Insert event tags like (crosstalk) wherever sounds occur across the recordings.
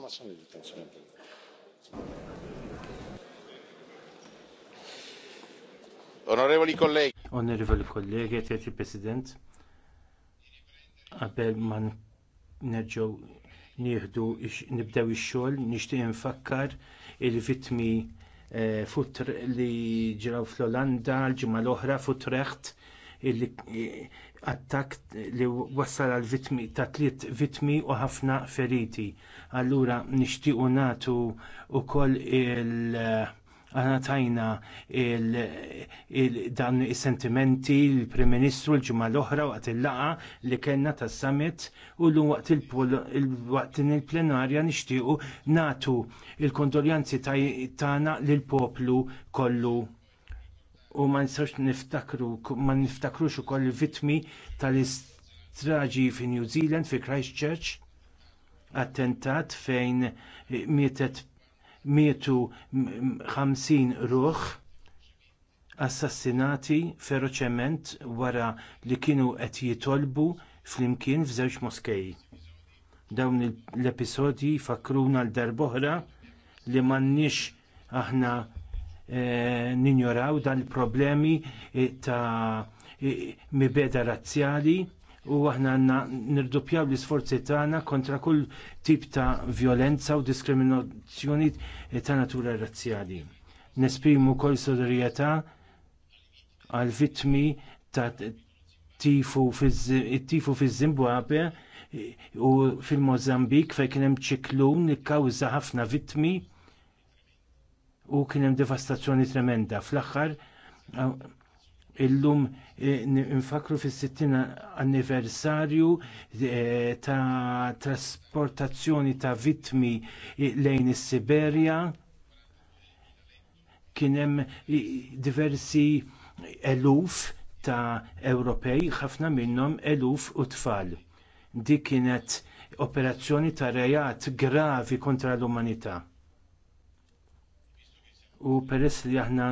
ma sono di Onorevoli colleghi. Onorevoli colleghi, eccetera President. Qabel ma nerġgħu nieħdu nibdew ix-xogħol nixtieq infakkar il vitmi eh, futr li ġraw fl-Olanda l-ġimgħa l-oħra futreħt Eh, attak li wassal għal vittmi ta' tliet vittmi u ħafna feriti. Allura nixtiequ nagħtu wkoll il- għana tajna dan is-sentimenti lill prim Ministru l-ġimgħa l-oħra waqt il laqgħa li kellna tas summit u l waqt il-waqt il-plenarja nixtiequ nagħtu l kondoljanzi tagħna lill poplu kollu u ma nistax niftakru, ma niftakrux ukoll vittmi tal-istraġi fi New Zealand, fi Christchurch, attentat fejn mietet mietu 50 ruħ assassinati feroċement wara li kienu qed jitolbu flimkien f'żewġ moskej. Dawn l-episodji fakruna l-darbohra li m'għandniex aħna Eh, ninjoraw dan il-problemi eh, ta' eh, mibeda razzjali u aħna għanna nirdupjaw l-isforzi tagħna kontra kull tip ta' violenza u diskriminazzjoni ta' natura razzjali. Nesprimu kol solidarjetà għal vittmi ta' tifu fi Zimbabwe u fil-Mozambik fej kien hemm ċiklun ikkawża ħafna vittmi u kien hemm devastazzjoni tremenda. Fl-aħħar illum e, infakru fis-60 anniversarju e, ta' trasportazzjoni ta' vittmi e, lejn is-Siberja kien hemm diversi eluf ta' Ewropej, ħafna minnhom eluf u tfal. Dik kienet operazzjoni ta' rejat gravi kontra l-umanità u peress li aħna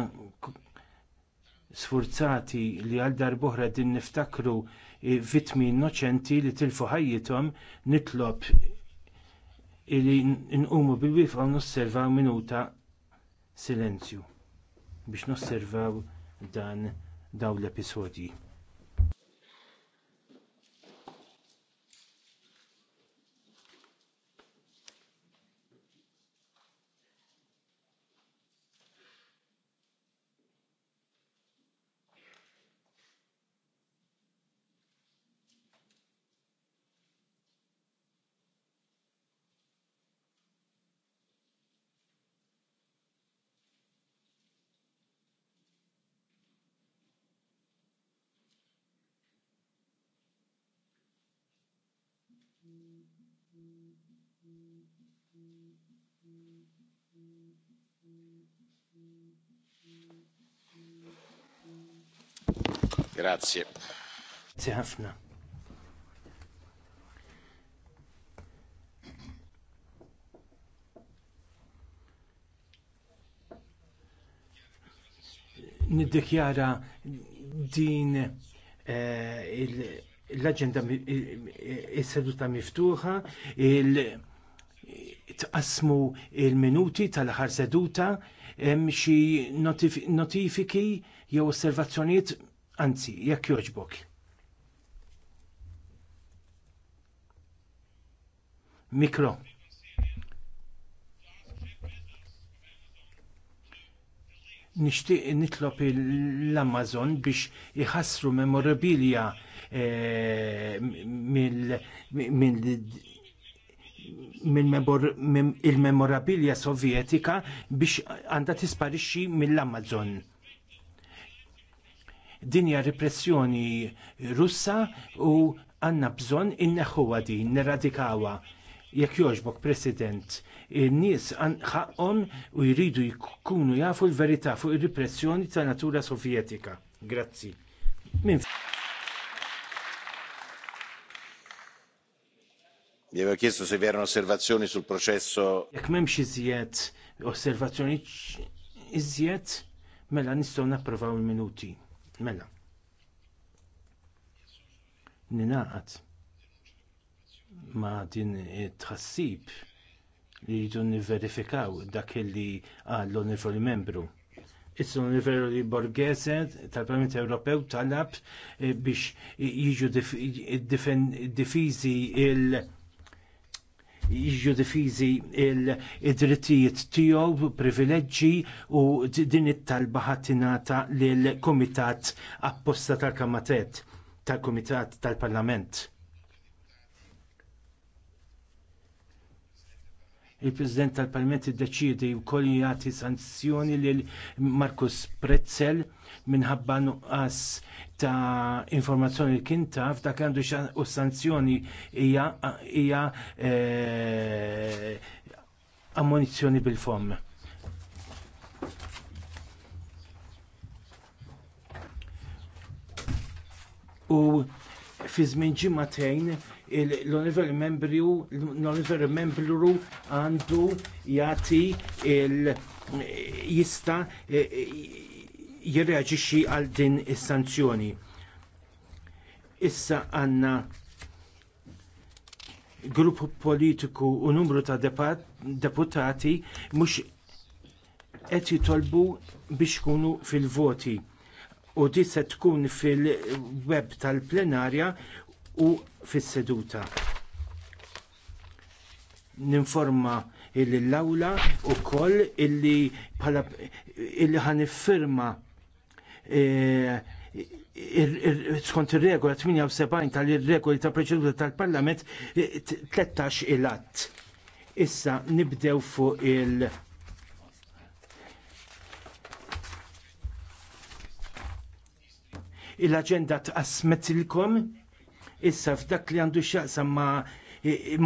sfurzati li għal darbohra din niftakru eh, vittmi innoċenti li tilfu ħajjithom nitlob li nqumu bil-wifqa u nosservaw minuta silenzju biex nosservaw dan dawn l-episodji. Grazie. Grazie Niddikjara din eh, l agenda is-seduta miftuħa, il- tqasmu il-minuti tal-aħħar seduta hemm xi notifiki jew osservazzjonijiet anzi jekk jogħġbok. Mikro. nixtieq nitlob l-Amazon biex iħassru memorabilja eh, mill il-memorabilja sovjetika biex għandha tisparixxi mill-Amazon. Dinja repressjoni russa u għanna bżon inneħħuha din, neradikawa. Jekk joġbok, President, n-nies ħaqhom u jridu jkunu jafu l-verità fuq ir-repressjoni ta' natura sovjetika. Grazzi. Mi avevo chiesto se vi erano osservazioni sul processo. Jekk m'hemmx iżjed osservazzjoni iżjed, mela nistgħu napprovaw il-minuti. Mela. Ninaqat ma' din it-tħassib li jridu nivverifikaw dak li għal l-onorevoli membru. Issa l-onorevoli borgese tal-Parlament Ewropew talab eh, biex jiġu difiżi il- jiġu difiżi il-drittijiet tiegħu, privileġġi u din it-talba ħattinata lill kumitat apposta tal-Kamatet tal-Kumitat tal-Parlament. il-President tal-Parlament iddeċiedi wkoll jagħti sanzjoni lil Markus Pretzel minħabba nuqqas ta' informazzjoni li kien taf dak għandu u sanzjoni hija eh, ammonizzjoni bil-fom. U fi żmien ġimagħtejn l-Honorable Membru l-Honorable Membru għandu jati il jista eh, eh, jirreaġixxi għal din is-sanzjoni. Issa għandna grupp politiku u numru ta' deputati mhux qed jitolbu biex kunu fil-voti u di se tkun fil-web tal-plenarja u fis-seduta. Ninforma illi l-awla u koll illi bħala illi e, skont ir-regola 78 tal-regoli ta' proċedura tal-Parlament 13 e, il-att. Issa nibdew fuq il- il-agenda tqasmet ilkom Issa f'dak li għandu x'jaqsam ma'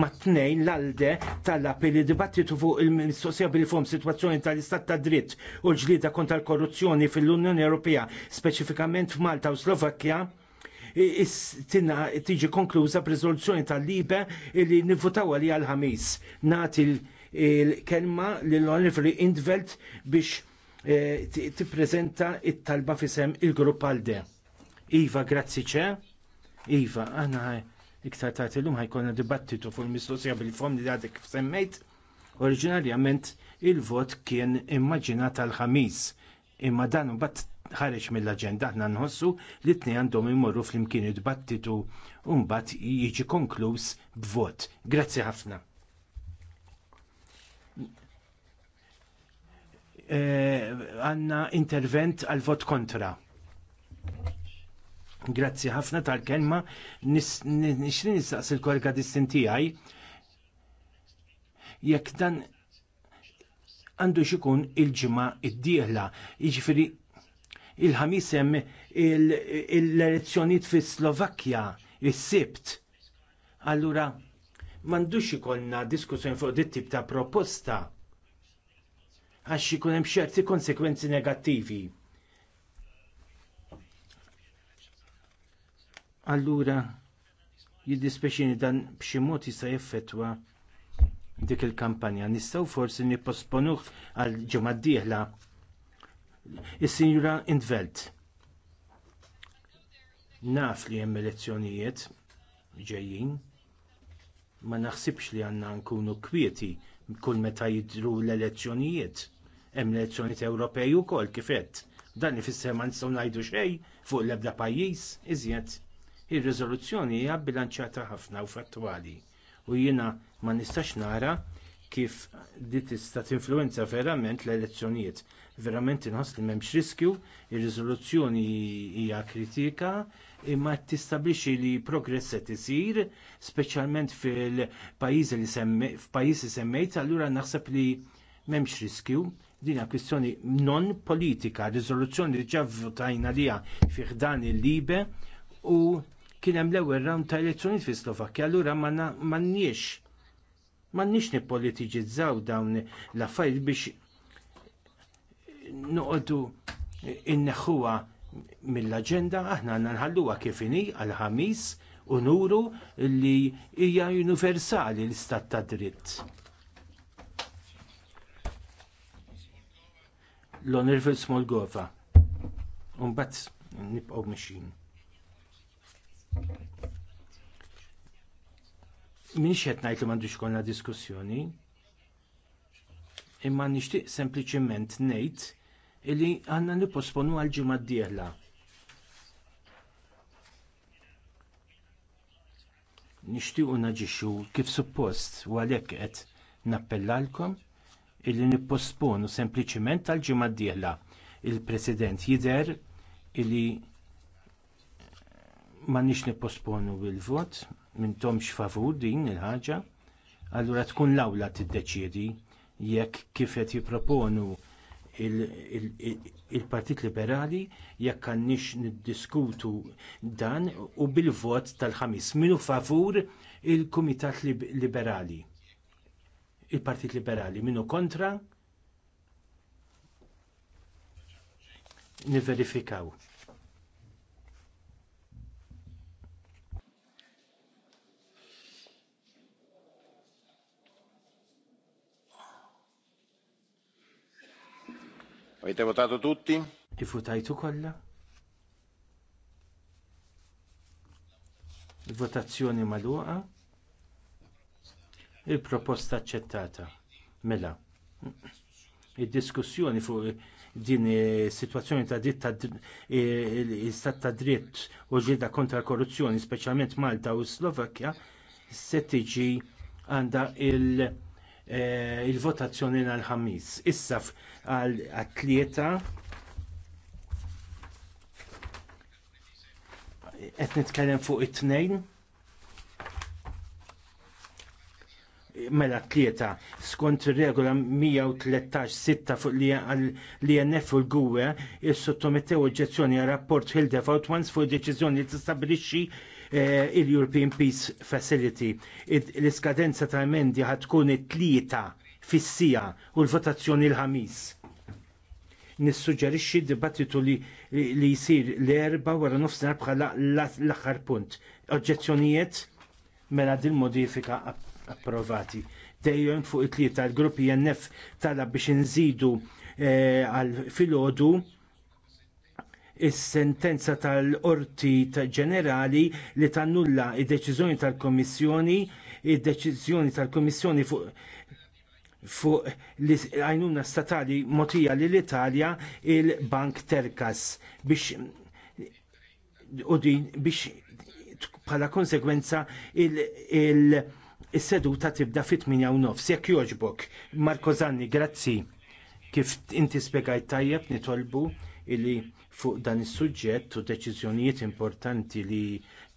ma t tnejn l-alde tal-api li dibattitu fuq il-mistoqsija bil fuq situazzjoni tal-istat ta' dritt u l-ġlida kontra l-korruzzjoni fil-Unjoni Ewropea, speċifikament f'Malta u Slovakkja, tina tiġi konkluża b'riżoluzzjoni tal-libe li nivvutaw għalija għal-ħamis. Nati l-kelma l-Oliver Indvelt biex eh, tippreżenta it-talba fisem il-grupp għalde. Iva, grazzi ċe Iva, għana iktar tagħti illum ħajkolna dibattitu fuq il-mistoqsija bil-fom li għadek semmejt. Oriġinarjament il-vot kien immaġinat għal ħamis imma dan bat ħareġ mill-aġenda aħna nħossu li t-tnejn għandhom imorru flimkien id-dibattitu u mbagħad jiġi konkluż b'vot. Grazzi ħafna. Eh, għanna intervent għal vot kontra. Grazzi ħafna tal-kelma, nixrin nistaqs il distinti għaj. jekk dan għandu xikun jiġifieri il ġima id-dieħla, iġifiri il ħamisem il l-elezzjoniet fi Slovakkja, il sibt Allura, m'għandux ikollna diskussjoni fuq dit tip ta' proposta għax ikun hemm ċerti konsekwenzi negattivi. allura jiddispeċini dan b'xi mod jista' jeffettwa dik il-kampanja. Nistgħu forsi nipposponuh għal ġimgħa d-dieħla. Is-Sinjura Intveld. Naf li hemm elezzjonijiet ġejjin, ma naħsibx li għandna nkunu kwieti kull meta jidru l-elezzjonijiet. Hemm elezzjonijiet Ewropej ukoll kif għedt. Dan ifisser ma nistgħu ngħidu xejn fuq l-ebda pajjiż iżjed ir-riżoluzzjoni hija bbilanċjata ħafna u fattwali u jiena ma nistax nara kif di tista' tinfluwenza verament l-elezzjonijiet. Verament inħoss li m'hemmx riskju, ir-riżoluzzjoni hija kritika, imma tistablixxi li progress qed isir, speċjalment fil-pajjiżi li f'pajjiżi semmejt, allura naħseb li m'hemmx riskju, din hija kwistjoni non politika, riżoluzzjoni li ġavvutajna liha fih dan il-libe u kien hemm l-ewwel round ta' elezzjonijiet fi Slovakkja, allura m'għandniex m'għandniex nippolitiġizzaw dawn l-affarijiet biex noqogħdu inneħħuha mill-aġenda aħna għandna nħalluha kif inhi għal ħamis u nuru li hija universali l-istat ta' dritt. L-Onervil Smolgova. Unbat nibqgħu machine. Min qed ngħid li m'għandux kollha diskussjoni, imma nixtieq sempliċement ngħid illi għandna nipposponu għal ġimgħa d-dieħla. Nixtiequ naġixxu kif suppost u għalhekk qed nappellalkom illi nipposponu sempliċement għal ġimgħa d-dieħla. Il-President jidher illi Ma nix nipposponu il-vot m'intomx favur din il-ħaġa, allura tkun l-awla tiddeċiedi jekk kif qed jipproponu il-Partit Liberali jekk għandniex niddiskutu dan u bil-vot tal-ħamis minu favur il-Kumitat Liberali. Il-Partit Liberali minu kontra niverifikaw. Avete votato tutti? Ifutajtu kollha? Votazzjoni magħluqa? Il-proposta aċċettata. Mela. Id-diskussjoni fuq din is-sitwazzjoni eh, ta' dritt eh, istat ta' dritt u ġilda kontra korruzzjoni, speċjalment Malta u Slovakkja, se tiġi għandha il- Eh, il-votazzjoni għal ħamis Issa għal tlieta qed nitkellem fuq it-tnejn. Mela tlieta skont ir-regola 113-6 fuq li jennef u l-gwe il-sottomettew oġġezzjoni għal rapport Hilde Vautmans fuq deċiżjoni li tistabbilixxi Eh, il-European Peace Facility. L-iskadenza ta' emendi ħatkun it-tlieta fis u l-votazzjoni l-ħamis. Nissuġġerixxi dibattitu li, li jsir l-erba wara nofsinhar bħala l-aħħar punt. Oġġezzjonijiet mela din modifika approvati. Dejjem fuq it-tlieta l-grupp INF e talab biex inżidu eh, għal filgħodu is-sentenza tal-Qorti Ġenerali li tannulla id-deċiżjoni tal kummissjoni id-deċiżjoni tal kummissjoni fuq fuq l-għajnuna statali mogħtija lill italja il-Bank Terkas biex u din biex bħala konsegwenza il-seduta tibda fit-8 u nofs. Jekk jogħġbok, Marko Zanni, grazzi kif inti spiegajt tajjeb nitolbu illi fuq dan is-suġġett u deċiżjonijiet importanti li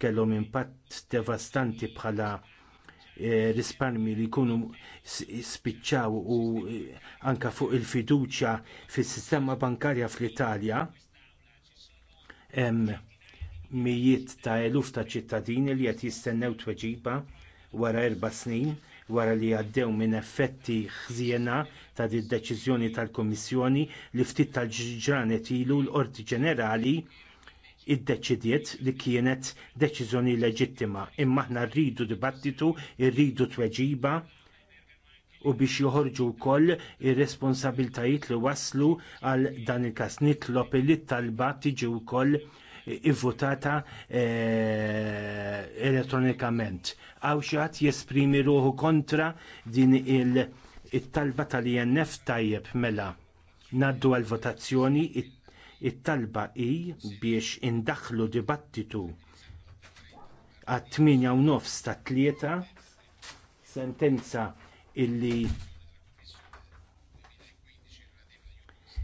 kellhom impatt devastanti bħala eh, risparmi li jkunu spiċċaw u eh, anke fuq il fiduċja fis-sistema bankarja fl-Italja hemm mijiet ta' eluf ta' ċittadini li qed jistennew tweġiba wara erba' snin wara li għaddew minn effetti ħżiena ta' di deċiżjoni tal-Kummissjoni li ftit tal-ġranet ilu l-Qorti Ġenerali iddeċidiet li kienet deċiżjoni leġittima. Imma aħna rridu dibattitu, rridu tweġiba u biex joħorġu wkoll ir-responsabiltajiet li waslu għal dan il-każ nitlob li t-talba tiġi wkoll ivvutata eh, elettronikament. Għaw xaħat jesprimi ruħu kontra din il-talba tal-INF tajjeb mela naddu għal-votazzjoni it-talba i biex indaħħlu dibattitu għat-8 u nofs ta' tlieta sentenza illi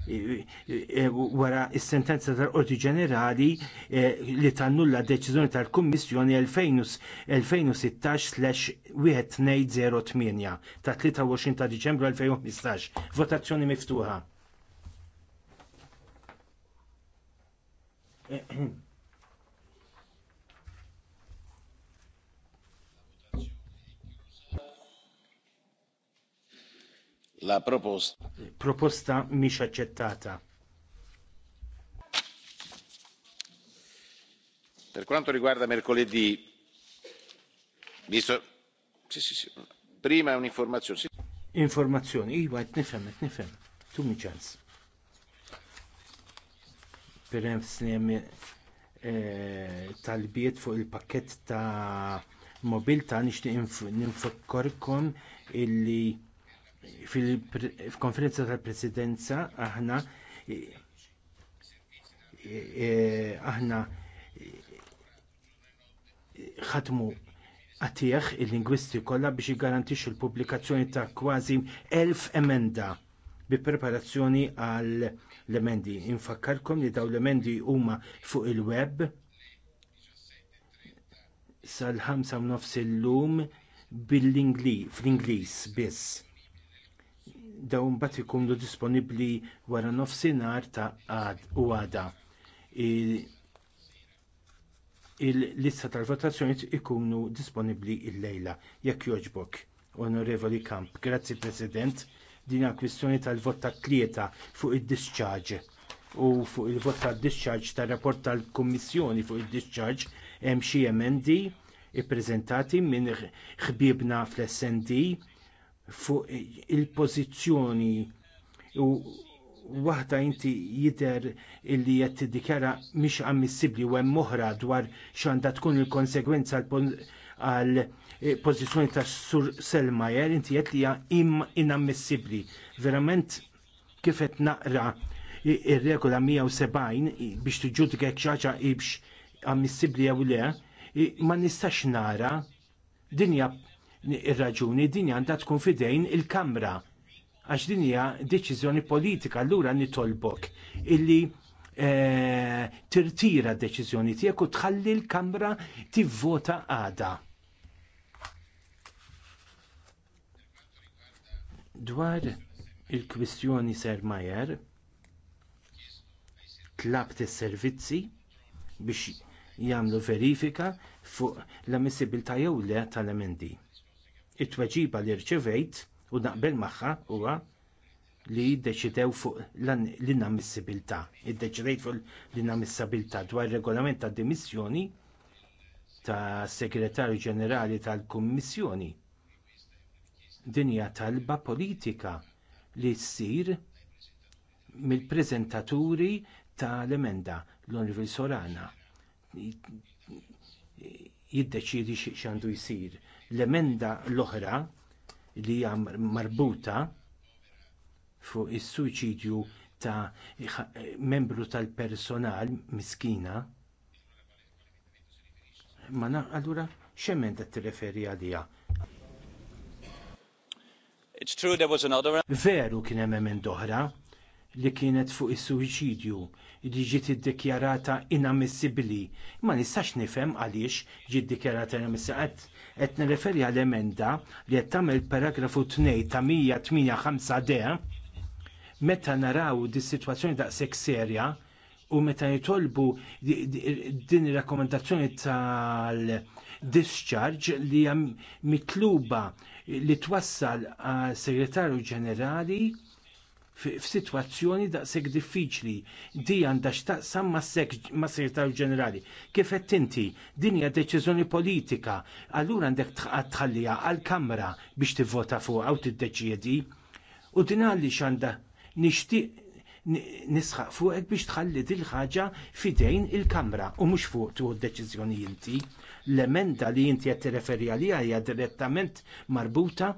Eh, wara is-sentenza tal-Qorti Ġenerali eh, li tannulla d-deċiżjoni tal-Kummissjoni 2016/1208 ta' 23 ta' Diċembru 2015. Votazzjoni miftuħa. (clears throat) La proposta. Proposta mhix aċċettata. Per quanto riguarda mercoledì, visto... Sì, sì, sì. Prima un'informazione. Sì. Informazzjoni, iva, nifhem, nifhem. Tu mi ċans. Per hemm eh, talbiet fuq il-pakket ta' mobilta nixtieq ninfakkorkom illi fil-konferenza tal-presidenza aħna aħna ħatmu għatieħ il-lingwisti kollha biex jiggarantixxu l-pubblikazzjoni ta' kważi elf emenda bi preparazzjoni għal l-emendi. Infakkarkom li daw l-emendi huma fuq il-web sal-5 nofs il-lum bil fl-Inglis biss dawn bat ikunu disponibbli wara nofsinhar ta' għad u għada. Il-lista il lista tal votazzjoni ikunu disponibbli llejla jekk jogħġbok, Onorevoli Kamp. Grazzi President, din kwistjoni tal-vot ta' klieta fuq id-discharge u fuq il-vot tad discharge tar rapport tal-Kummissjoni fuq id-discharge hemm xi emendi ippreżentati minn ħbiebna fl-SND fuq il-pożizzjoni u waħda inti jidher illi qed tiddikjara mhix ammissibbli u hemm oħra dwar x'għandha tkun il-konsegwenza għal eh, pożizzjoni tas Sur Selmajer inti jett li hija inammissibbli. Verament kif qed naqra ir-regola 170 biex tiġġudika xi ibx hibx ammissibbli jew le, ma nistax nara dinja ir-raġuni din għandha tkun fidejn il-Kamra għax din hija deċiżjoni politika allura nitolbok illi eh, tirtira d-deċiżjoni tiegħek u tħalli l-Kamra tivvota għada. Dwar il-kwistjoni Ser Majer, tlabt is-servizzi biex jagħmlu verifika fuq l-ammissibilità jew le tal-emendi. It-tweġiba li rċevejt u naqbel magħha huwa li jiddeċidew fuq l-inammissibilità. Iddeċidejt fuq l-inammissibilità dwar regolament tad dimissjoni tas segretarju ġenerali tal-Kummissjoni. Din hija talba politika li ssir mill-preżentaturi tal-emenda l-Onrivil Solana jiddeċidi xandu jsir. L-emenda l-oħra li hija marbuta fuq is-suċidju ta' membru tal-personal miskina. Ma na, allura x'emenda tirreferi għalija? It's true there was another Veru kien hemm emenda oħra li kienet fuq is-suċidju li ġiet iddikjarata inammissibbli. Ma nistax nifhem għaliex ġiet iddikjarata inammissibbli. Qed nirreferi għal emenda li qed tagħmel paragrafu 2 ta' 158 d meta naraw di sitwazzjoni daqshekk serja u meta jitolbu din ir-rakkomandazzjoni tal-discharge li hija mitluba li twassal għal segretarju ġenerali f'sitwazzjoni daqshekk diffiċli. Di għandha x'taqsam mas segretarju ġenerali. Kif qed inti din hija deċiżjoni politika, allura għandek tħallija għall-Kamra biex tivvota għaw t tiddeċiedi. U din għaliex għandha nixtieq nisħaq fuqek biex tħalli dil ħaġa fidejn il-Kamra u mhux fuq tuħu deċizjoni inti. L-emenda li inti qed tirreferi għalija hija direttament marbuta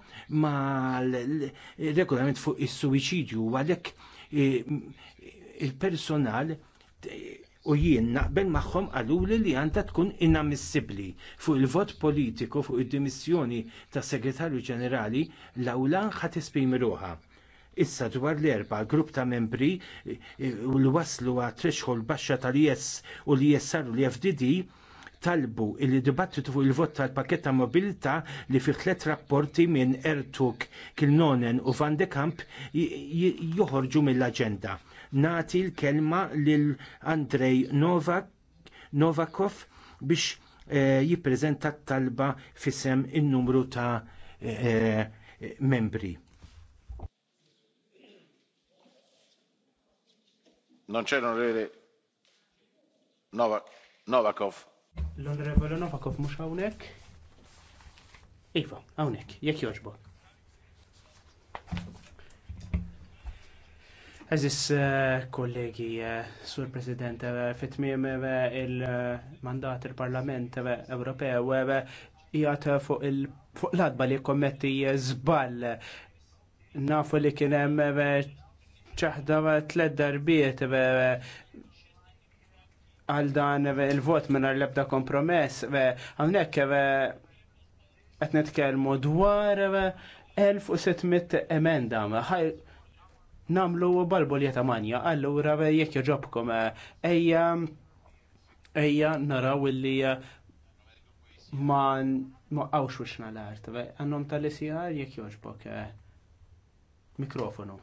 mal-regolament fuq is-suwiċidju għalek għalhekk e, il-personal u jien naqbel magħhom għaluli li għandha tkun inammissibbli fuq il-vot politiku fuq id-dimissjoni tas segretarju ġenerali l awlan ħat ruħa. Issa dwar l-erba grupp ta' membri e, u l-waslu għat threshold baxxa tal-IS u l-ISR u l-FDD talbu il dibattitu fuq il-vot tal-pakket ta' mobilità li fi tliet rapporti minn Ertug, Kilnonen u Van de Kamp joħorġu mill-aġenda. Nati l-kelma lil Andrej Novakov biex e, jippreżenta t-talba fisem in-numru ta' e, membri. Non c'è l'onorevole Novakov. L-Onorevole Novakov mhux hawnhekk? Iva, hawnhekk, jekk jogħġbu. Eżis eh, kollegi, eh, Sur President, eh, fitmim tmiem il-mandat il-Parlament Ewropew jgħat fuq l-adba li kommetti żball nafu li kien hemm ċaħda tliet darbiet għal dan eh, il-vot minn l-ebda kompromess, eh, għamnek eh, għetnet netkelmu dwar 1600 emenda, ħaj namlu li ta' manja, allura jekk joġobkom, ejja, ejja naraw illi ma għawx wixna l-art, għannom tal-ICR e jekk joġbok mikrofonu.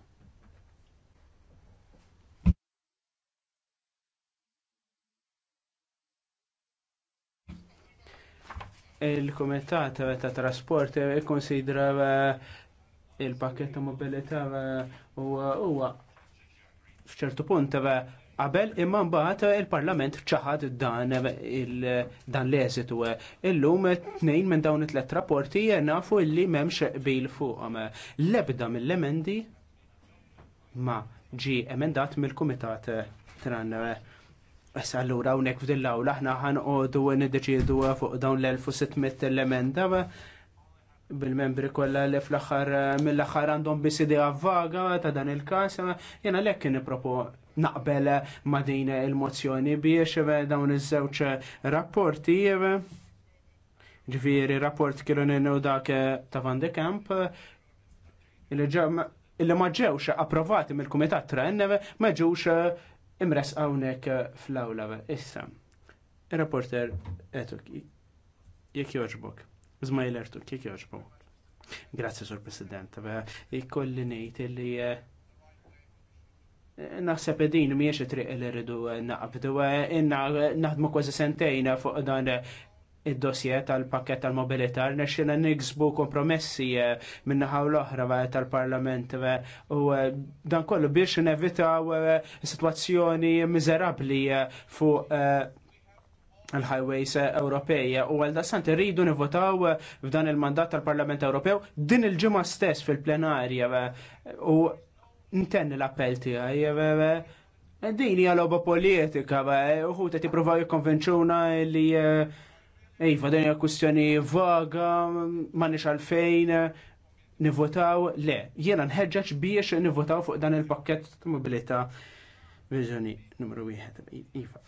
il-Kumitat ta' Trasport ikkonsidra eh, il-pakket ta' mobilità eh, u eh, huwa f'ċertu punt qabel imma mbagħad il-Parlament ċaħad dan dan l-eżitu. Illum tnejn minn dawn it-tlet rapporti nafu illi m'hemmx qbil fuqhom. L-ebda mill-emendi ma ġi emendat mill-Kumitat tran Issa allura hawnhekk f'din l awl aħna ħanqogħdu niddeċiedu fuq dawn l-1600 l-emenda bil-membri kollha li fl-aħħar mill-aħħar għandhom biss idea vaga ta' dan il-każ jiena lek kien naqbel ma' din il-mozzjoni biex dawn iż-żewġ rapporti ġifieri rapport kienu ninnu dak ta' Van de Kamp il-li ma ġewx approvati mill-Kumitat Tren ma ġewx imres hawnhekk eh, fl-awla issa. ir reporter etuk jekk joġbok, Zmajler tuk jekk joġbok. Grazie, Sur President. Ikolli ngħid eh, li naħseb din mhijiex it-triq li rridu eh, naqbdu, inna naħdmu kważi sentejna fuq dan id-dossier tal-pakket tal-mobilità rnexxina niksbu kompromessi eh, minnaħa u l-oħra eh, tal-Parlament eh, u dan kollu biex nevitaw situazzjoni miżerabbli fuq l-highways Ewropej u għal dasant irridu nivotaw f'dan il-mandat tal-Parlament Ewropew din il-ġimgħa stess fil-plenarja u ntenni l-appell tiegħi Din hija logħba politika, uħu qed jippruvaw jikkonvinċuna li Iva, din hija kwistjoni vaga, m'għandniex għalfejn nivvotaw le. Jiena nħeġġeġ biex nivvotaw fuq dan il-pakkett ta' mobilità viżjoni numru wieħed. Iva.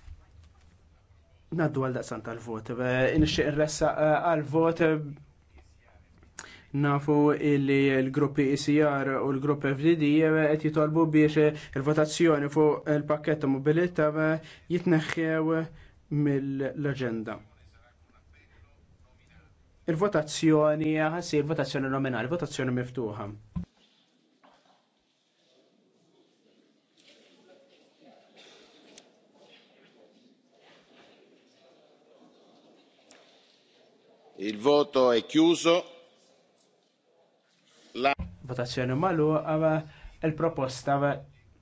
Naddu għal daqsan tal-vot. Eh, nixtieq ressa eh, għal-vot nafu illi l-gruppi ICR e u l-gruppi FDD eh, qed jitolbu biex il-votazzjoni fuq il-pakkett ta' mobilità jitneħħew mill-aġenda. Il-votazzjoni il votazzjoni nominali, votazzjoni miftuħa. Il voto è chiuso. La votazzjoni malu il proposta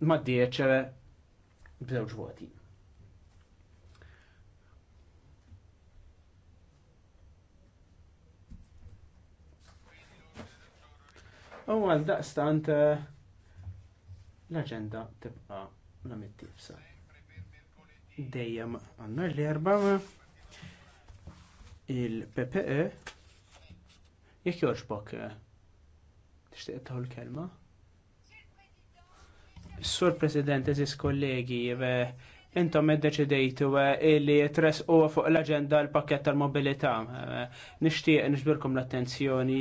ma' 10 eh, b'żewġ voti. U għal daqstant eh, l-agenda tibqa la mittifsa. Dejjem għanna l-erba il-PPE jekk jorġbok eh, tixtieq taħu l-kelma. Sur President, eżis kollegi, eh, intom id-deċidejtu li tres u fuq l-agenda l-pakket tal-mobilità. Nishtiq nixbirkom l-attenzjoni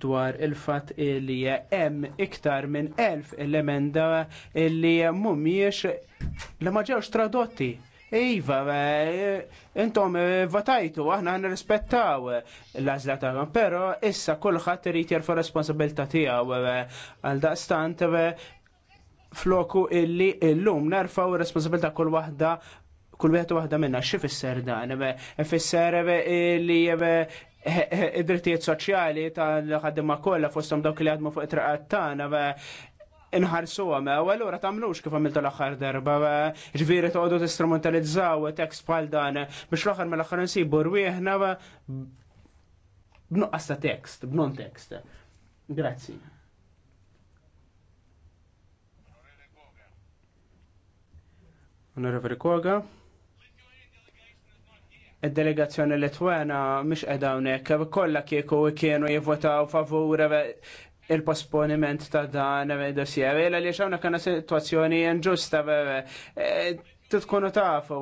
dwar il fatt li hemm iktar minn elf l-emenda li mhumiex li ma ġewx tradotti. Iva, eh, intom eh, votajtu, aħna nirrispettaw l-għazla ta' però issa kulħadd irid jerfa' responsabilità tiegħu eh, għal daqstant floku illi illum nerfaw responsabilità kull waħda kull wieħed waħda minna xi fisser dan, fisser li id-drittijiet soċjali tal-ħaddima kollha fosthom dawk li għadmu fuq it-traqat tagħna inħarsu għama, u għallura tamlux kif għamiltu l-axar darba, ġviri t-għodu t-istrumentalizzaw tekst bħal dan, biex l-axar l axar nsibu rwieħna b'nuqqas ta' tekst, b'non tekst. Grazzi. Onorevoli Koga id-delegazzjoni Litwana mhix qiegħda hawnhekk kollha kieku kienu jivvotaw favur il-posponiment ta' dan dossier. Ela li xawna kana situazzjoni inġusta titkunu tafu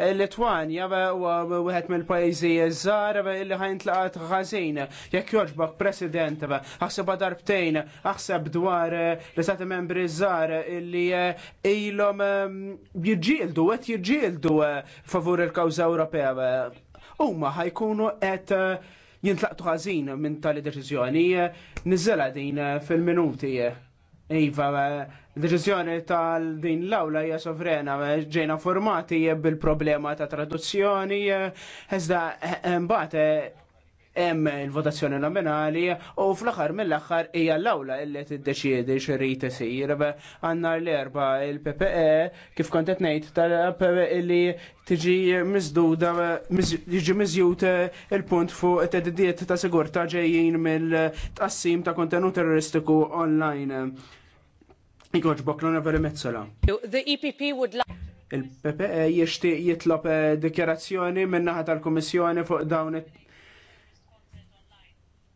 l-Litwanja u għed mill pajjiżi żgħar illi ħajn tlaqat ħażin jekk joġbok president ħaseb darbtejn ħaseb dwar eh, l sati membri żgħar illi eh, ilhom ehm, jġildu, qed jiġġieldu eh, favur il-kawża Ewropea. Huma ħajkunu qed jintlaqtu ħażin minn tali deċiżjoni niżela din fil-minuti. Iva, deċizjoni tal din l-awla hija sovrena, ġejna formati bil-problema ta' traduzzjoni, iżda eh, mbagħad eh, hemm il-votazzjoni nominali u fl-aħħar mill-aħħar hija l-awla li tiddeċiedi x'rid isir. għandna l-erba il-PPE kif kont qed ngħid talab li tiġi miżduda jiġi miżjut il-punt fuq it teddiet ta' sigurtà ġejjin mill-tqassim ta' kontenut terroristiku online. Igoġbok l-onorevoli Mezzola. The EPP would like il-PPE jixtieq jitlob eh, dikjerazzjoni naħa tal-Komissjoni fuq dawn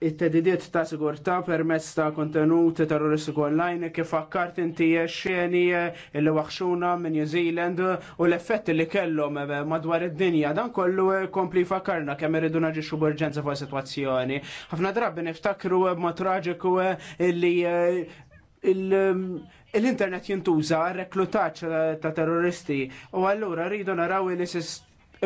it-tedidiet ta' sigurtà permezz ta' kontenut terroristiku online kif akkart inti xeni il waħxuna minn New Zealand u l-effett li kellhom madwar id-dinja dan kollu kompli fakkarna kemm irridu naġixxu b'urġenza fuq sitwazzjoni. Ħafna drabi niftakru b'ma traġiku illi l-internet jintuża reklutaċ ta' terroristi u allura rridu naraw li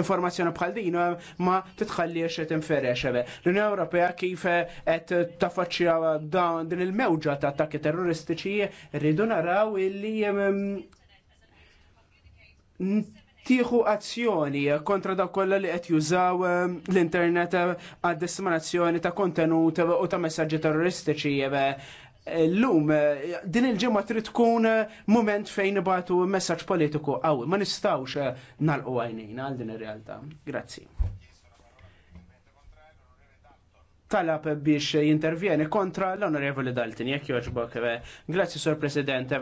informazzjoni bħal din eh, ma titħallix qed inferex. L-Unjoni Ewropea kif qed eh, tafaċċja dan din il-mewġa ta' attakki terroristiċi rridu naraw illi ehm, tiħu azzjoni kontra dak kollha li qed jużaw ehm, l-internet eh, għad disseminazzjoni ta' kontenut u ta' messaġġi terroristiċi L-lum, din il ġemma trid tkun moment fejn nibatu messaġġ politiku qawwi, ma nistawx nalqu għajnejna għal din ir-realtà. Grazzi talab biex jintervjeni kontra l-Onorevoli Dalton, jek joġbok, grazzi Sur President,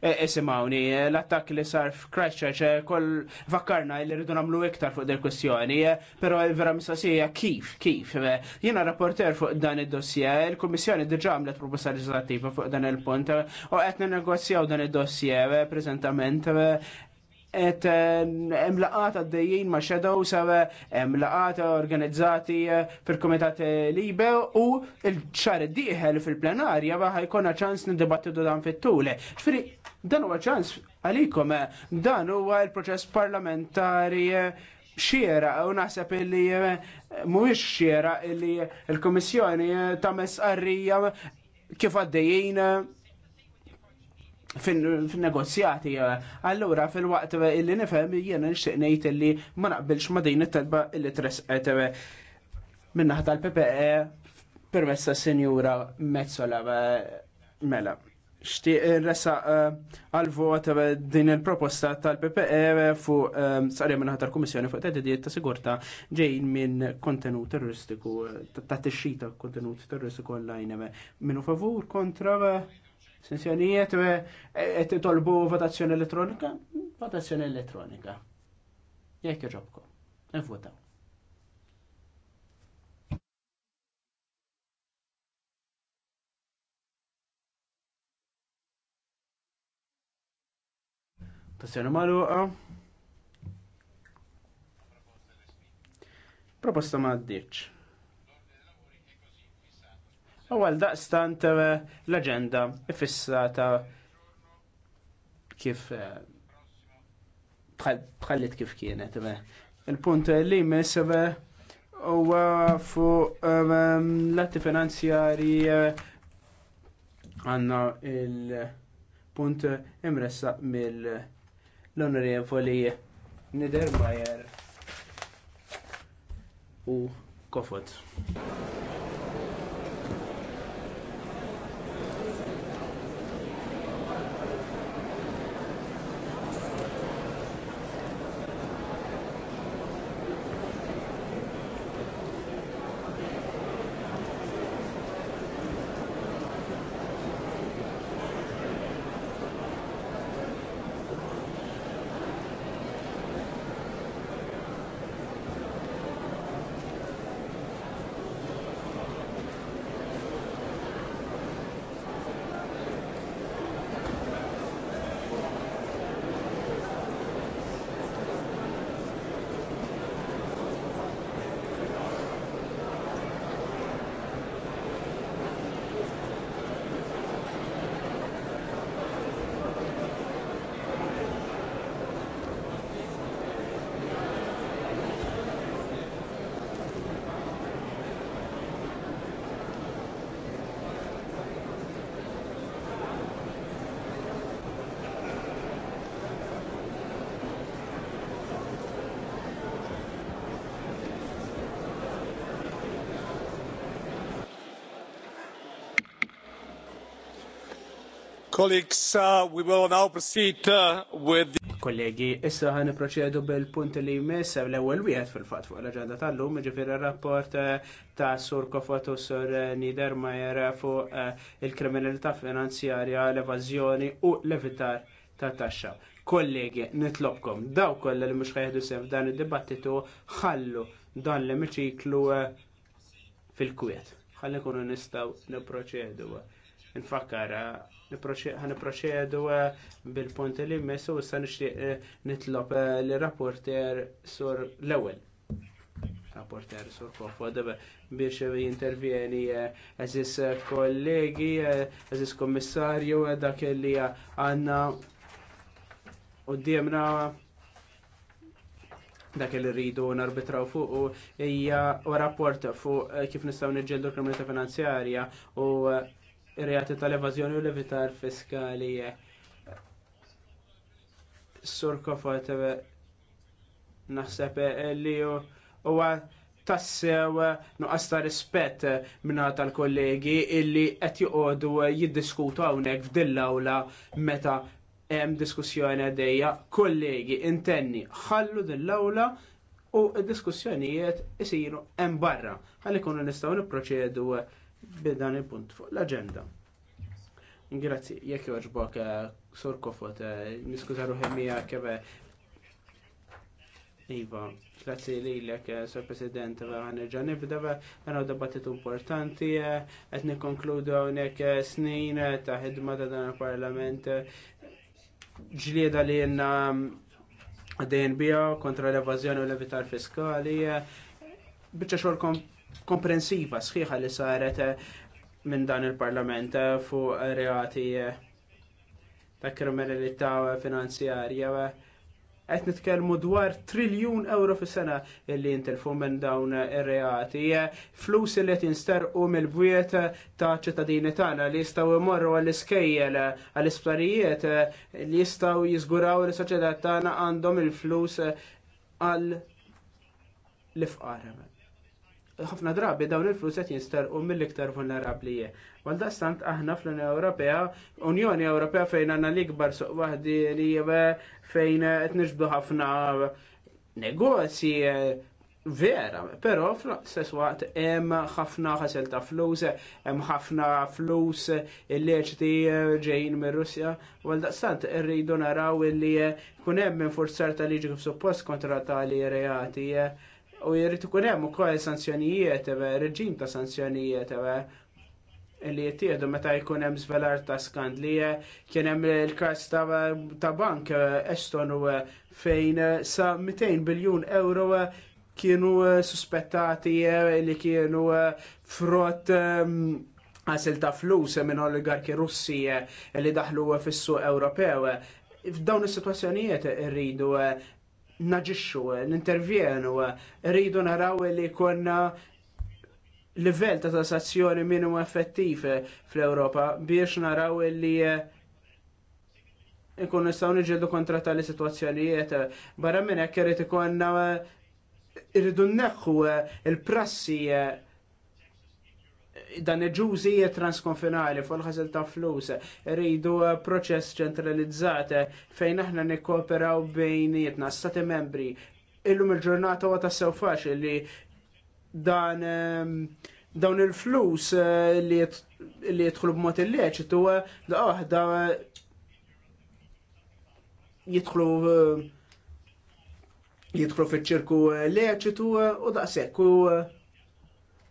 esimawni, e, l-attak li sar f'Christchurch, e, kol vakkarna li rridu namlu iktar fuq del kwestjoni, e, pero vera mistoqsija kif, kif, jina rapporter fuq dan id-dossier, il-Kommissjoni diġa għamlet proposta legislativa fuq dan il-punt, u għetna negozjaw dan id-dossier prezentament, et hemm għaddejjien għaddejjin ma' shadow sabe hemm organizzati eh, fil-Kumitat eh, Libe u l-ċar diħel fil-plenarja baħ jkollna ċans nid-debattu dan fit-tule. Ġifieri dan huwa ċans għalikom eh, dan huwa l-proċess parlamentari xiera u naħseb illi mhuwiex xiera illi l-Kummissjoni ta' Qarrija kif għaddejjin fin-negozjati. Eh. Allura fil-waqt eh, illi nifem, jiena nixtieq ngħid illi ma naqbilx ma din it-talba illi tresqet eh, minnaħa tal-PPE permessa sinjura Mezzola mela. Xtieq resa għal-vot din il-proposta tal-PPE fuq sarja minnaħa tal-Kummissjoni fuq tedidiet ta' sigurta ġejn minn kontenut terroristiku, ta' tixxita kontenut terroristiku online. Minnu favur kontra Sessjonijiet eh, eh, qed titolbu votazzjoni elettronika? Votazzjoni elettronika. Jekk iġobkom. Nivvotaw. Tassjoni maluqa. Proposta ma' għal daqstant eh, l-agenda ta' kif tħallit eh, kif kienet. Eh. Il-punt li jmiss u fu l-atti finanzjari għanna il-punt imressa mill l-onorevoli Nidermajer u Kofot. Colleagues, uh, we will now proceed uh, with Kollegi, issa ħan proċedu bil-punt li jmiss l-ewwel wieħed fil-fatt fuq l-aġenda tal-lum, il jiġifieri rapport uh, ta' Sur Kofotu Sur Niedermayer fuq uh, il-kriminalità finanzjarja, l-evażjoni u l-evitar ta' taxxa. Kollegi, nitlobkom, daw koll li mux ħajħdu sew dan id-dibattitu ħallu dan li mċiklu uh, fil-kwiet. Ħalli kunu nistgħu proċedu Nfakkar, proċedu eh, bil-punt li messu u san eh, nitlob eh, l-rapporter sur l-ewel. Rapporter sur kofod biex jintervjeni eżis kollegi, eżis kommissarju, dak li għanna u d-diemna dak li rridu narbitraw fuq u hija rapport fuq kif nistgħu niġġeldu kriminalità finanzjarja u ir-reati tal-evażjoni u l-evitar fiskali. Sur naħseb li huwa tassew nuqqas ta' rispett minna tal-kollegi illi qed joqogħdu jiddiskutu hawnhekk f'dil-awla meta hemm diskussjoni għaddejja. Kollegi, intenni, ħallu dil-awla u d diskussjonijiet isiru hemm barra ħalli kunu nistgħu nipproċedu bidan il-punt fuq l-agenda. Grazzi, jekk joġbok eh, sur kofot, eh, niskuza ruħemija kebe. Iva, grazzi li l-ek, eh, sur president, għanerġa nibda, għanaw dabattit importanti, għet nikonkludu għonek snin ta' ħidma ta' dan il-parlament, ġlieda li jenna għaddejn mm, kontra l-evazjoni u l-evitar fiskali, bieċa xorkom komprensiva sħiħa li saret eh, minn dan il-parlament eh, fuq reati eh, ta' kriminalità finanzjarja. Qed nitkellmu dwar triljun euro fis sena illi jintilfu minn dawn ir-reati. Flus li qed jinsterqu mill-bwiet ta' ċittadini tagħna li jistgħu jmorru għall-iskejjel għall-isptarijiet li jistgħu jiżguraw li soċjetà tagħna għandhom il-flus għall ifqar ħafna drabi dawn il-flus qed jinsterqu mill-iktar vulnerabbli. Għaldaqstant aħna fl-Unjoni Ewropea, Unjoni Ewropea fejn għandna l-ikbar suq waħdi li fejn qed nixbdu ħafna negozji eh, vera, però fl-istess waqt hemm ħafna ħasel ta' flus, hemm ħafna flus illeċti eh, ġejjin mir-Russja, għaldaqstant irridu naraw li eh, kun hemm infurzar ta' liġi kif suppost kontra tali reati U jirrit ikun hemm ukoll sanzjonijiet, reġim ta' sanzjonijiet, li jittieħdu meta jkun hemm żvelar ta' skandli kien hemm il-każ ta' bank Eston fejn sa 200 biljun euro kienu suspettati li kienu frott ehm, għasil ta' flus minn oligarki russi li daħlu fis-suq Ewropew. F'dawn is-sitwazzjonijiet irridu naġixxu, eh, nintervjenu, eh, rridu naraw li konna livell ta' tassazzjoni minimu effettiv eh, fl-Ewropa biex naraw li nkun nistaw nġildu kontra tali sitwazzjonijiet. Barra minn hekk irid ikonna irridu nneħħu il-prassi dan il-ġużi transkonfinali fuq il ħazel ta' flus rridu eh, proċess ċentralizzat eh, fejn aħna nikkooperaw bejnietna stati membri. Illum il-ġurnata huwa tassew faċli li dan ehm, dawn il-flus eh, li jidħlu b'mod illeċitu waħda jidħlu jidħlu fiċ-ċirku leċitu u daqshekk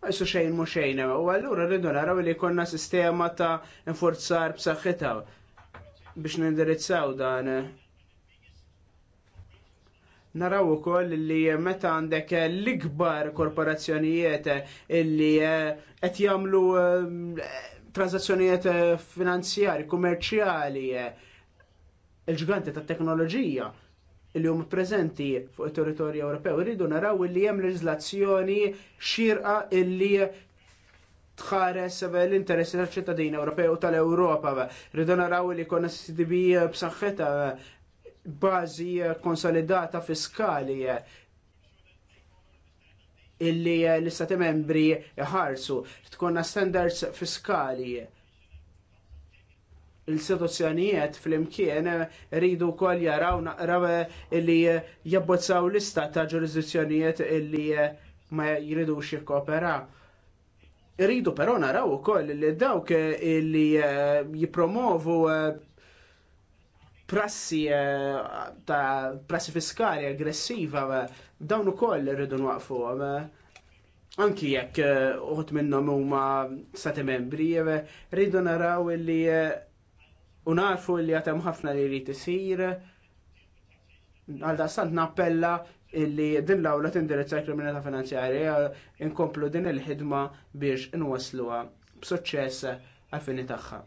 Għessu xejn mu xejn, u għallura rridu naraw li konna sistema ta' nforzar b'saxħita biex nindirizzaw dan. Naraw ukoll li meta għandek l-ikbar korporazzjonijiet illi eh, qed jagħmlu eh, transazzjonijiet eh, finanzjari, kummerċjali, il-ġganti tat teknoloġija li hum preżenti fuq it-territorju Ewropew. Irridu naraw li hemm leġiżlazzjoni xirqa illi tħares l-interessi tal-ċittadini Ewropew u tal-Ewropa. Rridu naraw li jkun SDB b'saħħetha bażi konsolidata fiskali illi l-istati membri ħarsu tkonna standards fiskali l-istituzzjonijiet fl-imkien eh, rridu wkoll jaraw naqraw eh, li eh, jabbozzaw lista ta' ġurisdizzjonijiet li ma jridux jikkopera. Rridu però naraw ukoll li dawk li jipromovu prassi ta' prassi fiskali aggressiva dawn ukoll irridu nwaqfu anki jekk uħut minnom huma stati membri, rridu naraw li U narfu li għatem ħafna li rriti isir, għal sant nappella illi din l għawla tindirizza kriminalità finanzjarja inkomplu din il-ħidma biex inwasluha b'suċċess għal-fini tagħha.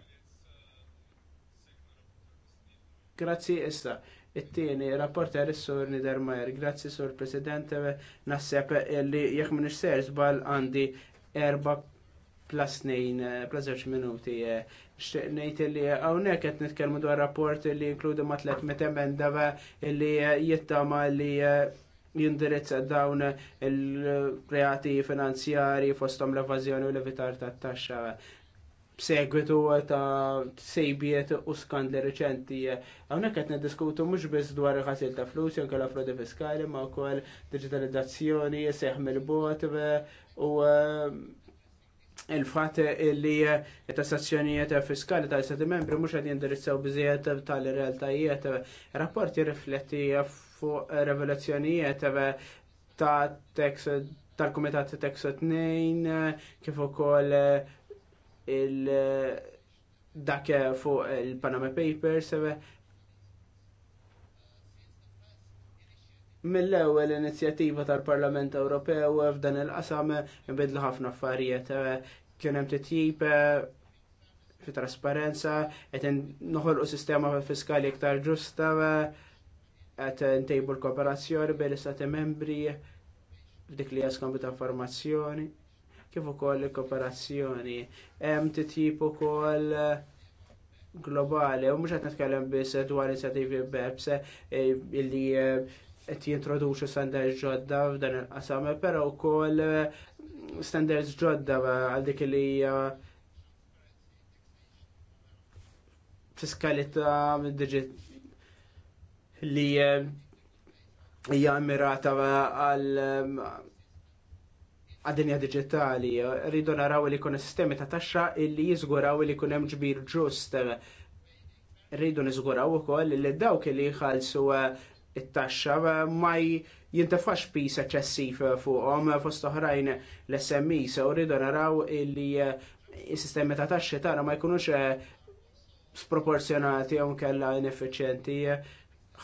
Grazzi issa. It-tieni rapporter is-Sur Nidermajer, Grazzi Sur President, nassep li jekk minn ser żball għandi erba' plus 2 plus minuti eh, xteqnejt ngħid li hawnhekk qed nitkellmu dwar rapport li jinkludu ma' tliet emenda li jittama li eh, jindirizza dawn il-reati finanzjari fostom l-evażjoni u l-evitar tat-taxxa Segwitu ta' sejbiet u skandli reċenti. Għawnek qed niddiskutu mhux biss dwar il ta' flus jonka la' frodi fiskali ma' wkoll digitalizzazzjoni seħħ mill-bot u eh, il-fat li tassazzjonijiet fiskali tal istati membri mhux qed jindirizzaw biżejjed tal-realtajiet. ir-rapporti rifletti fuq revelazzjonijiet ta' tal-Kumitat Tex 2 kif ukoll il dak fuq il-Panama Papers mill-ewwel inizjattiva tal-Parlament Ewropew f'dan il-qasam inbidlu ħafna affarijiet. Kien hemm titjib eh, fi trasparenza, qed noħolqu sistema fiskali iktar ġusta, eh, qed ntejbu l-kooperazzjoni bejn l-istati membri f'dik li jaskambju ta' informazzjoni, kif ukoll il-kooperazzjoni. Hemm titjib ukoll globali, u mhux qed nitkellem biss dwar inizjattivi BEPS eh, illi qed jintroduċu standards ġodda f'dan il-qasam, però wkoll eh, standards ġodda għal dik li hija fiskalità li eh, hija mirata għal eh, għad-dinja digitali. Rridu naraw li kun sistemi ta' taxxa illi jiżguraw li kun hemm ġbir ġust rridu niżguraw ukoll li dawk li jħallsu it-taxxa eh, ma jintefax pis eċessiv fuqhom fost oħrajn l-SMI se rridu naraw illi s-sistemi eh, ta' taxxi tagħna ma jkunux eh, sproporzjonati jew kella ineffiċjenti.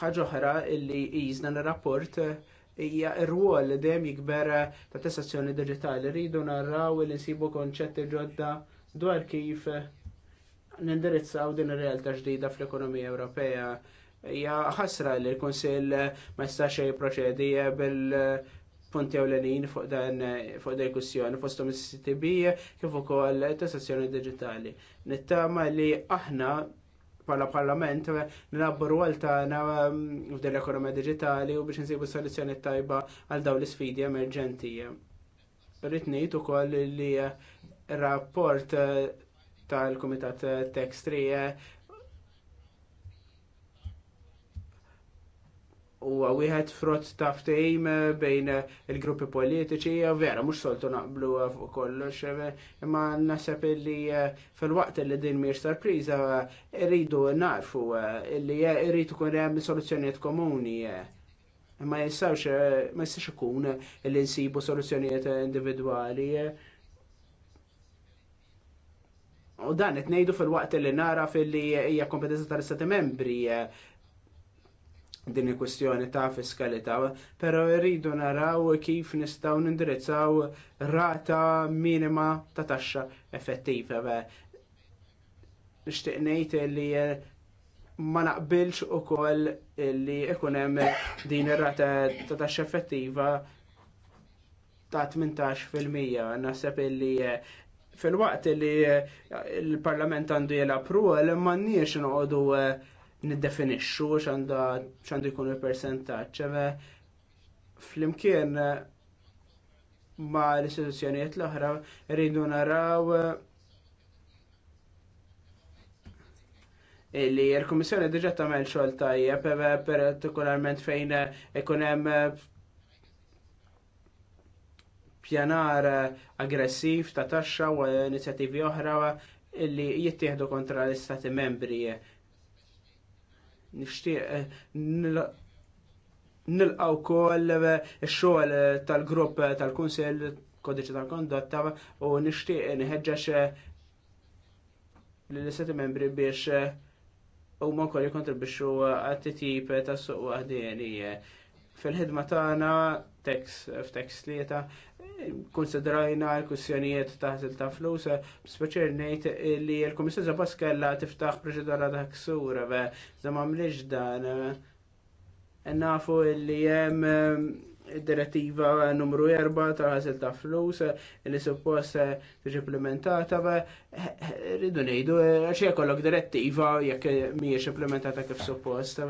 Ħaġa oħra illi jiżna n-rapport hija r-rwol dejjem jikber ta' tassazzjoni diġitali. Rridu naraw li nsibu konċetti ġodda dwar kif nindirizzaw din ir-realtà ġdida fl-ekonomija Ewropea hija ħasra li l-Kunsill ma jistax jipproċedi bil punti ewlenin fuq dan fuq dan kussjoni fostom is-CTB kif ukoll tassazzjoni diġitali. Nittama li aħna bħala parlament nilabbu rwol tagħna mm, f'din l-ekonomija diġitali u biex insibu soluzzjoni tajba għal dawn l-isfidi emerġenti. Rrid ngħid ukoll li rapport tal-Kumitat Tekstrija u għawihet frott ta' ftejm eh, bejn eh, il-gruppi politiċi, eh, vera, mux soltu naqblu fuq kollox, imma nasab li fil-waqt li din mir sorpriza, rridu narfu, li rridu kun hemm soluzzjoniet komuni. Ma jistawx, ma jistax ikun li nsibu soluzzjoniet individuali. U dan qed ngħidu fil-waqt li nara fil-li hija kompetenza tal-istati membri din il-kwestjoni ta' fiskalità, però rridu naraw kif nistgħu nindirizzaw rata minima ta' taxxa effettiva. Nixtieq ngħid li eh, ma naqbilx ukoll li ikun hemm din ir-rata ta' taxxa effettiva ta' 18%. Naħseb li eh, fil-waqt li eh, l-Parlament għandu jela pruwa, l noqogħdu niddefinixxu x'għandu jkun il-persentaġġ. Flimkien ma l-istituzzjonijiet l-oħra rridu naraw li l-Kummissjoni diġa tagħmel xogħol tajjeb partikolarment fejn ikun hemm pjanar aggressiv ta' taxxa u inizjattivi oħra illi jittieħdu kontra l-istati membri nixtieq eh, nilqaw kol eh, xogħol eh, tal-grupp tal-Kunsel kodiċi tal-kondotta u nixtieq nħedġax l-istati membri biex u ma kol jikontribixxu għat-tip tas suq għadini. Fil-ħidma tagħna tekst f'tekst tlieta konsiderajna l-kussjonijiet taħt ta' flus, eh, speċer ngħid li l-Komissar kellha tiftaħ proċedura ta' ksura, za eh, ma mlix dan. Eh. Nafu li hemm direttiva numru 4 ta' ħasil ta' flus li suppost tiġi implementata, rridu ngħidu għax kollok direttiva jekk mhijiex implementata kif suppost.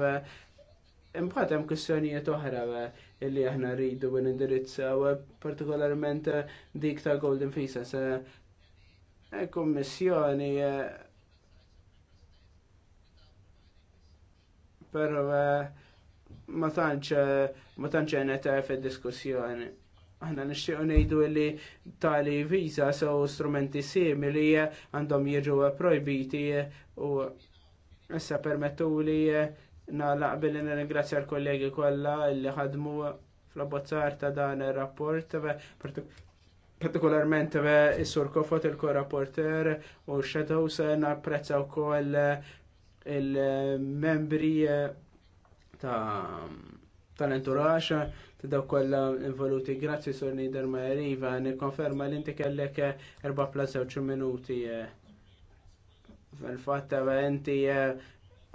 Imbagħad hemm kwistjonijiet oħra illi aħna rridu u nindirizzaw partikolarment eh, dik ta' Golden Visas. Eh, eh, Kommissjoni però ma tantx ma tantx diskussjoni Aħna nixtiequ ngħidu li tali visa sew strumenti simili għandhom jiġu projbiti u issa permettu li nala billi nirringrazzja l-kollegi kollha li ħadmu fl-abbozzar ta' dan ir-rapport, partikolarment is-sur Kofot il-ko-rapporter u Shadow se napprezza wkoll il-membri eh, ta' tal-enturax, ta' daw kolla involuti. Grazzi, Sur Nider Mariva, nikkonferma li inti kellek 4 plus 8 minuti. Eh. Fil-fatta, inti eh,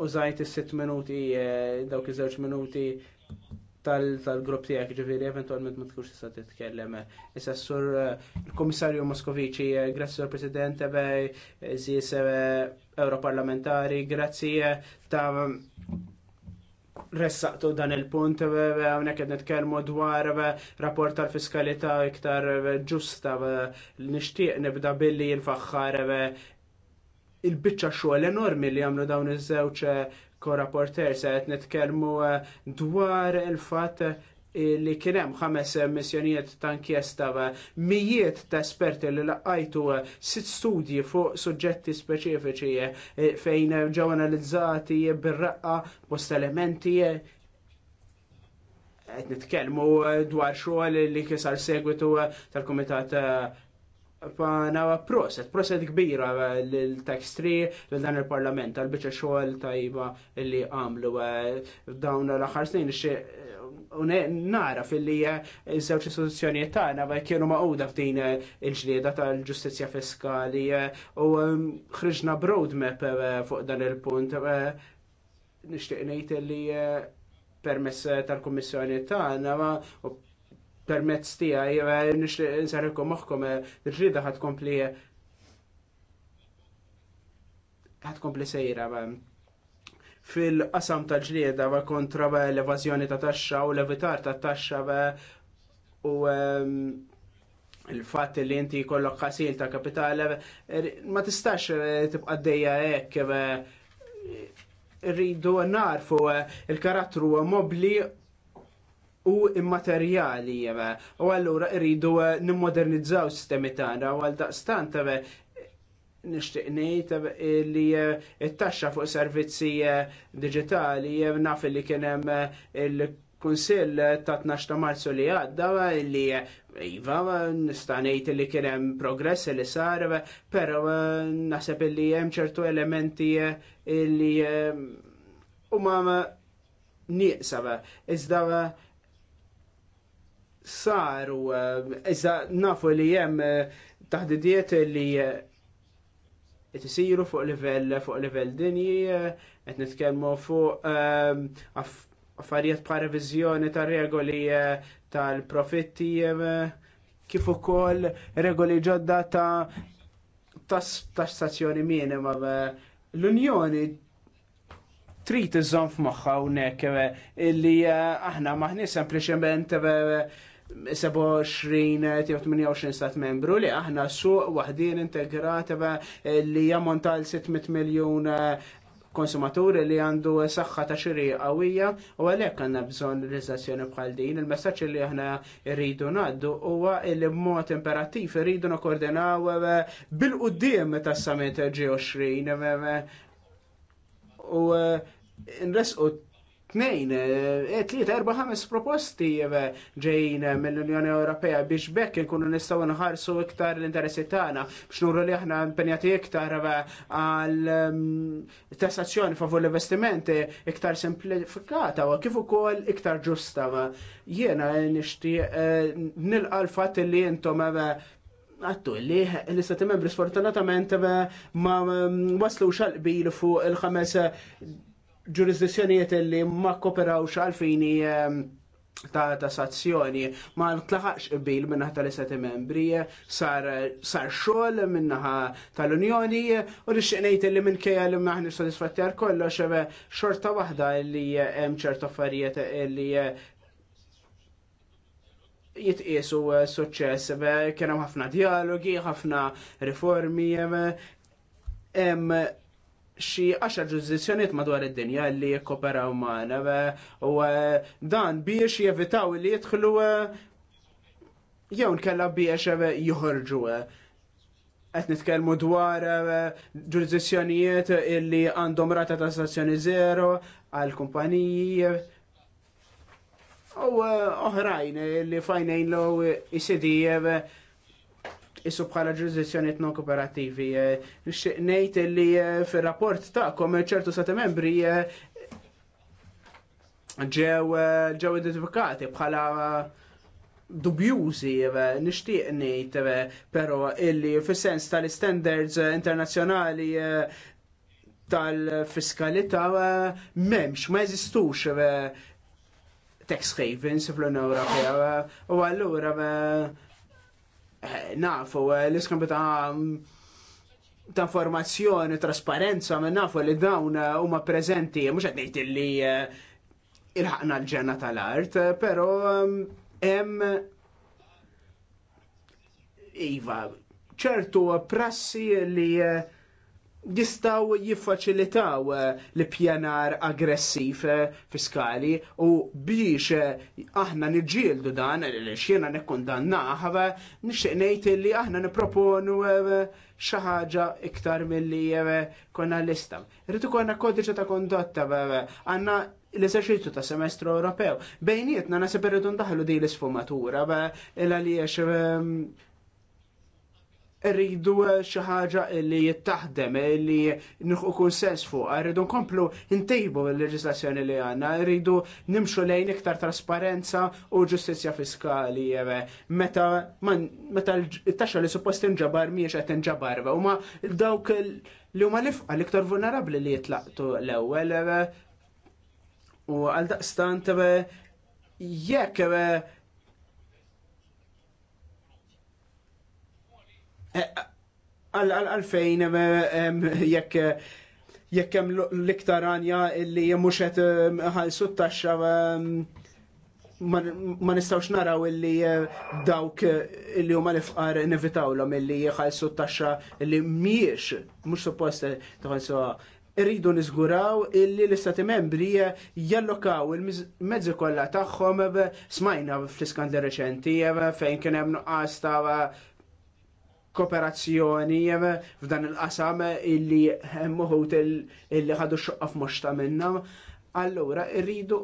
użajt is-sitt minuti eh, dawk iż-żewġ minuti tal-grupp tiegħek ġifieri eventualment ma tkunx tista' titkellem. Issa sur eh, il komissarju Moskoviċi, eh, grazzi sur President zis Europarlamentari, grazzi ta' ressaqtu dan il-punt hawnhekk qed nitkellmu dwar rapport tal-fiskalità iktar ġusta nixtieq nibda billi jinfaħħar il-biċċa xogħol enormi li għamlu dawn iż-żewġ korrapporter eh, se eh, qed nitkellmu eh, dwar il-fatt li kien hemm ħames missjonijiet ta' inkjesta mijiet ta' esperti li laqajtu sitt studji fuq suġġetti speċifiċi fejn ġew analizzati bir-raqqa post elementi qed nitkellmu dwar xogħol li kisar segwitu tal-Kumitat Fana proset, proset kbira l-tax tree l-dan il-parlament, għal-bicċa xoħal tajba li għamlu eh, dawn l-axar snin, eh, nara fil-li zewċ eh, istituzzjoniet tagħna ba kienu maquda f'din il-ġlieda tal-ġustizzja fiskali u ħriġna broadmap fuq dan il-punt. Nixtieq ngħid li permess tal-Kummissjoni tagħna permezz tiegħi eh, nixtieq nsarrikom moħħkom eh, il-ġrida ħad kompli ħad kompli sejra fil-qasam tal-ġlieda kontra l-evażjoni ta' taxxa u l-evitar ta' taxxa u ehm, il fat li inti kollok qasil ta' kapitale er, ma tistax eh, tibqa' dejja hekk rridu narfu il-karattru mobli u immaterjali. U allura rridu eh, nimmodernizzaw sistemi tagħna u għal daqstant eh, nishtiq ngħid eh, li t-taxxa fuq servizzi diġitali naf li kien hemm il-Kunsill ta' 12 ta' Marzu li għadda li iva nista' ngħid li kien hemm progress li sar, però naħseb li hemm ċertu elementi li huma nieqsa iżda saru, eh, iżda nafu li jem eh, taħdidiet li jtisiru eh, fuq livell fuq livell dinji, qed nitkellmu fuq affarijiet bħal reviżjoni tar regoli tal-profitti kif ukoll regoli ġodda ta' tassazzjoni minima l-Unjoni trid iżżomm f'moħħa hawnhekk illi aħna maħni sempliċement 27-28 stat membru li aħna suq waħdin integrata eh, li jammonta l-600 miljon eh, konsumaturi li għandu saħħa ta' xiri għawija u għalhekk għandna bżonn legislazzjoni bħal din. Il-messaġġ li aħna rridu ngħaddu huwa li b'mod imperattiv irridu nakkoordinaw eh, bil-qudiem tas-summit G20 u nresqu Tnejn, eh, eh, tlieta erba' ħames proposti eh, ġejjin mill-Unjoni Ewropea biex bekk inkunu nistgħu nħarsu iktar l-interessi tagħna biex nuru li aħna impenjati iktar għal mm, tassazzjoni favur l-investimenti iktar simplifikata u kif ukoll iktar ġusta. Jiena nixtieq nilqa' l-fatt li intom għattu li l-istati membri sfortunatament ma mm, waslu xalqbi fuq il-ħames ġurisdizzjonijiet li ma kkoperawx għalfini ehm, ta' ta' sazzjoni ma tlaħax bil minnaħ tal-istati membri sar sar xogħol minnaħa tal-Unjoni u nixtieq ngħid li minkejja li maħni sodisfatti għal kollox ehm, xorta waħda li hemm ċerta affarijiet li jitqiesu eh, suċċess ehm, kien hemm ħafna dialogi, ħafna riformi, hemm xi għaxar ġurisdizzjonijiet madwar id-dinja li jikkoperaw magħna u e, dan biex jevitaw li jidħlu e, jew nkella biex e, joħorġu. Qed nitkellmu dwar ġurisdizzjonijiet illi għandhom rata ta' stazzjoni zero għal kumpaniji u oħrajn li fajnejn l-OECD tqisu bħala ġurisdizzjonijiet non kooperativi. Eh, nixtieq ngħid li eh, fir-rapport ta kom eh, ċertu stati membri ġew ġew identifikati bħala dubjużi nixtieq ngħid però illi fis-sens tal-standards internazzjonali tal-fiskalità m'hemmx, ma jeżistux tax havens fl-Unjoni Ewropea. U allura Eh, nafu eh, l-iskambi ta' ta' informazzjoni, trasparenza, ma nafu li dawn eh, huma prezenti mhux qed ngħid li ħakna l-ġenna tal-art, però hemm iva ċertu prassi li jistaw jiffaċilitaw eh, l-pjanar aggressiv eh, fiskali u biex eh, aħna nġildu dan, l xiena nekkondanna nixtieq ngħid li aħna nipproponu xi ħaġa iktar li konna l-istam. Rritu konna kodiċa ta' kondotta, għandna l-eżerċizzju ta' semestru Ewropew. Bejnietna nasib irridu ndaħlu di l-isfumatura, il-għaliex rridu xi ħaġa li jittaħdem, li nħuq konsens fuq, rridu nkomplu ntejbu l-leġislazzjoni li għandna, rridu nimxu lejn iktar trasparenza u ġustizzja fiskali, meta it-taxxa li suppost inġabar miex qed inġabar, u ma dawk li huma l-ifqa l-iktar vulnerabbli li jitlaqtu l-ewwel u għal daqstant jekk għalfejn jekk jekk hemm l-iktar għanja illi mhux qed ħalsu t-taxxa ma nistawx naraw illi dawk illi huma l-ifqar nevitawlhom illi jħallsu t-taxxa illi mhijiex mhux suppost tħallsu irridu nizguraw illi l-istati membri jallokaw il-mezzi kollha tagħhom smajna fl-iskandli reċenti fejn kien hemm nuqqas ta' kooperazzjoni f'dan il-qasam illi hemm illi ħadu xoqqa f'moċta minna. Allora, rridu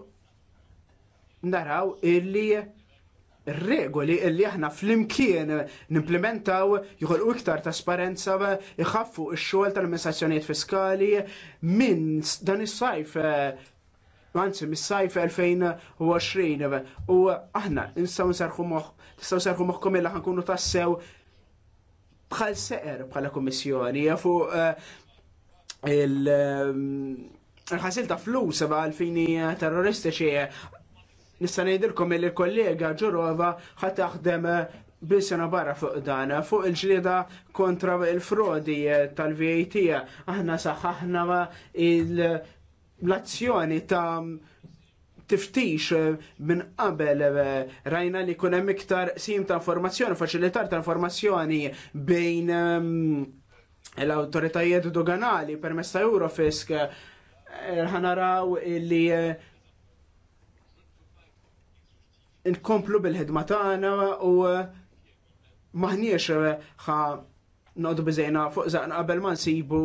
naraw illi regoli illi aħna fl-imkien nimplementaw jħolqu iktar trasparenza iħaffu x-xogħol tal-amministrazzjonijiet fiskali minn dan is-sajf Anzi, mis-sajf 2020, u aħna nistgħu nsarħu moħħ, nistaw nsarħu moħħkom illa ħankunu tassew bħal seqer bħala kommissjoni fuq eh, eh, il-ħasil ta' flus ba' għalfini eh, terroristiċi nista' ngħidilkom li kollega Ġurova ħad taħdem bisena barra fuq dana fuq il-ġlieda kontra il-frodi tal-VAT aħna saħħaħna il-azzjoni ta' tiftix eh, minn qabel eh, rajna li kunem iktar sim ta' informazzjoni, faċilitar ta' informazzjoni bejn ehm, l-autoritajiet doganali per ta' Eurofisk eh, ħanaraw li nkomplu bil-ħidma tagħna u maħniex ħa nodu biżejna fuq zaqna qabel ma nsibu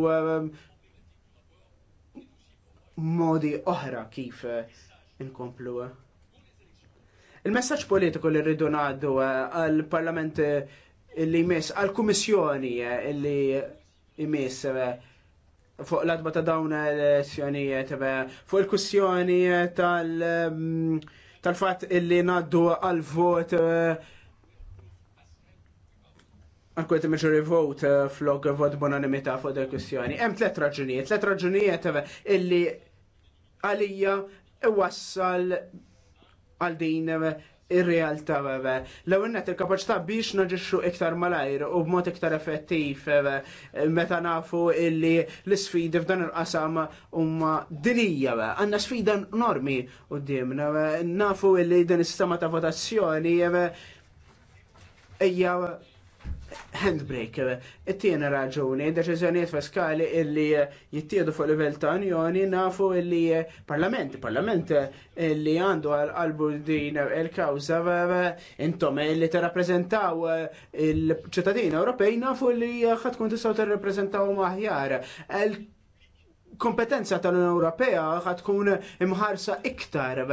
modi oħra kif inkomplu. Il-messaġġ politiku li rridu ngħaddu eh, għall-Parlament eh, li jmiss għall-Kummissjoni eh, li jmiss fuq l-adba ta' dawn l-elezzjonijiet, fuq il-kussjoni tal- mm, tal-fat illi naddu għal-vot għankwet maġori vot flog vot bonanimita fuq dal kussjoni Hemm tlet raġunijiet, tlet raġunijiet illi għalija wassal għal din ir-realtà L-ewwel net il-kapaċità biex naġixxu iktar malajr u b'mod iktar effettiv meta nafu illi l-isfidi f'dan il-qasam huma dinija. Għandna sfida normi qudiemna nafu illi din is-sistema ta' votazzjoni hija handbrake. It-tiena raġuni, deċiżjonijiet fiskali illi jittiedu fuq livell ta' Unjoni nafu illi parlament, parlament illi għandu għal-qalbu din il-kawza intom illi ta' rappresentaw il-ċittadini Ewropej nafu li ħatkun tistaw ta' rappresentaw maħjar kompetenza tal-Unjoni Ewropea ħatkun imħarsa iktar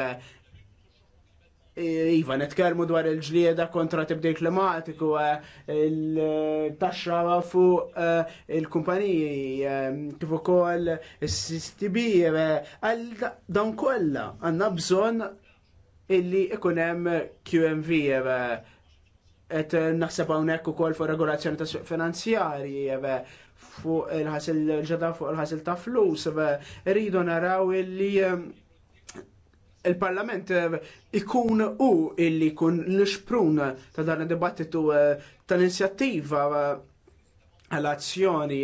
Eh, iva, netkermu dwar il-ġlieda kontra tibdil klimatiku, eh, il taxra fuq eh, il-kumpaniji, kif ukoll is sistibi għal dan kollha għandna bżonn illi ikun hemm QMV et naħseb hawnhekk ukoll fuq regolazzjoni ta' finanzjari, finanzjarji l il-ħasil ġeda fuq il-ħasil ta' flus, rridu naraw illi il-parlament eh, ikun u illi kun l-xprun ta' dan il-dibattitu eh, tal-inizjattiva eh, għal-azzjoni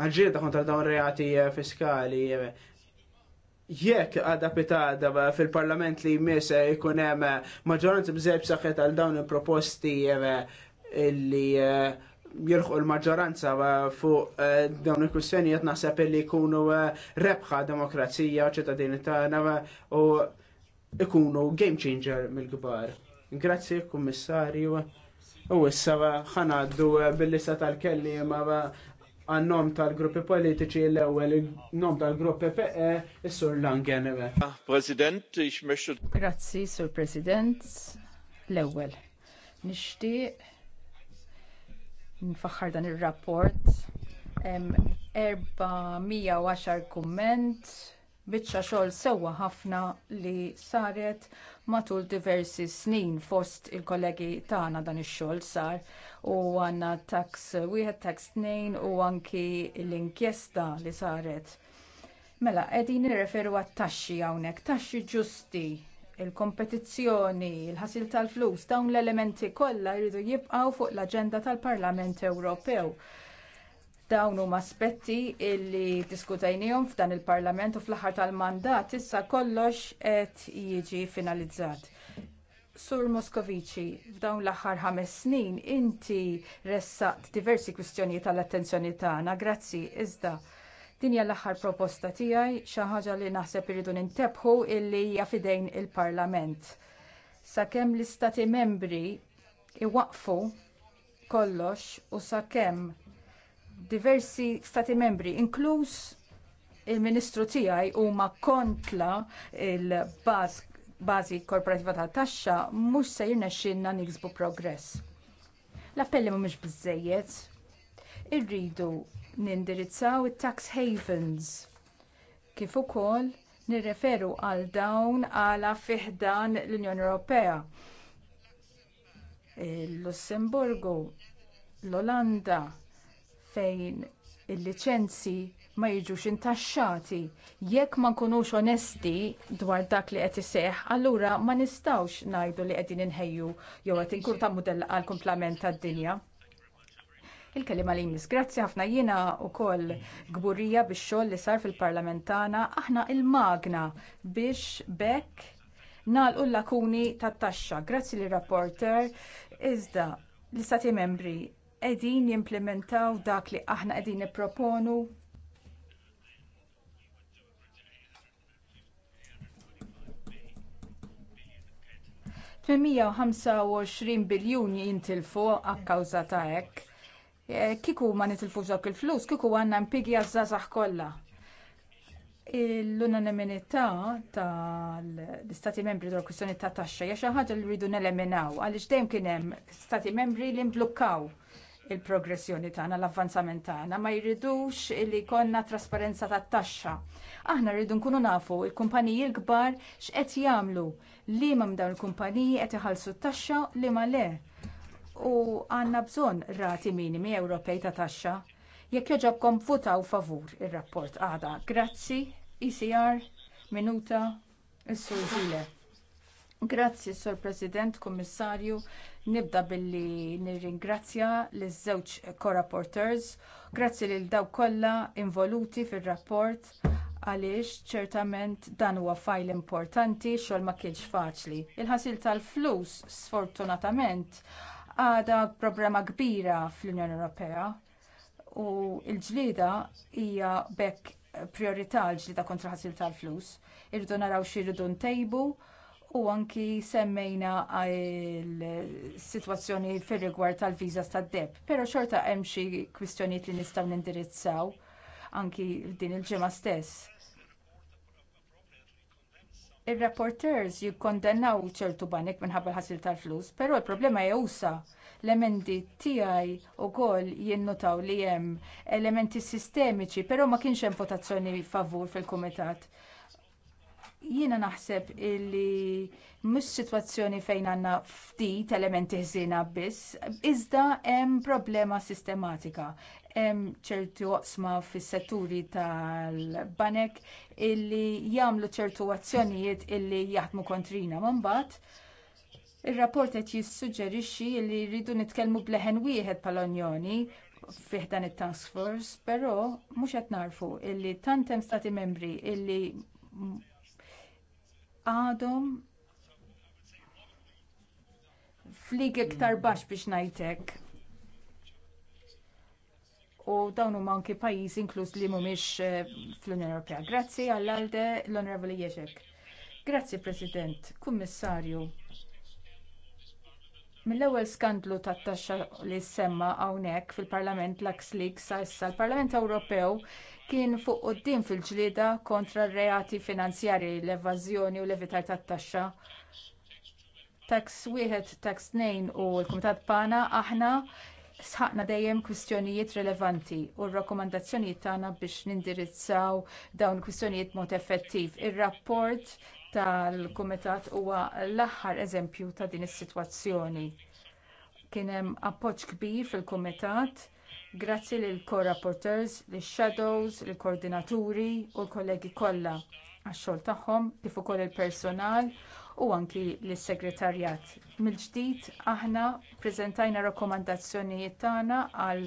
għalġieda kontra dawn reati fiskali jekk għadha pitada fil-parlament li jmiss ikun hemm maġġoranza bżejb saħħet għal dawn il-proposti li jirħu l-maġġoranza eh, fuq eh, dawn il-kwistjonijiet naħseb li jkunu eh, rebħa demokrazija u ċittadini u ikunu game changer mill-kbar. Grazzi, kummissarju. U issa ħanaddu bil-lista tal-kellima għannom tal-gruppi politiċi l-ewel, nom tal-gruppi PE, s-sur Langen. President, ich Grazzi, sur President, l-ewel. Nishtiq nfaħħar dan ir-rapport. 410 komment, biċċa xogħol sewwa ħafna li saret matul diversi snin fost il-kollegi tagħna dan ix-xogħol sar u għanna tax wieħed tax tnejn u anki l-inkjesta li saret. Mela, qegħdin nirreferu għat-taxxi hawnhekk, taxxi ġusti il-kompetizzjoni, il-ħasil tal-flus, dawn l-elementi kollha jridu jibqgħu fuq l-aġenda tal-Parlament Ewropew. Dawn huma aspetti li diskutajnihom f'dan il-Parlament u fl-aħħar tal-mandat issa kollox qed jiġi finalizzat. Sur Moskovici, f'dawn l-aħħar ħames snin inti ressaqt diversi kwistjonijiet tal-attenzjoni tagħna, grazzi iżda Din hija l-aħħar proposta tiegħi xi ħaġa li naħseb irridu nintebħu illi hija fidejn il-Parlament. Sakemm l-istati membri iwaqfu kollox u sakemm diversi stati membri inkluż il-ministru tiegħi huma kontra il-bażi korporattiva ta' taxxa mhux se jirnexxinna niksbu progress. L-appelli mhumiex biżżejjed. Irridu nindirizzaw it-tax havens kif ukoll nirreferu għal dawn għala fiħdan l-Unjoni Ewropea. Il-Lussemburgu, l-Olanda fejn il liċenzji ma jiġux intaxxati. Jekk ma nkunux onesti dwar dak li qed iseħħ, allura ma nistgħux ngħidu li qegħdin inħejju jew qed inkun ta' mudell għall kumplament tad-dinja. Il-kelima li jmiss, grazzi ħafna jiena wkoll gburija bix xogħol li sar fil-parlamentana, aħna il-magna biex bekk nagħlqu l-lakuni tat-taxxa. Grazzi li rapporter iżda l-istati membri qegħdin jimplementaw dak li aħna qegħdin nipproponu fil-125 biljun jintilfu għakkawza ta' hekk. Eh, kiku ma nitilfux dawk il-flus, kiku għanna impigi għazzazax kollha. L-unanimità tal-istati membri dwar kwistjoni ta' taxxa hija xi ħaġa li rridu neleminaw għaliex dejjem kien hemm stati membri li mblukkaw il-progressjoni tagħna, l-avvanzament tagħna, ma jridux li jkollna trasparenza tat-taxxa. Aħna rridu nkunu nafu l kumpaniji l-kbar x'qed jagħmlu, liema dawn il-kumpaniji qed iħallsu t-taxxa, liema le u għandna bżonn rati minimi Ewropej ta' taxxa. Jekk joġobkom votaw favur ir-rapport għada. Grazzi, ICR e minuta, s-sur Zile. Grazzi, Sur President, Kummissarju. Nibda billi nirringrazzja l żewġ co-rapporters. Grazzi lil daw kollha involuti fir-rapport għaliex ċertament dan huwa fajl importanti xogħol ma kienx faċli. Il-ħasil tal-flus sfortunatament għada problema kbira fl-Unjoni Ewropea u l-ġlieda hija bekk priorità l ġlida kontra ħasil tal-flus. Irridu naraw xi rridu ntejbu u anki semmejna l-sitwazzjoni fir-rigward tal viza tad-deb, pero xorta hemm xi kwistjonijiet li nistgħu nindirizzaw anki din il-ġimgħa stess ir rapporteurs jikkondennaw ċertu banek minħabba l-ħasil tal-flus, però l-problema jewsa l-emendi tiegħi wkoll jinnutaw li hemm elementi sistemiċi, però ma kienx hemm votazzjoni favur fil-kumitat. Jiena naħseb illi mhux sitwazzjoni fejn għandna ftit elementi ħżiena biss, iżda hemm problema sistematika hemm ċertu oqsma fis-setturi tal-banek illi jagħmlu ċertu azzjonijiet illi jaħdmu kontrina minn bad. Ir-rapport qed jissuġġerixxi li rridu nitkellmu bleħen wieħed pal-Unjoni fih dan it-task force, però mhux qed narfu illi tant hemm stati membri illi għadhom flik iktar baxx biex ngħidlek u dawn huma anki pajjiżi inkluż li mhumiex eh, fl-Unjoni Ewropea. Grazzi għall alde l-Onorevoli Jeġek. Grazzi President, Kummissarju. Mill-ewwel skandlu tat-taxxa li semma hawnhekk fil-Parlament l-Axlik sa issa l-Parlament Ewropew kien fuq quddiem fil-ġlieda kontra r-reati finanzjarji l-evażjoni u l-evitar tat-taxxa. Tax wieħed, tax tnejn u l-Kumitat Pana aħna sħaqna dejjem kwistjonijiet relevanti u r-rakkomandazzjonijiet tagħna biex nindirizzaw dawn kwistjonijiet mod effettiv. Ir-rapport tal-Kumitat huwa l-aħħar eżempju ta' din is-sitwazzjoni. Kien hemm appoġġ kbir fil-Kumitat grazzi lill co-rapporteurs, lis shadows il koordinaturi u l-kollegi kollha għax-xogħol tagħhom kif ukoll il-personal u anki lis-segretarjat. Mill-ġdid aħna ppreżentajna rakkomandazzjonijiet tagħna għal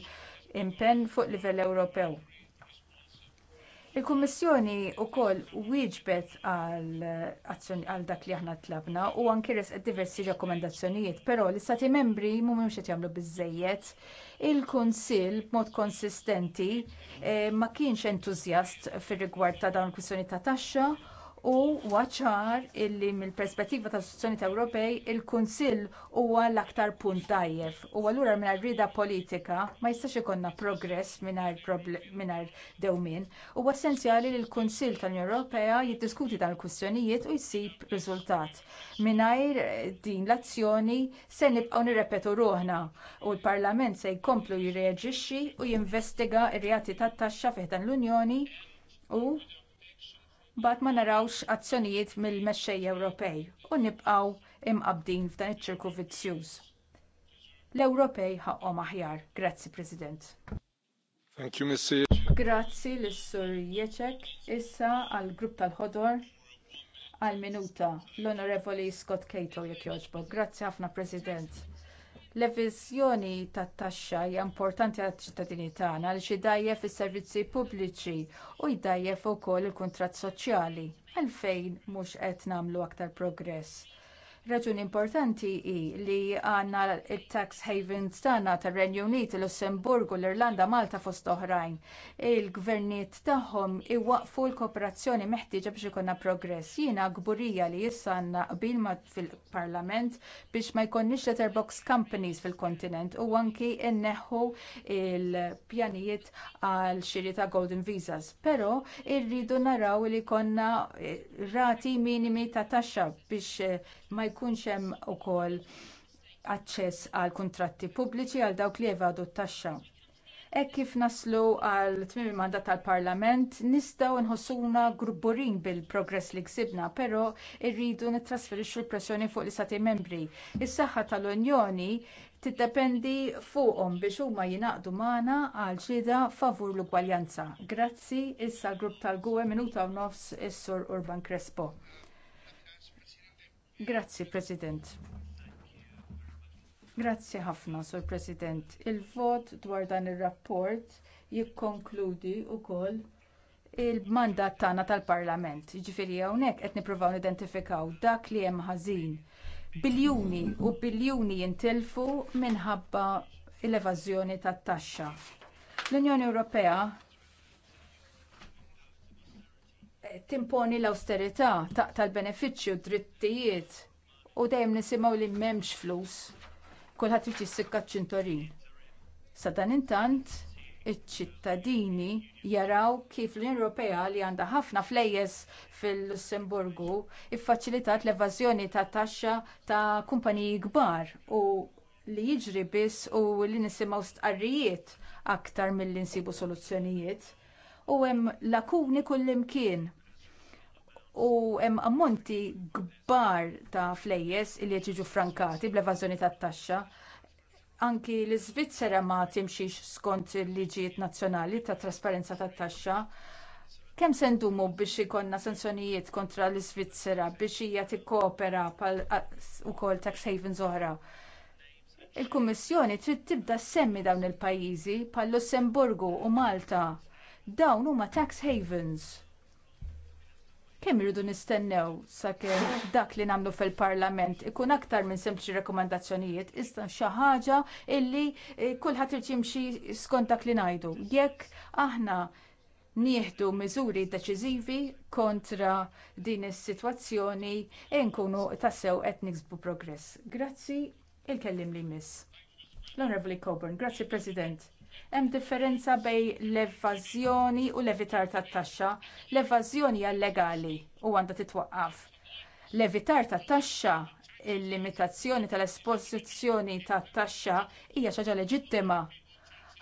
impenn fuq livell Ewropew. Il-Kummissjoni wkoll wieġbet għal dak li aħna tlabna u anki resqet diversi rakkomandazzjonijiet, però l-Istati membri mhumiex qed jagħmlu biżżejjed. Il-Kunsill b'mod konsistenti eh, ma kienx entużjast fir-rigward ta' dawn il-kwistjoni ta' taxxa u waċar illi mill-perspettiva tas istituzzjoni Ewropej il-Kunsill huwa l-aktar punt tajjeb u allura mingħajr rieda politika ma jistax ikollna progress mingħajr dewmien. Huwa essenzjali li l-Kunsill tal-Unjoni Ewropea jiddiskuti dan il-kwistjonijiet u jsib riżultat. Mingħajr eh, din l-azzjoni se nibqgħu nirrepetu ruħna u l-Parlament se jkomplu jirreġixxi u jinvestiga r-reati tat-taxxa fih dan l-Unjoni u bat ma narawx azzjonijiet mill-mexxej Ewropej u nibqgħu imqabdin f'dan iċ-ċirku vizzjuż. L-Ewropej ħaqhom aħjar. Grazzi, President. Thank you, Mr. Grazzi l sur Jeċek. Issa għall grupp tal-ħodor għal minuta l-Onorevoli Scott Cato jekk jogħġbok. Grazzi ħafna, President l-eviżjoni tat-taxxa hija importanti għaċ-ċittadini tagħna għaliex idajjef is-servizzi pubbliċi u jdajjef ukoll il-kuntratt soċjali. Għalfejn mhux qed nagħmlu aktar progress? Raġuni importanti hi li għandna il-tax havens tagħna tar-Renju Unit, il-Lussemburgu, l-Irlanda, Malta fost oħrajn. Il-gvernijiet tagħhom iwaqfu l-kooperazzjoni meħtieġa biex ikonna progress. Jiena gburija li issa għandna fil-Parlament biex ma jkollniex box companies fil-kontinent u anki inneħħu il-pjanijiet għal xiri ta' Golden Visas. Però irridu naraw li konna rati minimi ta' taxxa biex ma jkunx hemm ukoll aċċess għal kuntratti pubbliċi għal dawk li evadu t-taxxa. Hekk kif naslu għal tmiem il-mandat tal-Parlament nistgħu nħossuna grubburin bil-progress li ksibna, però rridu nittrasferixxu l-pressjoni fuq l-istati membri. Is-saħħa tal-Unjoni tiddependi fuqhom biex huma jingħaqdu magħna għal ġlieda favur l-ugwaljanza. Grazzi issa l-grupp tal-Gwe minuta u nofs is-Sur Urban Crespo. Grazzi, President. Grazzi ħafna, Sur President. Il-vot dwar dan ir-rapport jikkonkludi wkoll il-mandat tagħna tal-Parlament. Jiġifieri hawnhekk qed nippruvaw identifikaw dak li hemm ħażin. Biljuni u biljuni jintilfu minħabba l-evażjoni tat-taxxa. L-Unjoni Ewropea timponi l-austerità taqta' l beneficju drittijiet u dejjem nisimgħu li m'hemmx flus. Kulħadd irid jissikka ċintorin. Sa dan intant iċ-ċittadini jaraw kif l-Unjoni Ewropea li għandha ħafna flejjes fil-Lussemburgu iffaċilitat l-evażjoni ta' taxxa ta' kumpaniji kbar u li jiġri biss u li nisimgħu stqarrijiet aktar milli nsibu soluzzjonijiet. U hemm lakuni kullimkien u hemm ammonti kbar ta' flejjes li qed jiġu frankati bl-evażjoni tat-taxxa. Anki l-Iżvizzera ma timxix skont il-liġijiet nazzjonali tat trasparenza tat-taxxa. Kemm se ndumu biex ikonna sanzjonijiet kontra l-Iżvizzera biex hija tikkopera pal ukoll tax havens oħra? Il-Kummissjoni trid tibda semmi dawn il-pajjiżi bħal Lussemburgu u Malta. Dawn huma tax havens kemm irridu nistennew sakemm dak li nagħmlu fil-Parlament ikun aktar minn sempliċi rekomandazzjonijiet iżda xi ħaġa illi eh, kulħadd irid jimxi skont dak li ngħidu. Jekk aħna nieħdu miżuri deċiżivi kontra din is-sitwazzjoni e nkunu tassew qed niksbu progress. Grazzi il-kellim li miss. L-Honorable Coburn, grazzi President. Hemm differenza bejn l-evażjoni u l-evitar tat-taxxa. L-evażjoni hija legali u għandha titwaqqaf. L-evitar tat-taxxa il-limitazzjoni tal-esposizzjoni tat-taxxa hija xi ħaġa leġittima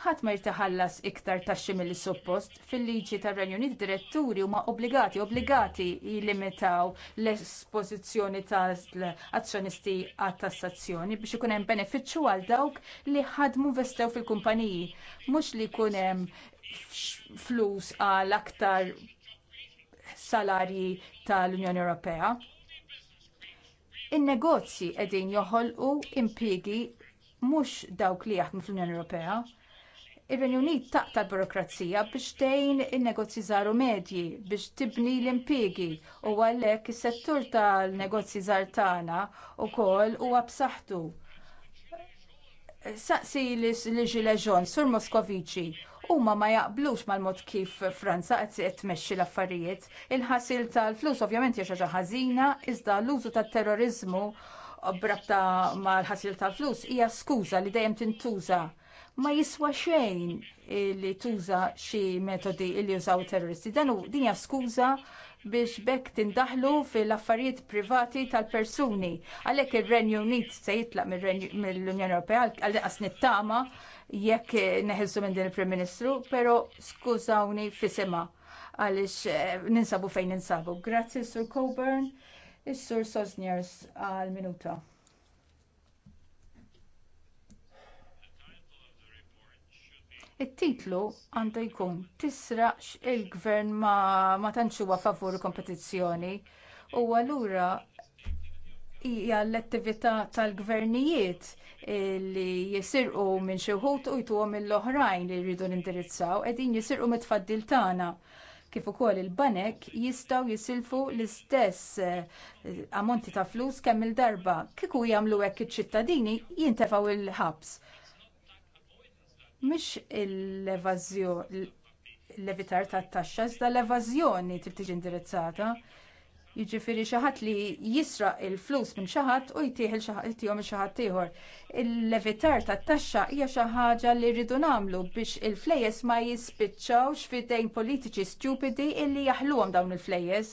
ħadd ma jirtaħallas iktar taxxi milli suppost fil-liġi tar-Renju Unit diretturi huma obbligati obbligati jilimitaw l-espożizzjoni tal-azzjonisti għat-tassazzjoni biex ikun hemm benefiċċju għal dawk li ħadmu vestew fil-kumpaniji mhux li jkun hemm flus għal aktar salarji tal-Unjoni Ewropea. In-negozji qegħdin joħolqu impjiegi mhux dawk li jaħdmu fl-Unjoni Ewropea Ir-Renju Unit taqta' l-burokrazija biex tgħin in-negozji żgħar u medji biex tibni l-impjiegi u għalhekk is-settur tal-negozji żgħar tagħna wkoll huwa b'saħħtu. Saqsi li ġileġon sur Moscovici, huma ma jaqblux mal-mod kif Franza qed tmexxi l-affarijiet. Il-ħasil tal-flus ovvjament hija xi ħaġa ħażina, iżda l-użu tat-terrorizmu brabta mal-ħasil tal-flus hija skuża li dejjem tintuża ma jiswa xejn li tuża xi metodi li jużaw terroristi. Dan hu dinja skuża biex bekk tindaħlu fil-affarijiet privati tal-persuni. Għalhekk ir-Renju Unit se jitlaq mill-Unjoni Ewropea għal nittama jekk neħessu minn din il-Prim Ministru, pero skużawni fisema għaliex eh, ninsabu fejn ninsabu. Grazzi Sur Coburn, is-Sur Sosniers għal minuta. it-titlu għandu jkun tisraqx il-gvern ma, ma tantx huwa favur kompetizzjoni u allura hija l-attività tal-gvernijiet li jisirqu minn xi wħud u jtuhom mill-oħrajn li jridu nindirizzaw qegħdin jisirqu mit-tfaddil tagħna kif ukoll il-banek jistgħu jisilfu l-istess eh, ammonti ta' flus kemm il-darba kieku jagħmlu hekk iċ-ċittadini jintefgħu il-ħabs mhix l-evitar tat-taxxa iżda l-evażjoni trid tiġi indirizzata. Jiġifieri xi ħadd li jisraq il-flus minn xi ħadd u jtieħ il minn xi ħadd ieħor. Il-levitar tat-taxxa hija xi ħaġa li rridu nagħmlu biex il-flejjes ma jispiċċawx f'idejn politiċi stupidi illi jaħluhom dawn il-flejjes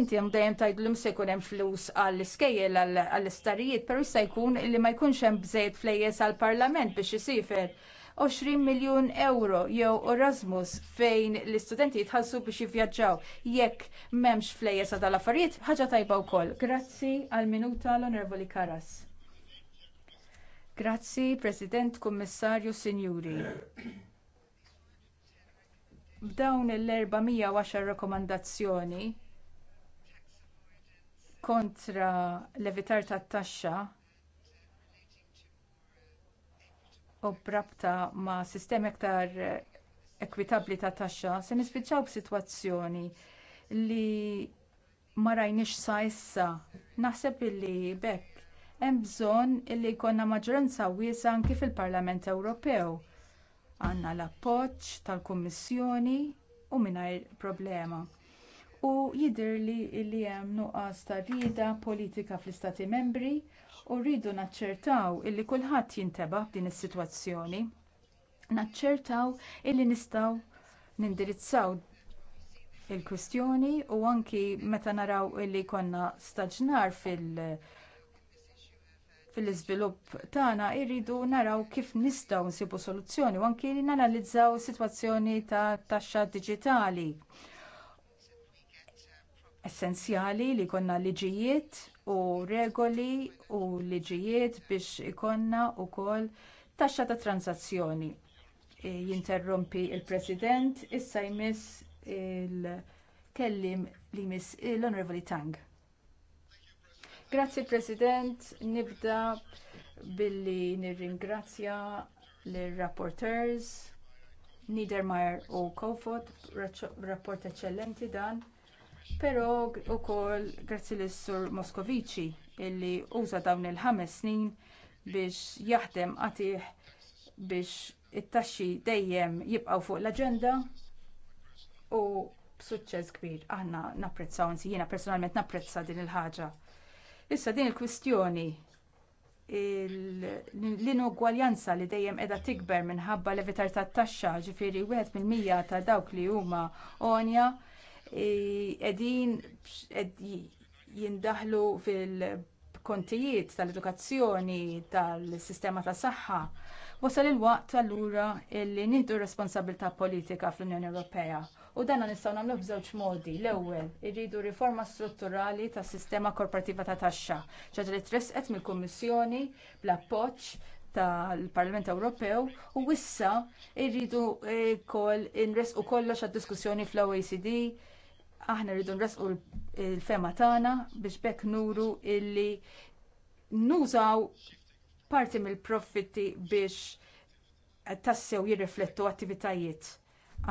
inti hemm dejjem tgħidlhom se jkun hemm flus għall-iskejjel għall-istarijiet, però jista' jkun li ma jkunx hemm bżejjed flejjes għall-Parlament biex isifer. 20 miljun euro jew Erasmus fejn l-istudenti jitħallsu biex jivvjaġġaw jekk m'hemmx flejjer sa' tal affarijiet ħaġa tajba wkoll. Grazzi għal minuta l-Onorevoli Karas. Grazzi, President, Kummissarju, Sinjuri b'dawn l-410 rakkomandazzjoni kontra l-evitar tat-taxxa u brabta ma' sistemi aktar ekwitabli ta' taxxa se nispiċċaw b'sitwazzjoni li ma rajniex sa issa. Naħseb illi bekk hemm bżonn illi jkollna maġġoranza wiesa' anke fil-Parlament Ewropew. Għandna l-appoġġ tal-Kummissjoni u mingħajr problema u jidher li li hemm nuqqas ta' rieda politika fl-istati membri u rridu naċċertaw illi kulħadd jintebaħ f'din is-sitwazzjoni. Naċċertaw illi nistgħu nindirizzaw il-kwistjoni u anki meta naraw illi jkollna staġnar fil- fil-iżvilupp tagħna jridu naraw kif nistgħu nsibu soluzzjoni u anki nanalizzaw is-sitwazzjoni ta' taxxa diġitali essenzjali li jkollna liġijiet u regoli u liġijiet biex ikollna wkoll taxxa ta' transazzjoni. E, jinterrompi l president issa jmiss il-kellim li jmiss l-Onorevoli Tang. Grazzi President, nibda billi nirringrazzja lir rapporteurs Niedermayer u Kofod, rapport eċċellenti dan però wkoll grazzi l sur Moskovici illi uża dawn il-ħames snin biex jaħdem għatiħ biex it-taxxi dejjem jibqgħu fuq l-aġenda u b'suċċess kbir aħna napprezzaw anzi jiena personalment napprezza din il-ħaġa. Issa din il-kwistjoni l-inugwaljanza li dejjem qiegħda tikber minħabba l-evitar tat-taxxa ġifieri wieħed fil-mija ta' dawk li huma onja edin jindaħlu fil-kontijiet tal-edukazzjoni tal-sistema ta' saħħa. Wasal il-waqt allura li nieħdu responsabilità politika fl-Unjoni Ewropea. U danna nistgħu nagħmlu b'żewġ modi. L-ewwel, irridu riforma strutturali tas-sistema korporattiva ta' taxxa, ċaġa li tresqet mill-Kummissjoni bl-appoġġ tal-Parlament Ewropew u issa irridu wkoll eh, inresqu kollox għad-diskussjoni fl-OECD aħna rridu nresqu l-fema tagħna biex bekk nuru illi nużaw parti mill-profitti biex tassew jirriflettu attivitajiet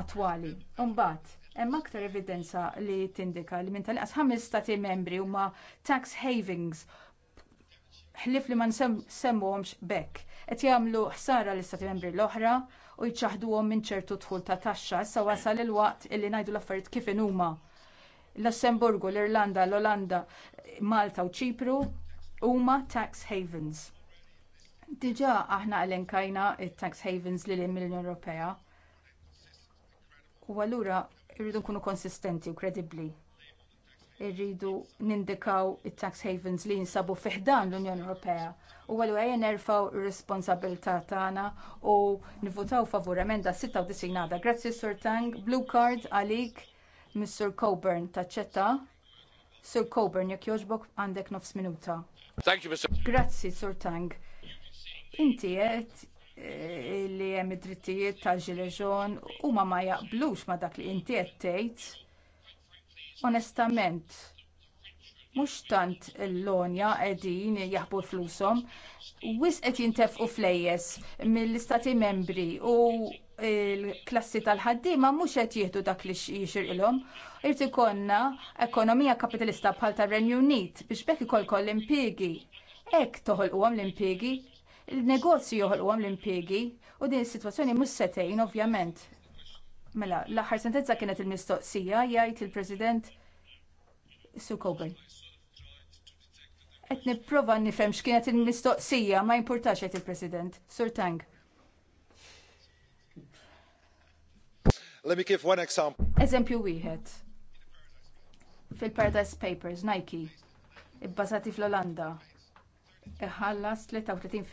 attwali. Umbagħad hemm aktar evidenza li tindika li minn tal-inqas ħames stati membri huma tax havings ħlif li ma nsemmuhomx bekk. Qed jagħmlu ħsara l-istati membri l-oħra u jċaħduhom minn ċertu dħul ta' taxxa issa wasal il-waqt illi ngħidu l-affarijiet kif in huma Lussemburgu, l-Irlanda, l-Olanda, Malta u Ċipru huma tax havens. Diġà aħna elenkajna tax havens lil l unjoni Ewropea. U allura irridu nkunu konsistenti u kredibbli. Irridu nindikaw it-tax havens li jinsabu fiħdan l-Unjoni Ewropea u għallu għajja nerfaw responsabilta tagħna u nivutaw favur emenda 96 għada. Grazzi Sur Tang, Blue Card għalik Mr. Coburn taċċetta. Sir Coburn, jekk jogħġbok għandek nofs minuta. Thank you, Mr. Grazzi, Sur Tang. Inti qed eh, li hemm id-drittijiet ta' ġileġon huma ma jaqblux ma dak li inti qed tgħid. Onestament, mhux tant l-lonja qegħdin jaħbu flushom, wisq qed jintefqu flejjes mill-istati membri u il-klassi tal-ħaddiema mhux qed jieħdu dak li jixirqilhom. Irid ikollna ekonomija kapitalista bħal tar-Renju Unit biex bekk ikollkoll l-impjiegi. Hekk toħolquhom l-impjiegi, il-negozji joħolquhom l-impjiegi u din is-sitwazzjoni mhux setejn ovvjament. Mela, l-aħħar sentenza kienet il-mistoqsija jgħid il-President Sue Qed nipprova nifhem x'kienet il-mistoqsija ma jimpurtax qed il-President Sur Tang. Let me give one example. Eżempju wieħed. Fil-Paradise Papers, Nike, ibbażati fl-Olanda, iħallas 33%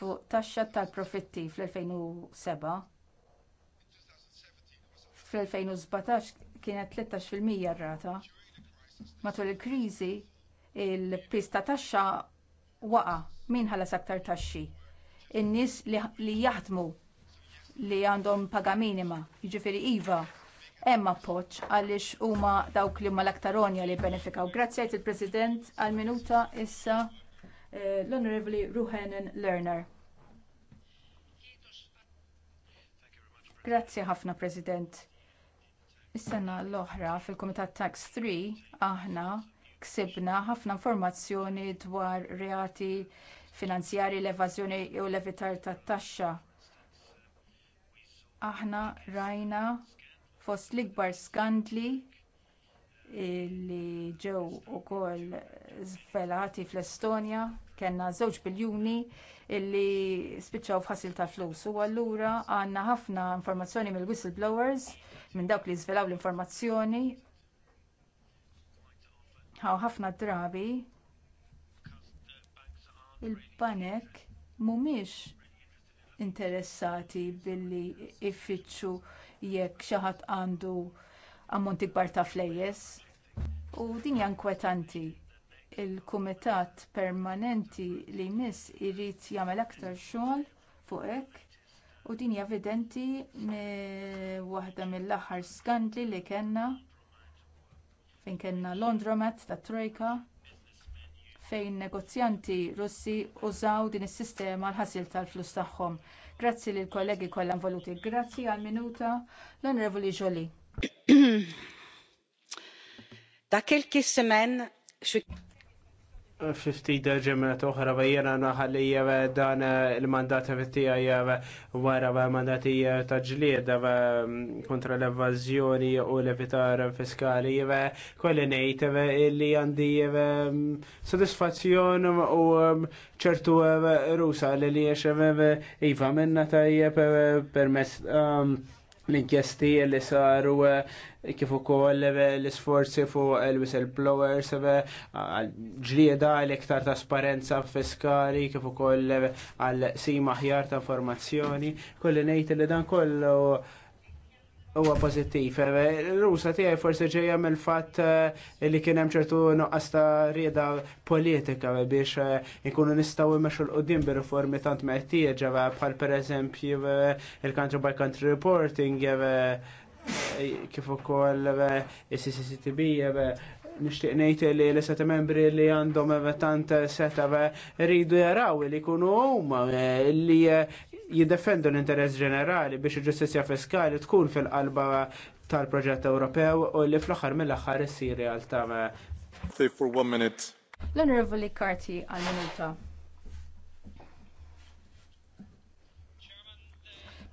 fuq taxxa tal-profitti fl-2007. Fl-2017 kienet 13% r-rata. Matul il-kriżi, il pista taxxa waqa' min ħallas aktar taxxi. In-nies li jaħdmu li għandhom paga minima, jiġifieri iva, hemm poċ għaliex huma dawk li huma l-aktar onja li benefikaw. Grazzi għajt il-President għal minuta issa eh, l honorable Ruhenen Lerner. Grazzi ħafna President. Is-sena l-oħra fil-Kumitat Tax 3 aħna ksibna ħafna informazzjoni dwar reati finanzjarji l-evażjoni u l-evitar tat-taxxa aħna rajna fost l-ikbar skandli li ġew ukoll żvelati fl-Estonja kellna żewġ biljuni li spiċċaw f'ħasil ta' flus. U allura għandna ħafna informazzjoni mill-whistleblowers minn dawk li żvelaw l-informazzjoni. Haw ħafna drabi il-banek mhumiex interessati billi jfittxu jekk xi ħadd għandu ammonti kbar ta' flejjes. U din hija inkwetanti. Il-kumitat permanenti li jmiss irid jagħmel aktar xogħol fuq hekk u din hija evidenti waħda mill-aħħar skandli li kellna fejn kellna l'ondromat tat trojka fejn negozjanti Russi użaw din is-sistema għal ħasil tal-flus tagħhom. Grazzi lil kollegi kollha involuti. Grazzi għal minuta l-Onorevoli Jolie. (clears throat) Da quelques semaines, 50 ġemet uħra bajjena naħalli dan il-mandat tiegħi wara mandati ta' ġlied mm, kontra l-evazjoni u l-evitar fiskali kolli nejt ngħid li għandi mm, sodisfazzjon u mm, ċertu rusa li li jiex iva minna tajjeb permess l-inkjesti li saru eh, kif ukoll eh, l-isforzi fuq il-whistleblowers eh, ġlieda l-iktar trasparenza fiskali kif ukoll għal sima ħjar ta' informazzjoni. Kolli ngħid li dan kollu Uwa huwa l eh, Rusa tijaj forse ġeja mill fat eh, li kien hemm ċertu noqasta rieda politika biex eh, inkunu nistaw imexxu l qoddim bi reformi tant meħtieġ bħal per eżempju il-country by country reporting kif ukoll il cctb nixtieq ngħid li l-istat membri li għandhom tant seta' rridu jaraw li kunu huma li jiddefendu l-interess ġenerali biex il-ġustizja fiskali tkun fil-qalba tal-proġett Ewropew u li fl-aħħar mill-aħħar issir realtà. for one minute. L-Onorevoli Karti għal minuta.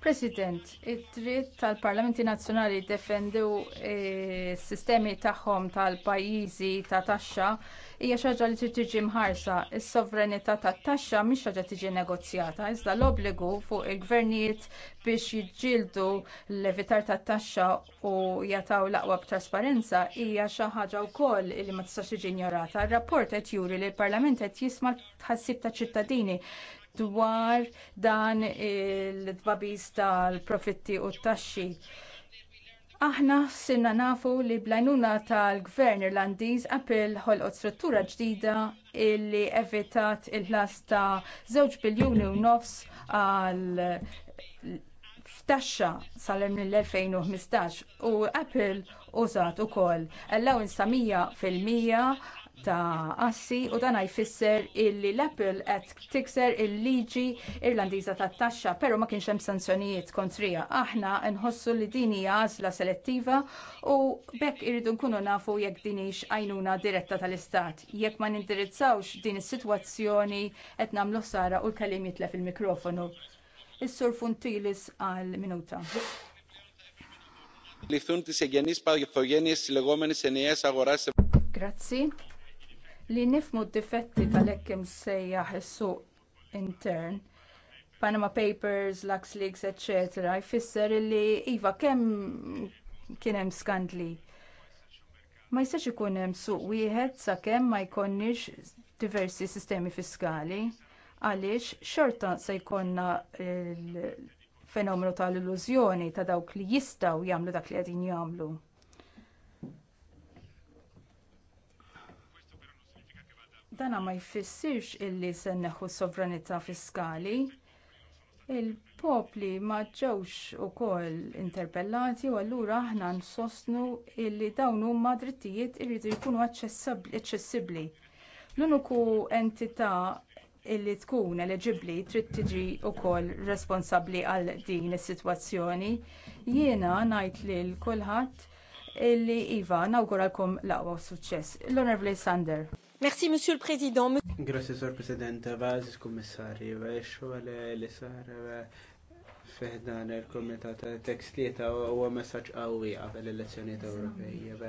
President, id-dritt tal-Parlamenti Nazzjonali defendu eh, s-sistemi tagħhom tal-pajjiżi ta' taxxa hija xi ħaġa li trid tiġi mħarsa. Is-sovranità tat-taxxa mhix ħaġa tiġi negozjata, iżda l-obbligu fuq il-gvernijiet biex jiġġieldu l-levitar tat-taxxa u jataw l-aqwa b'trasparenza hija xi ħaġa wkoll li ma tistax tiġi ignorata. Ir-rapport qed juri li l-Parlament qed jisma' tħassib taċ ċittadini dwar dan il-tbabiż tal-profitti u t-taxxi Aħna sinna nafu li blajnuna tal-gvern irlandiż appell ħolqot struttura ġdida illi evitat il-ħlas ta' 2 biljuni u nofs għal f'taxxa sal mill-2015 u Apple użat ukoll allowance ta' 100 fil-mija ta' assi u dan jfisser illi l-Apple qed tikser il-liġi Irlandiża tat-taxxa, pero ma kienx hemm sanzjonijiet kontrija. Aħna nħossu li din hija għażla selettiva u bekk irridu nkunu nafu jekk din hix għajnuna diretta tal-Istat. Jekk ma nindirizzawx din is-sitwazzjoni qed nagħmlu sara u l-kelim jitlef il-mikrofonu. Is-Sur Funtilis għal minuta. E e Grazzi li nifmu d-difetti tal-hekk imsejjaħ is-suq intern Panama Papers, Lux Leaks, etc. jfisser li iva kemm kien hemm skandli. Ma jistax ikun hemm suq wieħed sakemm ma jkollniex diversi sistemi fiskali għaliex xorta se jkollna l fenomenu tal-illużjoni ta' dawk li jistgħu jagħmlu dak li qegħdin jagħmlu. Dan ma jfissirx illi se neħu sovranità fiskali. Il-popli ma ġewx ukoll interpellati u allura aħna nsostnu illi dawn huma drittijiet irridu jkunu aċċessibbli. L-uniku entità illi tkun eleġibbli trid tiġi wkoll responsabbli għal din is-sitwazzjoni. Jiena ngħid lil kulħadd illi iva nawguralkom l-aqwa suċċess. L-Onorevoli Sander. Merci, Monsieur le Président. Grazie, Sor Presidente, Vazis, Kommissarju, xogħol li sar fehdan il-Komitat Tekstlieta u messaġġ qawwi qabel l-elezzjonijiet Ewropej.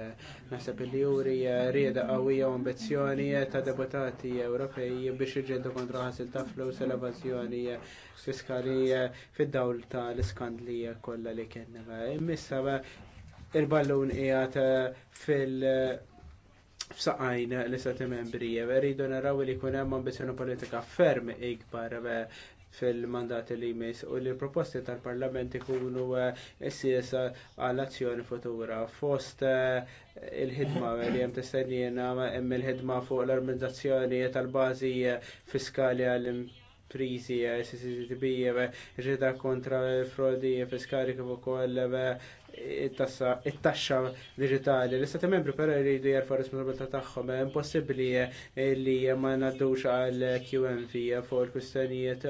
Naħseb li juri eh, rieda qawwija u ambizioni eh, ta' deputati Ewropej biex iġġendu kontra ħasil ta' flus elevazzjoni eh, fiskali fid-dawl ta' l-iskandli kollha li kien. Immissa il-ballun qiegħed fil- f'saqajn l-istati membri, rridu naraw li jkun hemm ambizzjoni politika ferm ikbar eh, fil-mandat li jmiss u li proposti tal-parlament ikunu eh, s-siesa għal-azzjoni futura. Fost eh, il-ħidma li hemm tistennina hemm il-ħidma fuq l-armonizzazzjoni tal-bażi fiskali għall impriżi CCTB, ġeda kontra l-frodi fiskali kif ukoll it-taxxa digitali. L-istati membri però jridu jarfu responsabilità tagħhom hemm possibbli eh, li ma ngħaddux għal QMV eh, fuq il-kwistjonijiet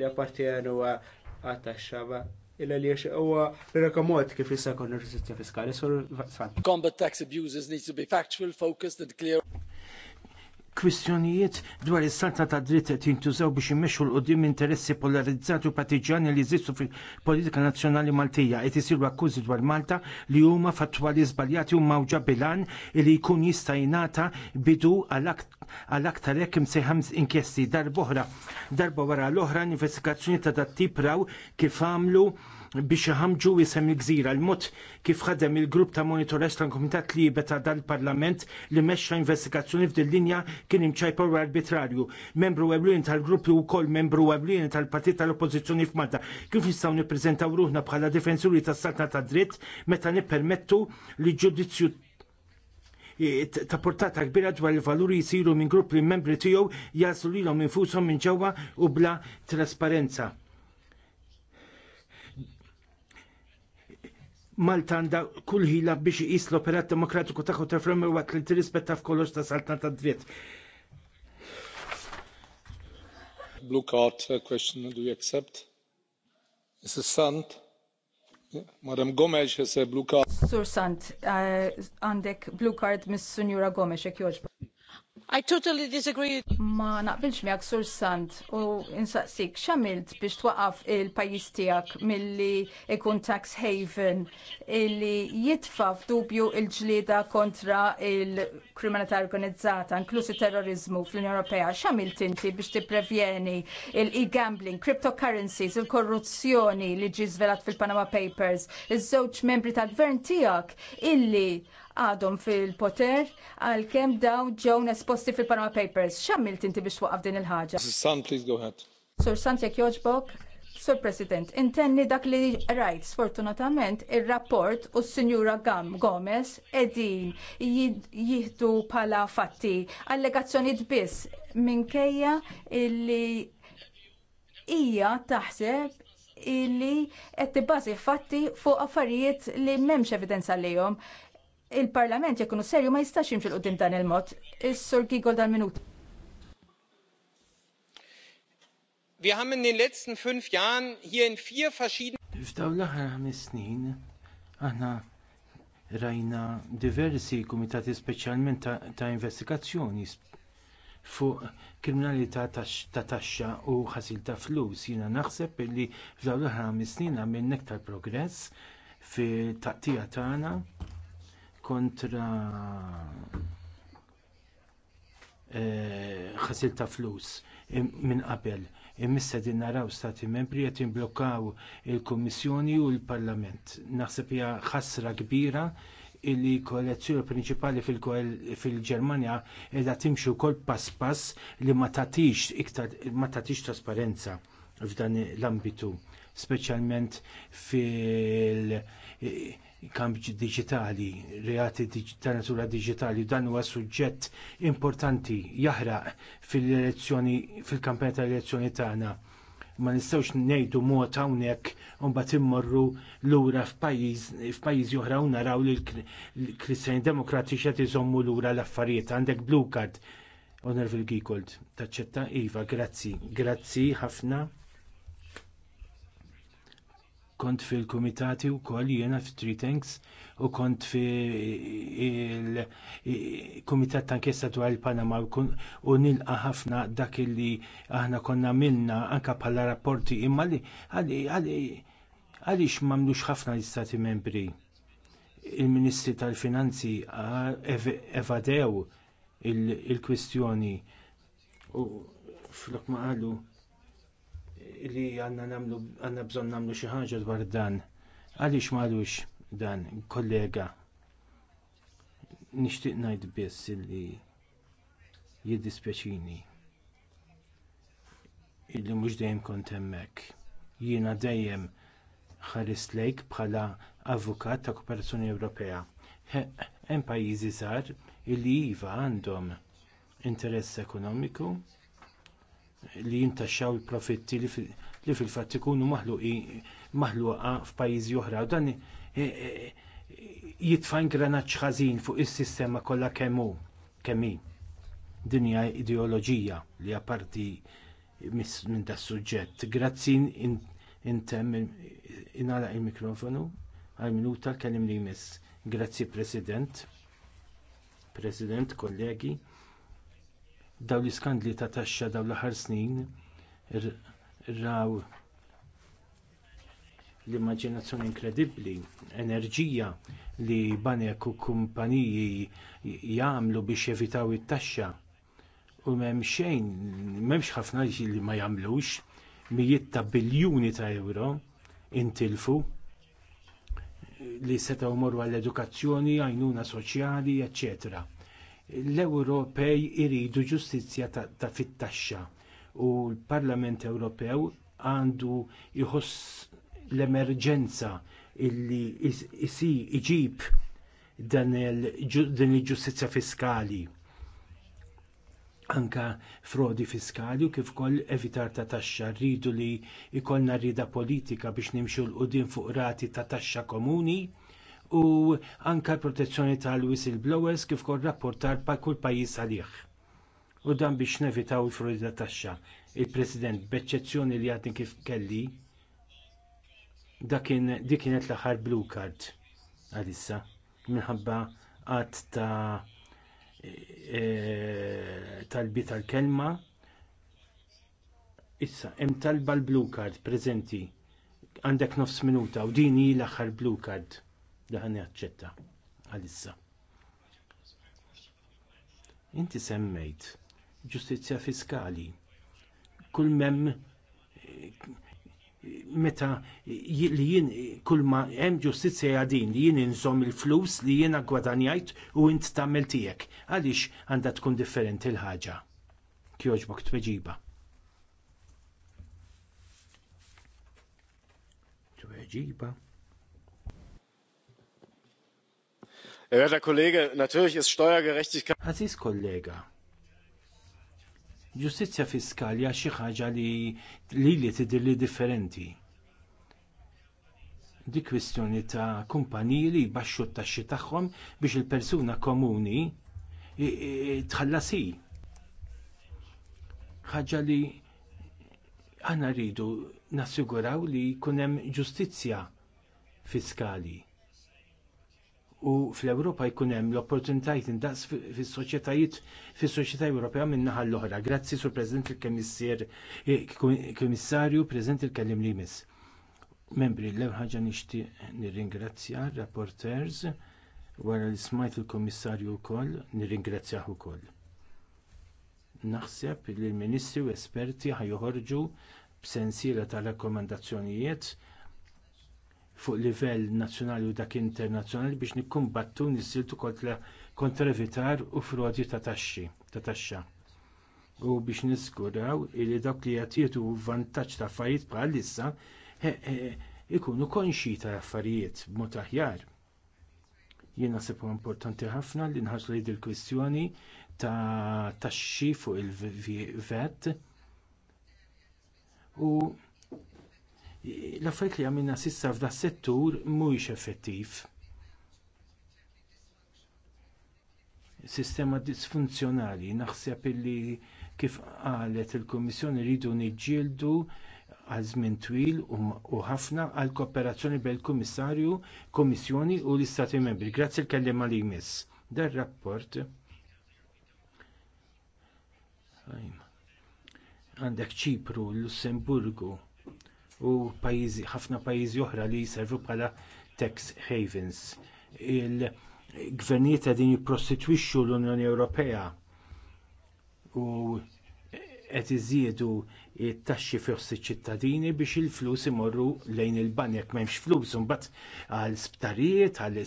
li appartjenu għat-taxxa. Illa li huwa l-reka mod kif jista' jkun ir-riżistja fiskali. Combat tax abuses needs to be factual, focused and clear kwistjonijiet dwar is-salta ta' dritt qed jintużaw biex immexxu l qudiem interessi polarizzati u partiġani li jżistu fil-politika nazzjonali Maltija qed isiru akkużi dwar Malta li huma fattwali żbaljati u mawġa bilan li jkun jista' jingħata bidu għal aktar hekk imsejħam inkjesti oħra. Darba wara l-oħra investigazzjoni ta' dat-tip raw kif għamlu biex ħamġu jisem il-gżira. l mod kif ħadem il-grupp ta' monitoraġġ tal komitat li beta dal-parlament li mexxa investigazzjoni f'din linja kien imċajpa u arbitrarju. Membru ewlien tal-grupp u kol membru għablin tal-partit tal-oppozizjoni f'Malta. Kif nistgħu nippreżentaw ruħna bħala difensuri tas-salta ta' dritt meta nippermettu li ġudizzju ta' portata kbira dwar il-valuri jisiru minn grupp li membri tiegħu jaslu lilhom infushom minn ġewwa u bla trasparenza. Malta għanda kull ħila biex jis l-operat demokratiku ta' tefrem waqt li tirrispetta f'kollox ta' saltna ta' dritt. Blue card question, do you accept? Mrs. Sant? Madam Gomes has a blue card. Sur Sant, eh, għandek blue card miss Sunjura Gomes, ek joġba. I totally disagree. Ma naqbilx miegħek sur sant u insaqsik x'għamilt biex twaqaf il-pajjiż tiegħek milli ikun tax haven illi jitfa' f'dubju l-ġlieda kontra il-kriminalità organizzata, inklusi terrorizmu fl-Unjoni Ewropea. X'għamilt inti biex tipprevjeni il-e-gambling, cryptocurrencies, il-korruzzjoni li ġi żvelat fil-Panama Papers, iż-żewġ membri tal-gvern tiegħek illi għadhom fil-poter għalkemm dawn ġew nesposti fil-Panama Papers. Xammilt inti biex waqaf din il-ħaġa? San, please go ahead. Sur Sant jekk joġbok, Sur President, intenni dak li rajt sfortunatament ir-rapport u s-Sinjura Gam Gomez edin jihdu pala fatti allegazzjoni biss minkejja illi hija taħseb illi qed tibbażi fatti fuq affarijiet li m'hemmx evidenza lihom il-Parlament jekunu serju ma jistax jimxil qudiem dan il-mod. Is-Sur Gigol dal-minut. Wir haben in den letzten fünf Jahren hier in vier verschiedenen. F'daw l-aħħar ħames snin aħna rajna diversi kumitati speċjalment ta' investigazzjoni fuq kriminalità ta' taxxa u ħasil ta' flus. Jiena naħseb li f'dawn l-aħħar ħames snin għamilna iktar progress fi taqtija tagħna kontra eh, ħasil ta' flus eh, minn qabel. Imissa din naraw stati membri qed jimblokkaw il-Kummissjoni u l-Parlament. Naħseb hija ħasra kbira illi kollezzjoni prinċipali fil-Ġermanja qiegħda edha timxu wkoll pass pass li ma tatix iktar ma tatix trasparenza f'dan l-ambitu, speċjalment fil- kamp digitali, reati ta' natura digitali, dan huwa suġġett importanti jaħraq fil-elezzjoni, fil-kampanja ta' elezzjoni tagħna. Ma nistgħux ngħidu mod hawnhekk u mbagħad immorru lura f'pajjiż f'pajjiż oħra u naraw li l-Kristjani Demokratiċi qed iżommu lura l-affarijiet għandek blue card. Onorevil Gikold, taċċetta Iva, grazzi, grazzi ħafna kont fil-kumitati wkoll jiena f'Street Tanks u kont fil-kumitat tankessa dwar il-Panama u nilqa ħafna dak li aħna konna milna anke bħala rapporti imma li għaliex m'għamlux ħafna l-istati membri il-Ministri tal-Finanzi evadew il-kwistjoni u flok ma qalu li għanna namlu għanna bżon namlu xi ħaġa dwar dan. Għaliex m'għalux dan kollega nixtieq ngħid biss li jiddispjaċini illi mhux dejjem kont hemmhekk. Jiena dejjem ħarist lejk bħala avukat ta' Kooperazzjoni Ewropea. Hemm pajjiżi żgħar illi iva għandhom interess ekonomiku li jintaxxaw il-profitti li fil-fatt ikunu maħluqa f'pajjiżi oħra. U dan jitfa' ingranaġġ ħażin fuq is-sistema kollha kemm hu kemm hi. Din hija ideoloġija li apparti minn tas suġġett. Grazzi intemm ingħalaq il-mikrofonu għal minuta kellim li jmiss. Grazzi President. President, kollegi Dawn l-iskandli ta' taxxa dawn l-aħħar snin raw l-immaġinazzjoni inkredibbli, enerġija li banek u kumpaniji jagħmlu biex jevitaw it-taxxa. U m'hemm xejn, m'hemmx ħafna li ma jagħmlux, mijiet ta' biljuni ta' euro intilfu li setgħu jmorru għall-edukazzjoni, għajnuna soċjali, eċċetera l-Ewropej iridu ġustizzja ta', ta fit-taxxa u l-Parlament Ewropew għandu jħoss l-emerġenza illi isi iġib dan il-ġustizzja fiskali anka frodi fiskali u kif ukoll evitar ta' taxxa rridu li jkollna rida politika biex nimxu l-qudiem fuq rati ta' taxxa komuni u anka protezzjoni tal-whistleblowers kif kol rapportar pa' kull pajjiż għalih. U dan biex nevitaw il-frodi taxxa. Il-President, b'eċċezzjoni li għadni kif kelli, dakin dik kienet l-aħħar blue card għalissa minħabba għad ta' e, talbi tal-kelma. Issa, hemm talba l-blue card preżenti għandek nofs minuta u dini l-aħħar blue card daħan għacċetta għalissa. Inti semmejt ġustizzja fiskali. Kull mem meta li jien kull ma hemm ġustizzja għadin li jien inżomm il-flus li jien gwadanjajt u int tagħmel tiegħek. Għaliex għandha tkun differenti l-ħaġa. Kjoġbok tweġiba. Tweġiba. Werter Kollege, natürlich ist Steuergerechtigkeit. Aziz kollega, ġustizzja fiskali għax xi ħaġa li li tidilli differenti. Di kwistjoni ta' kumpaniji li baxxu t-taxxi tagħhom biex il-persuna komuni tħallasi. Ħaġa li aħna rridu nassiguraw li jkun hemm ġustizzja fiskali u fl-Ewropa jkun hemm l-opportunitajiet indaqs fis-soċjetajiet fis-soċjetà Ewropea minn naħa l-oħra. Grazzi sur President il-Kemissier Kummissarju President il-kellim li Membri, l-ewwel ħaġa nixtieq nirringrazzja rapporters wara li smajt il-Kummissarju wkoll nirringrazzjah ukoll. Naħseb li l-Ministri u esperti ħajjoħorġu b'sensiela ta' rakkomandazzjonijiet fuq livell nazzjonali u dak internazzjonali biex nikkumbattu nisiltu kontra vitar u frodi ta' taxxi ta' taxxa. U biex niżguraw li dawk li qed u vantaġġ ta' affarijiet bħalissa ikunu konxi ta' affarijiet b'mod aħjar. Jien naħseb importanti ħafna li nħarsu li il-kwistjoni ta' taxxi fuq il-vet u l-affarijiet li għamilna sissa f'da settur mhuwiex effettiv. Sistema disfunzjonali naħseb illi kif qalet il-Kummissjoni rridu niġġieldu għal żmien twil u ħafna għal kooperazzjoni bejn il-Kummissarju, Kummissjoni u l-Istati Membri. Grazzi l-kellem għal jmiss. dar rapport għandek ċipru, Lussemburgu, u pajizi, ħafna pajjiżi oħra li jservu bħala tax havens. Il-gvernijiet qegħdin jipprostitwixxu l-Unjoni Ewropea u qed iżjiedu it-taxxi fuq iċ-ċittadini biex il-flus imorru lejn il-ban jekk m'hemmx flus imbagħad għal sptarijiet, għall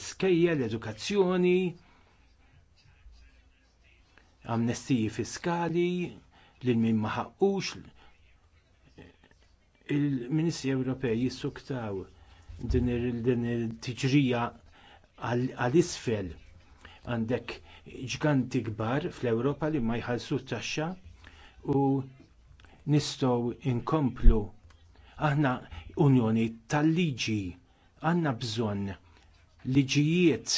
l edukazzjoni, amnestiji fiskali lil min ma ħaqqux il-Ministri Ewropej jissuktaw din il-tiġrija għal-isfel għandek ġganti kbar fl-Ewropa li ma jħallsu taxxa u nistgħu inkomplu aħna unjoni tal-liġi għandna bżonn liġijiet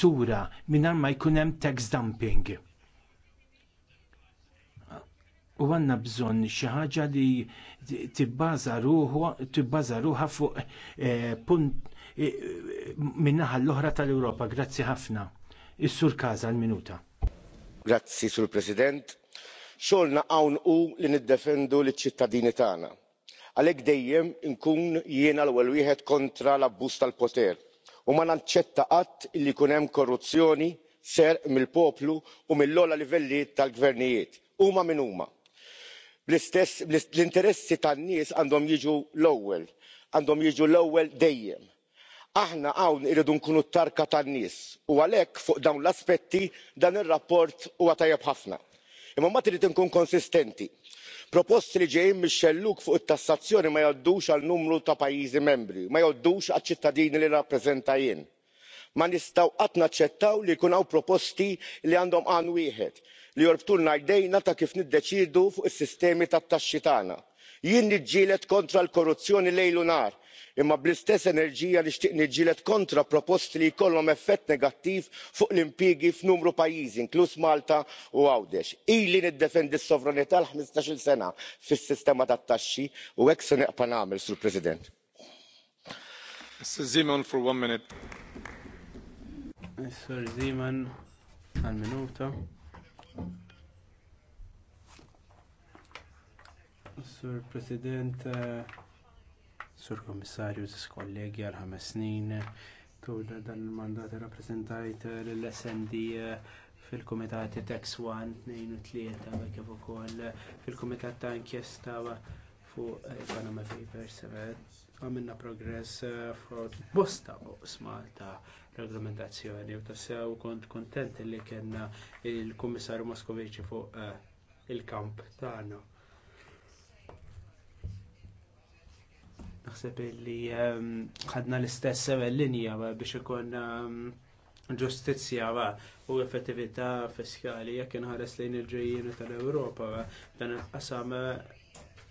sura mingħajr ma jkun hemm tax dumping u għanna bżonn xi ħaġa li tibbaża ruħha fuq eh, punt eh, minnaħa l-oħra tal-Ewropa. Grazzi ħafna. Is-sur Kaza l-minuta. Grazzi sur President. Xogħolna hawn hu li niddefendu liċ-ċittadini tagħna. Għalhekk dejjem inkun jiena l-ewwel wieħed kontra l-abbuż tal-poter u ma naċċetta qatt li jkun hemm korruzzjoni serq mill-poplu u mill-ogħla livelli tal-gvernijiet huma minn huma l-interessi tan nies għandhom jiġu l ewwel għandhom jiġu l ewwel dejjem. aħna hawn iridu nkunu t tarka tan nies u għalhekk fuq dawn l-aspetti dan ir-rapport huwa tajjeb ħafna imma mbagħad irid inkun konsistenti proposti li ġejjin mix-xellug fuq it-tassazzjoni ma jgħoddux għal numru ta' pajjiżi membri ma jgħoddux għaċ-ċittadini li nirrappreżenta jien. ma nistgħu qatt naċċettaw li jkun hawn proposti li għandhom għan wieħed li jorbtulna jdejna ta' kif niddeċiedu fuq is-sistemi tat-taxxi tagħna. jien niġġieled kontra l-korruzzjoni lejl u nhar imma bl-istess enerġija nixtieq niġġieled kontra proposti li jkollhom effett negattiv fuq l-impjiegi f'numru pajjiżi inkluż malta u għawdex. ili niddefendi s-sovranità għal ħmistax-il sena fis-sistema tat-taxxi u hekk se neqpa' nagħmel sur president. Sur President, eh, Sur Komissarju, Sis kollegi għal ħames snin, tuda dan il-mandat rappresentajt l-SND eh, fil-Komitat Tax 1, 2 3 ma kif ukoll fil-Komitat ta' inkjesta fuq Panama Papers għamilna progress eh, fuq bosta osma ta' reglamentazzjoni u tassew kont kontent li kena il-Kummissarju Moscovici fuq eh, il-kamp tagħna. Naħseb li ehm, ħadna l-istess linja biex ikun ehm, ġustizzja u effettività fiskali jekk inħares lejn il-ġejjien tal-Ewropa dan qasam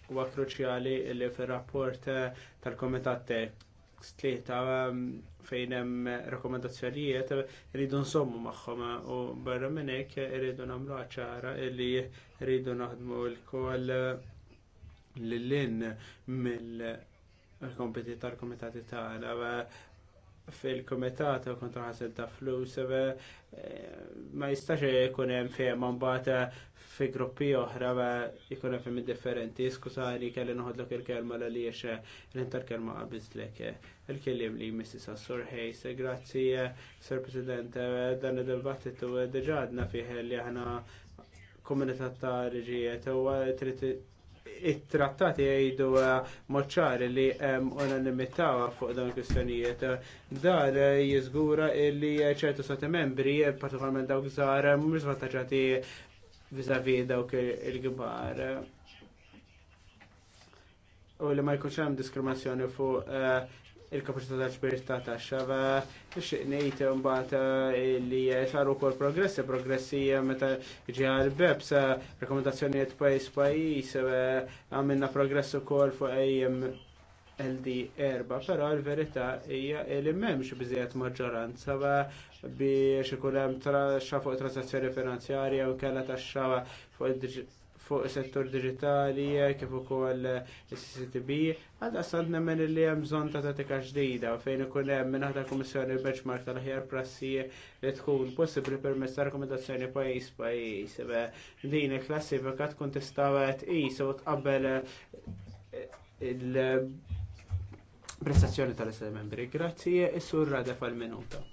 huwa kruċjali li fir-rapport eh, tal-Komitat Tekst li ta' mm, fejn hemm rakkomandazzjonijiet irridu nsommu magħhom eh, u barra minn hekk irridu nagħmlu ċara li rridu naħdmu l-kol lil-lin mill kompeti tal-komitati tagħna fil-komitata kontra ħasel ta' flus eh, ma jistax jkun hemm fejn mbagħad eh, fi gruppi oħra jkun eh, hemm fejn differenti. Skużani kelli noħodlok il-kelma l għaliex l-interkelma qabiżlek. Il-kellim li Mrs. Assur Hayes, grazzi Sir President, dan id-dibattitu għadna fih li aħna komunità ta' reġijiet u it-trattati jgħidu eh, moċċar li eh, unanimità fuq dawn il-kwistjonijiet. Dar jiżgura li ċertu stati membri, eh, partikolarment dawk żgħar, mhumiex viż-a viżavi dawk il-kbar. U li ma jkunx hemm diskriminazzjoni fuq il-kapacità ta' ċbirta ta' xava, xeqnejt mbata li saru kol progressi, progressi eh, meta ġiħar ġiħal eh, rekomendazzjoni għed pajis pajis, eh, għamilna progressu kol fuq għajem LD4, pero l-verita hija li memx bizziet maġġoranza biex ikun hemm tra fuq transazzjoni finanzjarja u kellha taxxa fuq fuq is-settur digitali kif ukoll is-CCTB, għadha sant nemmen li hemm bżonn ta' tatika ġdida fejn ikun hemm minn aħda kummissjoni benchmark tal-aħjar prassi li tkun possibbli permezz ta' rakkomandazzjoni pajjiż pajjiż. Din il-klassifika tkun tista' tqis u tqabbel il prestazzjoni tal-istati membri. Grazzi, is-sur Radef għal-minuta.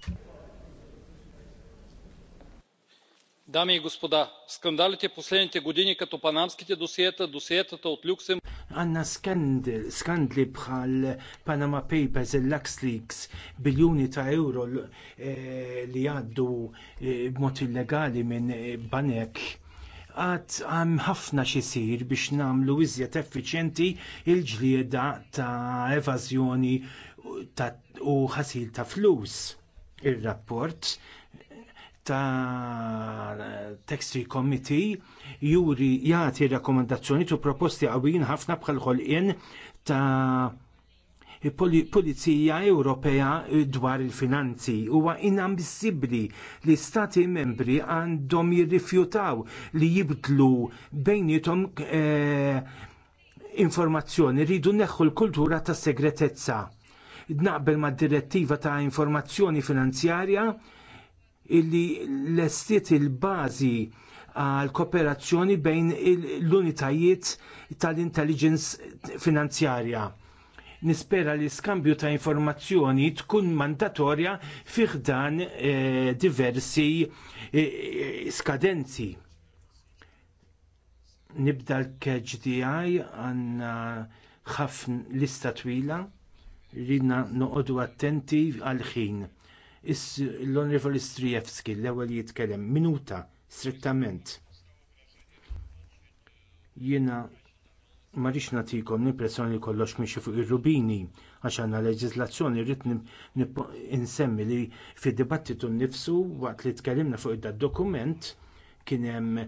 дами и господа скандалите в последните години dosjeta, dosjeta досиета od Luxem. люксембург għanna skandli bħal Panama Papers, il-LuxLeaks, biljuni ta' euro eh, li għaddu eh, b'mod illegali minn eh, banek għad għam ħafna xisir biex namlu iżjed effiċenti il-ġlieda ta' evażjoni u ħasil ta' flus. Ir-rapport ta' Textri Committee juri jagħti rakkomandazzjoni tu proposti għawin ħafna bħal ħolqien ta' Polizija Ewropea dwar il-finanzi. Huwa inambissibbli li stati membri għandhom jirrifjutaw li jibdlu bejnietom eh, informazzjoni rridu neħħu l-kultura tas segretezza. Naqbel mad direttiva ta' informazzjoni finanzjarja illi lestiet il-bażi għal kooperazzjoni bejn l-unitajiet tal-intelligence finanzjarja nispera li skambju ta' informazzjoni tkun mandatorja fiħdan e, eh, diversi e, skadenzi. Nibda l kgdi għanna ħafna lista twila rridna noqogħdu attenti għal-ħin l-Onrevoli Strijewski l-ewwel jitkellem minuta strettament. Jiena ma rridx natikom l-impressjoni li kollox miexi fuq ir-rubini għax għandna leġiżlazzjoni rrid insemmi li fid-dibattitu nnifsu waqt li tkellimna fuq id dokument kien hemm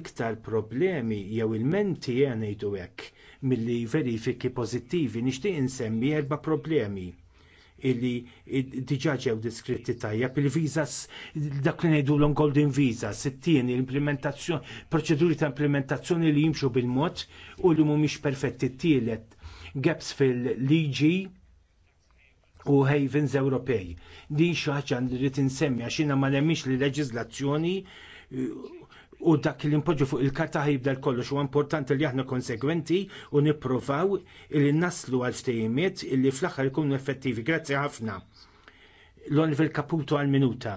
iktar problemi jew il-menti ngħidu hekk milli verifiki pożittivi nixtieq insemmi erba' problemi illi diġaġew ġew diskritti tajjeb il-vizas dak li ngħidulhom golden visas, it-tieni l-implementazzjoni proċeduri ta' implementazzjoni li jimxu bil-mod u li mhumiex perfetti tielet gaps fil-liġi u havens Ewropej. Din xi ħaġa li rrid insemmi għax ma nemmix li leġiżlazzjoni u dak li npoġġu fuq il-karta ħajibda l-kollox u importanti li aħna konsegwenti u nipprovaw li naslu għal ftehimiet illi fl-aħħar ikunu effettivi. Grazzi ħafna. L-Oliver Caputo għal minuta.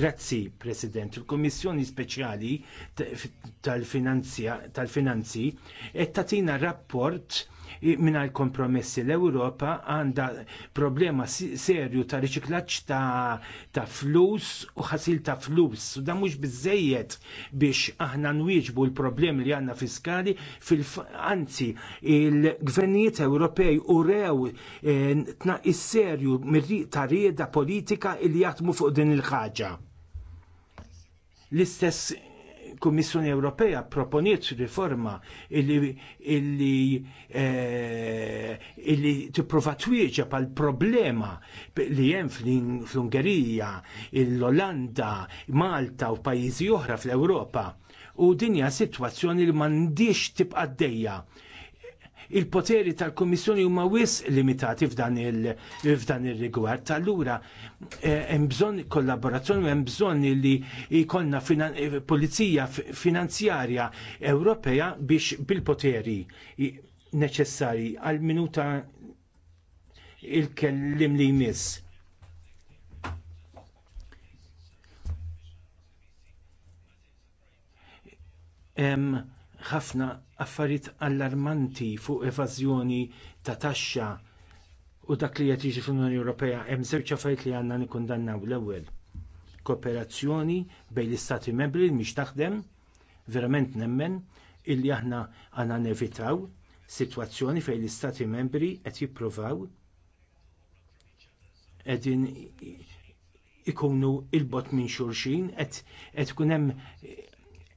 Grazzi, President. Il-Kommissjoni Speċjali tal-Finanzi qed tagħtina rapport l kompromessi l-Ewropa għandha problema serju ta' riċiklaġġ ta', flus u ħasil ta' flus. U da' mhux biżejjed biex aħna nwieġbu l-problemi li għandna fiskali fil anzi il-gvernijiet Ewropej u rew eh, tnaqqis serju ta' rieda politika li jaħdmu fuq din il-ħaġa. L-istess Kummissjoni Ewropea proponiet riforma illi illi eh, illi tipprova twieġeb għal problema li hemm fl-Ungerija, l-Olanda, Malta u pajjiżi oħra fl-Ewropa. U dinja sitwazzjoni li m'għandix tibqa' dejja il-poteri tal-Kummissjoni huma wis limitati f'dan il-rigward. Allura eh, hemm bżonn kollaborazzjoni u hemm bżonn li jkollna eh, pulizija finanzjarja Ewropea biex bil-poteri neċessari għal minuta il-kellim li jmiss. Um, ħafna affarijiet allarmanti fuq evażjoni ta' taxxa u dak li qed jiġi fl-Unjoni Ewropea hemm żewġ affarijiet li għandna nikkundannaw l-ewwel. Kooperazzjoni bejn l-istati membri li mhix taħdem, verament nemmen, illi aħna għandna nevitaw sitwazzjoni fejn l-istati membri qed jippruvaw qegħdin ikunu il-bot minn xulxin, qed tkun hemm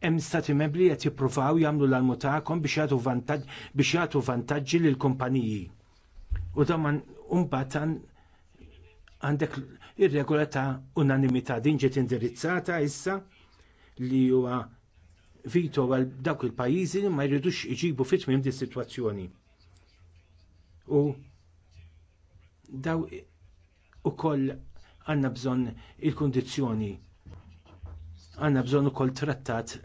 hemm stati membri qed jippruvaw jagħmlu l-almu tagħkom biex jagħtu vantaġġ biex jagħtu vantaġġi lil kumpaniji. U dan mbagħad għandek ir-regola ta' unanimità din ġiet indirizzata issa li huwa vito għal dawk il-pajjiżi li ma jridux iġibu fit-tmiem di sitwazzjoni. U daw ukoll għandna bżonn il-kundizzjoni Għanna bżon kol trattat,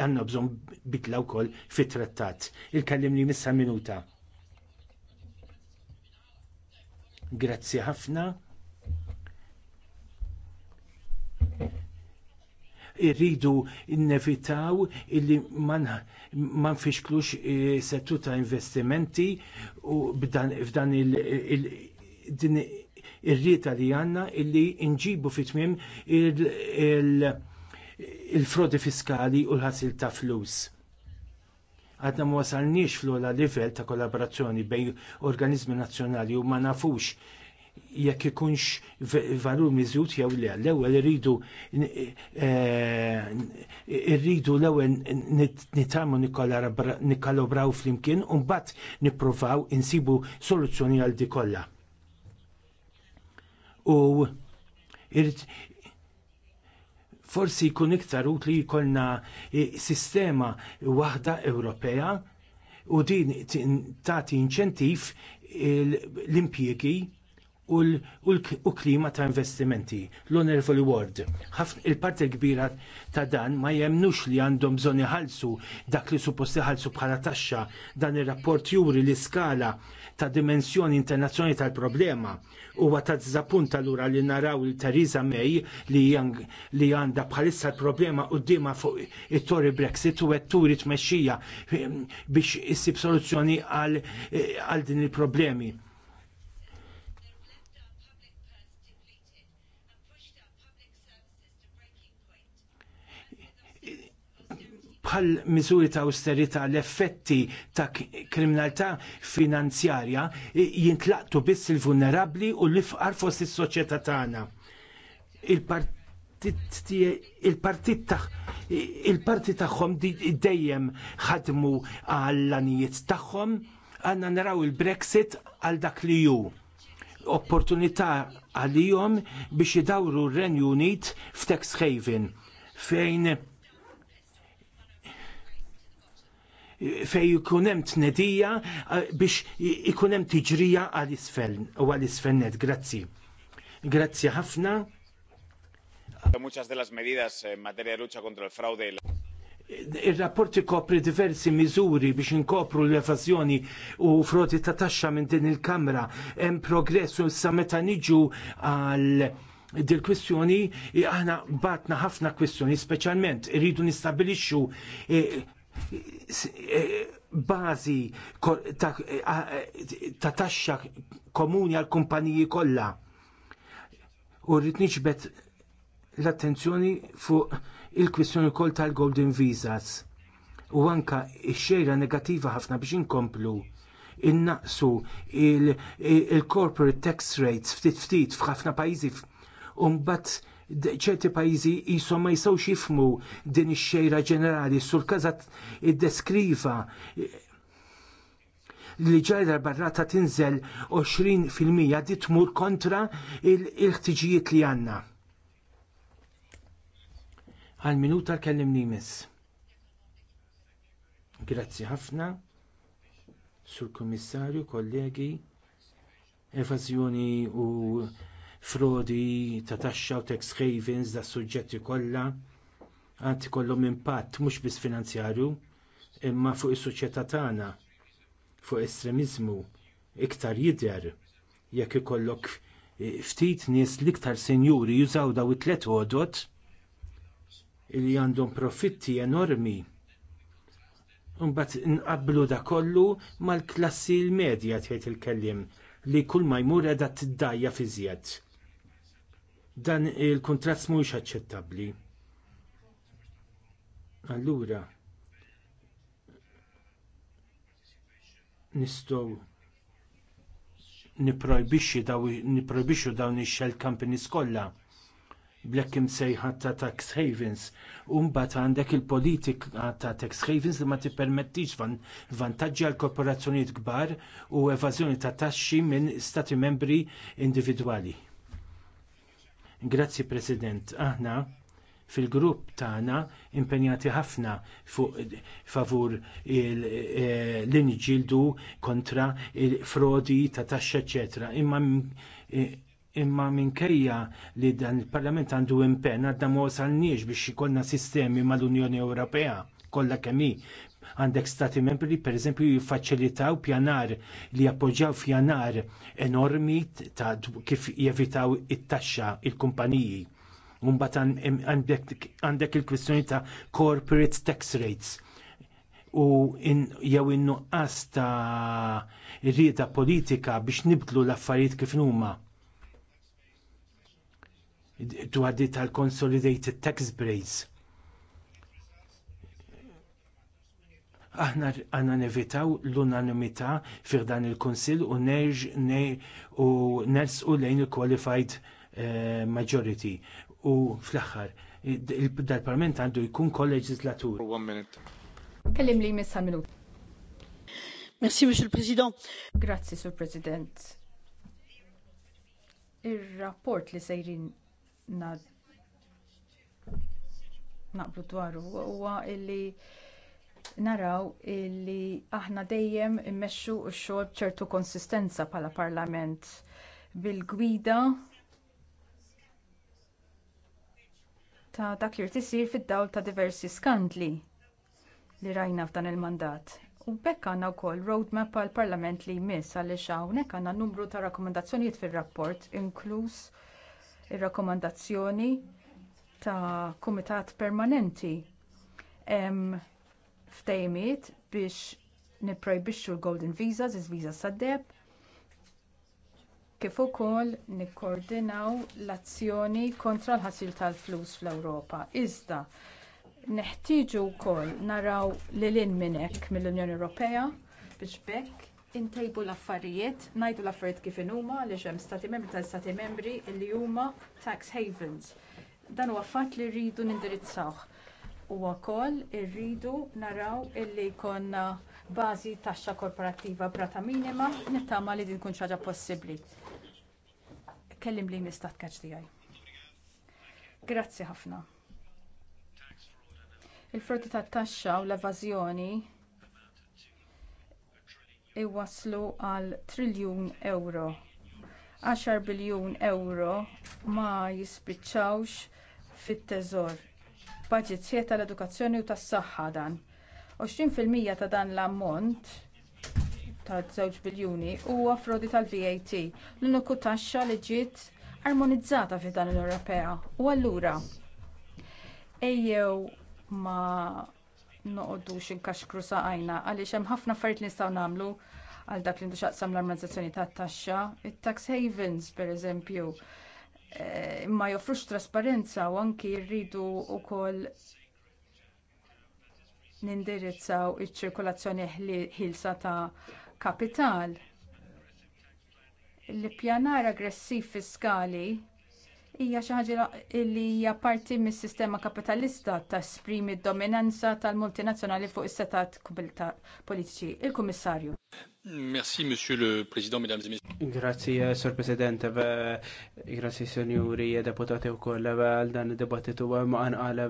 għanna bżon bidla wkoll fit trattat. Il-kallimni missa minuta. Grazzi ħafna. irridu innevitaw illi ma nfixklux e, settu ta' investimenti u b'dan f'dan il-rieta li għandna illi nġibu fit-tmiem il-, il, il il-frodi fiskali u l-ħasil ta' flus għadna ma wasalniex fl-ola livell ta' kollaborazzjoni bejn organizmi nazzjonali u ma nafux jekk ikunx valur miżut jew le. L-ewwel irridu eh, irridu l-ewwel nitamu nikkalobraw flimkien u mbagħad nippruvaw insibu soluzzjoni għal di kollha. U forsi jkun iktar utli jkollna eh, sistema waħda Ewropea u din tagħti inċentiv l-impjiegi u klima ta' investimenti. L-Honorable Ward, il-parti kbira ta' dan ma jemnux li għandhom bżonn iħallsu dak li suppost iħallsu bħala taxxa dan ir-rapport juri l-iskala ta' dimensjoni internazzjonali tal-problema huwa ta' żappunt allura li naraw il Theresa May li għandha bħalissa l-problema qudiema fuq it-tori Brexit u qed turi tmexxija eh, biex issib soluzzjoni għal eh, din il-problemi. bħal miżuri ta' austerita l-effetti ta' kriminalità finanzjarja jintlaqtu biss il-vulnerabbli u l-ifqar fost is-soċjetà tagħna. Il-partit ta' il-parti tagħhom dejjem ħadmu għall-anijiet tagħhom għandna naraw il-Brexit għal dak li ju opportunità għalihom biex jidawru r-Renju Unit f'Tex Haven fejn fej ikun hemm tnedija eh, biex ikun hemm tiġrija għal isfel u għal isfelnet. Grazzi. Grazzi ħafna. Muchas de las medidas en materia de lucha contra el fraude il-rapport ikopri diversi miżuri biex inkopru l-evazjoni u frodi ta' taxxa minn din il-Kamra. Hemm progress u issa meta niġu għal dil-kwistjoni aħna batna ħafna kwistjoni, speċjalment irridu nistabilixxu eh, bażi ta' taxxa komuni għall kumpaniji kollha. U rrid niġbed l-attenzjoni fuq il-kwistjoni kol tal-Golden Visas u anke x-xejra negattiva ħafna biex inkomplu innaqsu il-corporate tax rates ftit ftit f'ħafna pajjiżi u mbagħad ċerti pajjiżi jisom ma jistgħux jifhmu din ix-xejra ġenerali sur każat iddeskriva li ġajra barrata tinżel 20% di tmur kontra il-ħtiġijiet li għandna. Għal minuta kellim miss. Grazzi ħafna, sur Kommissarju, kollegi, evażjoni u frodi ta' taxxa u tax havens da' suġġetti kollha għad kollhom impatt mhux biss finanzjarju imma fuq is-soċjetà tagħna fuq estremiżmu iktar jidher jekk ikollok eh, ftit nies l-iktar sinjuri jużaw daw it-tlet għodot li għandhom profitti enormi Mbagħad inqabblu da kollu mal-klassi l-medja tgħid il-kellim li kull ma jmur qiegħda tiddajja fi żjed dan il-kontrast mhuwiex aċċettabbli. Allura nistgħu niprojbixxu dawn ix-shell companies kollha blekk imsejħa ta' tax havens u mbagħad għandek il-politika ta' tax havens li ma tippermettix vantaġġi għal korporazzjonijiet kbar u evażjoni ta' taxxi minn stati membri individwali. Grazzi President, aħna fil-grupp tagħna impenjati ħafna fuq favur eh, l-inġildu kontra il-frodi ta' taxxa eċetera. Imma eh, imma minkejja li dan il-Parlament għandu impenn għadda ma wasalniex biex ikollna sistemi mal-Unjoni Ewropea kollha kemm hi Għandek stati membri per eżempju jiffaċilitaw pjanar li jappoġġjaw pjanar enormi ta' kif jevitaw it-taxxa il-kumpaniji. Mbagħad għandek il-kwistjoni ta' corporate tax rates u in, jew innuqqas ta' rieda politika biex nibdlu l-affarijiet kif huma. Dwar tal-consolidated tax breaks aħna għanna nevitaw l-unanimità fir dan il-Kunsill u nerġ u nersqu lejn il-qualified eh, majority. U fl-aħħar, dal-parlament għandu jkun kol-leġislatur. Kellim li jmiss minut. Merci, Monsieur le President. Grazzi, Sur President. Ir-rapport li sejrin naqblu dwaru huwa illi naraw li aħna dejjem immexxu x-xogħol b'ċertu konsistenza bħala Parlament bil-gwida ta' dak li tisir fid-dawl ta' diversi skandli li rajna f'dan il-mandat. U bekk għandna wkoll roadmap għall parlament li jmiss għaliex hawnhekk għandna numru ta' rakkomandazzjonijiet fir-rapport inkluż ir-rakkomandazzjoni ta' kumitat permanenti ftejmiet biex nipprojbixxu l-golden visas, iż-visa sad-deb, kif ukoll nikkoordinaw l-azzjoni kontra l-ħasil tal-flus fl-Ewropa. Iżda neħtieġu wkoll naraw lil hinn minn hekk mill-Unjoni Ewropea biex bekk intejbu l-affarijiet, ngħidu l-affarijiet kif in huma għaliex hemm stati membri tal-stati membri li huma tax havens. Dan huwa fatt li rridu nindirizzawh u wkoll irridu naraw illi jkollna bażi taxxa korporattiva brata minima nittama li din tkun xi ħaġa possibbli. Kellim li nista' tkaċ tiegħi. Grazzi ħafna. Il-frodi tat-taxxa u l-evażjoni iwasslu għal triljun euro. 10 biljun euro ma jispiċċawx fit-teżor budget sħiħ tal-edukazzjoni u tas-saħħa dan. 20% ta' dan l-ammont ta' 2 biljuni huwa frodi tal-VAT l-uniku taxxa li ġiet armonizzata fi dan l-Ewropea. U allura ejjew ma noqogħdux inkaxkru saqajna għaliex hemm ħafna affarijiet li nistgħu nagħmlu għal dak li ndu xaqsam l-armonizzazzjoni tat-taxxa, it-tax havens pereżempju, Eh, ma joffrux trasparenza u anki rridu wkoll nindirizzaw iċ-ċirkolazzjoni ħilsa ta' kapital. L-ippjanar aggressiv fiskali hija xi ħaġa li hija parti mis-sistema kapitalista ta' sprimi d-dominanza tal-multinazzjonali fuq is-setat politiċi. Il-Kummissarju. Merci, Monsieur le Président, Mesdames et Messieurs. Grazie, Sor President, grazie, Senjuri, deputati u koll, għal dan debattitu ma' għal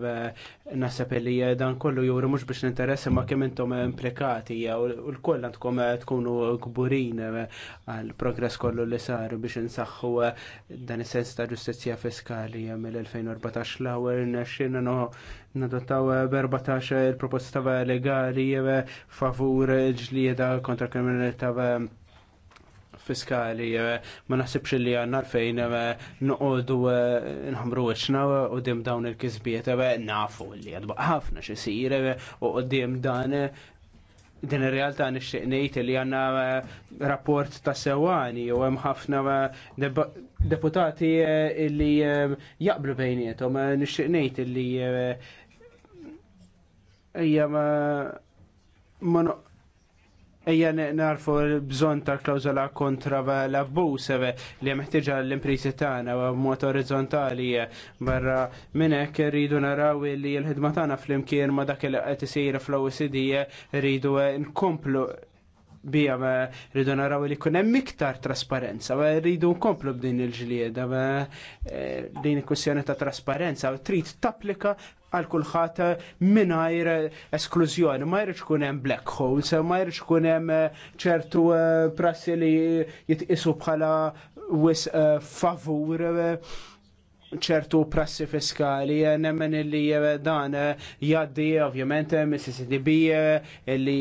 nasab li dan kollu juri mux biex ninteressa ma' kemm intom implikati u l-koll għandkom tkunu gburin għal progress kollu li sar biex nsaxħu dan is-sens ta' ġustizzja fiskali mill-2014 l-għawel, xinna nadottaw 14 eh, eh, il-proposta legali eh, favur ġlieda kontra kriminalità fiskali ma naħsibx li għanna fejn nuqodu nħamru iċna u dim dawn il-kizbiet nafu li għadba ħafna xisir u dim dan din ir-realtà nixtieq ngħid li għandna eh, rapport ta' sewani u hemm ħafna eh, deputati eh, li jaqblu bejniethom nixtieq ngħid li hija ma ejja narfu l-bżon tal-klawzola kontra l-abbus li meħtieġa l-imprisi tagħna b'mod orizzontali barra minn hekk rridu naraw li l-ħidma tagħna flimkien ma dak li qed isir fl-OECD rridu nkomplu bija rridu naraw li jkun hemm iktar trasparenza, rridu nkomplu b'din il-ġlieda, eh, din il-kwissjoni ta' trasparenza, trid tapplika għal kulħadd mingħajr esklużjoni, ma jirriċ kunem hemm black holes, ma jirriċ kunem hemm eh, ċertu eh, prassi li jitqisu bħala wis eh, favur ċertu prassi fiskali, nemmen li dan jaddi ovvjament MSCDB li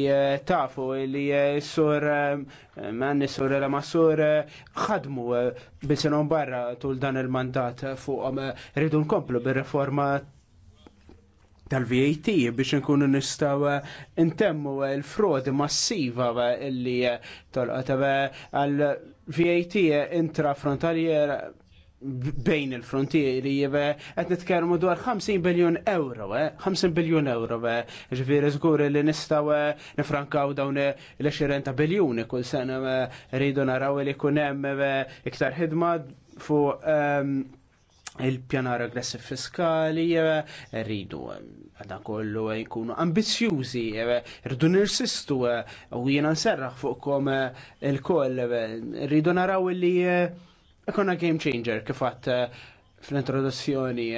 tafu li sur man sur la masur ħadmu bisenon barra tul dan il-mandat fuqom rridu nkomplu bir-reforma tal-VAT biex nkunu nistaw eh, intemmu eh, l-frodi massiva eh, illi tolqot għal-VAT intrafrontalier bejn il-frontieri jive għet nitkermu dwar 50 biljon euro, 50 biljon euro, ġviri zgur li nistaw nifrankaw dawn l-20 biljoni kull sena rridu naraw li kunem iktar ħidma fuq ehm, il-pjanar aggressiv fiskali, eh, rridu eh, għadan kollu eh, jkunu ambizjużi, rridu nirsistu u jena nserraħ kom il-koll, rridu naraw li ikonna game changer kifat fl-introduzzjoni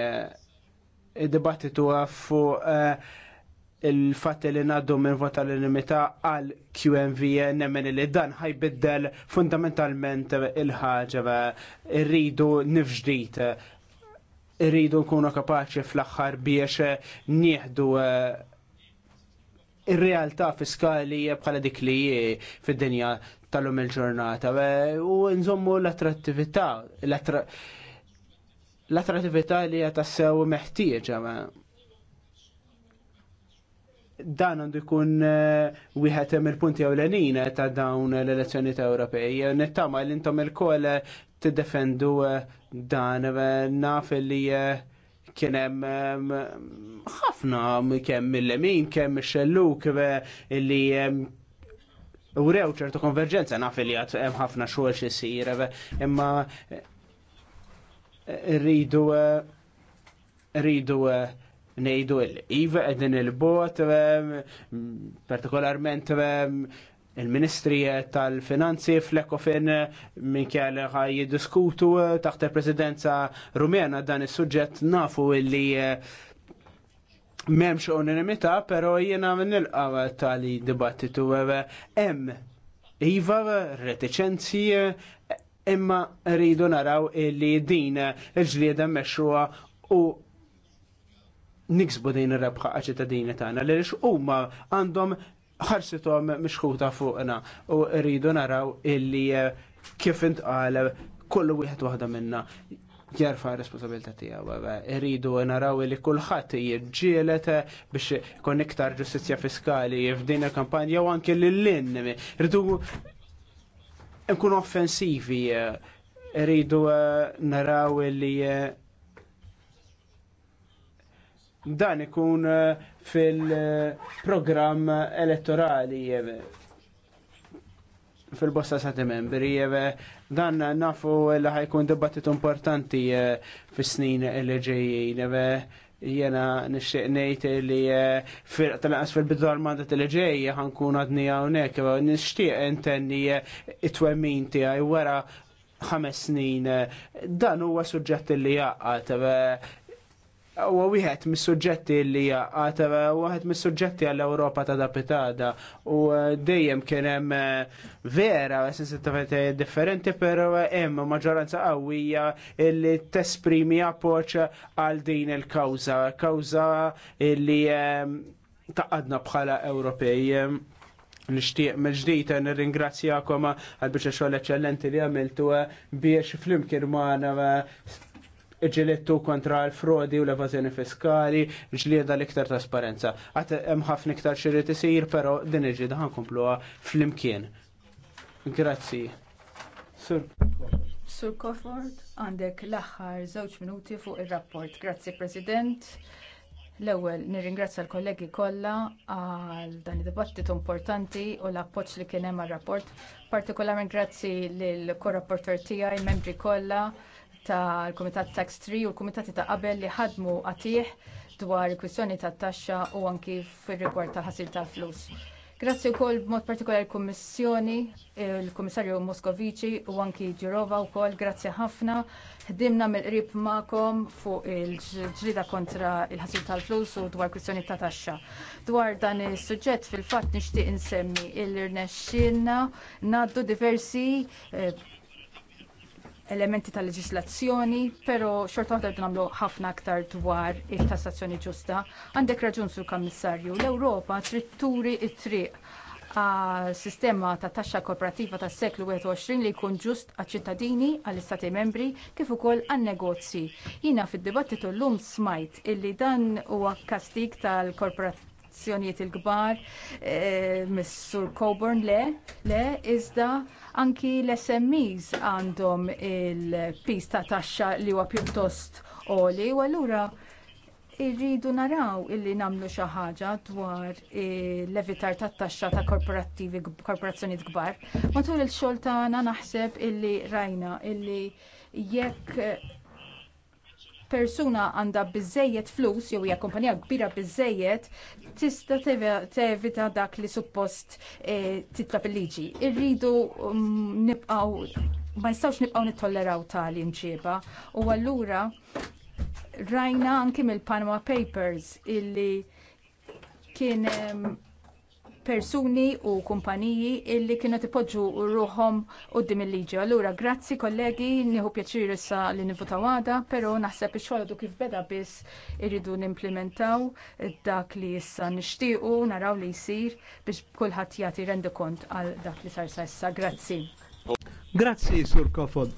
il dibattitu għaffu il fatt li naddu minn vota l-inimità għal QMV nemmen li dan ħajbiddel fundamentalment il-ħagġa rridu nifġdijt rridu nkunu kapaċi fl-axħar biex nieħdu eh, ir-realtà fiskali bħala dik li fid-dinja tal-lum il-ġurnata eh, u nżommu l-attrattività l-attrattività li jatassew meħtieġa dan għandu jkun eh, wieħed hemm il-punti ewlenin ta' dawn l-elezzjoni ta' Ewropej. Nittama li intom il koll eh, tiddefendu eh, dan naf li kien hemm ħafna kemm mill-lemin, kemm xelluk li urew ċertu konverġenza naf li għad hemm ħafna xogħol xi jsir, imma rridu rridu nejdu l-IVA għedin il-bot, ehm, partikolarment ehm, il-Ministri tal-Finanzi fl-Ekofin minn kjall ħaj diskutu eh, taħt il-Presidenza Rumena dan is-suġġett nafu li eh, memx unanimità, pero jiena minn il-qawa tal-dibattitu eh, hemm iva reticenzi imma rridu naraw illi din il-ġlieda mexxuha u niksbu din ir-rebħa għaċ-ċittadini tagħna li huma għandhom ħarsithom mixħuta fuqna u rridu naraw illi eh, kif intqal kollu wieħed waħda minna jarfa responsabilità tiegħu. rridu naraw li kulħadd jiġġielet eh, biex kon iktar ġustizzja fiskali f'din il-kampanja u anke lill lin rridu nkunu offensivi, eh, rridu naraw li dan ikun eh, fil-programm elettorali fil-bosta sati membri jeve, dan nafu la ħajkun dibattit importanti eh, fis-snin l-ġeji jeve jena nixtieq ngħid li eh, tal-qas fil-bidu għal-mandat il ġej ħankun għadni hawnhekk nixtieq intenni it-twemmin tiegħi wara ħames snin dan huwa suġġett li jaqgħad Uwa wieħed mis-suġġetti li għata wieħed mis-suġġetti għall-Ewropa ta' dapitada u eh, dejjem kien hemm eh, vera sensittività differenti però eh, hemm maġġoranza qawwija li tesprimi appoġġ għal din il-kawża, kawża li taqadna bħala Ewropej. Nishtiq mill-ġdijt nirringrazzjakom għal biex xogħol eċċellenti li għamiltu biex flimkien magħna ġilettu kontra l-frodi u l-evazjoni fiskali, ġlieda l-iktar trasparenza. Għat hemm ħafna iktar t isir, però din iġlieda għan kumpluwa fl-imkien. Grazzi. Sur. Sur Kofford, għandek l-aħħar żewġ minuti fuq ir-rapport. Grazzi President. L-ewwel nirringrazzja l-kollegi kollha għal dan id-dibattitu importanti u l-appoġġ li kien hemm rapport Partikolarment grazzi lill korrapportor tijaj, membri kollha tal-Kumitat Tax 3 u l-Kumitati ta' qabel li ħadmu għatih dwar il-kwistjoni tat-taxxa u anki fir-rigward tal-ħasil tal-flus. Grazzi wkoll b'mod partikolari l-Kummissjoni, il-Kummissarju Moskovici u anki Ġurova wkoll, grazzi ħafna. Ħdimna mill-qrib magħkom fuq il-ġrida kontra il ħasil tal-flus u dwar kwistjoni ta' taxxa. Dwar dan is-suġġett fil-fatt nixtieq insemmi il-irnexxinna ngħaddu diversi eh, elementi ta' leġislazzjoni, pero xorta waħda qed nagħmlu ħafna aktar dwar il-tassazzjoni ġusta. Għandek raġun sur Kummissarju, l-Ewropa trid turi t triq għal sistema ta' taxxa korporattiva tas seklu 21 li jkun ġust għal ċittadini, għall istati membri, kif ukoll għan negozji. Jiena fid-dibattitu llum smajt illi dan huwa kastik tal korporazzjonijiet il-kbar, eh, Mr. Coburn le, le, iżda Anki l-SMEs għandhom il-pis ta' taxxa li huwa pjuttost għoli u allura irridu naraw illi namlu xi ħaġa dwar l-evitar tat-taxxa ta' korporattivi korporazzjonijiet kbar. Matul il-xogħol tagħna naħseb illi rajna illi jekk persuna għandha biżżejjed flus jew hija kumpanija kbira biżżejjed tista' tevita dak li suppost eh, titla fil-liġi. Irridu mm, nibqgħu ma jistawx nibqgħu nittolleraw tali imġieba u allura rajna anke mill-Panama Papers illi kien persuni u kumpaniji illi kienu tipoġġu ruħom dim il-liġi. Allura grazzi kollegi, nieħu pjaċir issa li nivutaw għada, però naħseb ix-xogħol kif beda biss irridu nimplementaw dak li issa nixtiequ naraw li jsir biex kulħadd jagħti rendi kont għal dak li sar sa issa. Grazzi. Grazzi, Sur Kofod.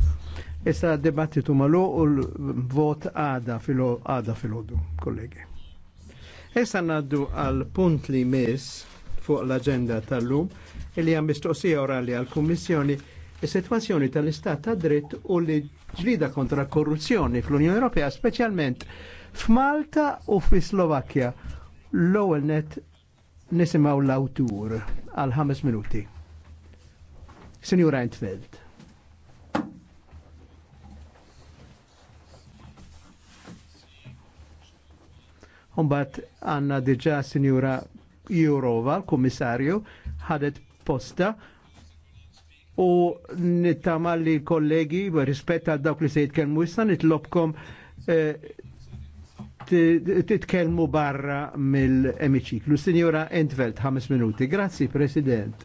Issa dibattitu malu u l-vot għada fil-ħodu, kollegi. Issa naddu għal punt li miss fuq l-agenda tal-lum illi għam mistoqsija orali għal-Kummissjoni il sitwazzjoni tal-Istat ta' dritt u li ġlida kontra korruzzjoni fl-Unjoni Ewropea, speċjalment f'Malta u fi Slovakkja. L-ewwel net nisimgħu l-awtur għal ħames minuti. Sinjur Eintfeld. Umbat għanna diġa signora. Jurova, l-Kummissarju, ħadet posta u nittama li kollegi rispetta għal dawk li se jitkellmu issa nitlobkom eh, titkellmu barra mill-emiċiklu. Signora Entvelt, ħames minuti. Grazzi, President,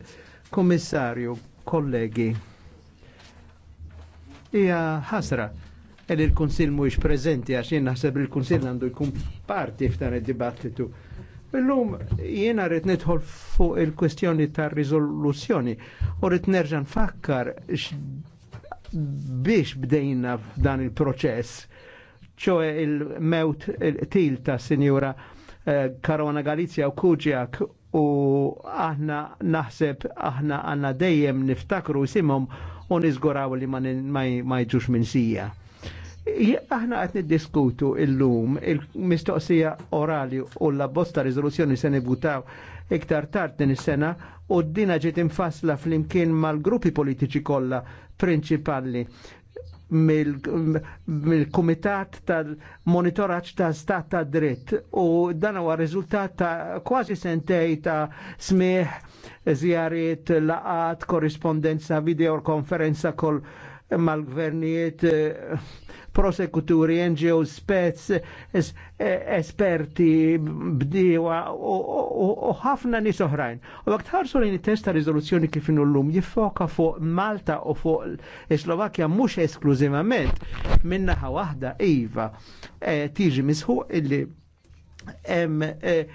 Kommissarju, kollegi. Ija ħasra il-Konsil mhuwiex preżenti għax jien naħseb il kunsill għandu jkun parti f'dan id-dibattitu. Illum jiena rrit nidħol fuq il-kwestjoni ta' rizoluzzjoni u rrit nerġa' nfakkar biex bdejna f'dan il-proċess, ċoe il-mewt il-til ta' sinjura eh, Karona Galizja u Kuġjak u aħna naħseb aħna għanna dejjem niftakru jisimhom u nizguraw li ma jġux minn sija. Aħna qed niddiskutu l-lum il-mistoqsija orali u la bosta rizoluzjoni se nibutaw iktar tard din is-sena u d-dina ġiet infasla flimkien mal-gruppi politiċi kollha prinċipali mill-Kumitat tal-Monitoraġġ ta' Stat ta' Dritt u dan huwa riżultat ta' kważi sentej ta' smieħ, żjariet, laqat, korrispondenza, videokonferenza kol mal-gvernijiet eh, prosekuturi, NGO spets, esperti, bdiwa u ħafna nis oħrajn. U għak tħarsu li testa rizoluzzjoni kif l-lum jiffoka fuq Malta u fuq Slovakja mux esklużivament minna ħa wahda Iva eh, tiġi misħu illi eh,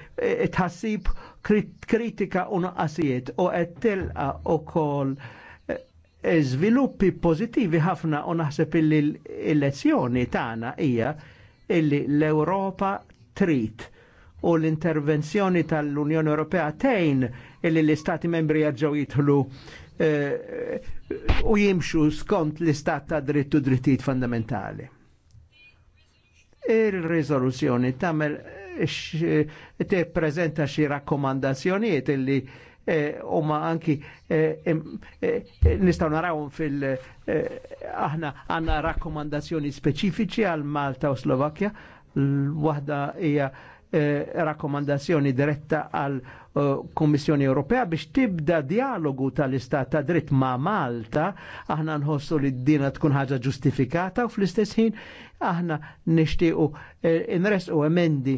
tħassib kritika u nuqqasijiet u għettilqa u kol żviluppi pożittivi ħafna u naħseb illi l-elezzjoni tagħna hija illi l-Ewropa trid u l-intervenzjoni tal-Unjoni Ewropea tejn illi l-Istati membri jarġaw jidħlu eh, u jimxu skont l-istat ta' drittu drittijiet fundamentali. Il-rizoluzzjoni tamel eh, eh, te prezenta xi rakkomandazzjonijiet illi Eh, u ma anki eh, eh, nistaw narawum fil- aħna għanna rakkomandazzjoni speċifiċi għal Malta u Slovakkja, wahda hija rakkomandazzjoni diretta għal Kommissjoni Ewropea biex tibda dialogu tal-istat ta' dritt ma' Malta, aħna nħossu li d-dina tkun ħaġa ġustifikata u fl-istess ħin aħna nishtiqu u emendi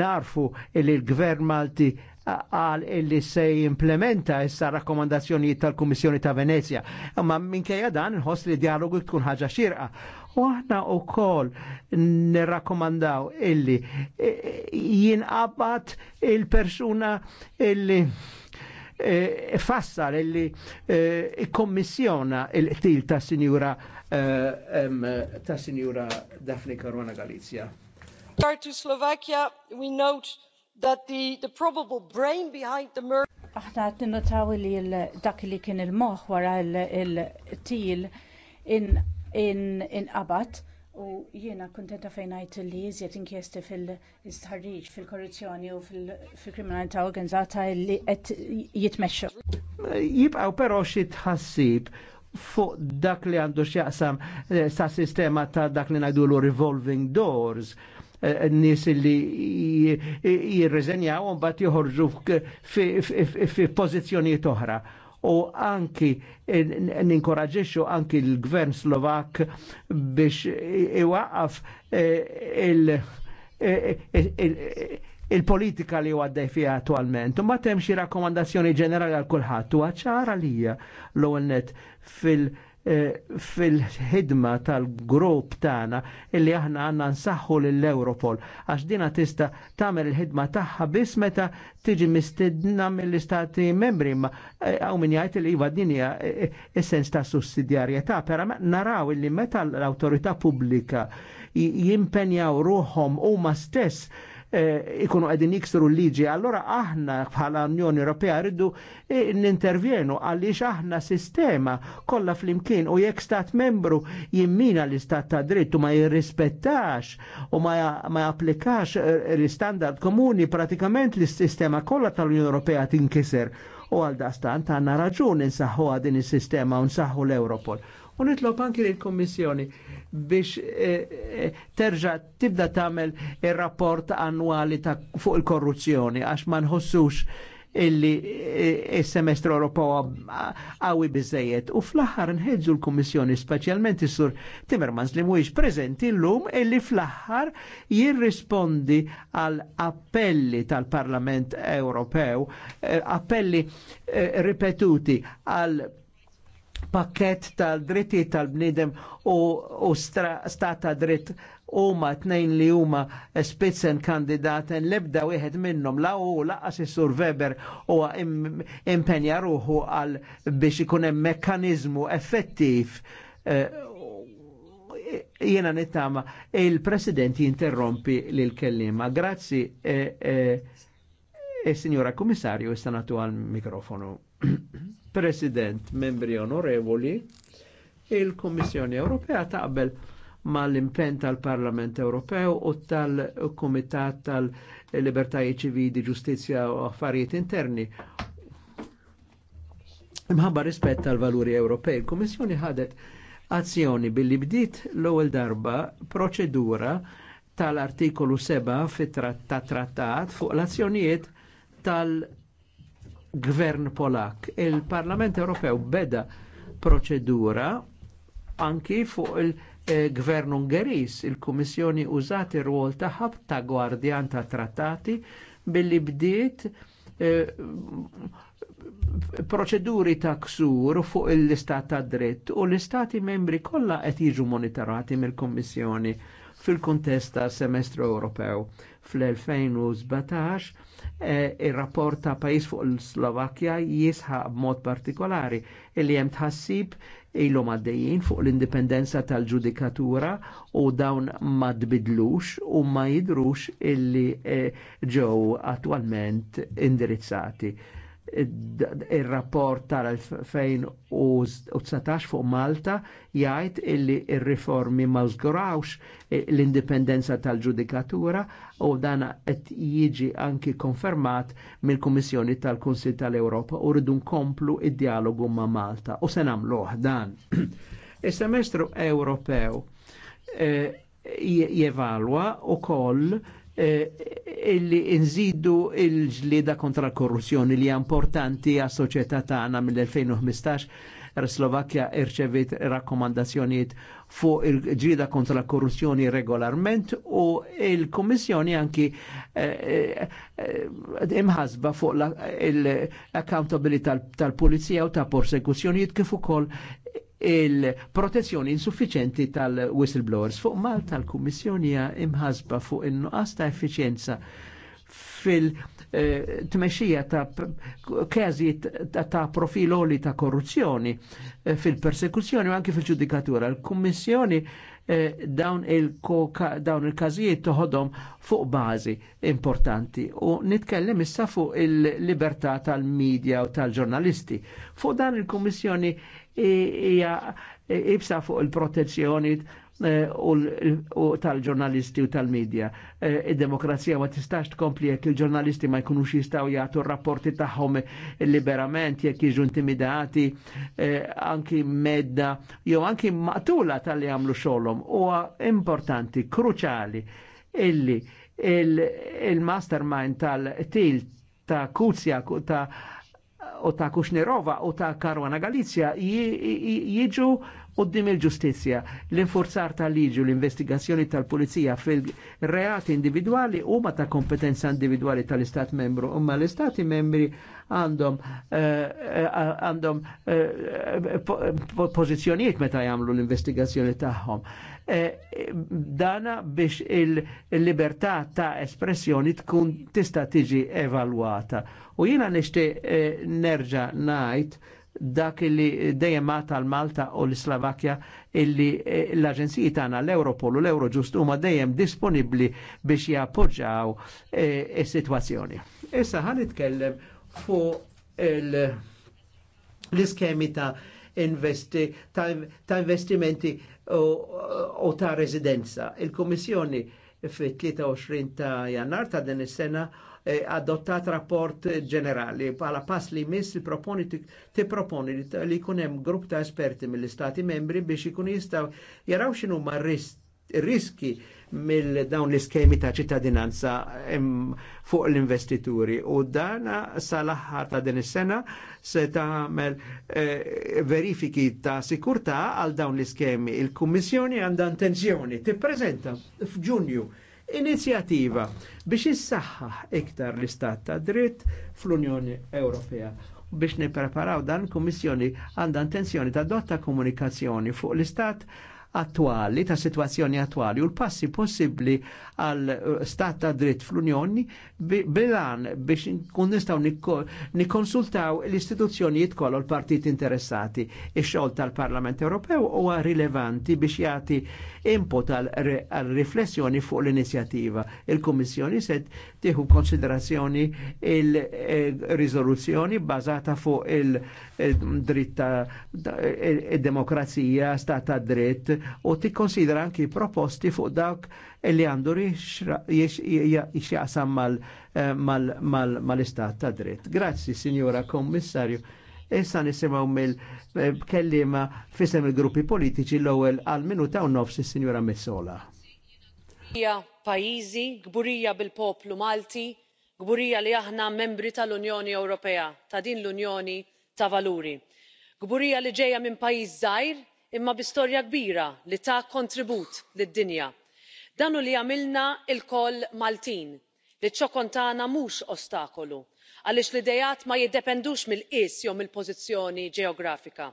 narfu li l-gvern Malti għal illi se implementa issa rakkomandazzjonijiet tal-Kummissjoni ta' Venezia. Ma minkejja dan nħoss li dialogu tkun ħaġa xirqa. U aħna u kol nirrakkomandaw illi e, e, jinqabat il-persuna illi e, fassar illi kommissjona il-qtil ta' sinjura ta' sinjura Daphne Caruana Galizia. Turkey to Slovakia, we note that the, the probable brain behind the murder aħna qed ninnotaw li dak li kien il-moħħ wara l-til in inqabad u jiena kuntenta fejn ngħid li iżjed inkjesti fil-istħarriġ fil-korruzzjoni u fil-kriminalità organizzata li qed jitmexxu. Jibqgħu però xi tħassib fuq dak li għandu x'jaqsam eh, sa sistema ta' dak li ngħidu revolving doors nis li jirreżenjaw un bat joħorġu fi pozizjoni oħra. U anki ninkoraġiexu anki l-gvern Slovak biex iwaqaf e, e, e, il-politika li għaddej fija attualment. Ma temxi rakkomandazzjoni ġenerali għal kulħadd u għacċara li l net fil- Eh, fil-ħidma tal-grupp tagħna illi aħna għandna nsaħħu lill-Europol għax dina tista' tagħmel il-ħidma tagħha biss meta tiġi mistedna mill-istati membri ma eh, hawn min jgħid li iva din hija essenz eh, ta' sussidjarjetà, pera naraw illi meta l-awtorità pubblika jimpenjaw ruhom huma stess Eh, ikunu għedin jiksru l-liġi, allora aħna bħala Unjoni Ewropea rridu eh, nintervjenu għaliex aħna sistema kollha flimkien u jekk stat membru jimmina l-istat ta' dritt u ma jirrispettax u ma applikax eh, l-istandard komuni pratikament l-sistema kollha tal-Unjoni Ewropea tinkiser u għal dastant għanna raġun nsaħħu għadin is-sistema u nsaħħu l-Europol u nitlob anki lill-Kummissjoni biex eh, eh, terġa tibda tagħmel ir-rapport annwali ta' fuq il-korruzzjoni għax ma nħossux illi eh, il-semestru Ewropew għawi biżejjed. U fl-aħħar nħeġġu l-Kummissjoni speċjalment is-sur Timmermans li mhuwiex preżenti llum illi fl-aħħar jirrispondi għal appelli tal-Parlament Ewropew, appelli ripetuti għal pakket tal-dritti tal-bnidem u, u stat ta' dritt huma tnejn li huma spitzen kandidaten lebda wieħed minnhom la u laqas is-Sur Weber huwa impenja ruħu għal biex ikun hemm mekkaniżmu effettiv eh, jiena nittama il-President jinterrompi lil kellima. Grazzi il eh, eh, signora Kummissarju, istanatu għal mikrofonu. (clears throat) President, membri onorevoli, il-Kommissjoni Ewropea taqbel mal-impen tal-Parlament Ewropew u tal-Komitat tal-Libertajiet ċivili, Ġustizzja u Affarijiet Interni. Imħabba rispett tal-valuri Ewropej, il-Kommissjoni ħadet azzjoni billi bdiet l-ewwel darba proċedura tal-artikolu 7 fit-trattat fuq l-azzjonijiet tal-, -trattat, gvern Polak. Il-Parlament Ewropew beda proċedura anki fuq il-Gvern Ungeris, il-Kummissjoni użat ir-rwol tagħha ta' gwardjan ta' trattati billi bdiet eh, proċeduri ta' ksur fuq l-istat ta' dritt u l-istati membri kollha qed jiġu monitorati mill-Kummissjoni fil-kuntest ta' semestru Ewropew. Fl-2017 ir eh, il-rapport ta' pajis fuq l-Slovakkja jisħaq b'mod partikolari illi hemm tħassib ilhom għaddejjin fuq l-indipendenza tal-ġudikatura u dawn ma tbidlux u ma jidrux illi eh, ġew attwalment attualment indirizzati il-rapport tal-2019 fuq Malta jgħid illi il-riformi ma żgurawx e, l-indipendenza tal-ġudikatura u dan qed jiġi anki konfermat mill-Kummissjoni tal-Kunsil tal-Ewropa u rridu nkomplu id-dialogu ma' Malta u se nagħmluh dan. (clears throat) Is-semestru Ewropew e, jevalwa u koll Eh, illi nżidu il-ġlida kontra l-korruzzjoni li importanti għas soċjetà tagħna mill-2015 Slovakkja irċevit rakkomandazzjonijiet fuq il ġlida kontra l korruzzjoni regolarment u il-Kommissjoni anki eh, eh, imħasba fuq l-accountability tal-Pulizija u ta' persekuzzjonijiet kif ukoll il-protezzjoni insuffiċenti tal-whistleblowers. Fuq Malta l-Kummissjoni imħasba fuq in-nuqqas ta' effiċjenza fil-tmexxija eh, ta' każijiet ta' profiloli ta' korruzzjoni eh, fil-persekuzzjoni u anke fil-ġudikatura. L-Kummissjoni eh, dawn il-każijiet toħodhom fuq bażi importanti. U nitkellem issa fuq il-libertà tal-medja u tal-ġurnalisti. Fuq dan il-Kummissjoni hija ibsa fuq il-protezzjoni eh, u tal-ġurnalisti u tal-medja. Eh, id-demokrazija ma tistax tkompli jekk il-ġurnalisti ma jkunux jistaw jgħatu rapporti tagħhom liberament jekk jiġu intimidati eh, anki medda jew anki maqtula tal-li għamlu xolom. U importanti, kruċali illi il-mastermind tal-til ta' Kuzja ta' u ta' Kuxnerova u ta' Karwana Galizja jiġu qoddim il-ġustizja. L-infurzar tal-liġu, l-investigazzjoni tal-pulizija fil-reati individuali u ma ta' kompetenza individuali tal-Istat membru, u ma l-Istati membri għandhom eh, eh, għandhom eh, pożizzjonijiet meta jagħmlu l-investigazzjoni tagħhom. Dana biex il-libertà ta' espressjoni tkun tista' tiġi evalwata. U jiena nixtieq nerġa' ngħid dak li dejjem tal malta u l-Slovakkja illi l-Aġenziji tagħna l-Europol u l-Eurojust huma dejjem disponibbli biex jappoġġjaw is-sitwazzjoni. Issa ħan nitkellem fuq l-iskemi ta' investi, ta', ta investimenti u ta' residenza. Il-Komissjoni fit-23 ta' jannar ta' din is-sena eh, adottat rapport ġenerali bħala pass li miss proponi ti proponi li jkun hemm grupp ta' esperti mill-istati membri biex ikun jistgħu jaraw x'inhu ma' ris riski mill-dawn l-iskemi ta' ċittadinanza fuq l-investituri. U dana sal-aħħar ta' din is-sena se tagħmel eh, verifiki ta' sikurtà għal dawn l-iskemi. Il-Kummissjoni għandha intenzjoni tippreżenta f'Ġunju inizjattiva biex issaħħaħ iktar l-istat ta' dritt fl-Unjoni Ewropea biex nipreparaw dan kummissjoni għandha intenzjoni ta' dotta komunikazzjoni fuq l-istat attuali, ta' situazzjoni attuali, u l-passi possibbli għal eh, stat ta' dritt fl-Unjoni bilan biex nkun nikonsultaw nikkonsultaw l-istituzzjonijiet kollha l-partit interessati. Ix-xogħol tal-Parlament Ewropew huwa rilevanti biex jagħti input għal riflessjoni fuq l-inizjattiva. Il-Kummissjoni set tieħu konsiderazzjoni il-riżoluzzjoni eh, bbażata fuq il-dritt il-demokrazija, stat ta' dritt, u tikkonsidra anki proposti fuq dawk li għandu jixjaqsam eh, mal-istat ta' dritt. Grazzi, Signora Kommissarju. Issa nisimaw mill-kellima eh, fisem il-gruppi politiċi l-ewwel għal minuta u nofs is signora Messola. Hija pajjiżi gburija bil-poplu Malti, gburija li aħna membri tal-Unjoni Ewropea, ta' din l-Unjoni ta' valuri. Gburija li ġejja minn pajjiż żgħir imma bi storja kbira li ta' kontribut lid-dinja dan hu li għamilna lkoll maltin li x tagħna mhux ostakolu għaliex l idejat ma jiddependux mill qies jew mill-pożizzjoni ġeografika.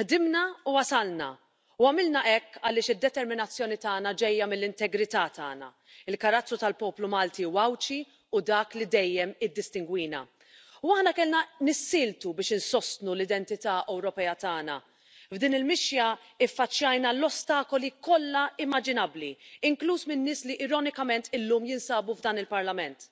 ħdimna u wasalna u għamilna hekk għaliex id-determinazzjoni tagħna ġejja mill-integrità tagħna il karazzru tal-poplu malti hu għawċi u dak li dejjem iddistingwina u aħna kellna nissieltu biex insostnu l identità ewropea tagħna f'din il mixja iffaċċjajna l ostakoli kollha immaġinabbli inkluż min nies li ironikament illum jinsabu f'dan il parlament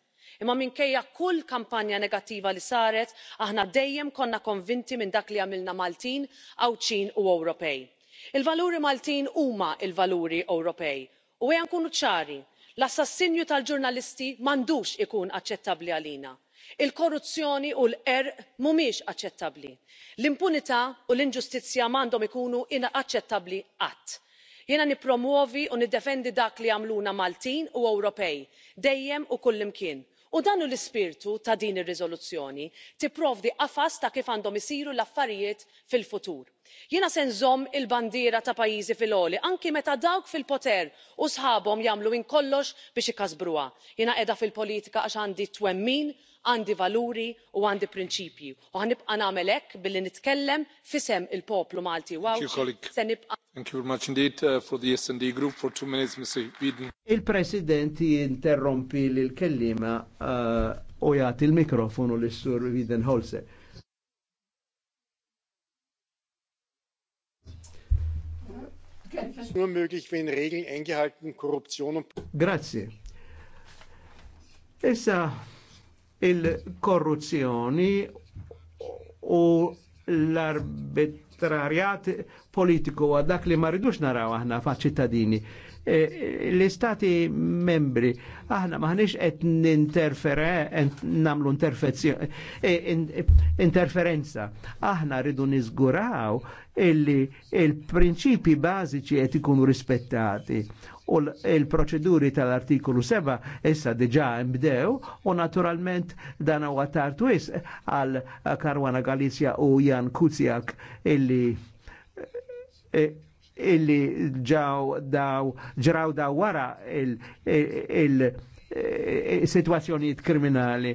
imma minkejja kull kampanja negattiva li saret aħna dejjem konna konvinti minn dak li għamilna maltin għawčin u ewropej. il valuri maltin huma l valuri ewropej u ejja nkunu ċari l assassinju tal ġurnalisti m'għandux ikun aċċettabbli għalina il korruzzjoni u l għerq mhumiex aċċettabbli l impunità u l inġustizzja m'għandhom ikunu inaċċettabbli qatt. jiena nippromuovi u niddefendi dak li għamluna maltin u ewropej dejjem u kullimkien u dan hu l-ispirtu ta' din ir-riżoluzzjoni tipprovdi qafas ta' kif għandhom isiru l-affarijiet fil futur. jiena se nżomm il bandiera ta' pajjiżi filgħoli anki meta dawk fil poter u sħabhom jagħmlu minn kollox biex ikasbruha. jiena qiegħda fil politika għax għandi twemmin għandi valuri u għandi prinċipji u ħanibqa' nagħmel hekk billi nitkellem f'isem il-poplu malti u għawdex se nibqa' uh, Il-President jinterrompi lil kelliema uh, u jagħti l-mikrofonu lis-Sur Wiedenholzer. nur möglich, wenn Regeln eingehalten, Korruption und... Grazie. Issa il-korruzzjoni u l-arbitrarjat politiku għadak li ma naraw aħna fa' ċittadini Eh, l-istati membri, aħna maħniex qed ninterfere, namlu eh, interferenza. Aħna rridu nizguraw illi il-prinċipi bażiċi qed ikunu rispettati u l-proċeduri tal-artikolu 7 issa diġa mbdew u naturalment dan huwa tartu għal Karwana Galizja u Jan Kuziak illi eh, illi ġaw daw ġraw daw wara il-situazzjonijiet eh, kriminali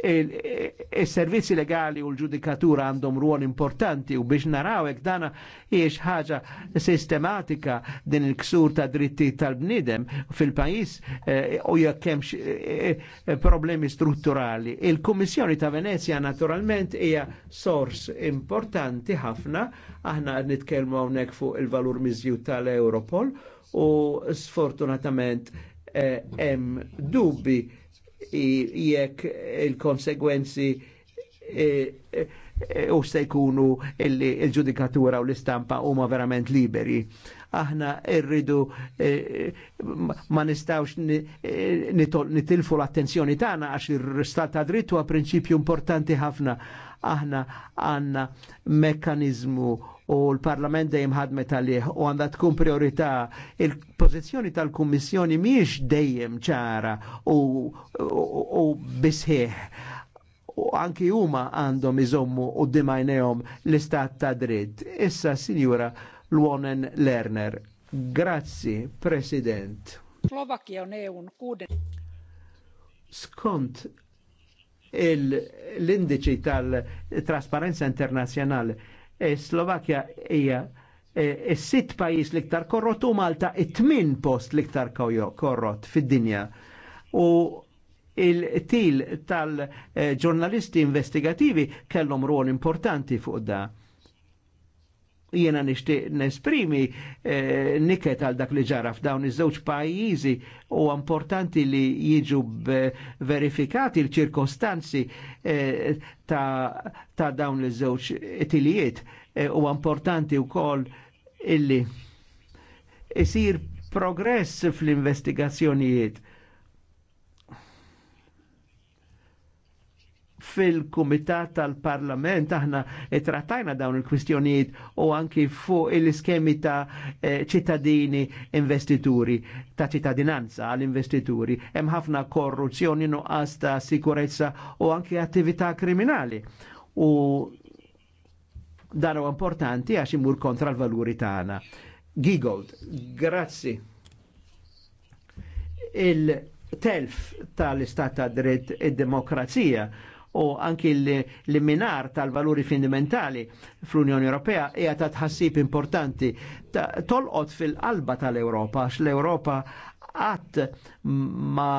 il-servizzi legali u l-ġudikatura għandhom ruol importanti u biex narawek dana jiex ħaġa sistematika din il-ksur ta' dritti tal-bnidem fil-pajis eh, u jekk hemmx eh, eh, problemi strutturali. Il-Kummissjoni ta' Venezia naturalment hija sors importanti ħafna, aħna nitkellmu hawnhekk fuq il-valur miżju tal-Europol u sfortunatament hemm dubbi jekk il-konsegwenzi e, e, e, u se jkunu il-ġudikatura u l-istampa huma verament liberi. Aħna irridu ma nistawx nitilfu l-attenzjoni tagħna għax ir-istat ta' drittu huwa prinċipju importanti ħafna aħna għanna mekanizmu u l-Parlament dejjem ħadmet għalih u għandha tkun priorità il-pożizzjoni tal-Kummissjoni mhijiex dejjem ċara u, u, u bisħieħ u anki huma għandhom iżommu u dimajnejhom l-istat ta' dritt. Issa, Sinjura Lwonen Lerner. Grazzi, President. Slovakia ne un kuden. Skont l-indiċi tal-trasparenza internazjonali. E Slovakja hija s e, e sitt pajis pajjiż l korrot u Malta it-tmin post liktar iktar korrot fid-dinja. U il-til tal-ġurnalisti e, investigativi kellhom rol importanti fuq da jiena nixtieq nesprimi eh, niket għal dak li ġara f'dawn iż-żewġ pajjiżi u importanti li jiġu verifikati l-ċirkostanzi eh, ta', dawn iż-żewġ tilijiet eh, u importanti wkoll illi isir progress fl-investigazzjonijiet fil-Kumitat tal-Parlament aħna eh, trattajna dawn il-kwistjonijiet u anki fuq il-iskemi ta' eh, ċittadini investituri, ta' ċittadinanza għall-investituri. Hemm ħafna korruzzjoni nuqqas ta' sikurezza u anki attività kriminali. U dan huwa importanti għax imur kontra l-valuri tagħna. Gigold, grazzi. Il-telf tal-istat ta' dritt id-demokrazija u anki l-minar tal-valuri fundamentali fl-Unjoni Ewropea hija ta' tħassib importanti tolqot fil-qalba tal-Ewropa għax l-Ewropa għat ma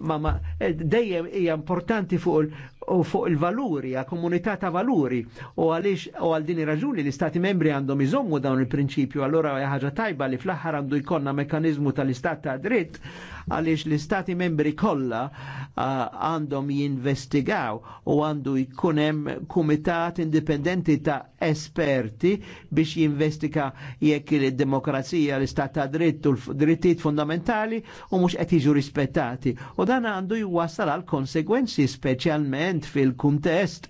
ma, ma dejjem hija importanti fuq il, fuq il-valuri, għal komunità ta' valuri, u għaliex u għal din raġuni l-istati membri għandhom iżommu dawn il-prinċipju, allora ħaġa tajba li fl-aħħar għandu jkollna mekkaniżmu tal-istat ta' dritt għaliex l-istati membri kollha ah, għandhom jinvestigaw u għandu jkun hemm kumitat indipendenti ta' esperti biex jinvestiga jekk il-demokrazija, l-istat ta' dritt u l-drittijiet fundamentali u mhux qed jiġu rispettati. U dan għandu jwassal għal konsegwenzi speċjalment fil-kuntest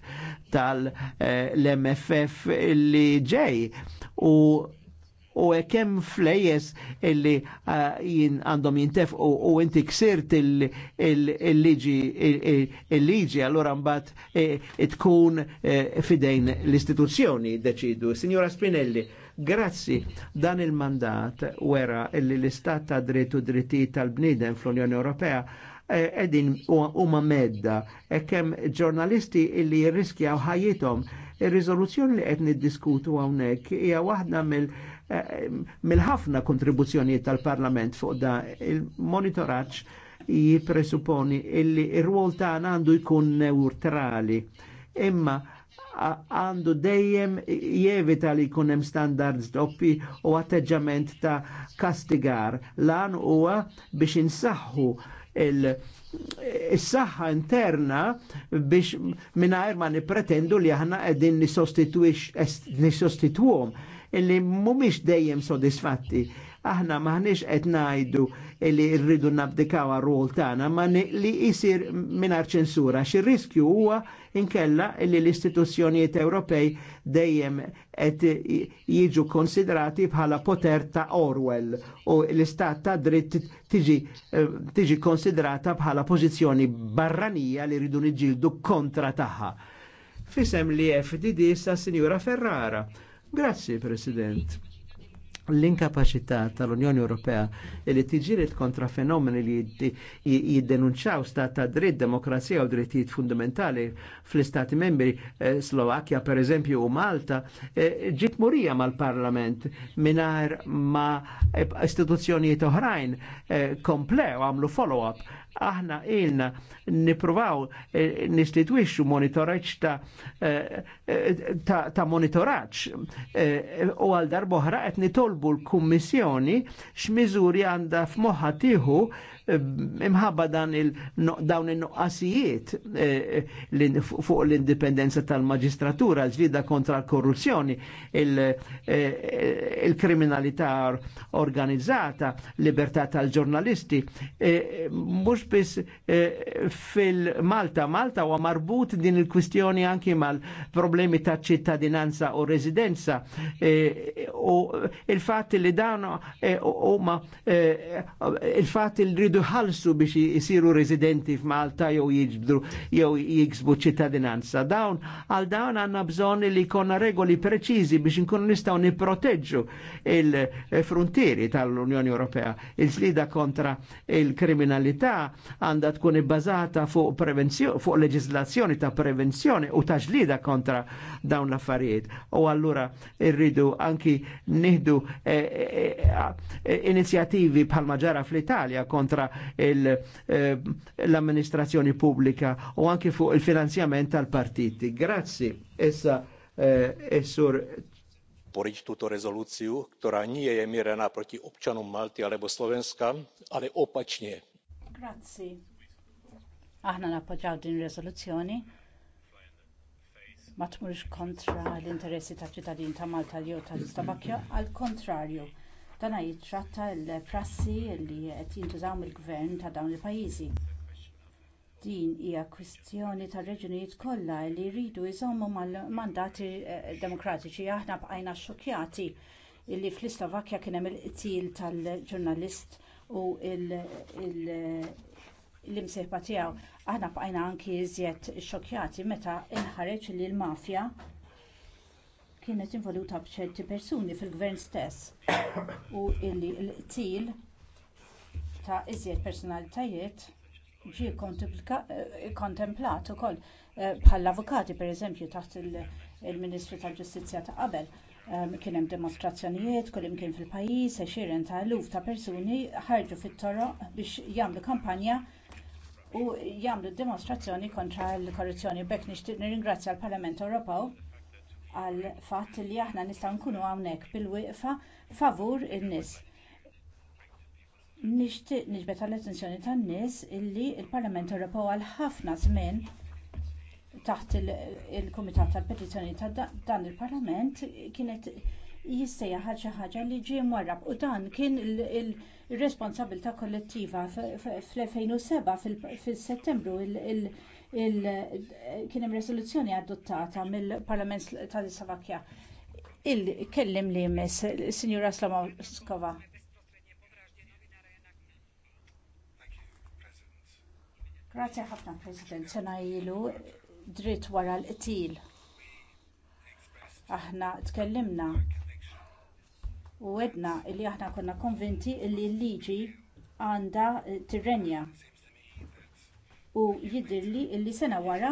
tal-MFF eh, li ġej u u kem flejes illi ah, jien għandhom jintef u inti ksirt il-liġi il-liġi allora mbagħad eh, tkun eh, fidejn l-istituzzjoni deċidu. Signora Spinelli, grazzi dan il-mandat wera illi l-istat ta' u dritti tal-bniedem fl-Unjoni Ewropea eh, edin ma medda e kem ġurnalisti illi jirriskjaw ħajjithom il riżoluzzjoni li qed niddiskutu hawnhekk hija waħda mill- Eh, mill-ħafna kontribuzzjonijiet tal-Parlament fuq da il-monitoraġġ jippresupponi illi il-ruol tagħna għandu jkun neutrali. Imma għandu dejjem jevita li jkun hemm standards doppi u atteġġament ta' kastigar. Lan huwa biex insaħħu il- Is-saħħa interna biex mingħajr ma nippretendu li aħna qegħdin nissostitwix nissostitwhom illi mumiex dejjem sodisfatti. Aħna maħniex qed ngħidu li rridu nabdikaw għar-rol tagħna ma li jisir mingħajr ċensura xi riskju huwa inkella li l-istituzzjonijiet Ewropej dejjem qed jiġu konsidrati bħala poter ta' Orwell u l-istat ta' dritt tiġi eh, tiġi konsidrata bħala pożizzjoni barranija li rridu niġġieldu kontra tagħha. Fisem li FDD sa' Sinjura Ferrara Grazzi, President. L-inkapacità tal-Unjoni Ewropea li tiġiret kontra fenomeni li jiddenunċaw stat ta' dritt, demokrazija u drittijiet fundamentali fl-istati membri eh, Slovakkja, per eżempju, u Malta, eh, ġit murija mal-parlament minar ma eh, istituzzjonijiet oħrajn komplew għamlu follow-up aħna ilna nipruvaw eh, nistitwixxu monitoraċ ta, eh, ta, ta monitoraġġ eh, u għal darboħra qed nitolbu l-Kummissjoni x'miżuri għandha f-moħatiħu imħabba dan il dawn il-nuqqasijiet eh, eh, fuq l-indipendenza tal-maġistratura, ġlida kontra l-korruzzjoni, eh, il-kriminalità organizzata, libertà tal-ġurnalisti. Mux bis fil-Malta, Malta huwa marbut din il-kwistjoni anki mal-problemi ta' ċittadinanza u residenza u il-fat li dan ma il-fat li iridu ħalsu biex jisiru residenti f'Malta jew jiġbdu jew jiksbu ċittadinanza. Dawn għal dawn għandna bżonn li jkollna regoli preċiżi biex nkunu nistgħu nipproteġġu il-frontieri tal-Unjoni Ewropea. Il-slida kontra il-kriminalità għandha tkun ibbażata fuq fuq leġislazzjoni ta' prevenzjoni u ta' ġlida kontra dawn l-affarijiet. U allura irridu anki nieħdu eh, eh, eh, eh inizjattivi bħal maġara fl-Italja kontra kontra eh, l-amministrazzjoni pubblika u anki fuq il-finanzjament tal-partiti. Grazzi, issa essur eh, e poriť túto rezolúciu, ktorá nie je mierená proti občanom Malty alebo Slovenska, ale opačne. Grazzi. Aħna nappoġġaw din rezoluzzjoni ma tmurx kontra l-interessi ta' ċittadin ta' Malta jew ta' Slovakkja, għal kontrarju Dan jitratta l-prassi li qed jintużaw mill-gvern ta' dawn il-pajjiżi. Din hija kwistjoni tar reġunijiet kollha li jridu jżommu mal-mandati eh, demokratiċi aħna bqajna xokjati li fl-Islovakkja kien hemm il-qtil tal-ġurnalist u l imsieħba tiegħu aħna bqajna anki iżjed xokjati meta inħareġ li l-mafja kienet involuta b'ċerti persuni fil-gvern stess (coughs) u illi l til ta' iżjed personalitajiet ġie kontemplat ukoll eh, bħall-avukati pereżempju taħt il-Ministru tal-Ġustizzja ta' qabel. Ehm, kien hemm kull kullimkien fil-pajjiż għexieren ta' eluf ta' persuni ħarġu fit-toroq biex jagħmlu kampanja u jagħmlu dimostrazzjoni kontra l-korruzzjoni. B'hekk nixtieq nirringrazzja l-Parlament Ewropew għal fatt li aħna nistgħu nkunu hawnhekk bil-wieqfa favur in-nies. Nixtieq niġbed l-attenzjoni tan-nies illi l parlament Ewropew għal ħafna żmien taħt il-Kumitat tal-Petizzjoni ta' dan il-Parlament kienet jistejja ħaġa ħaġa li ġie mwarrab u dan kien il-responsabilta kollettiva fl-2007 fil-Settembru il- kien hemm resoluzzjoni adottata mill-Parlament tal-Slovakkja. Il-kellim li jmiss, signora Slomoskova. Grazie ħafna, President. Sena ilu dritt wara l-qtil. Aħna tkellimna u għedna li aħna konna konvinti li l-liġi għandha tirrenja u jidhirli li sena wara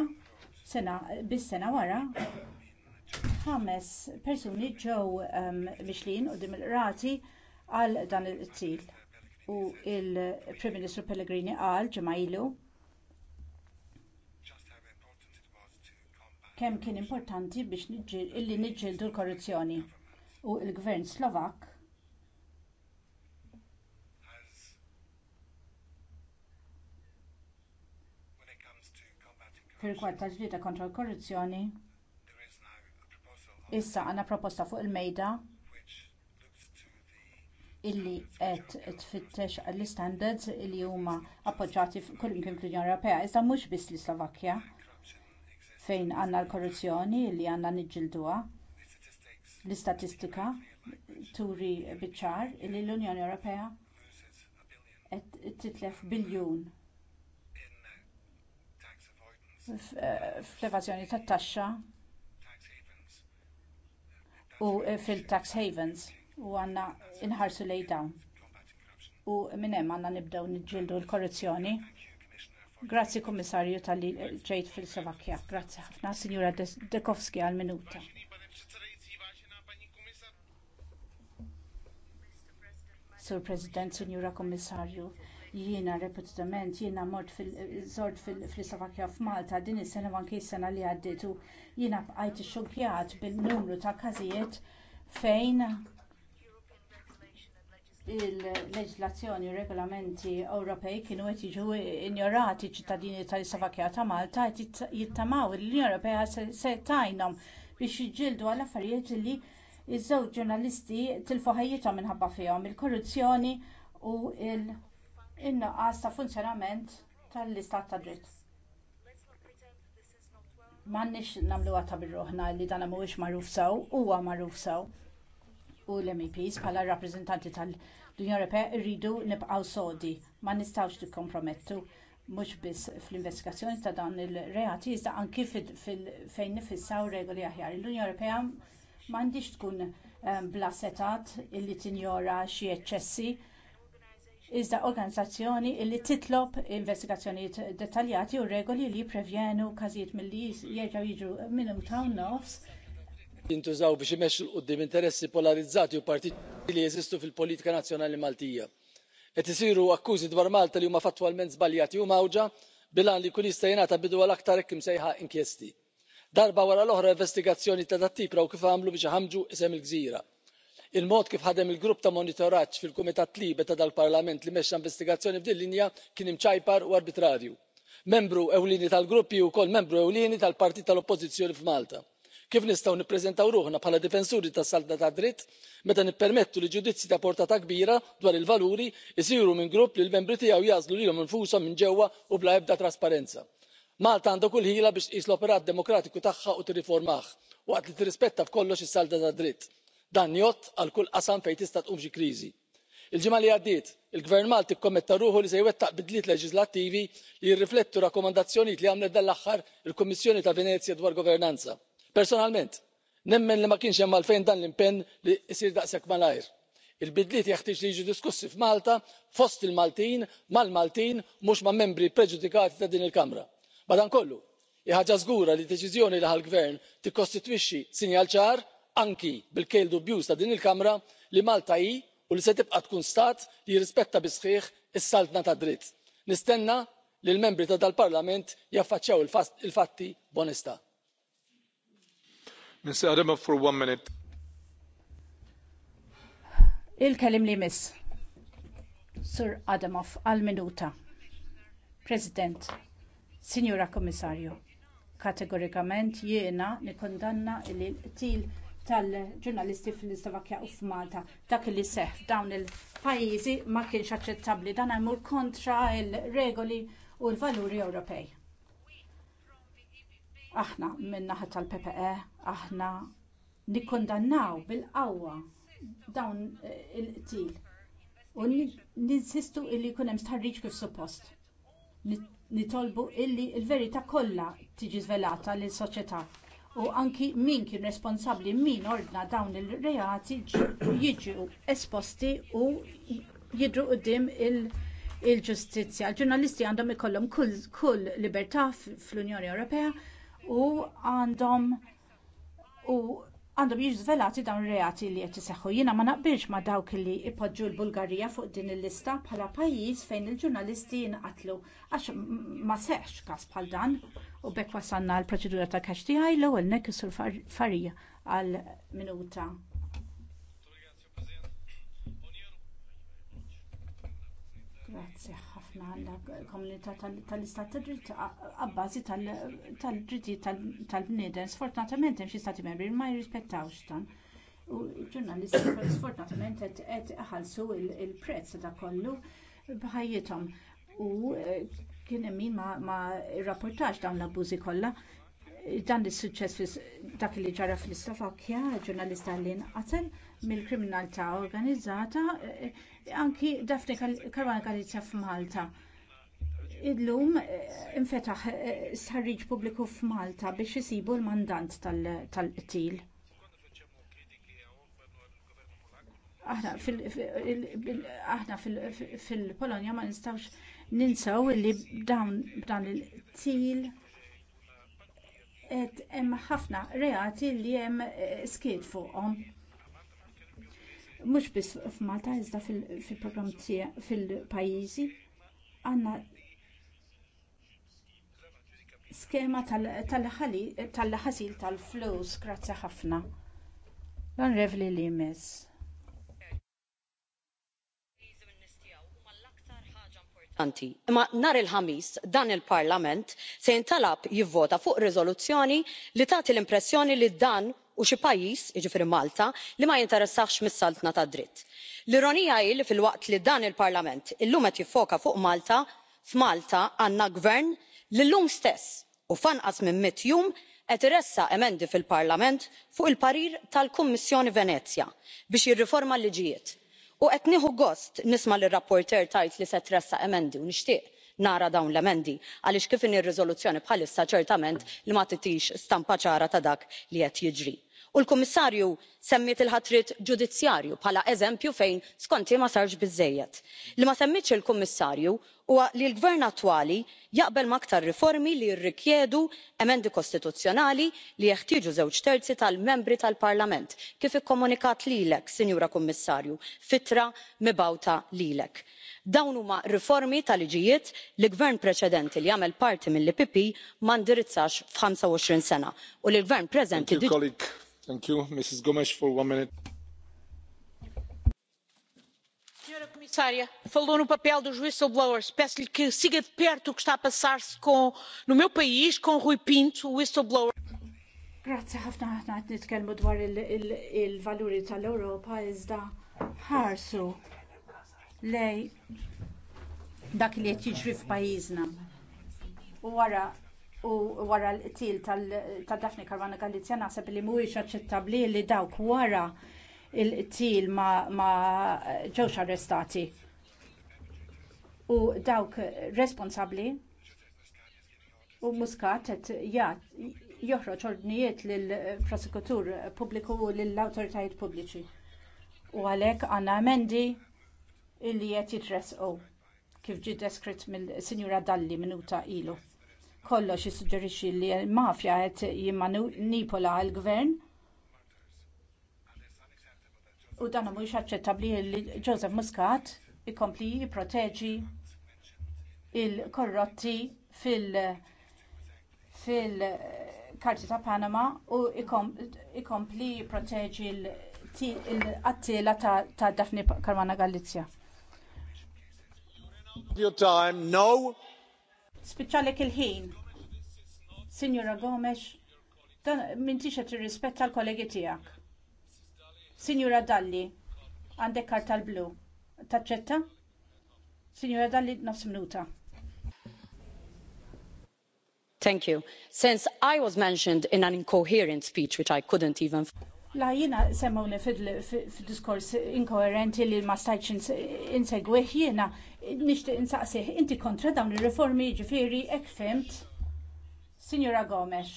sena bis-sena wara ħames persuni ġew ehm, mixlin quddiem il-qrati għal dan il-qtil u l prim Ministru Pellegrini qal ġimgħa ilu kemm kien importanti biex illi niġġieldu l-korruzzjoni u l-gvern Slovak. fil-kwart ta' ġlieda kontra l-korruzzjoni issa għandna proposta fuq il-mejda illi qed tfittex l-istandards li huma appoġġjati kullimkien fl-Unjoni Ewropea iżda mhux biss l-Slovakkja fejn għandna l-korruzzjoni illi għandna niġġilduha l-istatistika turi biċ-ċar li l-Unjoni Ewropea qed titlef biljun fl-evażjoni tat-taxxa u fil-tax havens u għandna inħarsu lejn dawn. U minn hemm għandna nibdew niġġieldu l-korruzzjoni. Grazzi Kummissarju tal-li ġejt fil-Slovakkja. Grazzi ħafna, Sinjura Dekowski għal-minuta. Sur President, Sinjura Kummissarju, jiena reputament jiena mort fil-sort fil-Slovakja f'Malta din is-sena anke s-sena li għaddiet u jiena bqajt ixxokkjat bin-numru ta' każijiet fejn il-leġlazzjoni u regolamenti Ewropej kienu qed jiġu injorati ċittadini tal-Slovakja ta' Malta qed jittamaw il l-Unjoni Ewropea se tajnhom biex jiġġieldu għal affarijiet li ż-żewġ ġurnalisti tilfu ħajjithom minħabba fihom il-korruzzjoni u l in-nuqqas ta' funzjonament tal-istat ta' dritt. M'għandniex nagħmluha ta' birruħna li dan mhuwiex magħruf sew, huwa magħruf sew. U l-MEPs bħala rappreżentanti tal-Unjoni Ewropea rridu nibqgħu sodi, ma nistgħux nikkompromettu mhux biss fl-investigazzjoni ta' dan il-reati iżda anki fejn nifissaw regoli aħjar. L-Unjoni Ewropea m'għandix tkun eh, bla illi tinjora xi eċċessi iżda organizzazzjoni li titlob investigazzjonijiet dettaljati u regoli li jipprevjenu każijiet milli jerġgħu jiġu minnum tawn nofs jintużaw biex imexxu l quddiem interessi polarizzati u partiti li jeżistu fil-politika nazzjonali maltija qed isiru akkużi dwar malta li huma fattwalment żbaljati u mgħawwġa bilan li jkun jista' jingħata bidu għal aktar hekk imsejħa inkjesti. darba wara l oħra investigazzjoni ta' dat tip raw kif għamlu biex iħammġu isem il gżira il mod kif ħadem il grupp ta' monitoraġġ fil kumitat libe ta' dan il parlament li mexxa investigazzjoni f'din linja kien imċajpar u arbitrarju. membru ewlieni tal grupp hi wkoll membru ewlieni tal partit tal oppożizzjoni f'malta. kif nistgħu nippreżentaw ruħna bħala difensuri tas-salda ta' dritt meta nippermettu li ġudizzji ta' portata kbira dwar il valuri jsiru minn grupp li l-membri tiegħu jagħżlu lilhom infushom minn ġewwa u bla ebda trasparenza. malta għandha kull ħila biex tqis l operat demokratiku tagħha u tirriformah waqt li tirrispetta f'kollox is-salda ta' dritt dan jgħodd għal kull qasam fejn tista' tqum xi kriżi. il-ġimgħa li għaddiet il gvern malti kkommetta ruħu li se jwettaq bidliet leġislattivi li jirriflettu rakkomandazzjonijiet li għamlet dan l-aħħar il-kummissjoni ta' venezia dwar governanza. personalment nemmen li ma kienx hemm għalfejn dan l-impenn li jsir daqshekk malajr. il bidliet jeħtieġ li jiġu diskussi f'malta fost il maltin mal maltin mhux ma' membri preġudikati ta' din il-kamra. madankollu hi ħaġa żgura li deċiżjoni li ħa l gvern tikkostitwixxi sinjal ċar anki bilkejl dubjuż ta' din il kamra li malta hi u li se tibqa' tkun stat li jirrispetta bi sħiħ is saltna ta' dritt. nistenna li l membri ta' dan il-parlament jaffaċċjaw il fatti b'onestà. il-kelliem li miss. sur adamov għal minuta president Signora kummissarju kategorikament jiena nikkundanna l-qtil tal-ġurnalisti fil istovakja u f'Malta. Dak li seħħ f'dawn il-pajjiżi ma kienx aċċettabbli dan għamur kontra il-regoli u l-valuri Ewropej. Aħna min-naħa tal-PPE, aħna nikkondannaw bil-qawwa dawn eh, il-qtil u ninsistu illi jkun hemm kif suppost. Nitolbu illi l verità kollha tiġi svelata lis soċjetà u anki min kien responsabbli min ordna dawn il-reati jiġu esposti u jidru qudiem il-ġustizzja. il ġurnalisti għandhom ikollhom kull libertà fl-Unjoni Ewropea u għandhom u għandhom jiġu żvelati dawn ir-reati li qed iseħħu. Jiena ma naqbilx ma' dawk li ipoġġu l-Bulgarija fuq din il-lista bħala pajjiż fejn il-ġurnalisti jinqatlu għax ma seħx każ bħal dan u bekk wasanna l-proċedura ta' kaċ tiegħi l-ewwel nekk sur farija għal minuta. Grazie ħafna għandna komunità tal-istat ta' dritt għabbażi tal-drittijiet tal-bniedem. Sfortunatament hemm xi stati membri ma jirrispettawx dan. U ġurnalisti (coughs) sfortunatament qed iħallsu l prezz ta' kollu bħajjithom. U eh, kien hemm min ma rrapportax dawn l-abbużi kollha dan is-suċċess fis dak li ġara fl-Slovakkja, ġurnalista li nqatel mill-kriminalità organizzata eh, anki Dafne Karwana Galizja f'Malta. Illum eh, infetaħ eh, sarriġ pubbliku f'Malta biex isibu l-mandant tal-qtil. Aħna fil-Polonja ma nistawx ninsaw li dan il-qtil et hemm ħafna reati li hemm eh, skiet fuqhom. Mhux biss f'Malta iżda fil-programm fil-pajjiżi għandna skema tal-ħasil tal-flus grazzi ħafna. l Revli li jmiss. imma nhar il-ħamis dan il-parlament se jintalab jivvota fuq riżoluzzjoni li tagħti l-impressjoni li dan hu xi pajjiż jiġifieri malta li ma jinteressax mis-saltna tad dritt. l-ironija hi li filwaqt li dan il-parlament illum qed jiffoka fuq malta f'malta għandna gvern li llum stess u f'anqas minn mitt jum qed iressaq emendi fil-parlament fuq il parir tal kummissjoni venezia biex jirriforma l liġijiet u qed nieħu gost nisma' lir rapporteur tgħid li se tressa emendi u nixtieq nara dawn l-emendi għaliex kif inhi r-riżoluzzjoni bħalissa ċertament li ma tagħtix stampa ċara ta' dak li qed jiġri u l-kummissarju semmiet il ħatrid ġudizzjarju bħala eżempju fejn skonti ma sarx biżżejjed. li ma semmitx il-kummissarju huwa li l-gvern attwali jaqbel ma' aktar riformi li jirrikjedu emendi kostituzzjonali li jeħtieġu żewġ terzi tal membri tal parlament kif ikkomunikat lilek sinjura kummissarju fittra mibgħuta lilek. dawn huma riformi ta' liġijiet li gvern preċedenti li għamel parti mill ppe ma ndirizzax f'ħamsa u għoxrin sena u li l gvern preżenti. Thank you, Mrs. Gomes, for one minute. Senhora Comissária, falou no papel dos whistleblowers. Peço-lhe que siga de perto o que está a passar-se com, no meu país com Rui Pinto, o whistleblower. Grazzi ħafna ħafna qed nitkellmu dwar il-valuri tal-Ewropa iżda ħarsu lej dak li qed jiġri f'pajjiżna. U wara U wara l-qtil tal-Dafni Karwana Galizja naħseb li mhuwiex aċċettabbli li dawk wara l-qtil ma ġewx arrestati. U dawk responsabbli u muskat qed joħroġ ordnijiet lill-prosekutur pubbliku u lill-awtoritajiet pubbliċi. U għalhekk għandna emendi illi qed jitresqu kif ġie deskritt mill-Sinjura Dalli minuta ilu kollox jissuġġerixxi li l-mafja qed jimmanipola l-gvern. U dan mhux aċċettabbli li Joseph Muscat ikompli jipproteġi il-korrotti fil- fil-karti ta' Panama u ikompli jipproteġi l-qattila ta' Daphne Carmana Galizja. Your time, no spiċċalek il-ħin. Signora Gomes, dan minn tixa t-rispetta l-kollegi tiegħek. Signora Dalli, għandek karta l-blu. Taċċetta? Signora Dalli, nofs minuta. Thank you. Since I was mentioned in an incoherent speech which I couldn't even La jina semmawni fil-diskors inkoherenti li ma stajċ insegwi jina nixtieq insaqsih, inti kontra dawn ir-riformi ġifiri hekk fimt, signora Gomes.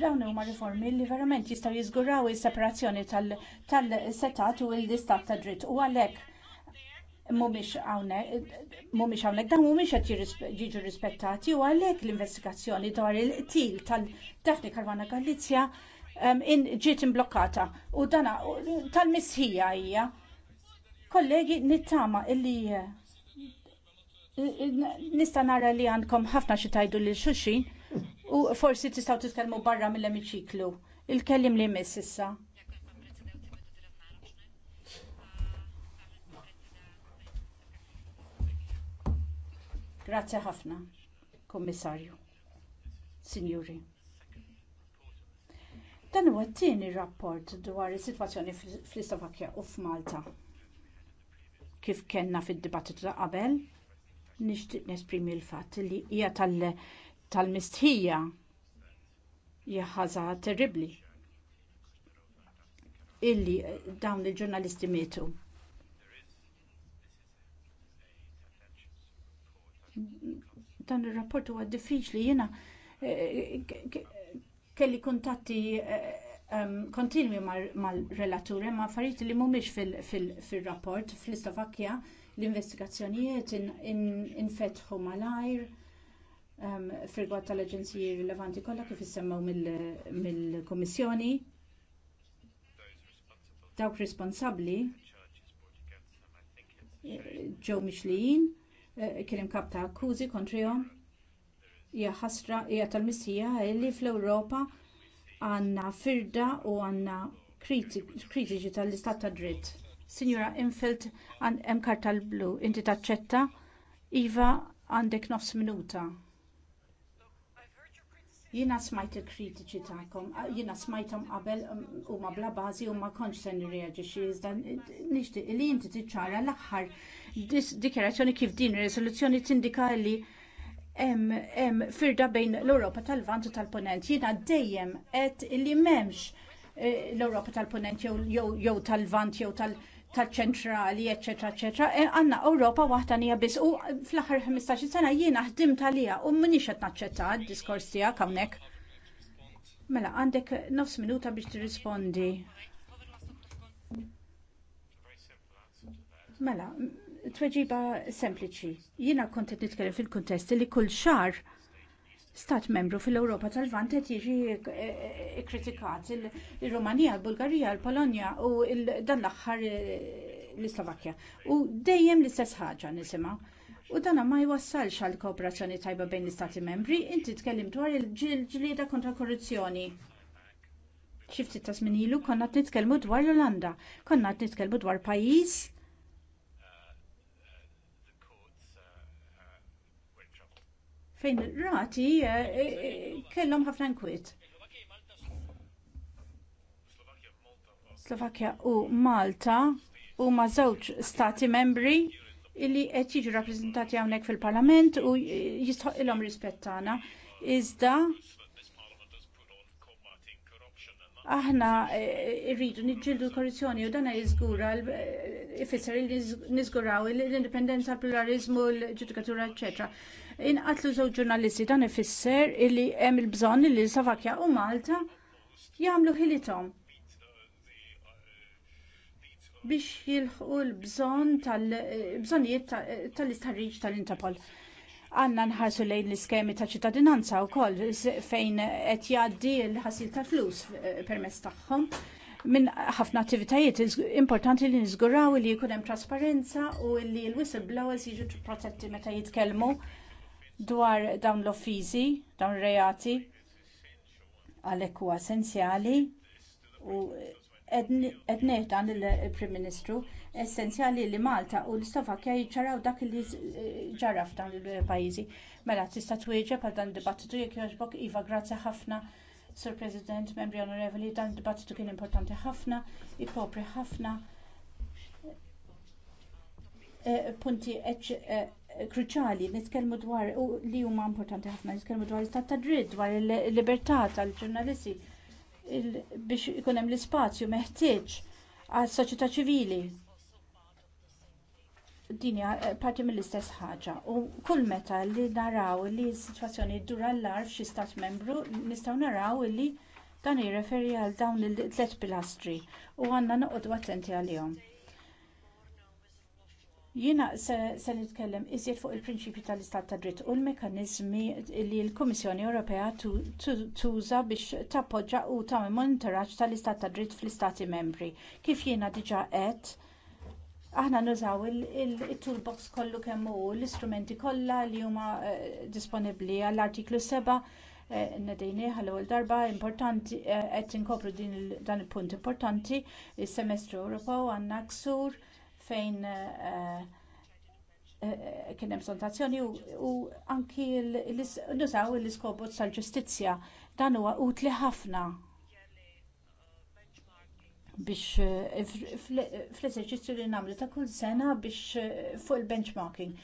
Dawn huma riformi li verament jistgħu jiżguraw is-separazzjoni tal-setat u l distat ta' dritt u għalhekk mhumiex hawnhekk dawn mhumiex qed jiġu rispettati u għalhekk l-investigazzjoni dwar il-qtil tal-Daphne Karwana Galizja ġiet imblokkata u dana tal-missija hija Kollegi, nittama illi eh, nista nara li għandkom ħafna xi tajdu lil xulxin u forsi tistgħu titkellmu barra mill-emiċiklu. Il-kellim li jmiss issa. Grazie ħafna, Kommissarju, Signori. Dan huwa t-tieni rapport dwar is-sitwazzjoni fl istovakja u f'Malta kif kellna fid-dibattitu ta' qabel. Nixtieq nesprimi l-fatt li hija tal-mistħija hija ħaża terribbli illi eh, dawn il-ġurnalisti mietu. Dan ir rapport huwa diffiċli jiena eh, eh, kelli kuntatti kontinwi mal-relaturi ma' affarijiet li mhumiex fil-rapport fl-Istovakkja l-investigazzjonijiet infetħu um, fil-gwad tal-aġenziji rilevanti kollha kif issemmew mill-Kummissjoni. Dawk responsabbli ġew mixlijin eh, kien hemm kap ta' akkużi kontrihom hija ħasra hija tal misija li fl-Ewropa għandna firda u għandna kritiċi tal-istat ta' dritt. Sinjura Infeld hemm karta l-blu, inti taċċetta? Iva għandek nofs minuta. Jiena smajt il-kritiċi tagħkom, jiena smajthom qabel um, huma bla bażi u ma konċ se nirreaġixxi iżda nixtieq li inti tiċċara l-aħħar dikjarazzjoni kif din resoluzzjoni riżoluzzjoni tindika li hemm firda bejn l-Ewropa tal-Vant u tal-Ponent. Jiena dejjem qed li m'hemmx eh, l-Ewropa tal-Ponent jew tal-Vant jew tal-ċentrali, eccetera, eċetera. Eh, għanna Ewropa waħda nija biss u fl-aħħar 15 sena jiena ħdim għalija u m'nix qed naċċetta għad diskors tiegħek hawnhekk. Mela, għandek nofs minuta biex tirrispondi. Mela, tweġiba sempliċi. Jiena kont qed nitkellem fil kontest li kull xar stat membru fil-Ewropa tal-Vant qed jiġi eh, eh, kritikat il-Rumanija, il-Bulgarija, il-Polonja u dan l-aħħar eh, l-Slovakkja. U dejjem l-istess ħaġa nisimgħu. U dan ma jwassalx għal kooperazzjoni tajba bejn l-istati membri, inti tkellim dwar il-ġlieda kontra korruzzjoni. Xifti ta' ilu konna t-nitkelmu dwar l-Olanda, konna t-nitkelmu dwar pajis fejn rati eh, eh, kellhom ħafna nkwiet. Slovakkja u Malta huma żewġ stati membri illi qed jiġu rappreżentati hawnhekk fil-Parlament u jistħoq ilhom rispettana. Iżda aħna eh, rridu niġġildu l-korruzzjoni u dan jiżgura ifisser li niżguraw l-indipendenza, l-pluralizmu, l-ġudikatura, eccetera inqatlu żewġ ġurnalisti dan ifisser illi hemm il-bżonn li Slovakkja u Malta jagħmlu ħilithom biex jilħqu l-bżonn tal-bżonnijiet tal-istarriġ tal-Interpol. Għanna nħarsu lejn l-iskemi ta' ċittadinanza u koll fejn qed jgħaddi l-ħasil tal-flus eh, permezz tagħhom minn ħafna attivitajiet importanti li niżguraw li jkun hemm trasparenza u li l-whistleblowers jiġu protetti meta jitkellmu dwar dawn l-offiżi, dawn ir reati għalhekk huwa essenzjali u qed ngħid dan il-Prim Ministru essenzjali li Malta u l-Slovakkja jiċċaraw dak li ġara f'dawn il-pajjiżi. Mela tista' twieġeb għal dan id-dibattitu jekk jogħġbok iva grazzi ħafna Sur President, membri onorevoli, dan il dibattitu kien importanti ħafna, ikopri ħafna eh, punti eh, kruċali, nitkellmu dwar li huma importanti ħafna, nitkellmu dwar l-istat ta' dritt, dwar il-libertà tal-ġurnalisti biex ikun hemm l-ispazju meħtieġ għas soċjetà ċivili. Din hija parti mill-istess ħaġa. U kull meta li naraw li s-sitwazzjoni dura l arf xi stat membru, nistgħu naraw li dan jirreferi għal dawn il-tliet pilastri u għandna noqogħdu attenti għalihom Jiena se nitkellem iżjed fuq il-prinċipju tal-istat ta' dritt u l-mekanizmi li l-Kummissjoni Ewropea tuża biex tappoġġa u tagħmel monitoraġġ tal-istat ta' dritt fl-istati membri. Kif jiena diġà qed aħna nużaw il-toolbox kollu kemm hu l-istrumenti kollha li huma eh, disponibbli għall-artiklu 7 eh, nedejni għal-ewwel darba importanti eh, qed inkopru dan il-punt importanti is-semestru Ewropew għandna ksur fejn eh, eh, kien hemm sontazzjoni u anki nusaw l-iskobot tal-ġustizzja dan huwa utli ħafna biex eh, fl-eżerċizzju li nagħmlu ta' kull sena biex fuq il-benchmarking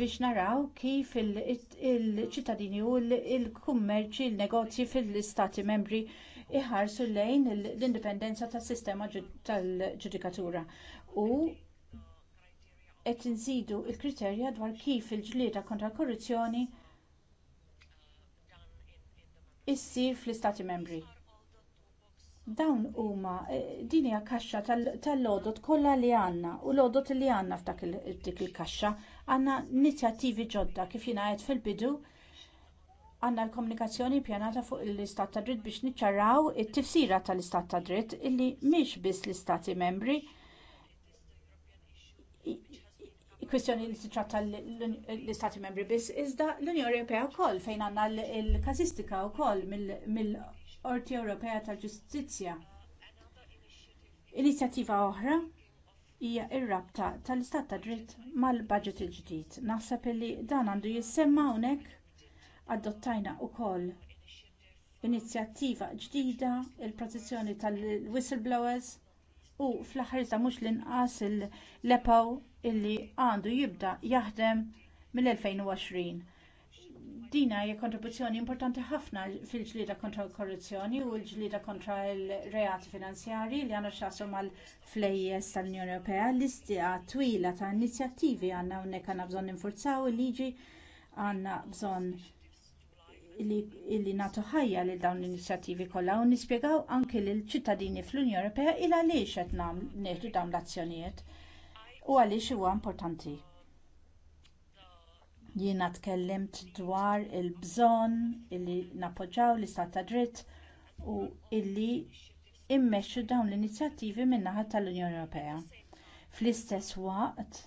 biex naraw kif il-ċittadini u l-kummerċi, l negozji fil-istati membri iħarsu lejn l-indipendenza tas sistema tal-ġudikatura u qed inżidu l-kriterja dwar kif il-ġlieda kontra l-korruzzjoni issir fl-istati membri dawn huma e, din hija kaxxa tal-għodod kollha li għandna u l-għodod li għandna f'dak il-kaxxa għandna inizjattivi ġodda kif jiena qed fil-bidu għandna l-komunikazzjoni ppjanata fuq l-istat ta' dritt biex niċċaraw it-tifsira tal-istat ta' dritt illi mhix biss l-istati membri kwistjoni li titratta l-Istati Membri biss iżda l-Unjoni Ewropea wkoll fejn għandna l-każistika wkoll mill-Qorti Ewropea tal-Ġustizzja. Inizjattiva oħra hija r-rabta tal-Istat ta' Dritt mal-Baġit il-ġdid. Naħseb li dan għandu jissemma hawnhekk adottajna wkoll inizjattiva ġdida il-protezzjoni tal-whistleblowers u fl-aħħar iżda mhux l-inqas l-epaw illi għandu jibda jaħdem mill-2020. Dina hija kontribuzzjoni importanti ħafna fil-ġlieda kontra l-korruzzjoni u l-ġlieda kontra l-reati finanzjarji li għandna xasu mal-flejjes tal-Unjoni Ewropea. L-istija twila ta' inizjattivi għandna hawnhekk għandna bżonn ninfurzaw il-liġi għandna bżonn illi nagħtu ħajja lil dawn l-inizjattivi kollha u nispjegaw anke lill ċittadini fl-Unjoni Ewropea il għaliex qed nagħmlu dawn l-azzjonijiet u għaliex huwa importanti. Jiena tkellimt dwar il-bżonn illi nappoġġjaw l-istat ta' dritt u illi immexxu dawn l-inizjattivi min-naħa tal-Unjoni Ewropea. Fl-istess waqt,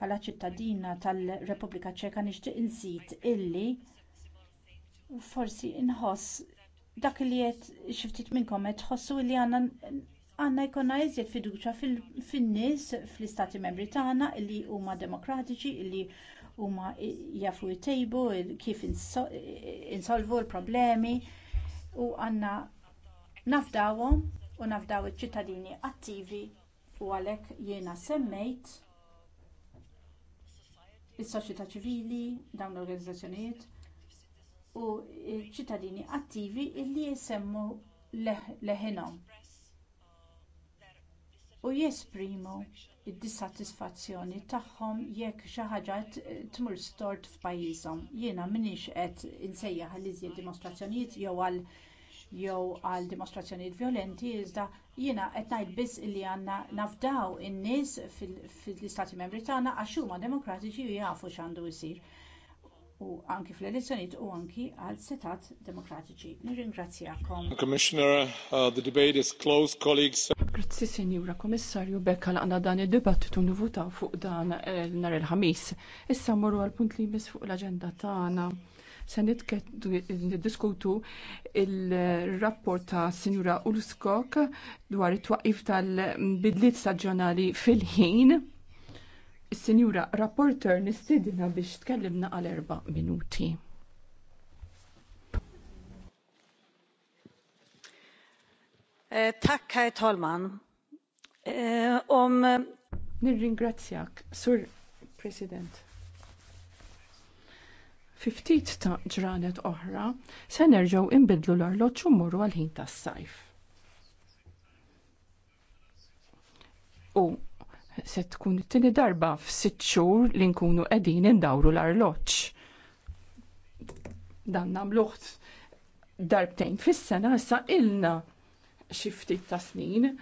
Bħala ċittadina tal-Repubblika Ċeka nixtieq insit illi forsi inħoss dak li qed ftit minnkom qed tħossu li għandna għandna jkollna iżjed fiduċja fin-nies fl-istati membri tagħna li huma demokratiċi li huma jafu jtejbu kif insolvu l-problemi u għandna nafdawhom u nafdaw iċ-ċittadini attivi u għalhekk jiena semmejt is-soċjetà ċivili, dawn l-organizzazzjonijiet u ċittadini attivi illi jsemmu leħinhom u jesprimu d-dissatisfazzjoni tagħhom jekk xi ħaġa tmur stort f'pajjiżhom. Jiena m'iniex qed insejjaħ li iżjed dimostrazzjonijiet jew għal jew għal dimostrazzjonijiet vjolenti iżda jiena qed ngħid biss li għandna nafdaw in-nies fl-istati membri tagħna għax huma demokratiċi u jafu x'għandu jsir u anki fl-elezzjonijiet u anki għal setat demokratiċi. Nirringrazzjakom. Commissioner, uh, the debate is closed, colleagues. Grazzi Sinjura Komissarju Bekka laqna dan id-dibattitu nivutaw fuq dan eh, nar il-ħamis. Issa morru għal punt li jmiss fuq l-aġenda tagħna se niddiskutu il-rapport ta' Sinjura Ulskok dwar it-twaqif tal-bidliet staġjonali fil-ħin. Sinjura rapporter nistidina biex tkellimna għal erba' minuti. Eh, Takk, Kaj Tolman. Eh, um, Nirringrazzjak, Sur President fi ftit ta' ġranet oħra se nerġgħu inbidlu l-orloġġ u mmorru għal ħin tas-sajf. U se tkun it-tieni darba f'sitt xhur li nkunu qegħdin indawru l-arloġġ. Dan nagħmluh darbtejn fis-sena issa ilna xi ftit ta' snin.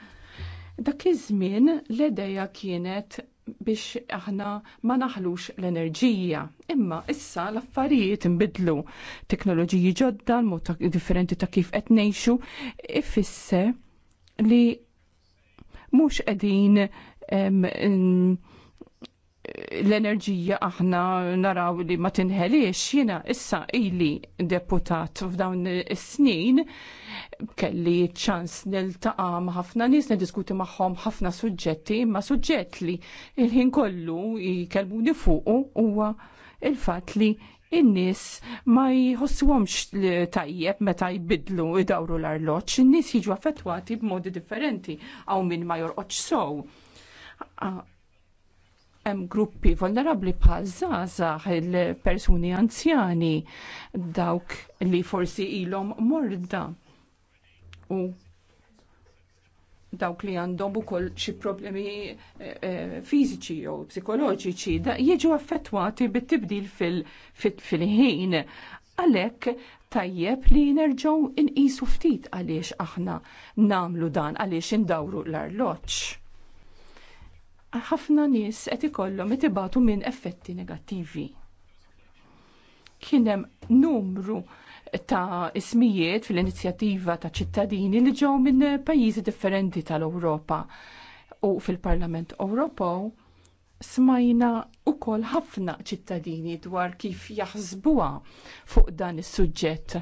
Dak iż-żmien l-idea kienet biex aħna ma naħlux l-enerġija. Imma issa l-affarijiet imbidlu teknoloġiji ġodda, mod differenti ta' kif qed ngħixu, ifisser li mhux qegħdin l-enerġija aħna naraw li ma tinħeliex jiena issa ili deputat f'dawn is-snin kelli ċans niltaqa' ma' ħafna nies niddiskuti magħhom ħafna suġġetti imma suġġett li il-ħin kollu jkellmuni fuqu huwa il-fatt li in-nies ma jħossuhomx tajjeb meta jbidlu idawru l-arloġġ, in-nies jiġu affettwati b'modi differenti għaw minn ma jorqodx sow hemm gruppi vulnerabbli bħal żgħażagħ il-persuni anzjani dawk li forsi ilhom morda u dawk li għandhom ukoll xi problemi eh, eh, fiżiċi jew psikoloġiċi jiġu affettwati bit-tibdil fil-ħin. Għalhekk tajjeb li nerġgħu inqisu ftit għaliex aħna nagħmlu dan għaliex indawru l-arloġġ ħafna nies qed ikollhom qed ibatu minn effetti negattivi. Kien hemm numru ta' ismijiet fil-inizjattiva ta' ċittadini li ġew minn pajjiżi differenti tal-Ewropa u fil-Parlament Ewropew smajna ukoll ħafna ċittadini dwar kif jaħsbuha fuq dan is-suġġett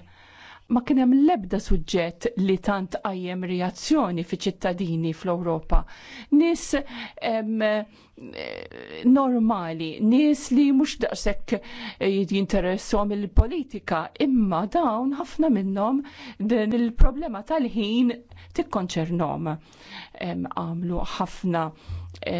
ma kien hemm l-ebda suġġett li tant qajjem reazzjoni fi ċittadini fl-Ewropa. Nies eh, normali, nies li mhux daqshekk eh, jinteressom il-politika, imma dawn ħafna minnhom din il-problema tal-ħin tikkonċernom. Għamlu ħafna e,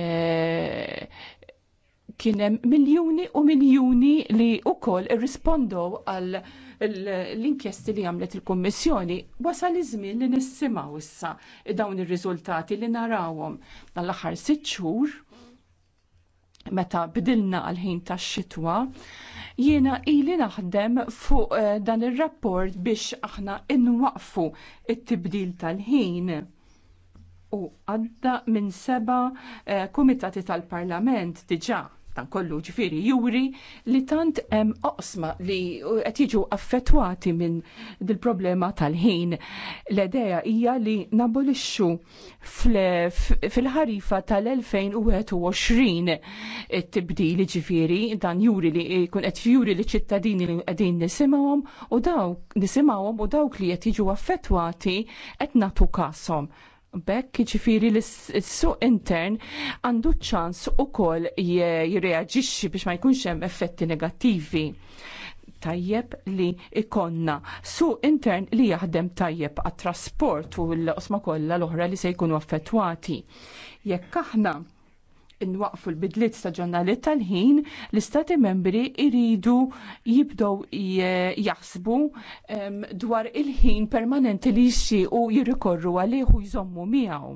kien hemm miljuni u miljuni li wkoll irrispondew għal l-inkjesti li għamlet il-Kommissjoni, wasal iżmin żmien li nissimaw issa dawn ir-riżultati li narawhom tal aħħar sitt xhur meta bidilna għal-ħin tax xitwa jiena ili naħdem fuq eh, dan ir-rapport biex aħna inwaqfu it-tibdil tal-ħin. U għadda minn seba eh, komitati tal-parlament diġa tan kollu ġifiri juri li tant hemm oqsma li qed jiġu affettwati minn dil-problema tal-ħin. L-idea hija li nabolixxu fil-ħarifa tal-2021 it li ġifiri dan juri li jkun qed juri li ċittadini li qegħdin nisimgħuhom u dawk nisimgħuhom u dawk li qed jiġu affettwati qed nagħtu kasom Bekk ċifiri l-suq intern għandu ċans u kol jirreagġixxi biex ma jkunx hemm effetti negattivi. Tajjeb li ikonna suq intern li jaħdem tajjeb għat trasport u l-osma kollha l-oħra li se jkunu affettwati. Jekk aħna Inwaqfu l-bidliet staġjonali tal-ħin, l-istati membri iridu jibdow jaħsbu dwar il-ħin permanenti li jixxi u jirrikorru għalih u jżommu miegħu.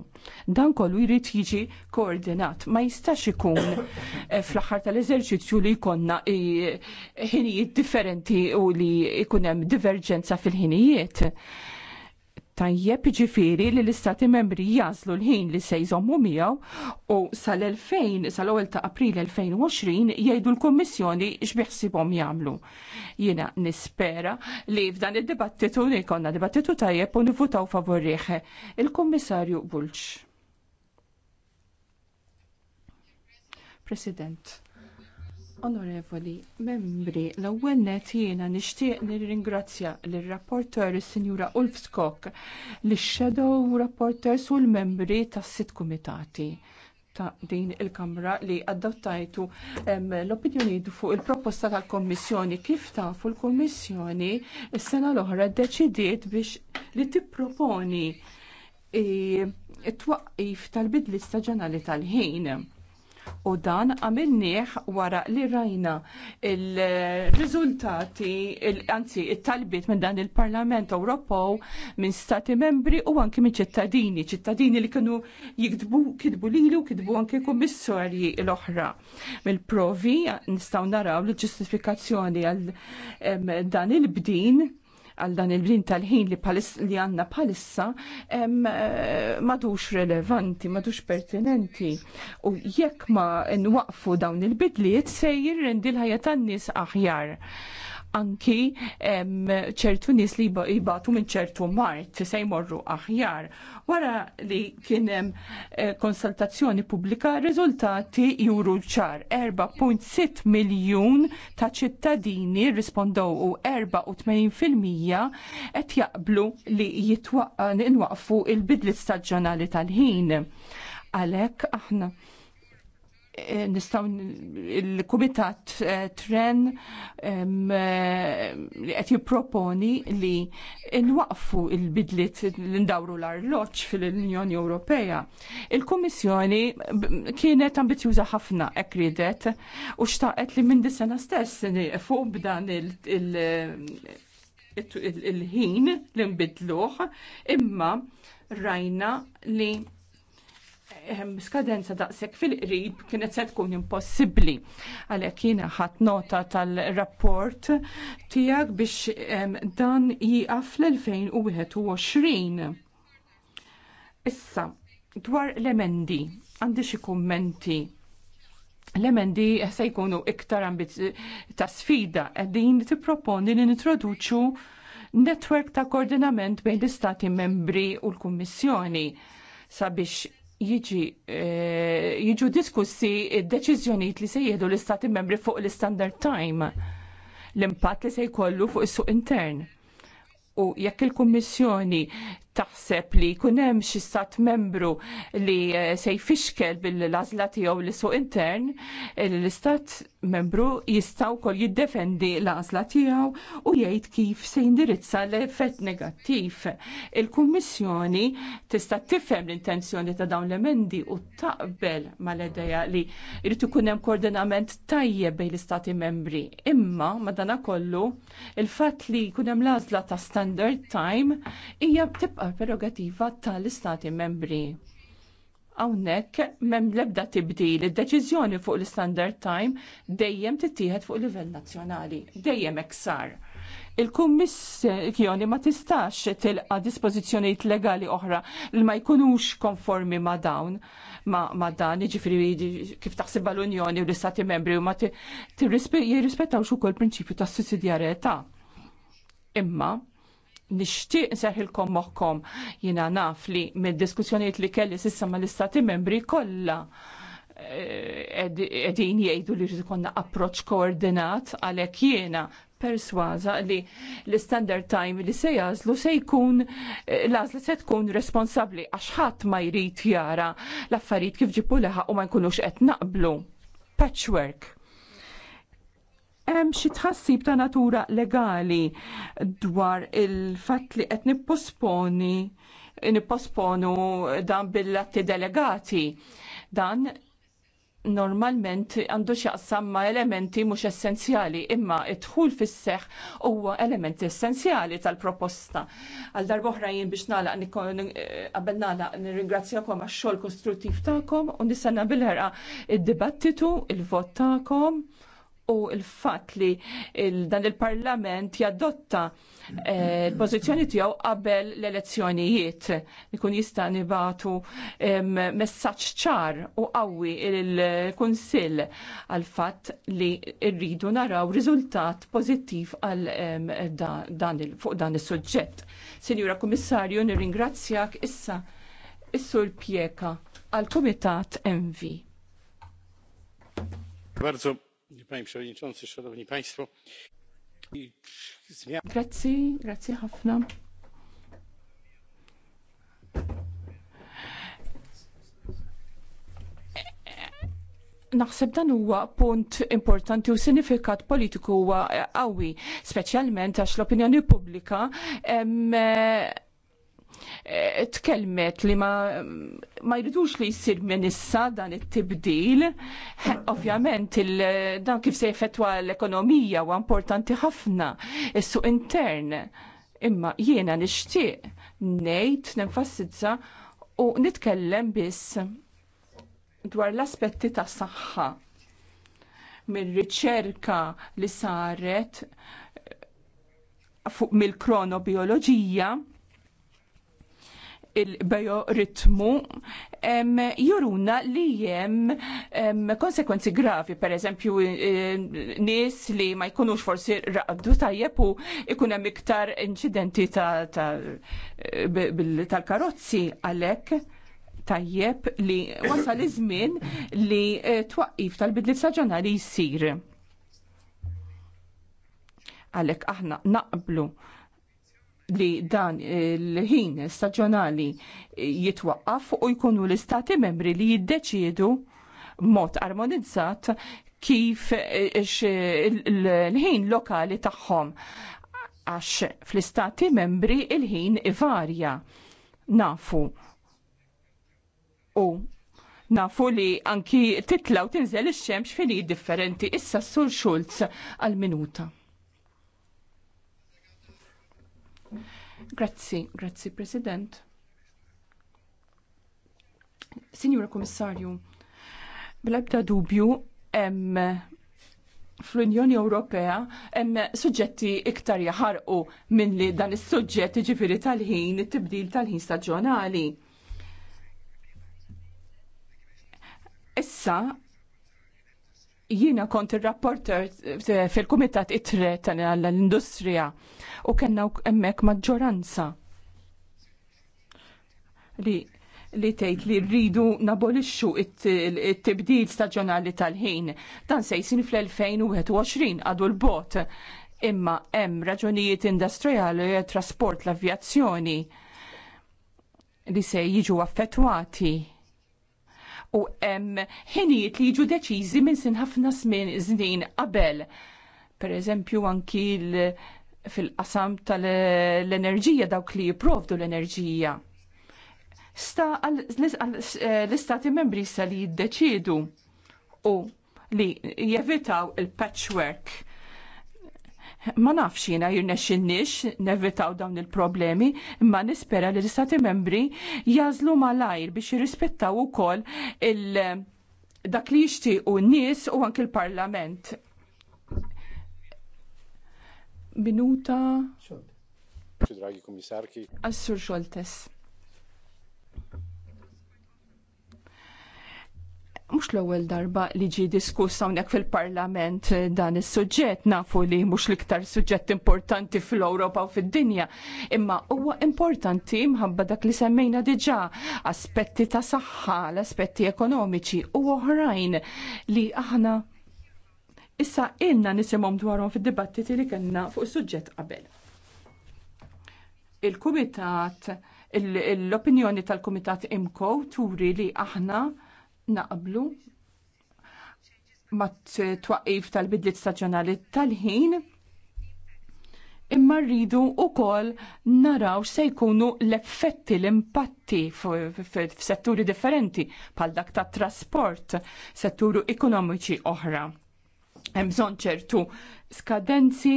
Dan kollu jrid jiġi koordinat. Ma jistax ikun eh, fl-aħħar tal-eżerċizzju li jkollna ħinijiet differenti u li jkun hemm diverġenza fil-ħinijiet tajjeb ġifiri li l-istati membri jazlu l-ħin li se jżommu miegħu u sal-2000 sal-ewwel ta' April 2020 jgħidu l-Kummissjoni x'biħsibhom jagħmlu. Jiena nispera li f'dan id-dibattitu li konna dibattitu tajjeb u nivutaw favorih il-Kummissarju Bulċ. President. Onorevoli membri, l-ewwel net jiena nixtieq nirringrazzja lir-rapporter is-Sinjura Ulf Skok, l shadow rapporters u l-membri tas sit kumitati ta' din il-Kamra li adottajtu l-opinjoni fuq il-proposta tal-Kommissjoni. Kif fuq l-Kommissjoni s-sena l-oħra deċidiet biex li tipproponi it-twaqqif e, tal-bidli staġanali tal-ħin U dan għamilnieh wara li rajna il-riżultati, anzi il-talbiet minn dan il-Parlament Ewropew minn stati membri u anki minn ċittadini, ċittadini li kienu jikdbu kidbu lilu, kidbu anki kummissarji l-oħra. Mill-provi nistgħu naraw l-ġustifikazzjoni għal dan il-bdin għal dan il-blin tal-ħin li, li għanna palissa eh, madux relevanti, madux pertinenti. U jekk ma nwaqfu dawn il-bidliet se jirrendi l-ħajja tan-nies aħjar anki ċertu nis li jibatu minn ċertu mart se jmorru aħjar. Wara li kienem eh, konsultazzjoni pubblika, riżultati juru ċar 4.6 miljun ta' ċittadini rispondow u 84% qed jaqblu li inwaqfu il-bidli staġjonali tal-ħin. Għalek aħna Eh, nistaw il-Kumitat eh, Tren eh, li qed jipproponi li nwaqfu il bidlit l-indawru l-arloġġ fil-Unjoni Ewropea. Il-Kummissjoni kienet ambizjuża ħafna hekk ridet u xtaqet li minn dis-sena stess fuq b'dan il-ħin li imbidluħ imma rajna li skadenza daqshekk fil-qrib kienet se tkun impossibbli. Għalhekk jiena ħadd nota tal-rapport tiegħek biex dan jiqaf fl-2021. Issa, dwar l-emendi, għandi xi kummenti l-emendi se jkunu iktar ta' sfida qegħdin tipproponi li nintroduċu netwerk ta' koordinament bejn l-istati membri u l-Kummissjoni sabiex jiġi eh, jiġu diskussi d deċiżjonijiet li se jieħdu l-istati membri fuq l-standard time l-impatt li se jkollu fuq is-suq intern. U jekk il-Kummissjoni taħseb li jkun hemm xi stat membru li eh, se jfixkel bil-lażla tiegħu l suq intern, l-istat membru jistaw kol jiddefendi l għażla tijaw u jgħid kif se jindirizza l-effett negattiv. Il-Kummissjoni tista' tifhem l-intenzjoni ta' dawn l-emendi u taqbel mal idea li jrid ikun hemm koordinament tajjeb bejn l-istati membri. Imma madana kollu il-fatt li jkun hemm l-għażla ta' standard time hija tibqa' prerogativa tal-istati membri Hawnhekk m'hemm l-ebda tibdil, id-deċiżjoni fuq l-standard time dejjem tittieħed fuq livell nazzjonali, dejjem hekk sar. Il-kummissjoni ma tistax tilqa dispożizzjonijiet legali oħra li ma jkunux konformi ma dawn ma, ma dan, iġifieri kif taħsibha l-Unjoni u l-Istati Membri u ma jirrispettawx ukoll prinċipju tas sussidjarjetà. Imma nixtieq nseħilkom moħkom jiena naf li mid-diskussjonijiet li kelli sissa mal-istati membri kollha eh, edin jgħidu li konna approċ koordinat għalek jiena perswaza li l-standard time li se jazlu se jkun eh, lazli se tkun responsabli għax ħadd ma jrid jara l-affarijiet kif ġipu leħa u ma jkunux qed naqblu. Patchwork hemm xi tħassib ta' natura legali dwar il-fatt li qed nipposponi nipposponu dan bil-latti delegati. Dan normalment għandu xaqsam ma elementi mhux essenzjali imma id-dħul fis seħħ huwa element essenzjali tal-proposta. Għal oħra jien biex nalaq eh, qabel nalaq nirringrazzjakom għax-xogħol kostruttiv tagħkom u nistenna bil-ħerqa id-dibattitu, il-vot tagħkom u il-fat li il dan il-parlament jadotta eh, l-pozizjoni tiegħu qabel l-elezzjonijiet ikun jista' nibatu messaċ messaġġ ċar u qawwi il-Kunsill għal fatt li rridu naraw riżultat pozittiv għal dan fuq dan is-suġġett. Sinjura Kummissarju, nirringrazzjak issa is-sur pieka għal Kumitat MV. Bardzo panie szanowni państwo! ħafna. Naħseb dan huwa punt importanti u sinifikat politiku huwa eh, qawwi, speċjalment għax l-opinjoni pubblika eh, Eh, tkellmet li ma, ma jridux li jissir minn issa dan it-tibdil. Ovvjament dan kif se jeffettwa l-ekonomija u importanti ħafna is-suq intern. Imma jiena nixtieq ngħid nenfassizza u nitkellem biss dwar l-aspetti tas saħħa mir-riċerka li saret fuq mill-kronobioloġija il-bioritmu juruna li jem konsekwenzi gravi, per eżempju e, nis li ma jkunux forsi raqdu tajjeb u ikunem iktar incidenti tal-karozzi għalek tajjeb li wasal iż-żmien li e, twaqqif tal-bidli staġjonali jsir. Għalek aħna naqblu li dan il-ħin staġjonali jitwaqqaf u jkunu l-istati membri li jiddeċiedu mod armonizzat kif il-ħin lokali tagħhom għax fl-istati membri il-ħin varja nafu u nafu li anki titlaw tinżel ix-xemx fili differenti issa s-sur Schulz għal-minuta. Grazzi, grazzi President. Signora Komissarju, bl-ebda dubju hemm fl-Unjoni Ewropea hemm suġġetti iktar jaħarqu minn li dan is-suġġett jiġifieri tal-ħin, it-tibdil tal-ħin staġjonali. Issa Jiena kont il-rapporter eh, fil-Kumitat ITRE tal-Industrija u kellna hemmhekk maġġoranza li li tgħid li rridu nabolixxu it-tibdil staġjonali tal-ħin. Dan se jsir fl-2021 għadu l-bot imma hemm raġunijiet industrijali trasport l-avjazzjoni li se jiġu affettwati u hemm ħinijiet li jiġu deċiżi minn sin ħafna żmien żnien qabel. Per eżempju anki fil-qasam tal-enerġija dawk li jipprovdu l-enerġija. Sta eh, l-istati membri sa li jiddeċidu u li jevitaw il-patchwork ma nafx jiena jirnexxinniex nevitaw dawn il-problemi, imma nispera li l-istati membri jażlu malajr biex jirrispettaw ukoll il- dak li jixtiequ n-nies u anke l-Parlament. Minuta. Draghi Komissarki. Assur Xoltes. mux l-ewwel darba li ġi diskuss hawnhekk fil-Parlament eh, dan is-suġġett nafu li mhux l-iktar suġġett importanti fl-Ewropa u fid-dinja, imma huwa importanti mħabba dak li semmejna diġà aspetti ta' saħħa, l-aspetti ekonomiċi u oħrajn li aħna issa ilna nisimhom dwarhom fid-dibattiti li kellna fuq is-suġġett qabel. Il-Kumitat l-opinjoni tal-Kumitat Imko turi li aħna naqblu mat twaqif tal-bidliet staġjonali tal-ħin imma rridu wkoll naraw se jkunu l-effetti, l-impatti f'setturi differenti pal dak tat trasport, setturi ekonomiċi oħra. Hemm bżonn ċertu skadenzi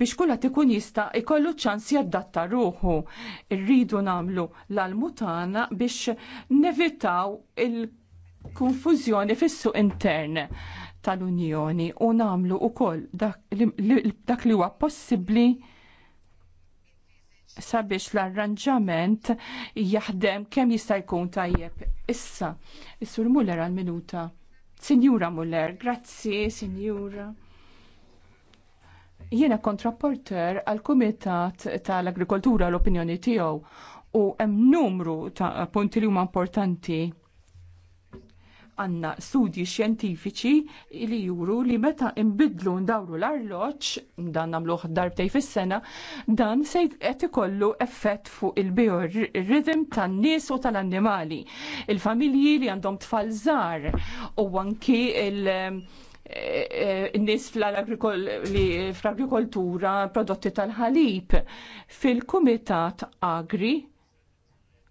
biex kulla ikun jista' jkollu ċans jaddatta ruħu. Rridu nagħmlu l-almutana biex nevitaw il- konfuzjoni fis-suq intern tal-Unjoni u nagħmlu wkoll dak li huwa possibbli sabiex l-arranġament jaħdem kemm jista' jkun tajjeb. Issa, is-Sur Muller għal-minuta. Sinjura Muller, grazzi, Sinjura. Jiena kontrapporter għal-Kumitat tal-Agrikoltura l-opinjoni tiegħu u hemm numru ta' punti li huma importanti għanna studji xjentifiċi li juru li meta imbidlu ndawru l arloċ dan nagħmluh darbtej fis-sena, dan se qed ikollu effett fuq il-biorhythm tan-nies u tal-annimali. Il-familji li għandhom tfal żgħar u anki il- eh, n-nis fl-agrikoltura, prodotti tal-ħalib. Fil-Kumitat Agri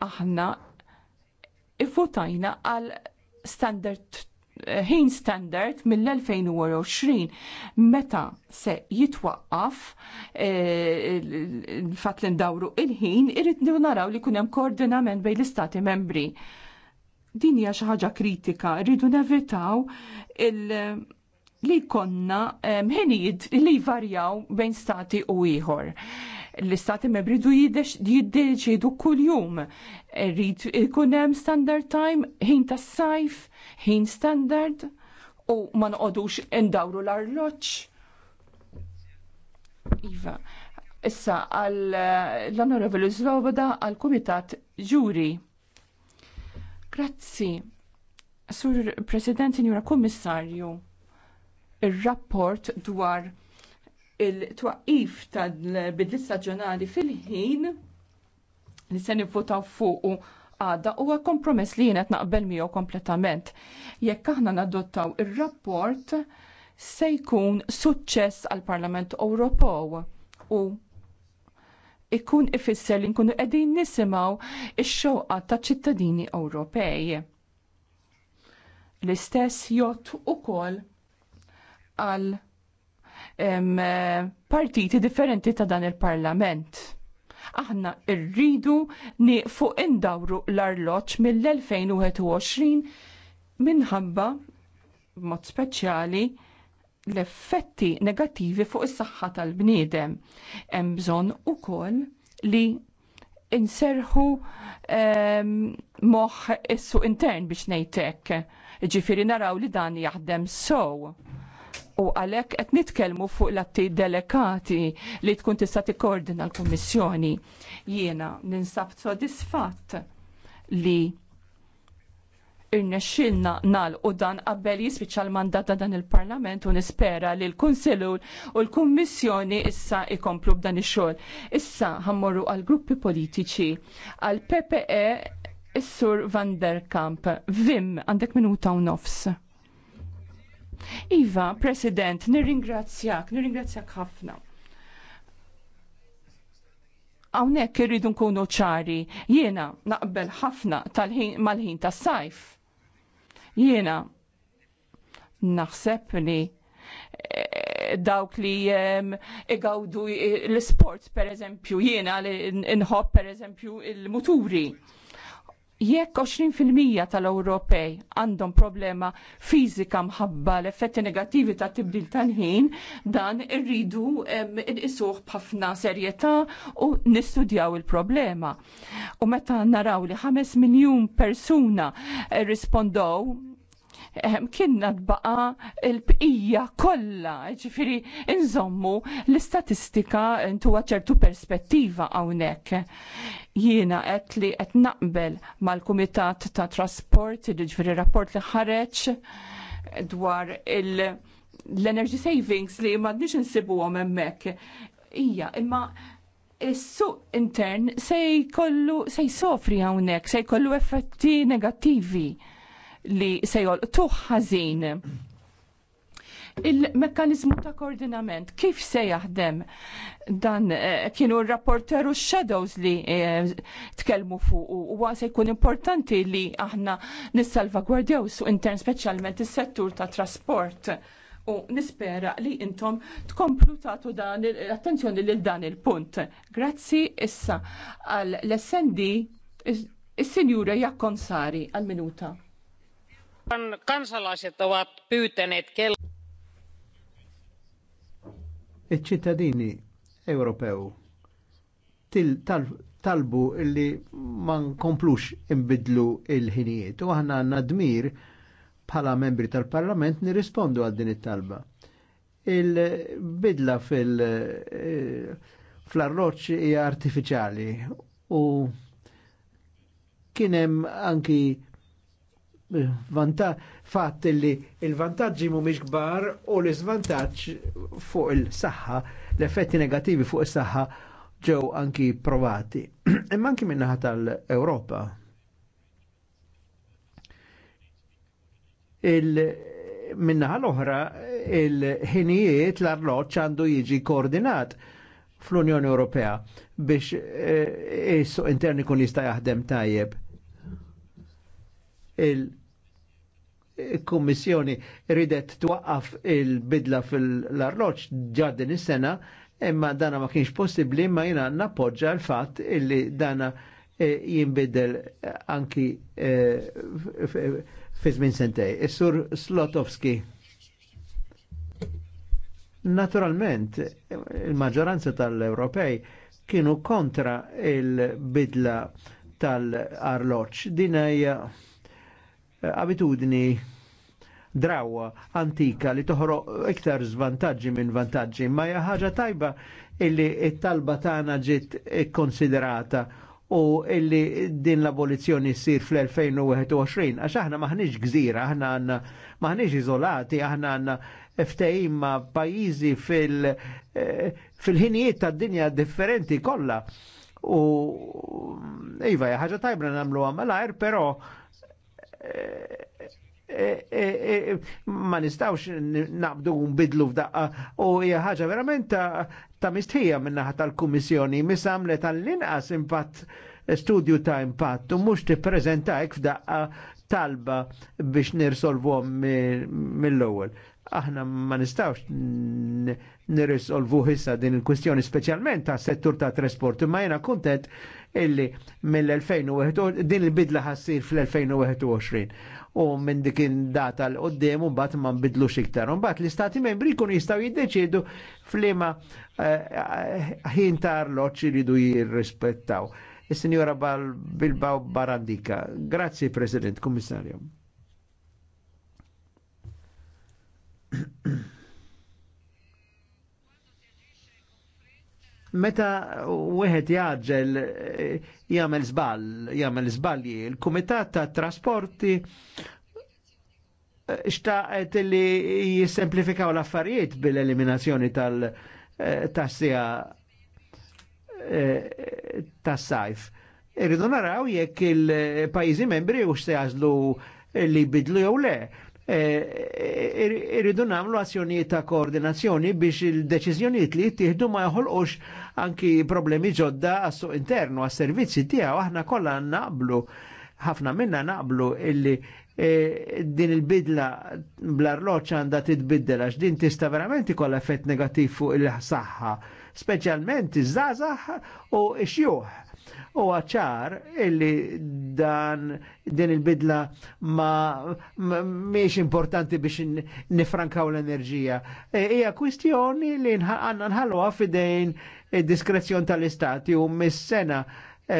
aħna ifutajna għal standard eh, ħin standard mill-2020 meta se jitwaqqaf eh, fatt li ndawru il-ħin irrid naraw li kunem koordinament bejn l-istati membri. Din hija xi ħaġa kritika, rridu nevitaw il- li konna eh, ħinijiet li jvarjaw bejn stati u ieħor l-istati membri du jiddeċidu kull-jum. Rrid ikunem standard time, ħin tas sajf, ħin standard, u ma noqodux indawru l-arloċ. Iva, issa għal l-Onorevoli Zloboda għal Kumitat Ġuri. Grazzi, Sur President, Signora Kommissarju, il-rapport dwar il-twaqif tal-bidli staġjonali fil-ħin li se nivvotaw fuq għada huwa kompromess li jenet naqbel miegħu kompletament. Jekk aħna nadottaw ir-rapport se jkun suċċess għall Parlament Ewropew u ikun ifisser li nkunu qegħdin nisimgħu ix xewqa taċ ċittadini Ewropej. L-istess jott ukoll għal Eh, partiti differenti ta' dan il-parlament. Aħna rridu nieqfu indawru l-arloċ mill-2021 minħabba mod speċjali l-effetti negattivi fuq is-saħħa tal-bniedem. Hemm bżonn ukoll li inserħu moħħ is-suq intern biex ngħidlek. Ġifieri naraw li dan jaħdem sew. So u għalhekk qed nitkellmu fuq l-atti delegati li tkun tista' tikkoordina l-Kummissjoni. Jiena ninsab sodisfatt li irnexxilna nagħlqu dan qabel jispiċċa l-mandat ta' dan il-Parlament u nispera li l kunsillu u l-Kummissjoni issa jkomplu b'dan ix-xogħol. Issa ħammorru għal gruppi politiċi għal PPE is-Sur Van der Kamp. Vim, għandek minuta u nofs. Iva, President, nirringrazzjak, nirringrazzjak ħafna għawnek irridu nkunu ċari, jiena naqbel ħafna mal-ħin tas sajf. Jiena naħseb li eh, dawk li ehm, igawdu l-sport per eżempju, jiena li nħob, per eżempju il-muturi jekk 20% tal-Ewropej għandhom problema fizika mħabba l-effetti negattivi ta' tibdil tal-ħin, dan irridu isuħ b'ħafna serjetà u nistudjaw il-problema. U meta naraw li 5 miljun persuna rispondow Ehm, kienna tbaqa il-bqija kollha, ġifiri, inżommu l-istatistika intu ċertu perspettiva hawnhekk. Jiena qed li qed naqbel mal-Kumitat ta' Trasport, ġifiri rapport li ħareġ dwar l-energy savings li m'għandniex insibuhom hemmhekk. Ija, imma Issu suq intern se jkollu se jsofri hawnhekk, se jkollu effetti negattivi li se tuħħazin. ħażin. Il-mekkanizmu ta' koordinament, kif se jaħdem dan eh, kienu r-rapporteru shadows li eh, tkellmu fuq u se jkun importanti li aħna nissalvagwardjaw su intern speċjalment is-settur ta' trasport u nispera li intom tkomplu tagħtu dan attenzjoni lil dan il-punt. Grazzi issa għal l snd il sinjura Jakkonsari għal-minuta. Iċ-ċittadini Ewropew talbu illi ma nkomplux imbidlu il-ħinijiet u aħna għandna dmir bħala membri tal-Parlament nirrispondu għal din it-talba. Il-bidla fil- eh, arroċ hija artifiċjali u kienem anki vanta fatt li il-vantaġġi mhumiex kbar u l-iżvantaġġ fuq il-saħħa, l-effetti negativi fuq is-saħħa ġew anki provati. (clears throat) Imma anki min-naħa tal-Ewropa. Il minnaħa l-oħra il-ħinijiet l-arloċ għandu jiġi koordinat fl-Unjoni Ewropea biex eh, issu interni kun jista' jaħdem tajjeb kommissjoni ridet twaqqaf il-bidla fil-arloċ ġaddin is-sena imma dana ma kienx possibli ma jina nappoġġa l-fat illi dana eh, jimbidel eh, anki eh, fizmin fi żmien sentej. Is-sur Slotowski. Naturalment, il-maġġoranza tal-Ewropej kienu kontra il-bidla tal-arloċ. Din hija Eh, abitudni drawa antika li toħroq iktar zvantaġġi minn vantaġġi, ma hija ħaġa tajba illi t-talba tagħna ġiet ikkonsiderata u illi din l-abolizzjoni ssir fl-2021, għax aħna maħniġ gżira, aħna għandna maħniġ iżolati, aħna għandna ftehim ma' pajjiżi eh, fil-ħinijiet fil tad-dinja differenti kollha. U iva, ħaġa tajbra namlu għamalajr, pero ma nistawx naqbdu nbidlu f'daqqa u hija ħaġa verament ta' mistħija min-naħa tal-Kummissjoni mis għamlet tal-inqas impatt studju ta' impatt u mhux prezentajk f'daqqa talba biex nirsolvuhom mill-ewwel. Aħna ma nistawx nirsolvu hissa din il-kwistjoni speċjalment ta' settur ta' trasport, imma jiena kontent illi mill-2021 din il-bidla ħassir fl-2021 u minn dikin data l-qoddim u bat ma nbidlu xiktar. U bat l-istati membri kun jistaw jiddeċidu flima eh, ħin tar loċ jiridu jirrispettaw. Is-Sinjora Bilbao Barandika. Grazzi, President, Kummissarju. Meta wieħed jaġġel jagħmel żball, jagħmel żbalji, il-Kumitat ta' Trasporti eh, xtaqet li jissemplifikaw l-affarijiet bil-eliminazzjoni tal-tassija eh, eh, tas-sajf. Irridu naraw jekk il-pajjiżi membri u se jażlu li bidlu jew le Eh, eh, irridu namlu azzjonijiet ta' koordinazzjoni biex il-deċiżjonijiet li jittieħdu ma jħolqux anki problemi ġodda għassu internu għas-servizzi tiegħu aħna kollha naqblu ħafna minna naqblu illi eh, din il-bidla bl-arloċ għanda titbiddel għax din tista' verament ikolla effett negativ fuq il-saħħa, speċjalment iż żazax u x-xjuħ U għacċar illi dan din il-bidla ma, ma miex importanti biex nifrankaw l-enerġija. Ija e, kwistjoni li għanna nħalluha fidejn diskrezzjon tal-istati u mis-sena e,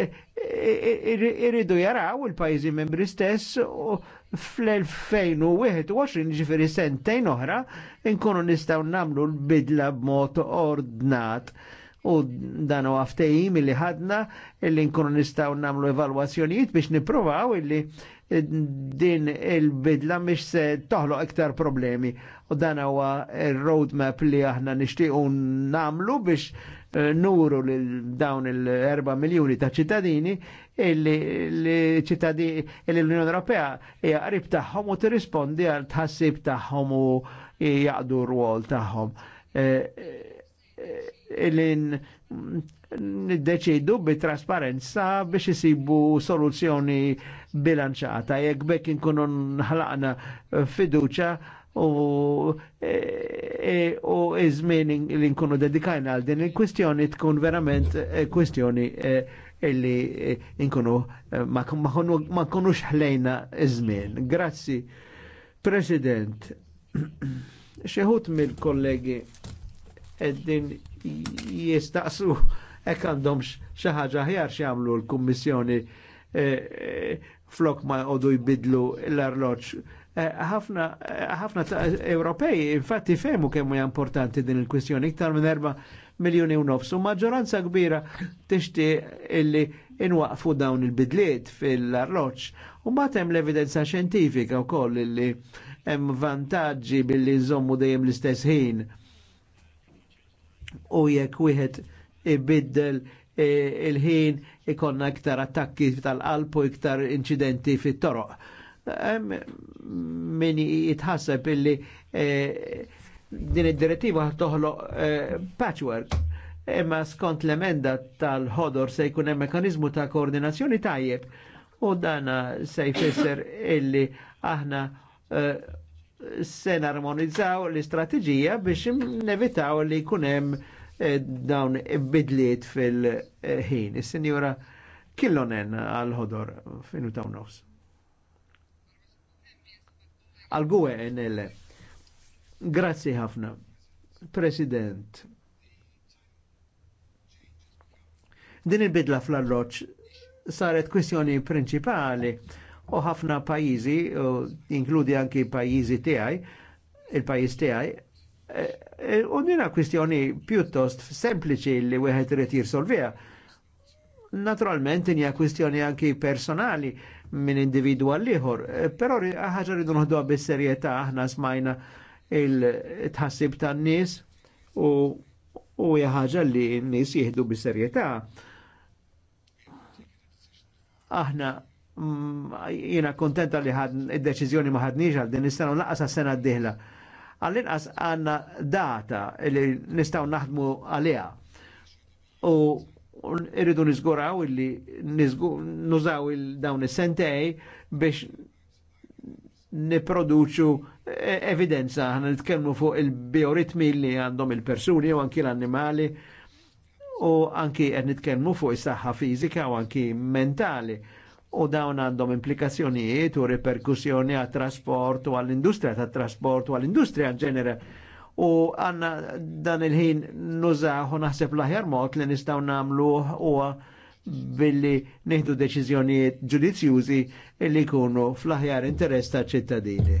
e, e, irridu jaraw il-pajzi membri stess fl-2021 ġifiri sentejn oħra nkunu nistaw namlu l-bidla b'mod ordnat u dan huwa ftehim illi ħadna illi nkunu nistaw nagħmlu evalwazzjonijiet biex niprovaw illi din il-bidla mish se toħloq iktar problemi. U dan huwa il-roadmap li aħna nixtiequ nagħmlu biex eh, nuru lil dawn il-4 miljuni ta' ċittadini illi l-Unjoni Ewropea hija qrib tagħhom u tirrispondi għal tħassib tagħhom u jaqdu r-rwol tagħhom eh, eh, illi deċidu bi trasparenza biex jisibu soluzzjoni bilanċata. Jek bekk inkunu nħlaqna fiduċa u e, e u izmin li nkunu dedikajna għal din il-kwistjoni tkun verament e, kwistjoni e, illi nkunu ma konux ħlejna izmin. Grazzi, President. (clears throat) Xeħut mill-kollegi eddin jistaqsu hekk għandhomx xi ħaġa ħjar jagħmlu l-Kummissjoni eh, eh, flok ma jqogħdu jbidlu l-arloġġ. Eh, ħafna Ewropej infatti fehmu kemm hija importanti din il-kwistjoni iktar minn erba' miljoni u nofs u maġġoranza kbira tixti illi inwaqfu dawn il-bidliet fil-arloġġ. U mbagħad hemm l-evidenza xjentifika wkoll illi hemm vantaġġi billi jżommu dejjem l-istess ħin u jekk wieħed ibiddel e, il-ħin ikonna iktar attakki tal-qalb u iktar incidenti fit-toroq. Min jitħasseb illi e, din id-direttiva toħloq e, patchwork imma skont l-emenda tal-ħodor se jkun hemm mekanizmu ta' koordinazzjoni tajjeb u dana se jfisser illi aħna se narmonizzaw l-istrateġija biex nevitaw li kunem eh, dawn bidliet fil-ħin. Is-senjura killonen għal-ħodor finu taw nofs. Għal-gwe NL. Grazzi ħafna. President. Din il-bidla fl arroċ saret kwestjoni principali u ħafna pajjiżi, inkludi anki pajizi tiegħi, il-pajjiż tiegħi, e, e, u dina kwistjoni pjuttost sempliċi li wieħed irid jirsolvija. Naturalment hija kwistjoni anki personali minn individu għal ieħor, e, però ħaġa rridu noħduha bis-serjetà aħna smajna il-tħassib tan-nies u u ħaġa li n-nies jieħdu bis-serjetà. Aħna Mm, jina kontenta li ħad id-deċizjoni ma ħadniġ għal din nistaw naqqas sena d-dihla. Għall-inqas għanna data li nistaw naħdmu għaliha. U irridu nizguraw illi nużaw il-dawn is-sentej biex niproduċu e, evidenza ħana nitkellmu fuq il-bioritmi li għandhom il-persuni u anki l-annimali u anki qed nitkellmu fuq is-saħħa fiżika u anki mentali u dawn għandhom implikazzjonijiet u reperkussjoni għat trasport u għall-industrija tat trasport u għall-industrija ġenera. U għanna dan il-ħin nużaħ u naħseb laħjar mod li nistaw namluħ u billi neħdu deċiżjonijiet ġudizzjużi li jkunu fl-aħjar interess ta' ċittadini.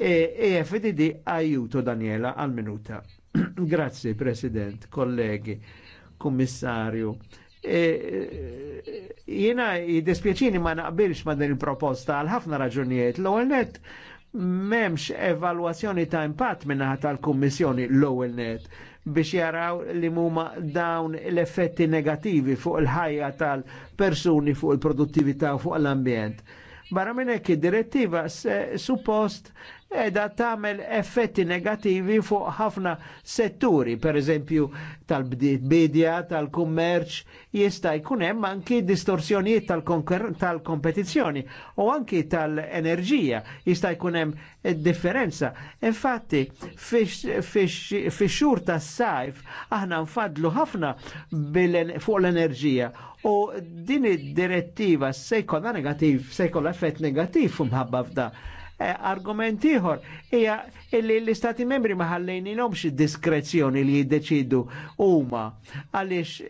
EFDD e aiuto ajuto Daniela għal minuta. (clears throat) Grazie, President, kollegi, Kummissarju E, e, Jena jidispieċini ma naqbilx ma din il-proposta għal ħafna raġunijiet. L-ewwel net m'hemmx evalwazzjoni ta' impatt minnaħa tal-Kummissjoni l-ewwel net biex jaraw li muma dawn l-effetti negativi fuq il-ħajja tal-persuni, fuq il-produttività u fuq l-ambjent. Barra minn hekk id-direttiva suppost edha tagħmel effetti negativi fuq ħafna setturi, per eżempju tal-bidja, tal-kummerċ, jista' jkun hemm anki distorsjonijiet tal-kompetizzjoni u anki tal-enerġija jista' jkun hemm eh, differenza. Infatti, fix-xhur tas-sajf aħna nfadlu ħafna fuq l-enerġija u din id-direttiva se jkollha negattiv, se jkollha effett negattiv f'imħabba f'da argument ieħor hija li l-istati membri ma ħallejninhomx diskrezzjoni li jiddeċidu huma għaliex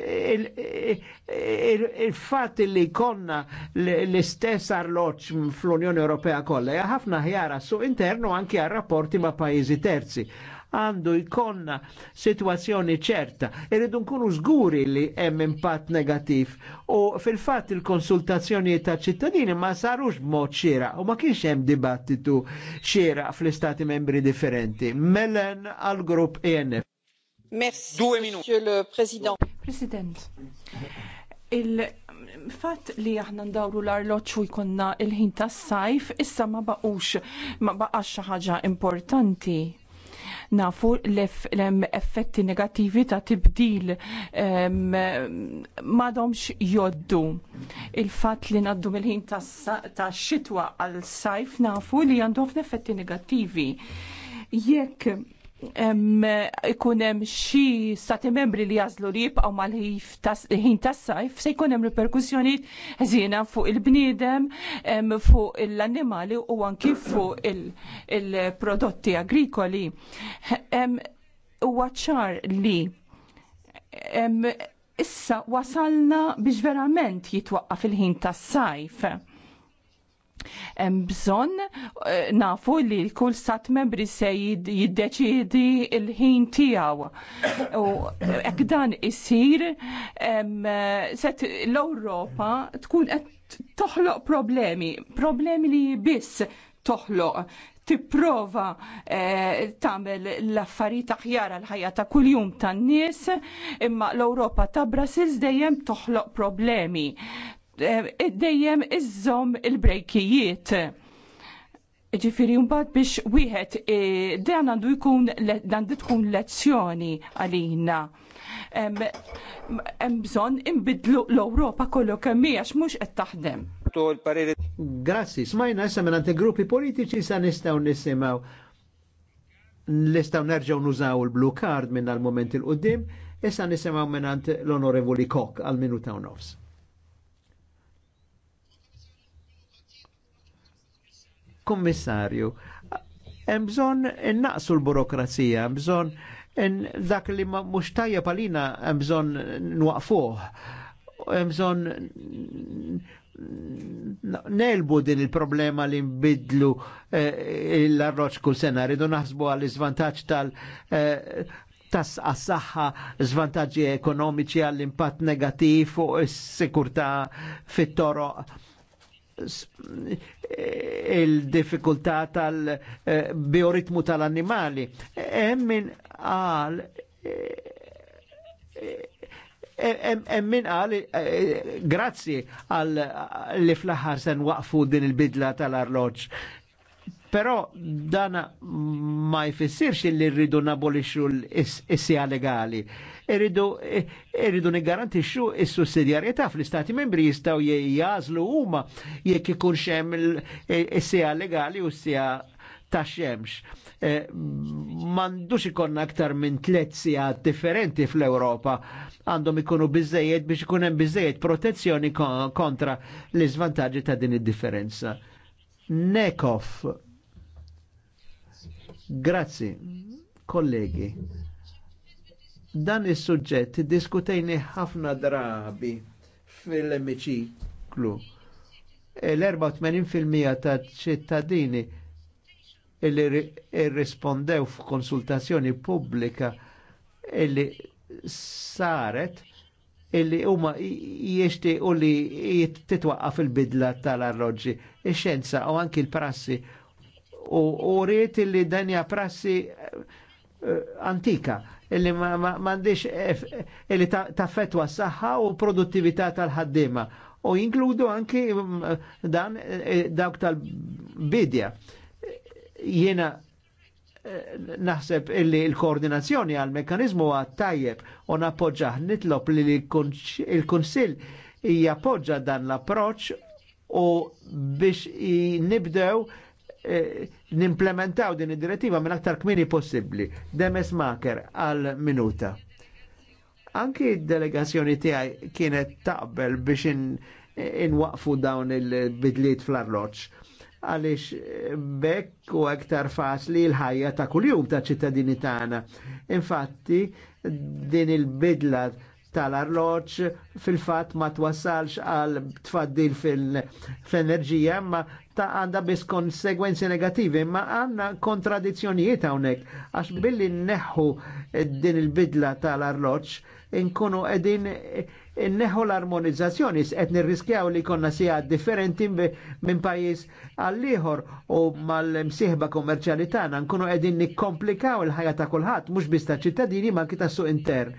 il-fatt li konna l-istess arloġġ fl-Unjoni Ewropea kollha hija ħafna ħjara su internu anke għar rapporti ma' pajjiżi terzi għandu jkonna situazzjoni ċerta. Irridu nkunu żguri li hemm impatt negativ u fil-fatt il-konsultazzjoni ta' ċittadini ma sarux b'mod xiera u ma kienx hemm dibattitu xira fl-istati membri differenti. Melen għal grupp ENF. Merci, Due Monsieur le Président. President, il fatt li aħna ndawru l-arloċ u jkonna il-ħin tas sajf issa ma baqux ma baqax xi ħaġa importanti nafu l-effetti negattivi ta' tibdil madomx joddu. Il-fat li naddu mill-ħin ta' xitwa għal-sajf nafu li għandu effetti negattivi. Jekk ikun hemm xi stati membri li jażlu li jibqgħu mal ħin tas-sajf se jkun hemm riperkussjonijiet ħżiena fuq il-bniedem, fuq l-annimali u anki fuq il-prodotti agrikoli. Huwa ċar li issa wasalna biex verament jitwaqqaf il-ħin tas-sajf bżon eh, nafu li kull sat membri se jiddeċidi il-ħin tijaw. U eh, ek dan isir, eh, set l-Europa tkun toħloq problemi, problemi li biss toħloq tipprova eh, tagħmel l-affarijiet aħjar għal ħajja ta' kuljum tan-nies, imma l-Ewropa ta' Brasil dejjem toħloq problemi. Eh, dejjem iżżomm il-brejkijiet. Ġifiri mbagħad biex wieħed eh, dan għandu jkun dan tkun lezzjoni għalina. Hemm bżonn inbidlu l-Ewropa kollu kemm għax mhux qed taħdem. Grazzi, smajna issa minn gruppi politiċi sa nistgħu nisimgħu nistgħu nerġgħu nużaw il-blue card minn għal-moment il qudiem issa nisimgħu minn l-onorevoli Kok għal-minuta u nofs. Kummissarju, hemm bżonn innaqsu l-burokrazija, hemm bżonn dak li mhux tajjeb għalina hemm bżonn nwaqfuh. Hemm bżonn nelbu din il-problema li nbidlu eh, l-arroċ kull sena, rridu naħsbu għal iżvantaġġ tal- eh, tas saħħa zvantaġġi ekonomiċi għall-impatt negativ fuq is-sikurtà fit-toroq il-difikultà tal-bioritmu tal animali Emmin għal Emmin għal, grazzi għal li fl-ħar sen waqfu din il-bidla tal arloġ Pero dana ma jfissirx li rridu nabolixu l-issija legali irridu irridu niggarantixxu s-sussidjarjetà fl-istati membri jistgħu jażlu huma jekk ikun xem is-sija legali u s-sija ta' xemx. Eh, Mandux ikon aktar minn tliet sija differenti fl europa għandhom ikunu biżejjed biex ikun hemm biżejjed protezzjoni kontra l iżvantaġġi ta' din id-differenza. Nekof. Grazzi, kollegi Dan is-suġġett diskutejni ħafna drabi fil-emiċiklu. L-84% ta' ċittadini illi irrispondew f'konsultazzjoni pubblika illi saret illi huma jiexti u li titwaqqa fil-bidla tal arroġi Ix-xenza u anki l-prassi u rrit illi danja prassi eh, antika illi m'għandix eh, illi taffetwa s-saħħa u produttività tal-ħaddiema u jinkludu anki mm, dan eh, dawk tal-bidja. Jiena eh, naħseb illi il-koordinazzjoni għal mekanizmu għad tajjeb u nappoġġaħ nitlob li il-Kunsill jappoġġa dan l-approċ u biex nibdew Eh, nimplementaw din id-direttiva minn aktar kmini possibbli. Demes Maker għal minuta. Anki d-delegazzjoni tiegħi kienet taqbel biex inwaqfu in dawn il-bidliet fl-arloċ għalix eh, bekk u aktar faċli l-ħajja ta' kuljum ta' ċittadini tagħna. Infatti, din il-bidla tal-arloċ fil-fat ma twassalx għal tfaddil fil-enerġija ma ta' għanda bis konsegwenzi negativi, ma għanna kontradizzjonijiet hawnhekk għax billi neħu din il-bidla tal-arloċ inkunu edin neħu l-armonizzazzjoni qed nirriskjaw li konna sija differenti minn pajjiż għall ieħor u mal-msieħba kommerċjali tagħna nkunu qegħdin nikkomplikaw il-ħajja ta' kulħadd mhux biss ta' ċittadini ma kita su intern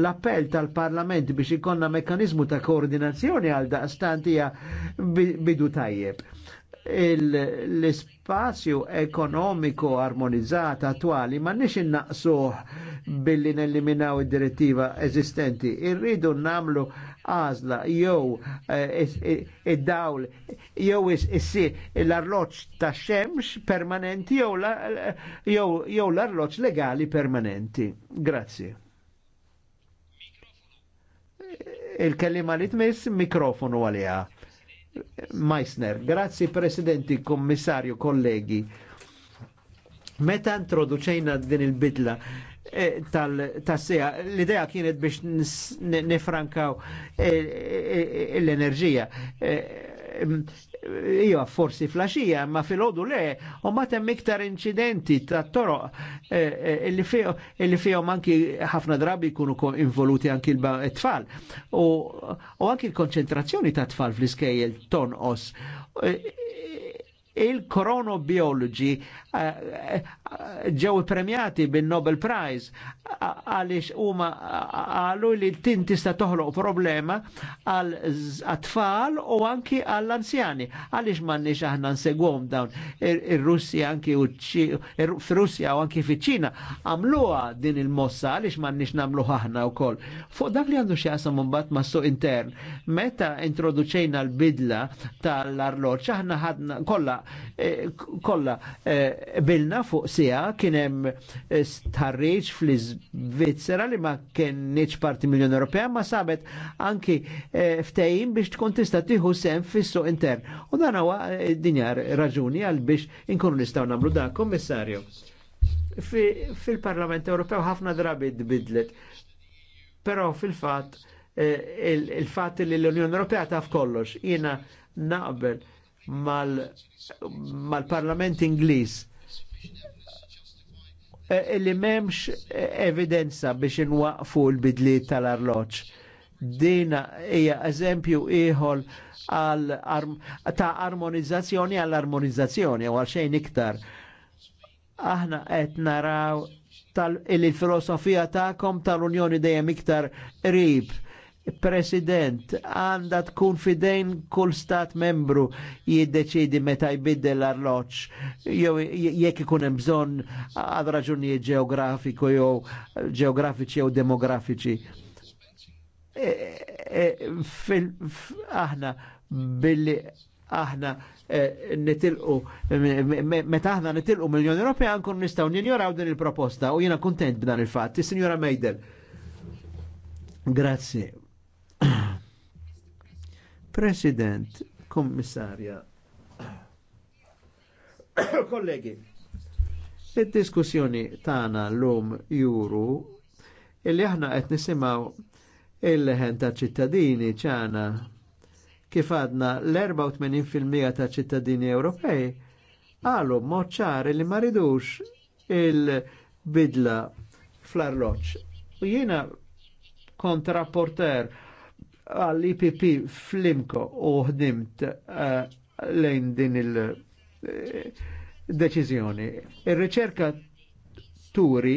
l-appell tal-Parlament biex ikonna mekanizmu ta' koordinazzjoni għal daqstantija bidu tajjeb l-spazju ekonomiku armonizzat attuali ma nix innaqsuh billi neliminaw id-direttiva eżistenti. Irridu namlu għazla jew id-dawl jew l-arloċ ta' xemx permanenti jew l-arloċ legali permanenti. Grazie. Il-kellima li tmiss mikrofonu għalija. Meissner. grazie Presidenti, Kommissarju, kollegi. Meta introduċejna din il-bidla eh, tal-tassija, l-idea kienet biex nifrankaw eh, eh, l-enerġija Iva, forsi flasġija, ma fil-ħodu le, u ma temm iktar incidenti ta' toro eh, eh, illi fihom anki ħafna drabi kunu involuti anki l-tfal. U anki l-konċentrazzjoni ta' tfal fl-iskejjel tonqos eh, il-koronobiologi ġew premjati bin Nobel Prize għaliex huma għalu li tin tista' toħloq problema għal tfal u anki għall anzjani għaliex m'għandniex aħna nsegwhom dawn ir-Russja anki u f'Russja u anki fiċ-Ċina għamluha din il-mossa għaliex m'għandniex nagħmlu aħna wkoll. Fuq dak li għandu xi qasam imbagħad mas-suq intern, meta introduċejna l-bidla tal-arloġġ aħna ħadna kollha eh, kollha eh, bilna fuq sija kienem eh, starriċ fl-Svizzera li ma kienieċ parti mill-Unjoni Ewropea ma sabet anki eh, ftehim ftejim biex tkun tista' tieħu sem fis-suq intern. U dan huwa eh, dinjar raġuni għal biex inkunu nistgħu nagħmlu dan, Kommissarju. Fil-Parlament Ewropew ħafna drabi bidlet. però fil-fatt il-fatt li l-Unjoni Ewropea taf kollox, jiena naqbel mal-Parlament Ingliż Eh, li memx eh, evidenza biex inwaqfu l bidli tal-arloċ. Dina hija eżempju ieħor ta' armonizzazzjoni għall-armonizzazzjoni u għal xejn iktar. Aħna qed naraw tal-filosofija ta'kom tal-Unjoni dejjem iktar rib President, għanda tkun fidejn kull stat membru jiddeċidi meta jbiddel l-arloċ jew jekk ikun hemm bżonn għad raġunijiet ġeografiku jew ġeografiċi jew demografiċi. E, e, aħna billi aħna e, nitilqu, meta aħna nitilqu miljon unjoni Ewropea nkun nistgħu ninjoraw din il-proposta u jiena kuntent b'dan il-fatt. Is-Sinjora Mejdel. Grazie. President, Kommissarja, (coughs) kollegi, id-diskussjoni tagħna l-lum juru illi aħna qed nisimgħu il-leħen ta' ċittadini ċana kif għadna l-84% ta' ċittadini Ewropej għalu moċċar li ma ridux il-bidla fl-arloċ. U jiena kontrapporter għall-IPP flimko u ħdimt eh, lejn din il-deċizjoni. il eh, riċerka turi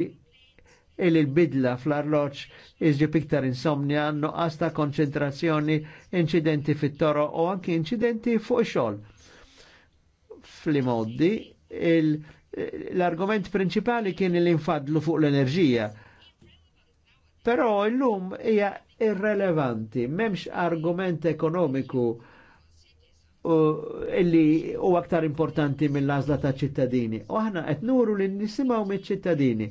il bidla fl-arloċ iġib piktar insomnia, nuqqas ta' konċentrazzjoni, incidenti fit-toro u anki incidenti fuq xol. Fl-imoddi, l-argument principali kien il infadlu fuq l-enerġija. Pero il-lum hija irrelevanti, memx argument ekonomiku illi u aktar importanti mill-għazla ta' ċittadini. U aħna qed nuru li nisimgħu mill-ċittadini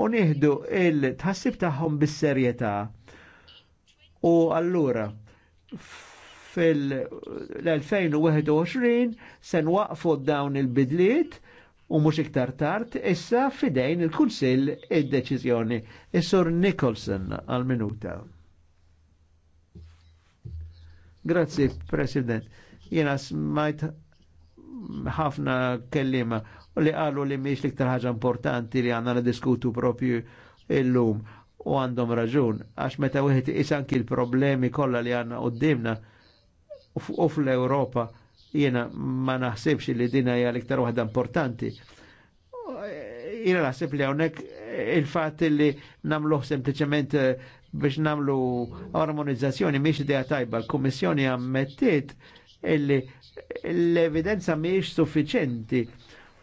u nieħdu il-tħassib tagħhom bis-serjetà. U allura fil-2021 se nwaqfu dawn il-bidliet u mhux iktar tard issa fidejn il-Kunsill id-deċiżjoni. Is-Sur Nicholson għal-minuta. Grazzi, President. Jena smajt ħafna kellima li qalu li miex liktar ħagġa importanti li għanna diskutu propju il-lum u għandhom raġun, għax meta wieħed isanki l-problemi kollha li għanna qoddimna u fl-Ewropa jena ma naħsibx li dina hija l-iktar waħda importanti. Jena naħseb li hawnhekk il-fatt li namluħ sempliċement eh, biex namlu armonizzazzjoni miex idea tajba. l kommissjoni ammettiet illi l-evidenza miex suffiċenti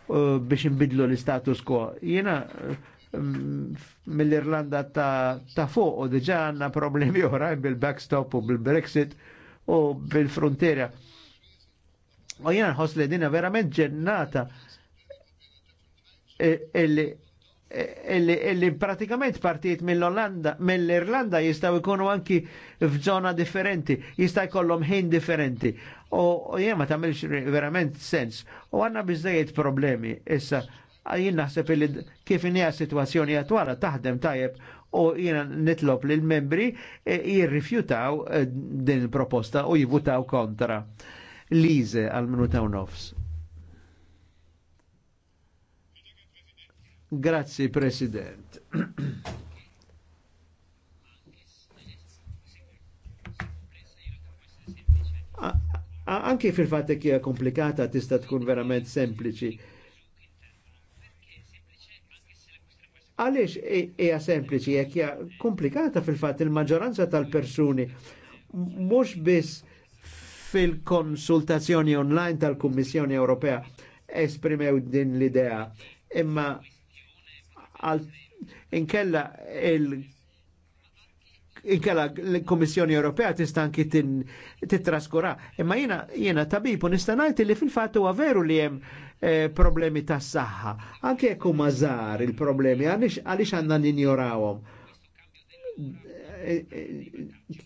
uh, biex nbidlu l-status quo. Jena uh, mm, mill-Irlanda ta', ta fuq u diġa għanna problemi (laughs) oħra bil-backstop u bil-Brexit u bil-frontiera. U jena nħos li dina verament ġennata eh, illi pratikament partijiet mill-Olanda, mill-Irlanda jistaw ikunu anki f'żona differenti, jista' jkollhom ħin differenti. U jien ma tagħmilx verament sens. U għandna biżejjed problemi issa jien naħseb illi kif inija situazzjoni attwala taħdem tajjeb u jiena nitlob lil membri e, jirrifjutaw e, din il-proposta u jivutaw kontra. Lize għal minuta u nofs. Grazzi President. Anki fil-fatt hija komplikata tista' tkun verament sempliċi. Għaliex hija sempliċi jekk hija komplikata fil-fatt il-maġġoranza tal-persuni mhux biss fil-konsultazzjoni online tal-Kummissjoni Ewropea esprimew din l-idea imma għal inkella il inkella l-Komissjoni Ewropea tista' anki titraskura. Imma jiena jiena tabib u nista' ngħid li fil-fatt huwa veru li hemm eh, problemi tas saħħa Anke jekk huma żgħar il-problemi għaliex għandna ninjorawhom.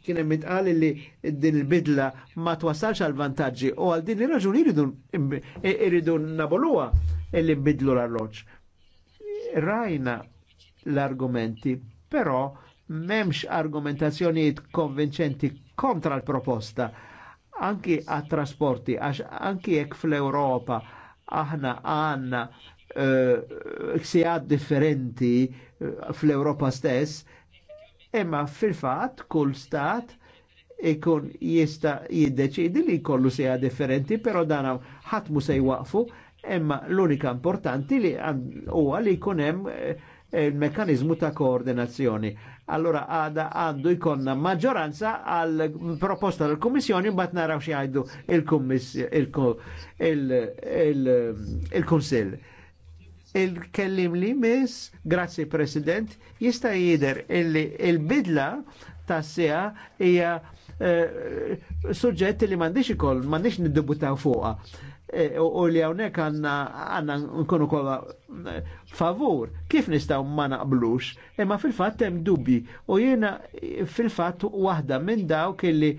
Kien hemm itqal li din il-bidla ma twassalx għal vantaġġi u għal din ir-raġuni iridu irridu naboluha illi nbidlu l-arloġġ rajna l-argumenti, però memx argumentazzjoniet konvinċenti kontra l-proposta, anki għat trasporti, għax anki jekk fl-Europa aħna għanna uh, eh, ksijat differenti uh, fl-Europa stess, imma fil-fat kull stat ikun jista jiddeċidi li kollu sija differenti, pero dan ħatmu se jwaqfu, Emma l-unika importanti li huwa li jkun hemm eh, il-mekkanizmu ta' koordinazzjoni. Allora għada għandu jkonna maġġoranza għal proposta tal kummissjoni mbagħad naraw xi għajdu il-Kunsill. Il-kellim li miss, grazzi President, jista' jider il-bidla ta' sija hija eh, suġġetti li m'għandix ikoll, m'għandix niddubutaw fuqha Eh, u li hawnhekk għandna għandna nkunu kolla eh, favur. Kif nistgħu ma naqblux? Imma fil-fatt hemm dubbi u jiena eh, fil-fatt waħda minn dawk illi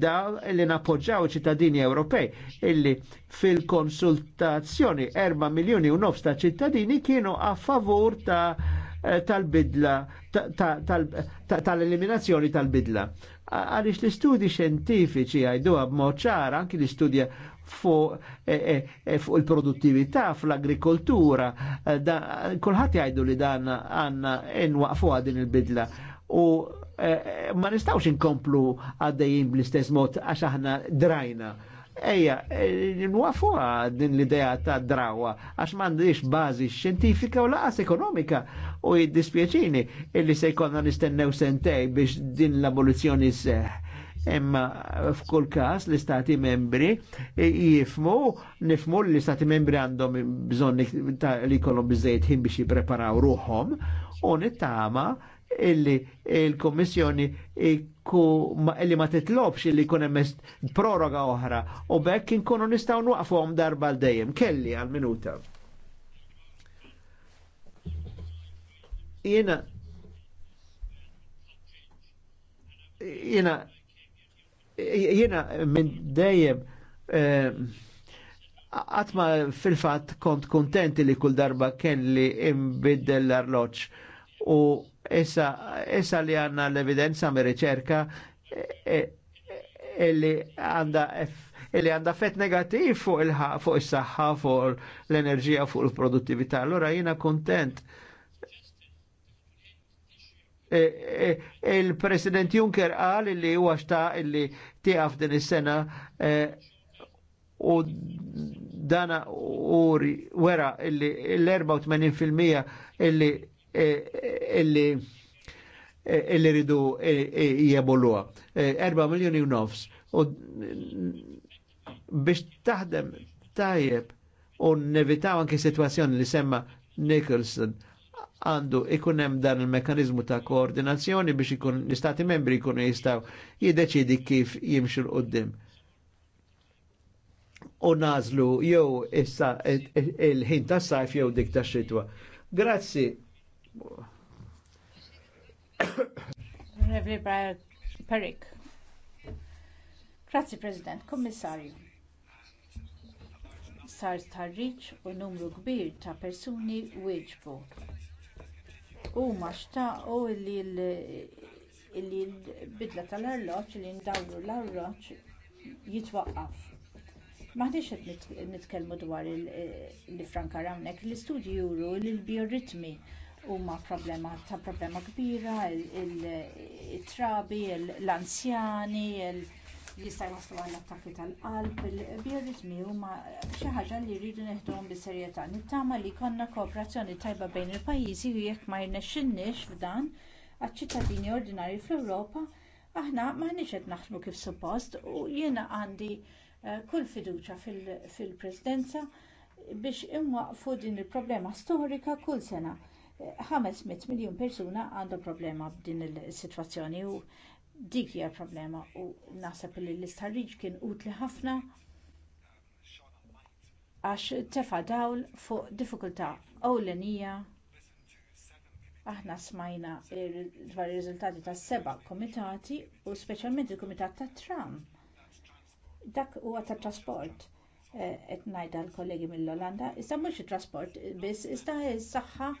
da li napoġġaw ċittadini Ewropej illi fil-konsultazzjoni 4 miljoni u nofs ta' ċittadini kienu a favur ta' tal-bidla, tal-eliminazzjoni tal-bidla. Għalix l-istudi xentifiċi għajdu għab moċar, anki l-istudja fuq eh, eh, eh fu il-produttività, fl-agrikoltura. Eh, kulħadd jgħidu li dan għandna waqfu għadin il-bidla. U eh, ma nistawx inkomplu għaddejjim bl-istess mod għax aħna drajna. Eja, n eh, nwafuha din l-idea ta' drawa, għax mandiġ bazi xentifika u laqas ekonomika u jiddispieċini illi se jkollna nistennew sentej biex din l-abolizjoni seħ Imma f'kull każ l-istati membri jifmu, nifmu l-istati membri għandhom bżonn li kollhom biżejjed ħin biex jippreparaw ruhom, u nittama illi il-Kommissjoni illi ma titlobx illi kun hemm proroga oħra u bekk inkunu nistgħu nwaqfuhom darba l dejjem kelli għal minuta. Jiena jiena jiena minn dejjem eh, għatma fil-fat kont kontenti li kull darba kien li imbiddel l-arloċ u essa, essa li għanna l-evidenza me riċerka eh, eh, eh li għanda illi għanda fett negativ fuq il-saħħa, fuq il-saħħa, fuq l-enerġija, fuq il produttivita Allora jina kontent E, e, Il-President Juncker għal li huwa xta' illi tiegħu din is-sena e, u dana uri wera illi l-84% illi illi illi ridu jebuluha. 4 miljoni u nofs. U biex taħdem tajjeb u nevitaw anke situazzjoni li semma Nicholson għandu ikunem dan il-mekanizmu ta' koordinazzjoni biex ikun l-istati membri ikunu jistaw jideċidi kif jimxu l-qoddim. U nażlu jew issa il-ħin ta' sajf jew dik ta' xitwa. Grazzi. Perik. Grazzi President, Kommissarju. Sar tarriċ u numru kbir ta' persuni wieġbu huma xtaqu li l-bidla tal-arloġġ li ndawru l-arloġġ jitwaqqaf. M'aħniex qed nitkellmu dwar li franka hawnhekk, l-istudji juru li l-bioritmi huma problema ta' problema kbira, il-trabi, l-anzjani, il jista' jwasslu għal attakki tal-qalb il-bjoriżmi huma xi ħaġa li jridu neħduhom bis-serjetà nittama li jkollna kooperazzjoni tajba bejn il-pajjiżi u jekk ma jnexxinniex f'dan għaċ-ċittadini ordinarji fl-Ewropa aħna m'aħniex qed naħdmu kif suppost u jiena għandi eh, kull fiduċja fil-Presidenza biex imwaqfu din il-problema storika kull sena. 500 eh, miljun persuna għandhom problema b'din is-sitwazzjoni u dik hija problema u naħseb li l-istħarriġ kien utli ħafna għax tefa' dawl fuq diffikultà ewlenija aħna smajna dwar ir-riżultati tas seba' kumitati u speċjalment il-kumitat tat tram. Dak huwa tat trasport e, qed ngħidha l-kollegi mill-Olanda, iżda mhux it-trasport biss, iżda s-saħħa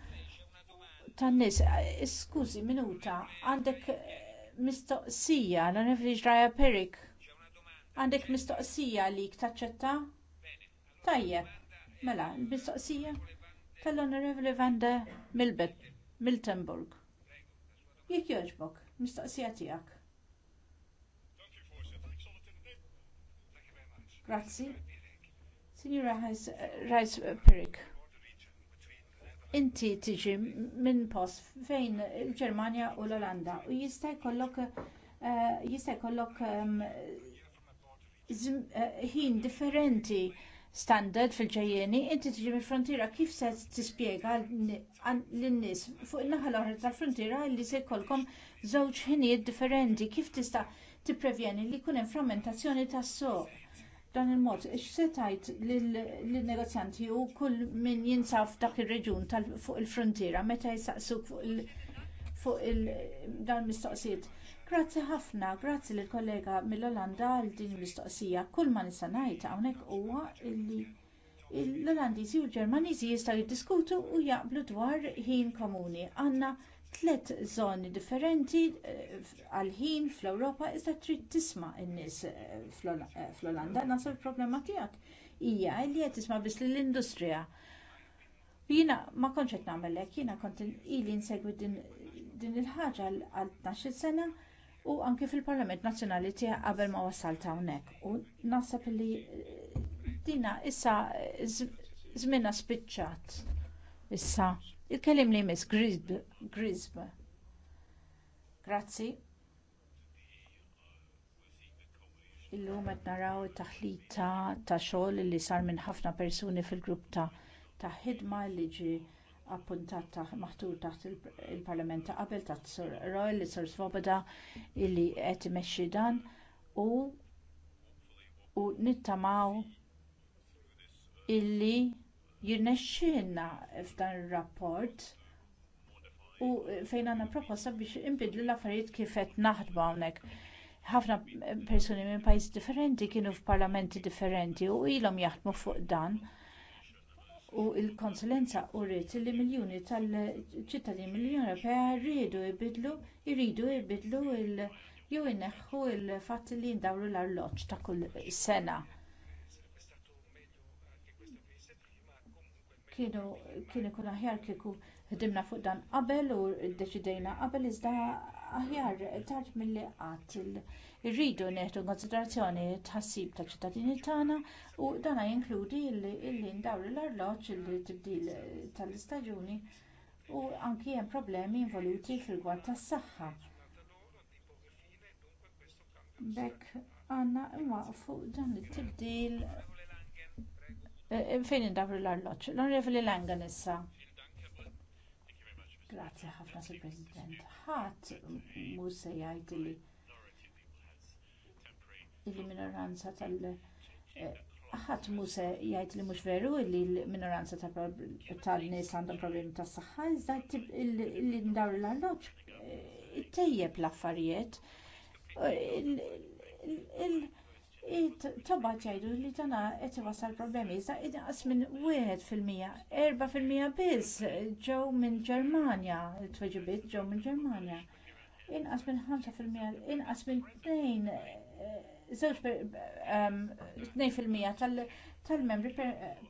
tan-nies. Iskużi e, minuta, għandek mistoqsija l-Onifri Perik. Għandek mistoqsija li taċċetta? Tajjeb, mela, mistoqsija tal-Onorevoli Vanda Milbet, Miltenburg. Jek joġbok, mistoqsija tijak. Grazzi. Signora Rice Perik inti tiġi minn post fejn il-Ġermanja u l-Olanda u jista' jkollok eh, ehm, eh, ħin differenti standard fil ġejjieni inti tiġi mill-frontiera kif se tispjega lin-nies fuq in-naħa l-oħra tal-frontiera li se jkollkom żewġ ħinijiet differenti kif tista' tipprevjeni li jkun hemm frammentazzjoni tas-suq dan il-mod, x'se tajt lin-negozjanti u kull min jinsaf dak ir-reġjun fuq il-frontiera meta jsaqsuk fuq dan il-mistoqsijiet. Grazzi ħafna, grazzi lill kollega mill-Olanda għal din il-mistoqsija. Kull ma nista' ngħid hawnhekk huwa li l-Olandiżi u l-Ġermaniżi jistgħu jiddiskutu u jaqblu dwar ħin komuni. Għandna tliet żoni differenti eh, għal ħin fl-Ewropa iżda trid tisma' n-nies eh, eh, fl-Olanda. Nasab il-problema tiegħek hija li qed tisma' biss lill-industrija. Jiena ma kontx qed nagħmel hekk, jiena kont ili nsegwi din il-ħaġa għal 12 sena u anke fil-Parlament Nazzjonali tiegħek qabel ma wassalt hawnhekk. U naħseb li dina issa żmienha spiċċat. Issa, il-kelim li jmiss Grisb. Grazzi. Illum qed naraw it-taħlita ta' xogħol li sar minn ħafna persuni fil-grupp ta' ta' ħidma li ġie appuntat maħtur taħt il-Parlament ta' qabel ta' Sur Royal li Sur Svoboda illi qed imexxi dan u u nittamaw illi jirnexxielna f'dan ir-rapport u fejn għandna proposta biex inbidlu l-affarijiet kif qed naħdmu hawnhekk. Ħafna persuni minn pajjiż differenti kienu f'parlamenti differenti u ilhom jaħdmu fuq dan. U l konsulenza uriet li miljuni tal-ċittadini mill-Unjoni Ewropea rridu jbidlu, jridu jbidlu il- jew ineħħu l-fatt li ndawru l-arloġġ ta' kull sena. kienu kien ikun aħjar kieku ħdimna fuq dan qabel u ddeċidejna qabel iżda aħjar tard milli qatt irridu neħdu konsiderazzjoni tħassib taċ ċittadini tagħna u dana jinkludi illi ndawru l-arloġġ illi tibdil tal-istaġuni u anki hemm problemi involuti fil-gwad tas-saħħa. B'hekk għandna fuq dan it-tibdil Fejn indabru l-arloċ? L-Onorevoli Langa nissa. Grazie ħafna sul President. Ħat mhux se jgħid li il-minoranza tal- eh, ħat mhux se jgħid li mhux veru li l-minoranza tal-nies għandhom problemi tas-saħħa iżda li ndawru l-arloġġ eh, it-tejjeb l-affarijiet eh, Toba ċajdu li tana qed wasal problemi, iżda inqas minn wieħed fil-mija, erba fil-mija biss ġew minn t tweġibiet ġew minn Ġermanja. Inqas minn 5 fil-mija, inqas minn 2 żewġ 2 fil-mija tal-membri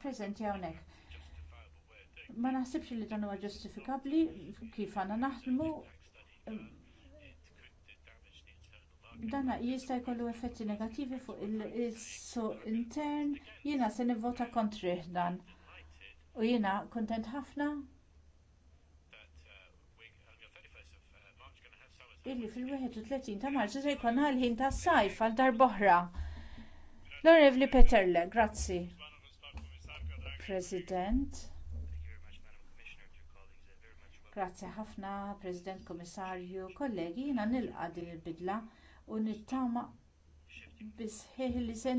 prezenti għonek. ma naħsibx li tana huwa ġustifikabbli kif għana naħdmu dan jista' jkollu effetti negattivi fuq is-suq intern jiena se nivvota kontri dan u jiena kuntent ħafna illi fil-31 ta' Marzu se jkollna l-ħin tas-sajf għal darb'oħra. L-Onorevli Peterle, grazzi. President. Grazzi ħafna, President Komissarju, kollegi, jiena nilqa' din il-bidla u nittama bisħiħ li se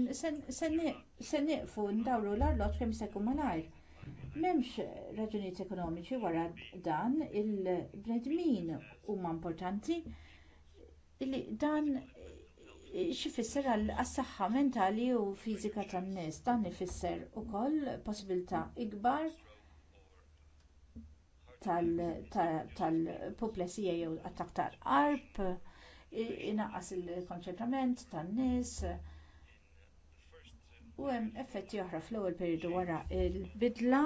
nieqfu ndawru l arlot kemm se jkun malajr. M'hemmx raġunijiet ekonomiċi wara dan il-bnedmin huma importanti li dan xifisser għal saħħa mentali u fiżika tan-nies dan ifisser ukoll possibilità ikbar tal-poplesija e jew attaktar arp inaqqas il-konċentrament tan-nies u hemm effetti oħra fl-ewwel perjodu wara l-bidla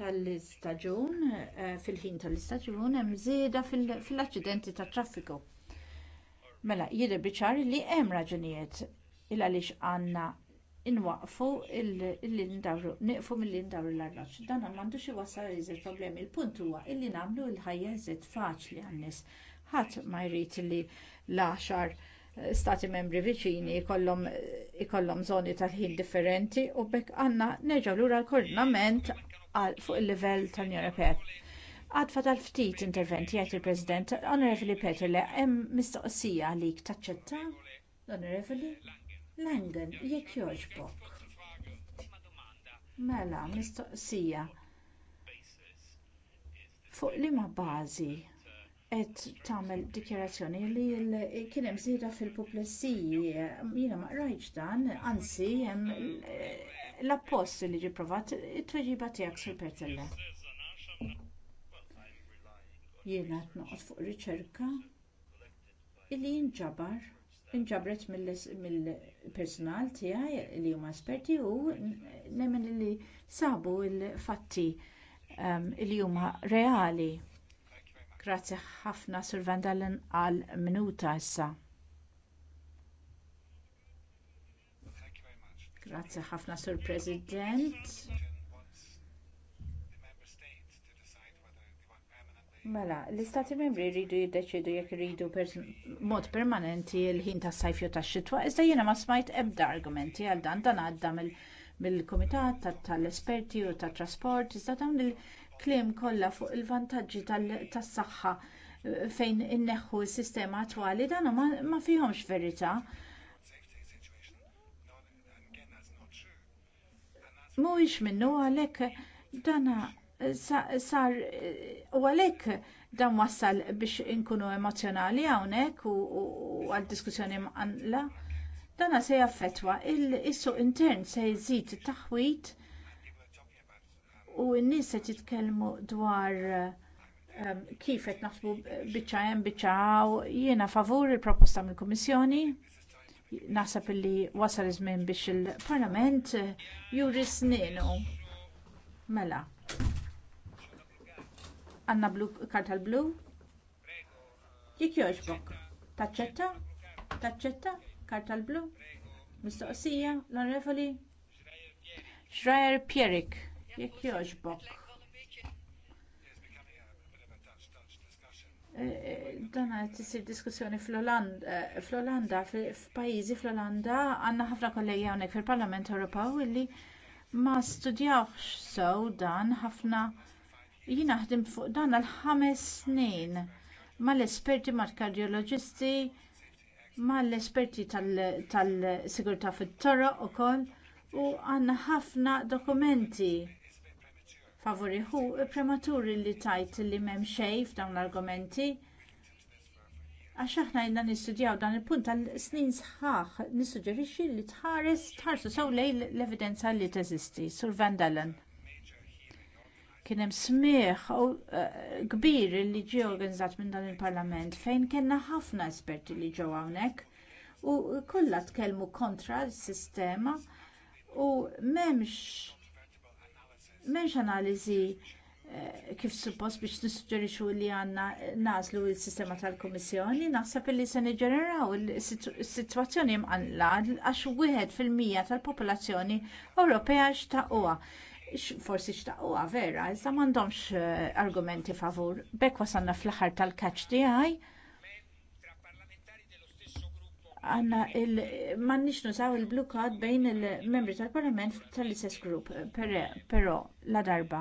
tal-istaġun eh, fil-ħin tal-istaġun hemm żieda fil-aċċidenti tat-traffiku. Mela jidher biċar li hemm raġunijiet il għaliex għandna inwaqfu il-lindawru, niqfu mill-lindawru l-arraċ. Dan għandu m'għandux iwassal iżid problemi. Il-punt huwa illi nagħmlu l-ħajja iżid faċli għan-nies Ħadd ma jrid li l-għaxar eh, stati membri viċini jkollhom eh, żoni tal-ħin differenti u bekk għandna nerġgħu lura l-koordinament fuq il-livell tal-Unjoni Ewropea. Għadfa tal-ftit interventi għet il-President, Onorevoli li hemm mistoqsija għalik taċċetta? Onorevoli? Langen, jekk jogħġbok. Mela, mistoqsija. Fuq liema bażi qed tagħmel dikjarazzjoni li kien hemm żieda fil-pulizija. Jiena ma qrajtx dan, anzi hemm l-appost li ġie provat it-tweġiba tiegħek sul-pertella. Jiena qed noqgħod fuq riċerka illi jinġabar inġabret mill-personal tiegħi li huma esperti u nemmen li sabu l-fatti ehm, li huma reali Grazzi ħafna Sur Vandalen għal minuta issa. Grazzi ħafna Sur President. Mela, l-istati membri jridu jiddeċidu jekk iridu mod permanenti l-ħin tas sajf jew tax-xitwa, iżda jiena ma smajt ebda argumenti għal dan dan għadda mill-Kumitat tal-Esperti u tat-Trasport, iżda dawn kliem kollha fuq il-vantaġġi tas-saħħa eh, fejn inneħħu s-sistema attwali dan ma, ma fihomx verità. Mhuwiex minnu għalhekk dan sar u għalhekk dan wassal biex inkunu emozjonali hawnhekk u għal diskussjoni mqanla. Dan se jaffetwa il-issu intern se jżid taħwit u n-nies qed jitkellmu dwar um, kif qed naħsbu biċċa hemm biċċa jiena favur il-proposta mill-Kummissjoni naħseb illi wasal iż-żmien biex il-Parlament eh, juri snienu. Mela. Għanna blu karta l-blu? Jek jogħġbok. Taċċetta? Taċċetta? Karta l-blu? Mistoqsija? L-onrevoli? Schreier Pierik jekk jogħġbok. Eh, eh, dan qed isir diskussjoni eh, fl-Olanda, f'pajjiżi fl-Olanda għandna ħafna kollegi hawnhekk fil-Parlament Ewropew illi ma studjawx sew dan ħafna jien naħdem fuq dan għal ħames snin mal-esperti mal-kardjoloġisti mal-esperti tal-sigurtà fit-toroq ukoll u għandna ħafna dokumenti favuri hu prematuri li tajt li m'hemm xejn f'dawn l-argumenti għax aħna jna nistudjaw dan il-punt għal snin sħaħ nissuġġerixxi li tħares tħarsu sew lejn l-evidenza li teżisti. Sur Van Dalen. Kien hemm u eh, kbir li ġie organizzat minn dan il-Parlament fejn kellna ħafna esperti li ġew hawnhekk u kollha tkellmu kontra s-sistema u m'hemmx m'hemmx analiżi eh, kif suppost biex nissuġġerixxu li għandna nażlu s sistema tal-Kummissjoni, naħseb li se niġġeneraw is-sitwazzjoni mqanla għax wieħed fil-mija tal-popolazzjoni Ewropea xtaquha forsi xtaqwa vera, iżda m'għandhomx eh, argumenti favur. Bekk wasanna fl-aħħar tal-kaċ tiegħi għanna il-mannix nużaw il-blue card bejn il-membri tal-parlament tal-istess grupp, però la darba.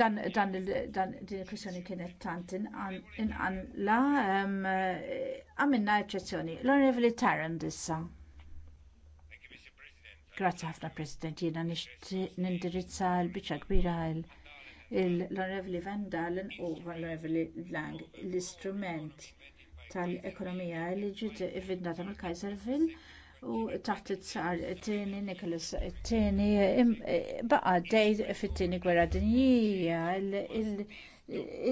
Dan, dan, dan din il-kwissjoni kienet tant inqan la għamilna um, eċċezzjoni. L-Onorevoli Tarrant issa. Grazie ħafna President, jiena nindirizza l-biċċa kbira l-Onorevoli Vandalen u l-Onorevoli Lang. L-istrument tal-ekonomija li ġiet ivvindata mill-Kaiserville u taħt it-sar it-tieni Nicholas it-tieni e, baqa' dejt fit-tieni gwerra dinjija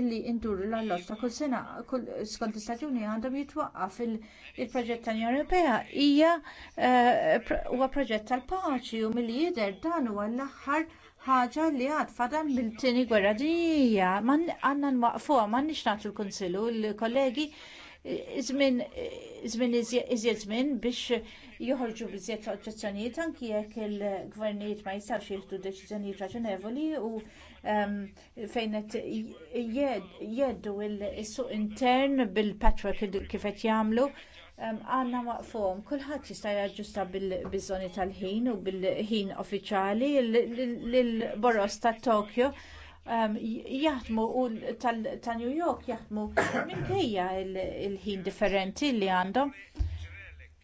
illi induru l-allos ta' kull sena kull skont l-Istati Uniti għandhom jitwaqqaf il-proġett tal Ewropea hija e, huwa proġett tal-paċi u milli jidher dan huwa l-aħħar ħaġa li għad fadan mill-tieni gwerra dinjija. għandna nwaqfuha, ma nix nagħtu l-Kunsillu, l-kollegi żmien iżjed żmien biex joħorġu biżjed oġġezzjonijiet anki jekk il-gvernijiet ma jistax jieħdu deċiżjonijiet raġunevoli u fejn qed jeddu l-suq intern bil-patchwork kif qed jagħmlu għanna waqfhom kulħadd jista' jaġġusta bil-biżoni tal-ħin u bil-ħin uffiċjali l-boros ta' Tokyo Um, jaħdmu u ta' New York jaħdmu minkejja il-ħin differenti li għandhom.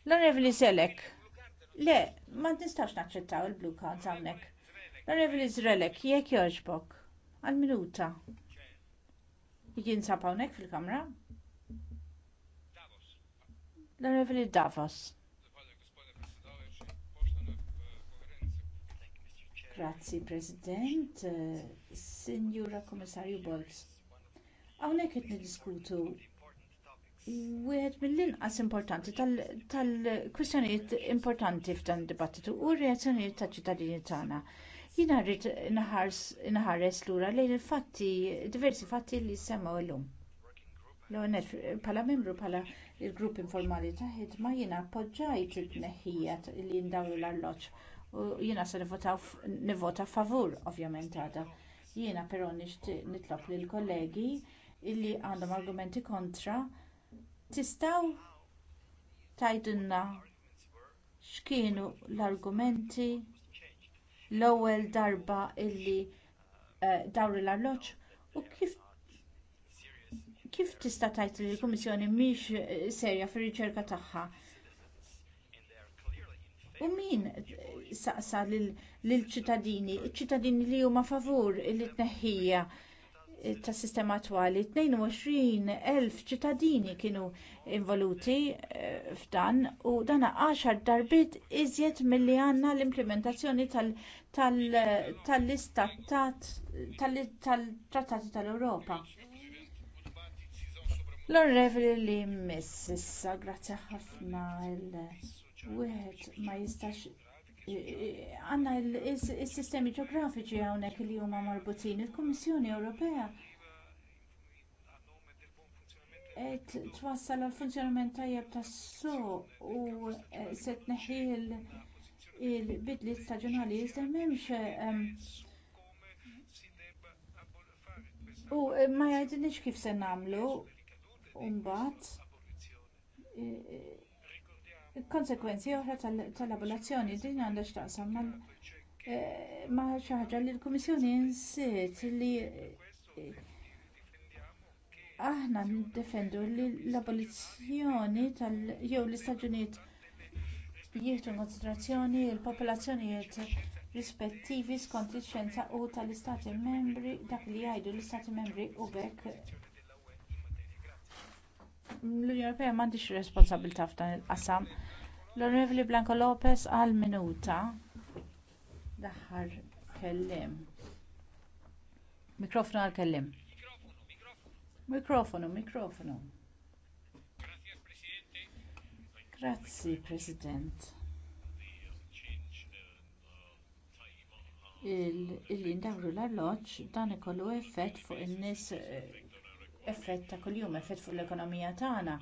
L-Onorevoli Zelek, le, ma nistax naċċettaw il-Blue Cards hawnhekk. L-Onorevoli Zelek, jekk jogħġbok, għal-minuta. Jien hawnhekk fil-kamra? L-Onorevoli Davos. Grazzi, President, eh, Sinjura Komissarju Għawnek Hawnhekk qed niddiskutu wieħed mill-inqas importanti tal-kwistjonijiet importanti f'dan id-dibattitu u r-reazzjonijiet taċ-ċittadini tagħna. Jiena rrid inħares lura lejn il-fatti, diversi fatti li semmaw illum. L-għonet, pala membru pala il-grupp informali ta' ħidma jiena appoġġajt it tneħħija li ndawru l arloċ u jiena se nivvota favur ovvjament għada. Jiena però nitlop nitlob lill kollegi illi għandhom argumenti kontra tistgħu tajdunna x'kienu l-argumenti l-ewwel darba illi uh, eh, dawri l-arloġġ u kif kif tista' tajt li l-Kummissjoni mhix eh, serja fir-riċerka tagħha U min saqsa lill-ċittadini, ċittadini li huma favur il-tneħħija eh, tas sistema attwali, 22,000 ċittadini kienu involuti eh, f'dan u dan 10 darbit iżjed milli għandna l-implementazzjoni tal-istattat tal-trattati tal-Ewropa. L-Onorevoli li miss issa, grazzi ħafna il- wieħed ma jistax għandna il-sistemi ġeografiċi hawnhekk li huma marbutin. Il-Kummissjoni Ewropea qed twassal għal funzjonament tajjeb tas-suq u se tneħħi l-bidliet staġjonali iżda m'hemmx ehm, u ma jgħidilniex kif se nagħmlu u mbagħad konsekwenzi oħra tal-abolazzjoni din għandha x'taqsam eh, ma' xi ħaġa li l-Kummissjoni nsiet li eh, aħna ndefendu li l-abolizzjoni tal- jew l-istaġunijiet jieħdu konsiderazzjoni l-popolazzjonijiet rispettivi skont ix-xjenza u tal-istati membri dak li jgħidu l-istati membri u b'hekk l-Unjoni Ewropea m'għandix responsabilità f'dan il-qasam. L-Onorevoli Blanco Lopez għal minuta. Daħħar kellim. Mikrofonu għal kellim. Mikrofonu, mikrofonu. Grazzi, President. Il-li ndawru l-arloċ dan ikollu effett fuq in-nies eh, effett ta' kuljum, effett fuq l-ekonomija tagħna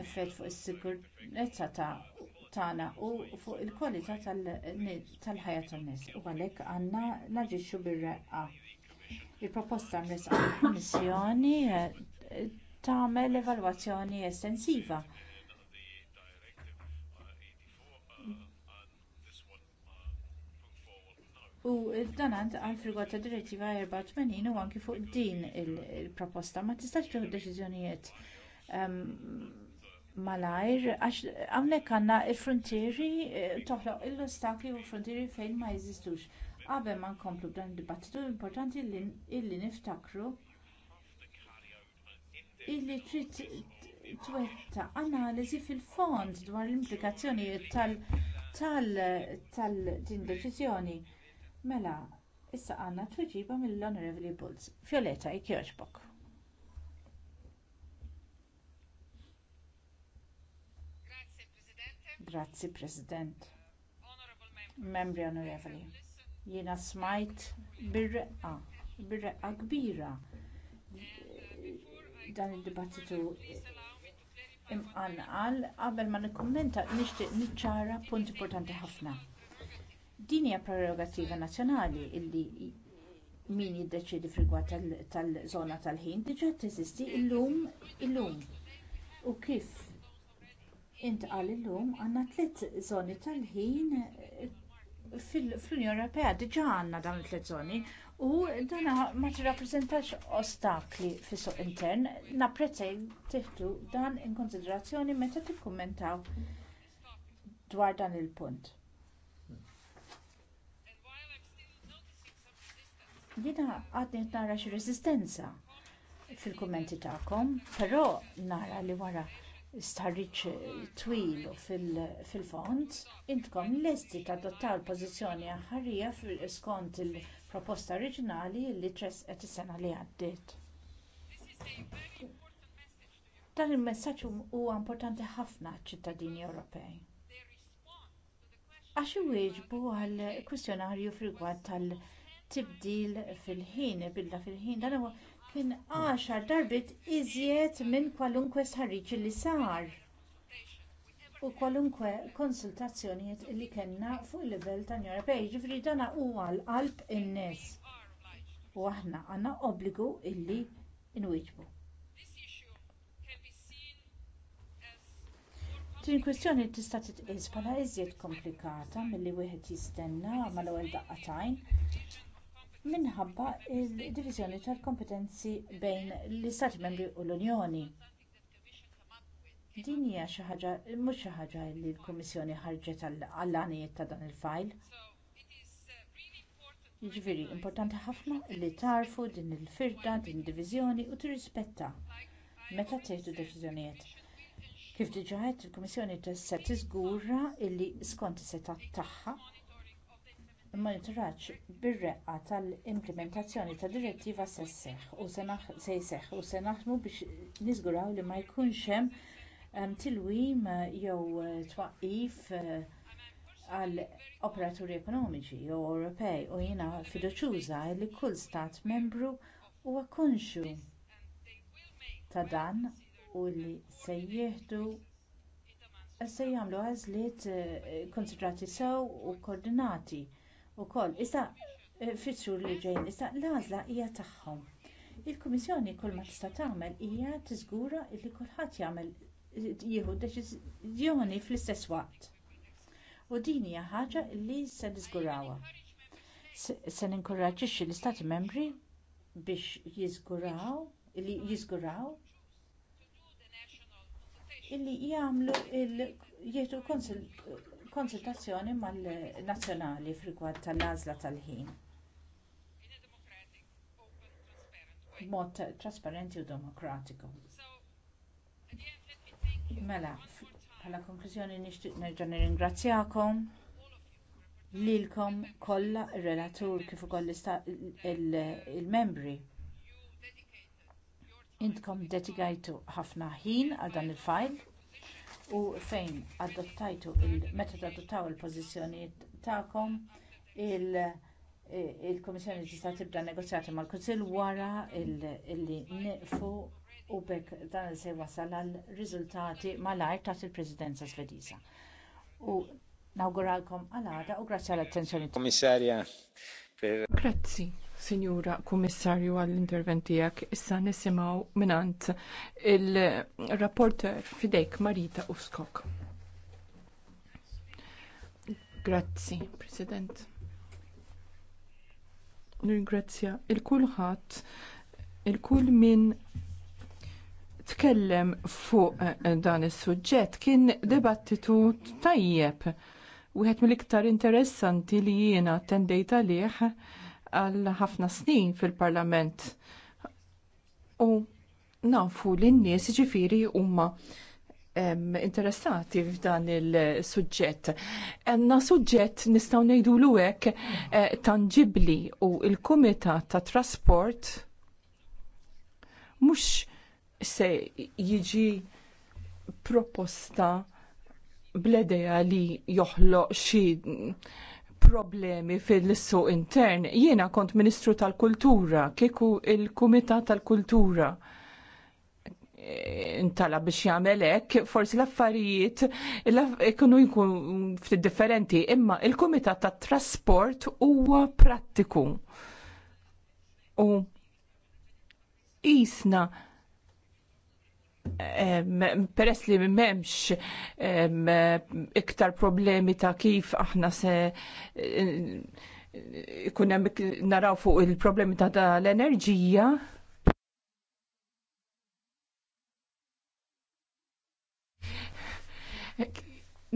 effett fuq is sikurezza tagħna u fuq il-kwalità tal-ħajja tan-nies u għalhekk għandna naġixxu bir-reqqa. Il-proposta mresqa mill-Kummissjoni eh, tagħmel evalwazzjoni estensiva U dan għal frigwa ta' direttiva 84 u anki fuq din il-proposta ma tistax tieħu deċiżjonijiet ehm, malajr, għax hawnhekk għandna il frontieri eh, toħloq il ostakli u frontieri fejn ma jeżistux. Qabel ma nkomplu b'dan id-dibattitu importanti illi niftakru illi trid twetta analiżi fil-fond dwar l implikazzjoni tal-din deċiżjoni. Mela, issa għandna tweġiba mill-Honorable Bulls. Fjoletta, jkjoġbok. Grazzi, President. Membri onorevoli, jiena smajt bir-reqqa, bir-reqqa kbira dan id-dibattitu imqanqal qabel ma nikkummenta nixtieq niċċara punt importanti ħafna. Din hija prerogattiva nazzjonali illi min jiddeċiedi fil tal-żona tal-ħin diġà teżisti illum illum u kif intqal illum għandna tliet żoni tal-ħin fl-Unjoni Ewropea diġà għandna dawn it-tliet żoni u dan ma tirrappreżentax ostakli fis-suq intern. Napprezza tieħdu dan in konsiderazzjoni meta tikkummentaw dwar dan il-punt. Jiena għadni nara xi resistenza fil-kummenti tagħkom, però nara li wara starriċ eh, twil fil-fond intom lesti tadottaw il-pożizzjoni fil skont il-proposta oriġinali li tresqet eh, is-sena li għaddiet dan il-messaġġ huwa importanti ħafna ċittadini Ewropej. Għax iwieġbu għal kwistjonarju fil tal-tibdil fil-ħin, billa fil-ħin, dan huwa kien għaxar darbit iżjed minn kwalunkwe stħarriġ li sar u kwalunkwe konsultazzjonijiet li kellna fuq il-livell tal-Unjoni Ewropea, jiġifieri dan huwa l-qalb in-nies. U aħna għandna obbligu illi nwieġbu. Din kwistjoni tista' titqies bħala iżjed komplikata milli wieħed jistenna mal-ewwel daqqatajn minħabba d-diviżjoni tal-kompetenzi bejn l-istati membri u l-unjoni din hija xi ħaġa mhux xi ħaġa li l-kummissjoni ħarġet għall-għanijiet ta' dan il-fajl jiġifieri importanti ħafna li tarfu din il-firda din diviżjoni u tirrispetta meta tgħidu deċiżjonijiet kif diġà għedt il-kummissjoni tista' tiżgura li skont is-setat tagħha monitoraġġ bir-reqqa tal-implementazzjoni tad-direttiva se jseħħ u se naħdmu biex niżguraw li ma jkunx hemm tilwim eh, jew eh, twaqqif eh, għal operaturi ekonomiċi jew Ewropej u jiena fiduċjuża li kull stat membru huwa konxu ta' dan u li se jieħdu se jagħmlu għażliet konsidrati sew u kkoordinati koll. Issa eh, fitxur li ġejn, issa l-għażla hija tagħhom. Il-Kummissjoni kull ma tista' tagħmel hija tiżgura li kulħadd jagħmel jieħu deċiżjoni fl-istess waqt. U din hija ħaġa li se niżgurawha. Se ninkoraġġixxi l-Istati Membri biex jiżguraw li jiżguraw illi jagħmlu il jieħdu konsultazzjoni mal-nazzjonali f'rigward tal-għażla tal-ħin b'mod trasparenti u demokratiku. Mela, bħala konklużjoni nixtieq nerġa' nirringrazzjakom lilkom kollha ir-relatur kif ukoll il-membri. Intkom dedikajtu ħafna ħin għal dan il-fajl u fejn adottajtu meta adottaw il-pożizzjonijiet tagħkom il-Kummissjoni tista' tibda negozjati mal-Kunsill wara li nieqfu u bekk dan se wasal għal riżultati malajr taħt il-Presidenza Svediża. U nawguralkom għal għada u grazzi għall attenzjoni Grazzi. Sinjura Kummissarju għall-intervent tiegħek. Issa nisimgħu minant il-rapporter fidejk Marita Uskok. Grazzi, President. Nirgrazzja il-kulħadd il-kull minn tkellem fuq eh, dan is-suġġett kien debattitu tajjeb. Wieħed mill-iktar interessanti li jiena attendejt għalih għal ħafna snin fil-Parlament. U nafu li n-nies ġifiri huma interessati f'dan il-suġġett. Għanna suġġett nistaw nejdu l-uwek eh, tangibli u il-Kumitat ta' Trasport mux se jiġi proposta bledeja li joħloq xi problemi fil-suq intern. Jiena kont Ministru tal-Kultura, kieku il-Kumitat tal-Kultura intala biex jagħmel hekk, forsi l-affarijiet ikunu jkun ftit differenti, imma il-Kumitat tat-Trasport huwa prattiku. U isna peress li memx iktar problemi ta' kif aħna se kunem naraw fuq il-problemi ta' l-enerġija.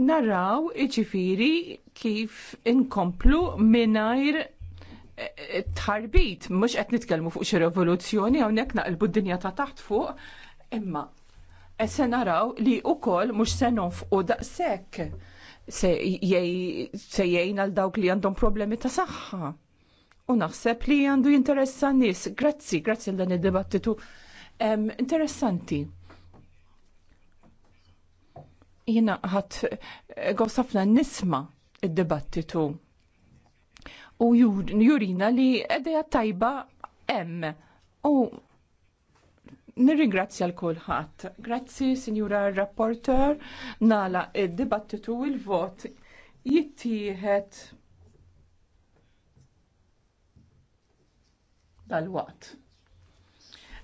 Naraw iġifiri kif inkomplu minajr e, tħarbit, mux qed nitkellmu fuq xi revoluzzjoni hawnhekk naqlbu d-dinja ta' taħt fuq, imma se naraw li wkoll mhux se nonfqu daqshekk se jgħin għal dawk li għandhom problemi ta' saħħa. U naħseb li għandu jinteressa nies. Grazzi, grazzi għal dan id-dibattitu interessanti. Jina ħat eh, għosafna nisma id-dibattitu u jurina li għedja tajba em u Nirringrazzja l-kulħadd. Grazzi, Sinjura rapporteur, nala id-dibattitu il il-vot jittieħed dal wat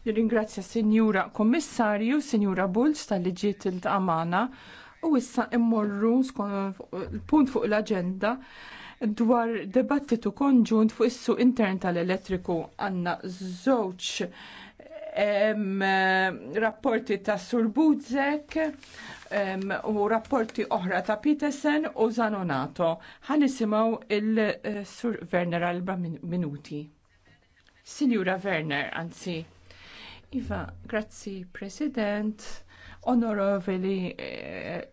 Nirringrazzja Sinjura Kommissarju, Sinjura Bulls tal-liġiet il-tamana u issa immorru punt fuq l-agenda dwar debattitu konġunt fuq is-suq intern tal-elettriku għandna żewġ rapporti ta' Surbudzek u rapporti oħra ta' Petersen u Zanonato. Għanisimaw il-Sur eh, Werner għalba minuti. Sinjura Werner, anzi. Iva, grazzi, President, Onorovili eh,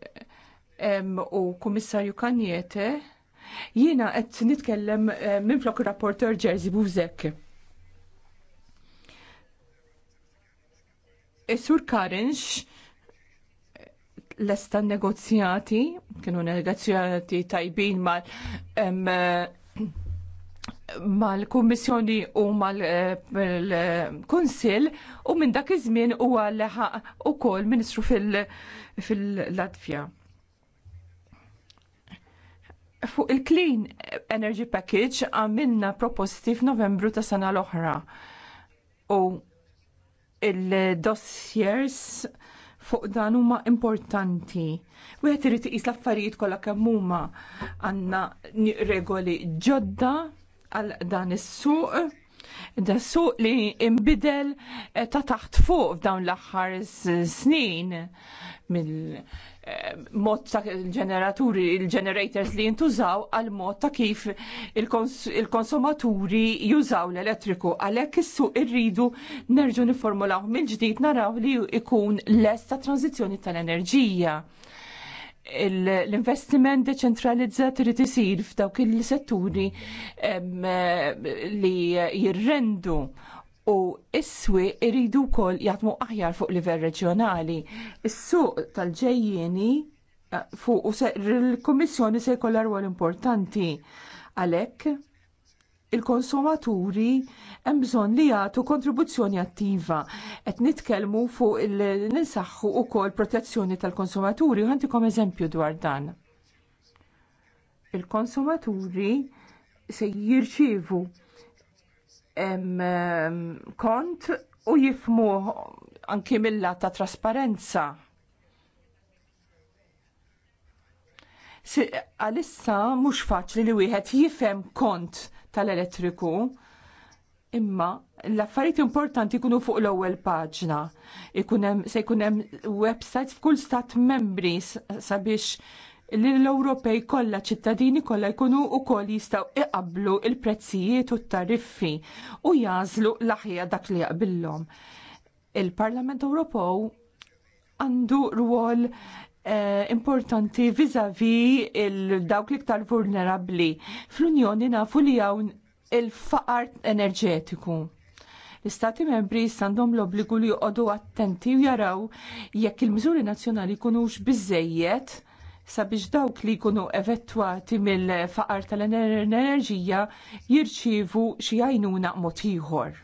em, u Komissarju Kanjete. Jiena qed nitkellem eh, minn flok rapporter Jerzy Buzek Sur Karinx l-estan negozjati, kienu negozjati tajbin mal mal-Kummissjoni u mal-Kunsil u minn dak iż-żmien huwa leħaq ukoll Ministru fil-Latvja. Fuq il-Clean Energy Package għamilna proposti f'Novembru ta' sena l-oħra. U il-dossiers fuq dan huma importanti. Wieħed irid iqis l-affarijiet kollha kemm huma għandna regoli ġodda għal dan is-suq. Da suq li imbidel eh, ta' taħt fuq f'dawn l-aħħar snin mill Eh, mod ta' il-ġeneraturi, il-generators li jintużaw għal mod ta' kif il-konsumaturi jużaw l-elettriku. Għalhekk issu irridu nerġu niformulaw mill-ġdid naraw li ikun less ta' tranzizjoni tal-enerġija. L-investiment deċentralizzat irid isir f'dawk il-setturi li jirrendu u iswi iridu wkoll jaħdmu aħjar fuq livell reġjonali. Is-suq tal-ġejjieni eh, fuq u il kummissjoni se jkollha rwol importanti għalhekk il-konsumaturi hemm bżonn li jagħtu kontribuzzjoni attiva qed nitkellmu fuq il-ninsaħħu wkoll protezzjoni tal-konsumaturi u ħantikom eżempju dwar dan. Il-konsumaturi se jirċievu kont u jifmu anki milla ta' trasparenza. Għalissa mhux faċli li wieħed jifhem kont tal-elettriku imma l-affarijiet importanti jkunu fuq l-ewwel paġna. Ikun hemm se jkun hemm websites f'kull stat membri sabiex li l-Ewropej kollha ċittadini kollha jkunu wkoll jistgħu iqablu l prezzijiet u t-tariffi u jażlu l-aħjar dak li jaqbillhom. Il-Parlament Ewropew għandu rwol eh, importanti vizavi il-dawk liktar vulnerabli. Fl-Unjoni nafu li hawn il-faqar enerġetiku l-istati membri jistandhom l obligu li joqogħdu attenti u jaraw jekk il-miżuri nazzjonali jkunux biżejjed sabiex dawk li jkunu evettwati mill-faqar tal-enerġija jirċievu xi għajnuna mod ieħor.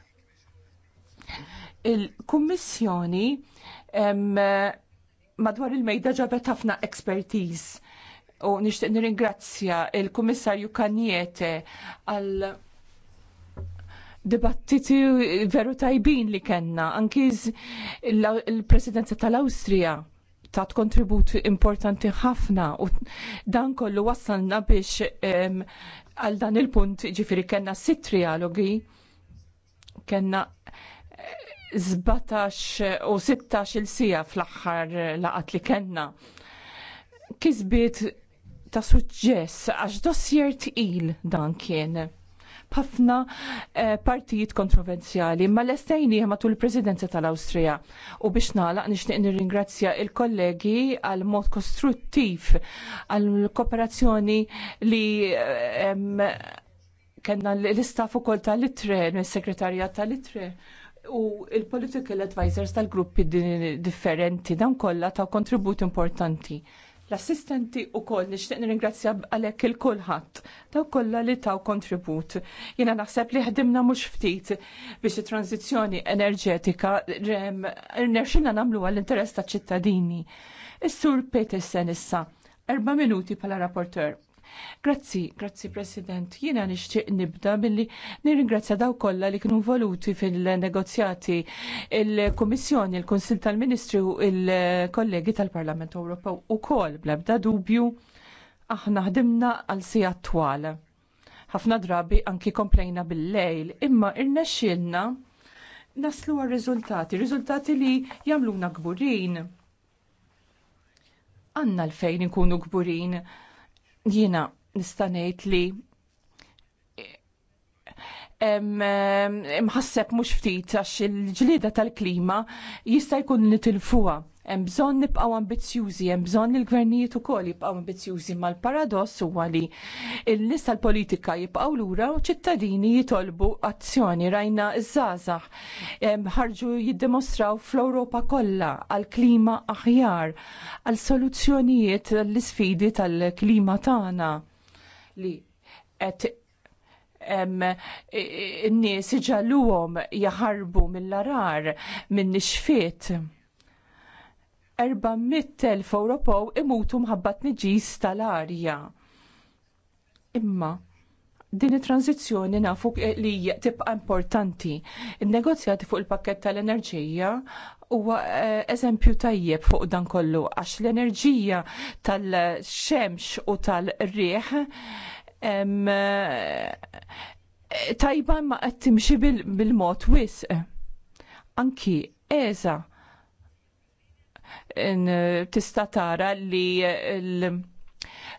Il-Kummissjoni madwar il-mejda ġabet ħafna ekspertiz u nixtieq nirringrazzja il-Kummissarju Kanjete għal dibattiti veru tajbin li kellna anki l-Presidenza tal-Awstrija tat kontribut importanti ħafna u dan kollu wassalna biex għal dan il-punt ġifiri kena sitt trialogi kena 17 eh, u 16 il-sija fl-axħar laqat li kena. Kizbit ta' suġġess għax dossier tqil dan kien. Ħafna eh, partijiet kontroversjali ma l estajni matul il-Presidenza tal-Awstrija. U biex nagħlaq nixtieq nirringrazzja il-kollegi għal mod kostruttiv għal kooperazzjoni li eh, kena l-istaff ukoll tal-itre, mis-segretarjat tal-itre u il-political advisors tal-gruppi differenti dan kollha ta' kontribut importanti l-assistenti u koll nishtiq nirringrazzja għalek il-kulħadd daw kollha li taw kontribut. Jiena naħseb li ħdimna mhux ftit biex it-tranzizzjoni enerġetika nerxinna nagħmlu għall-interess taċ-ċittadini. Is-Sur Petersen issa, erba' minuti bħala rapporteur. Grazzi, grazzi President. Jiena nixtieq nibda billi nirringrazzja daw kollha li kienu voluti fil-negozjati il-Kummissjoni, il-Kunsil tal-Ministri u il-kollegi tal-Parlament Ewropew ukoll bl-ebda dubju aħna ħdimna għal si twal. Ħafna drabi anki komplejna bil-lejl, imma irnexxielna naslu għal riżultati, riżultati li jamluna kburin. Għanna l-fejn nkunu kburin Jiena nista' ngħid li imħasseb mhux ftit għax il-ġlieda tal-klima jista' jkun nitilfuha Hemm bżonn nibqgħu ambizzjużi, hemm bżonn li l-gvernijiet ukoll jibqgħu ambizzjużi mal-paradoss huwa li l-nies tal-politika jibqgħu lura u ċittadini jitolbu azzjoni rajna ż żgħażagħ ħarġu jiddimostraw fl-Ewropa kollha għal klima aħjar, għal soluzzjonijiet l-isfidi tal-klima tagħna li qed n-nies iġalluhom jaħarbu mill-arar minn nixfiet 400.000 Ewropew imutu mħabba tniġis tal-arja. Imma din it-tranzizzjoni nafu li tibqa' importanti. Il-negozjati fuq il-pakket tal-enerġija huwa eh, eżempju tajjeb fuq dan kollu għax l-enerġija tal-xemx u tal-rieħ eh, tajba ma qed timxi bil-mod wisq. Anki eża' tista' tara li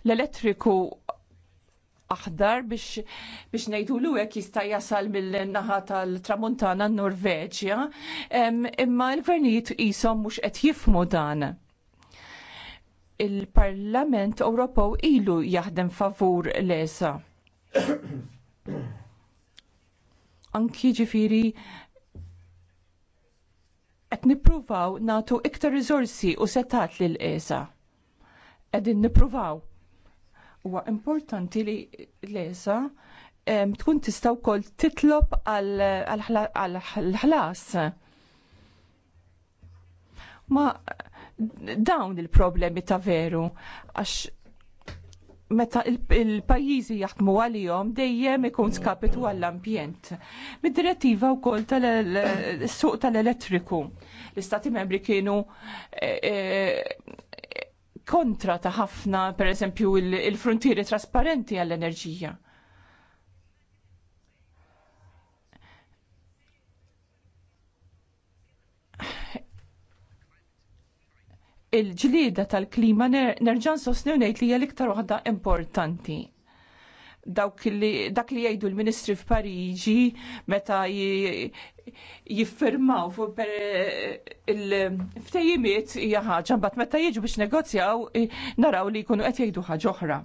l-elettriku aħdar biex biex ngħidulu hekk jista' jasal mill-naħa tal-Tramuntana n-Norveġja, imma l-gvernijiet qishom mhux qed jifmu dan. Il-Parlament Ewropew ilu jaħdem favur l-ESA. (coughs) Anki ġifiri qed nippruvaw nagħtu iktar riżorsi u setat lil esa Qegħdin nippruvaw. Huwa importanti li l-ESA tkun tista' wkoll titlob għal-ħlas. Ma dawn il-problemi ta' veru għax meta il-pajjiżi jaħdmu għalihom dejjem ikun skapitu għall-ambjent. Mid-direttiva wkoll tal-suq tal-elettriku. L-istati membri kienu eh, eh, kontra ta' ħafna, per eżempju, il-frontieri trasparenti għall-enerġija. il-ġlieda tal-klima nerġan sostnew ngħid li hija l-iktar waħda importanti dawk li dak li jgħidu l-Ministri f'Pariġi meta jiffirmaw per il-ftejimiet hija ħaġa, meta jiġu biex negozjaw naraw li jkunu qed jgħidu ħaġa oħra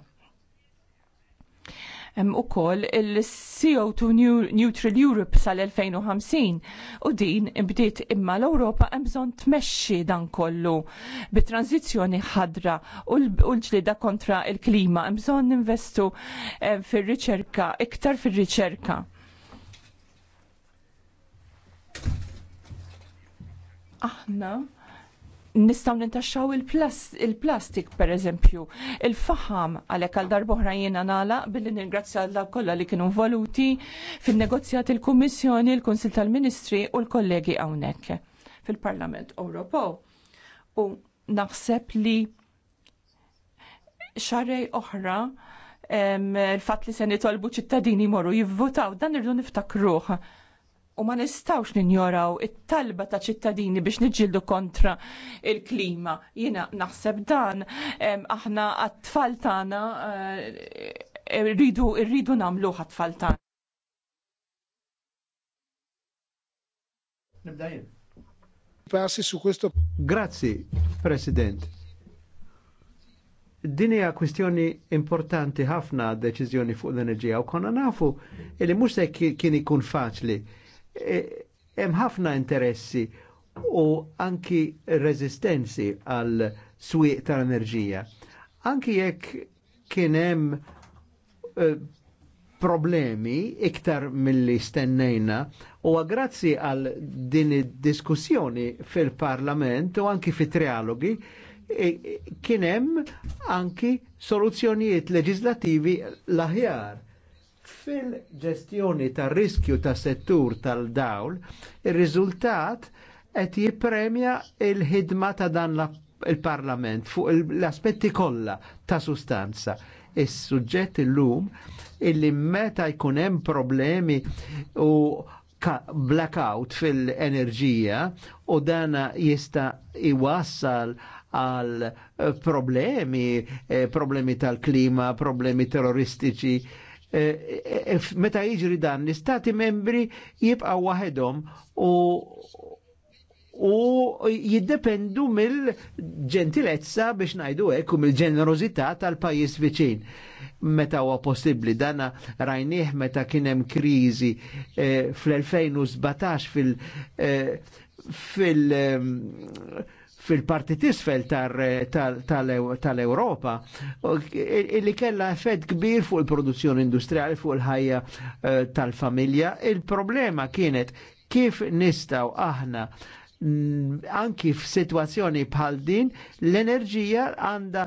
hemm ukoll il-CO2 Neutral Europe sal-2050 u din bdiet imma l-Ewropa hemm bżonn tmexxi dan kollu bi tranzizzjoni ħadra u l-ġlida kontra il-klima hemm bżonn ninvestu eh, fir-riċerka iktar fir-riċerka. Aħna ah, nistaw nintaxxaw il-plastik per eżempju. Il-faham għalek għal darbohra jena nala billi ningrazzja għalla kolla li kienu voluti fil-negozjat il-Kommissjoni, il-Konsil tal-Ministri u l-kollegi għawnek fil-Parlament Ewropew. U naħseb li xarrej oħra il-fat li se nitolbu ċittadini moru jivvotaw dan irdu niftakruħ u ma nistawx ninjoraw it-talba ta' ċittadini biex niġildu kontra il-klima. Jiena naħseb dan, aħna għat-tfal tagħna eh, rridu rridu nagħmlu għat-tfal tagħna. Passi su questo. Grazzi, President. Din hija kwistjoni importanti ħafna deċiżjoni fuq l-enerġija u konna nafu li mhux se kien ikun faċli E, hemm ħafna interessi u anki rezistenzi għal swieq tal-enerġija. Anki jekk kien hemm e, problemi iktar mill-li stennejna u għagrazzi għal din id-diskussjoni fil-parlament u anki fit-trialogi e, kien hemm anki soluzzjonijiet leġislativi l-aħjar Fil-ġestjoni tar riskju ta' settur tal-dawl, il riżultat qed jippremja il-ħidma ta' dan il-Parlament fuq l-aspetti kollha ta' sustanza is-suġġett il illum illi meta jkun hemm problemi u blackout fil-enerġija u dana jista' iwassal għal problemi, eh, problemi tal-klima, problemi terroristiċi, Eh, eh, eh, meta jiġri dan l-istati membri jibqaw waħedhom u u jiddependu mill-ġentilezza biex najdu hekk u mill-ġenerozità tal-pajjiż viċin. Meta huwa possibbli dana rajnieh meta kien hemm kriżi eh, fl-2017 fil- eh, fil- eh, fil-parti tisfel tal-Europa illi kella effett kbir fuq il-produzzjoni industriali fuq il-ħajja eh, tal-familja. Il-problema kienet kif nistaw aħna mm, anki f'sitwazzjoni bħal din l-enerġija għandha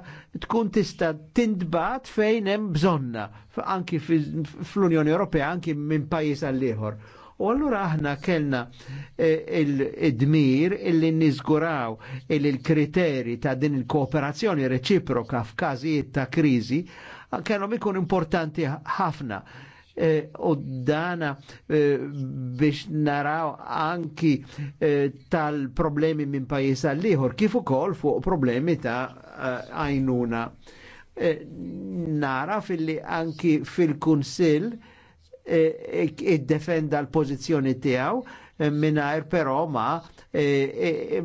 tkun tista' tindbat fejn hemm bżonna anki fl-Unjoni Ewropea anki minn pajjiż għall ieħor. U allura aħna kellna eh, il-dmir illi nizguraw il-kriteri ta' din il-kooperazzjoni reċiproka f'każijiet ta' kriżi eh, kellhom ikun importanti ħafna. Eh, u dana biex naraw anki tal-problemi minn pajis għall-liħor, kif ukoll fuq problemi ta' għajnuna. Nara fil-li anki fil-Kunsill, id-defenda e, e, e, l-pozizjoni tijaw minnajr però ma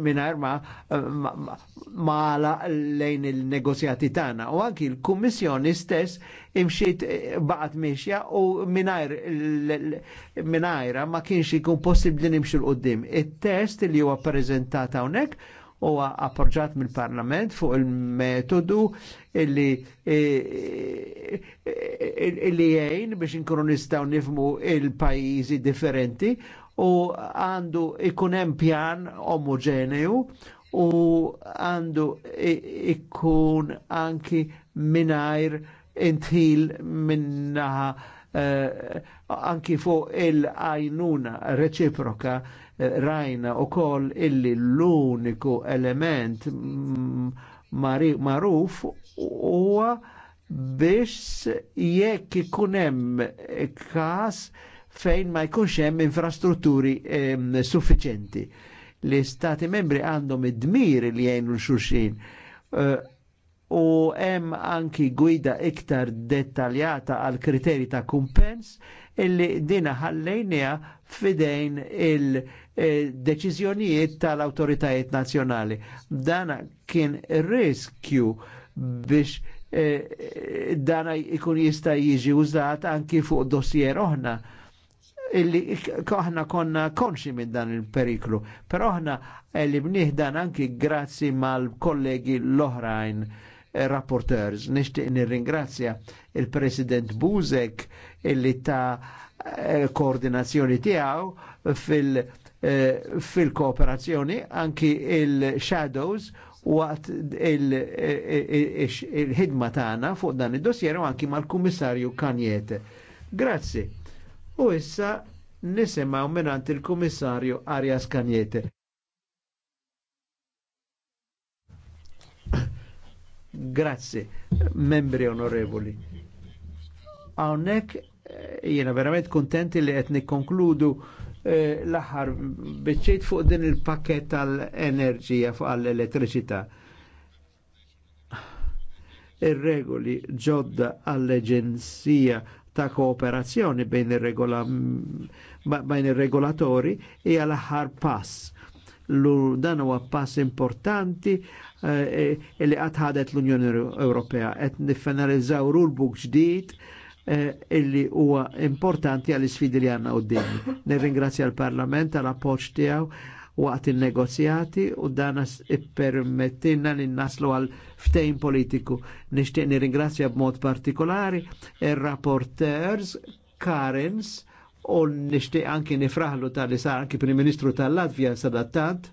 minnajr ma ma la lejn il-negozjati tana u anki l-Kummissjoni stess imxiet baqat miexja u minnajr minnajra ma kienx ikun possibli nimxu l-qoddim. Il-test li huwa prezentata hawnhekk huwa appoġġat mill-Parlament fuq il-metodu illi e, e, e, illi jgħin biex inkunu nistgħu nifmu il-pajjiżi differenti u għandu ikun hemm pjan omogeneu u għandu ikun anki minajr intħil minnaħa Eh, anki fuq il-għajnuna reċiproka eh, rajna u koll illi l-uniku element maruf huwa biex jekk ikunem kas fejn ma jkunx hemm infrastrutturi suffiċenti. L-istati membri għandhom id-dmir li jgħinu l-xurxin. Eh, u hemm anki gwida iktar dettaljata għal kriteri ta' kumpens illi dina ħallejnija fidejn il-deċizjonijiet eh, tal-autoritajiet nazjonali. Dana kien riskju biex eh, dana ikun jista' jiġi użat anki fuq dossier oħna illi aħna konna konxi minn dan il-periklu. Pero aħna li bniħdan anki grazzi mal-kollegi l-oħrajn rapporteurs. Nishtiq nirringrazzja il-President Buzek illi ta' eh, koordinazzjoni tiegħu fil- eh, fil-kooperazzjoni anki il-shadows waqt eh, il-ħidma tagħna fuq dan id-dossier u anki mal-Kummissarju Kanjete. Grazzi. U issa nisimgħu minant il-Kummissarju Arias Kanjete. Grazie, membri onorevoli. Hawnhekk eh, jiena verament kontenti li qed konkludu eh, l-aħħar biċċejt fuq din il-pakket tal-enerġija fuq għall-elettriċità. Ir-regoli ġodda għall-Eġenzija ta' kooperazzjoni bejn ir-regolatori hija l-aħħar pass. L dan huwa pass importanti illi eh, għatħadet l-Unjoni Ewropea. Et nifenalizzaw rulbuk ġdid eh, illi huwa importanti għall sfidi li għanna u d-din. Nirringrazzja l-Parlament għal-appoċ tijaw waqt il-negozjati u dana permettilna li naslu għal ftejn politiku. Nishtiq nirringrazzja b'mod partikolari il-rapporters Karens u nishtiq anki nifraħlu tal-li sar anki Prim Ministru tal-Latvija sadattant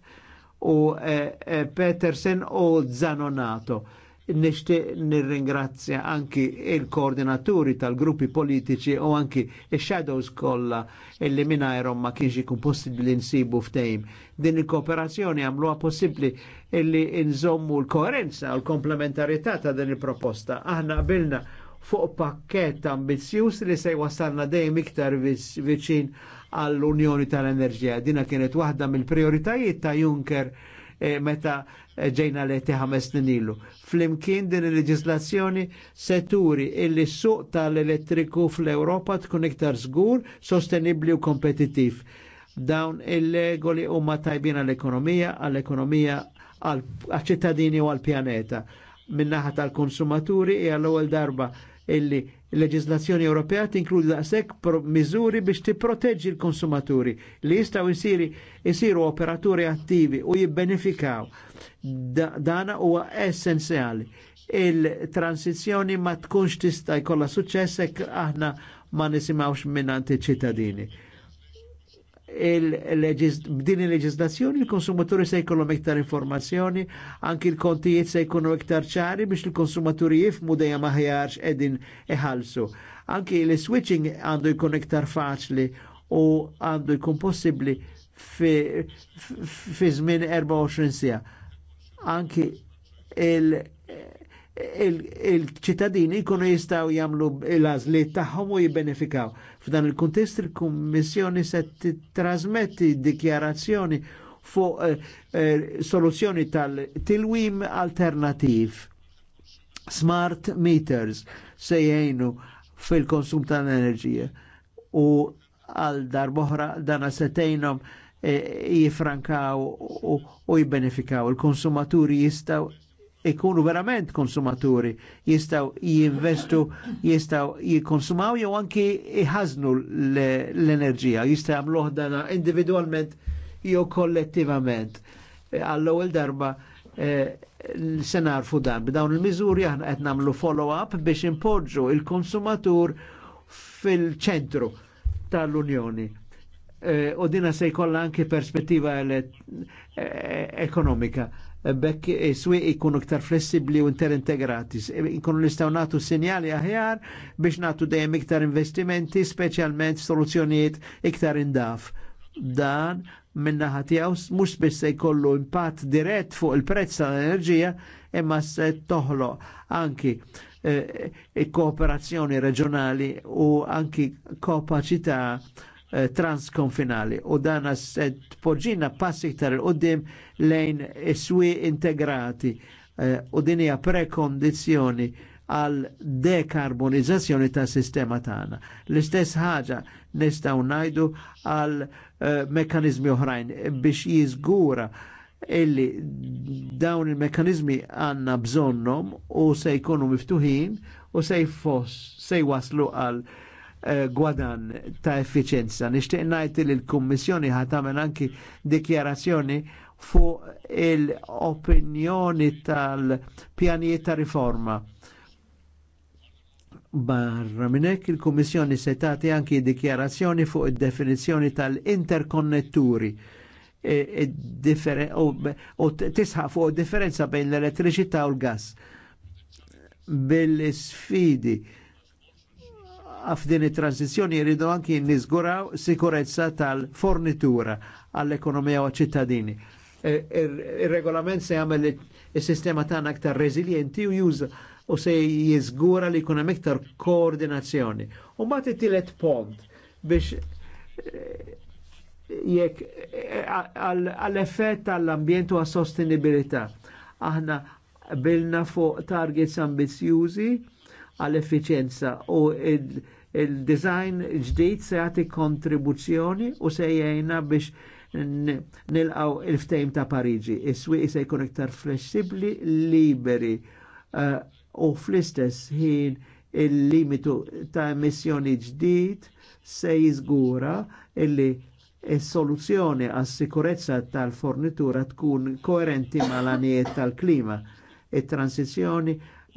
u eh, eh, Petersen u Zanonato. Nishti nirringrazzja anki il-koordinaturi tal-gruppi politiċi u anki il-shadows kolla illi minajrom ma kienx ikun possibli nsibu ftejm. Din il-kooperazzjoni għamluha possibli illi nżommu l-koerenza u l-komplementarietà ta' din il-proposta. Aħna Bilna fuq pakket ambizzjuż li se wasalna dejjem iktar viċin għall-Unjoni tal-Enerġija. Dina kienet waħda mill-prioritajiet ta' Juncker eh, meta eh, ġejna li ħames ilu. Flimkien din il-leġislazzjoni seturi illi suq tal-elettriku fl-Europa tkun iktar żgur, sostenibli u kompetittiv. Dawn il-legoli huma tajbin għall-ekonomija, għall-ekonomija għall-ċittadini u għall-pjaneta. Minnaħat tal-konsumaturi e għall ewwel darba illi l-leġislazzjoni Ewropea tinkludi daqshekk miżuri biex tipproteġġi l-konsumaturi li jistgħu jsiri jsiru operaturi attivi u jibbenefikaw. dana huwa essenzjali. Il-transizjoni ma tkunx tista' jkollha suċċess hekk aħna ma nisimgħux minn ċittadini b'din il leġizlazzjoni il-konsumaturi se jkollhom iktar informazzjoni, anki l-kontijiet se jkunu iktar ċari biex il-konsumaturi jifmu dejjem aħjarx qegħdin iħallsu. Anki l-switching għandu jkun iktar faċli u għandu jkun possibbli fi żmien 24 sija. Anki il- il-ċittadini jkunu jistaw jamlu l-azliet taħħom u jibbenefikaw. F'dan il kontest il-Kummissjoni se trasmetti dikjarazzjoni fuq eh, eh, soluzzjoni tal-tilwim alternativ. Smart meters se jgħinu fil-konsum tal-enerġija u għal darboħra dana setejnom eh, jifrankaw u jibbenefikaw. Il-konsumaturi jistaw ikunu verament konsumaturi, jistaw jinvestu, jistaw jikonsumaw jew anki jħaznu l-enerġija, jistaw jagħmluh dana individualment jew kollettivament. E, għall-ewwel darba e, se narfu dan b'dawn il-miżuri aħna qed nagħmlu follow-up biex impoġġu il-konsumatur fil-ċentru tal-Unjoni. E, u dina se jkollha anki perspettiva ekonomika bekk eh, swieq ikunu ktar flessibli u interintegrati. Eh, ikunu nistaw natu sinjali aħjar biex natu dejjem iktar investimenti, specialment soluzzjonijiet iktar indaf. Dan minnaħa tiegħu mux biss se jkollu impatt dirett fuq il-prezz tal-enerġija imma se toħlo anki eh, eh, kooperazzjoni reġjonali u anki kapaċità Eh, transkonfinali u dana se eh, tpoġġina passi iktar il-qoddim lejn iswi integrati eh, u dinija prekondizjoni prekondizzjoni għal dekarbonizzazzjoni ta' sistema tagħna. L-istess ħaġa nistgħu ngħidu għal mekkanizmi oħrajn biex jiżgura illi dawn il-mekkanizmi għanna bżonnom u se jkunu miftuħin u se jfoss se waslu għal uh, Eh, gwadan ta' effiċenza. Nishtiq ngħid li l-Kummissjoni ħad tagħmel anki dikjarazzjoni fuq il-opinjoni tal-pjanijiet ta' riforma. Barra minn hekk il-Kummissjoni se tagħti anki dikjarazzjoni fuq id-definizzjoni tal-interkonnetturi e, e, u tisħaq fuq differenza bejn l-elettriċità u l-gas bil-sfidi f'din it-transizjoni jridu anki nizguraw sikurezza tal-fornitura għall-ekonomija u ċittadini. E, e, il-regolament se jagħmel is-sistema tagħna aktar reżiljenti u juża u se jiżgura li jkun hemm iktar koordinazzjoni. U mbagħad it-tielet pont biex e, jekk għall-effett tal-ambjent u għas-sostenibilità. Aħna bilna fuq targets ambizjużi għall-effiċenza u il- Il-design ġdid se jagħti kontribuzzjoni u se jgħinna biex nilqaw il-ftejm ta' Pariġi. Is-swieq se jkun iktar flessibbli, liberi uh, u fl-istess ħin il-limitu ta' emissjoni ġdid se jiżgura illi is-soluzzjoni għas sikurezza tal-fornitura tkun koerenti mal-anijiet tal-klima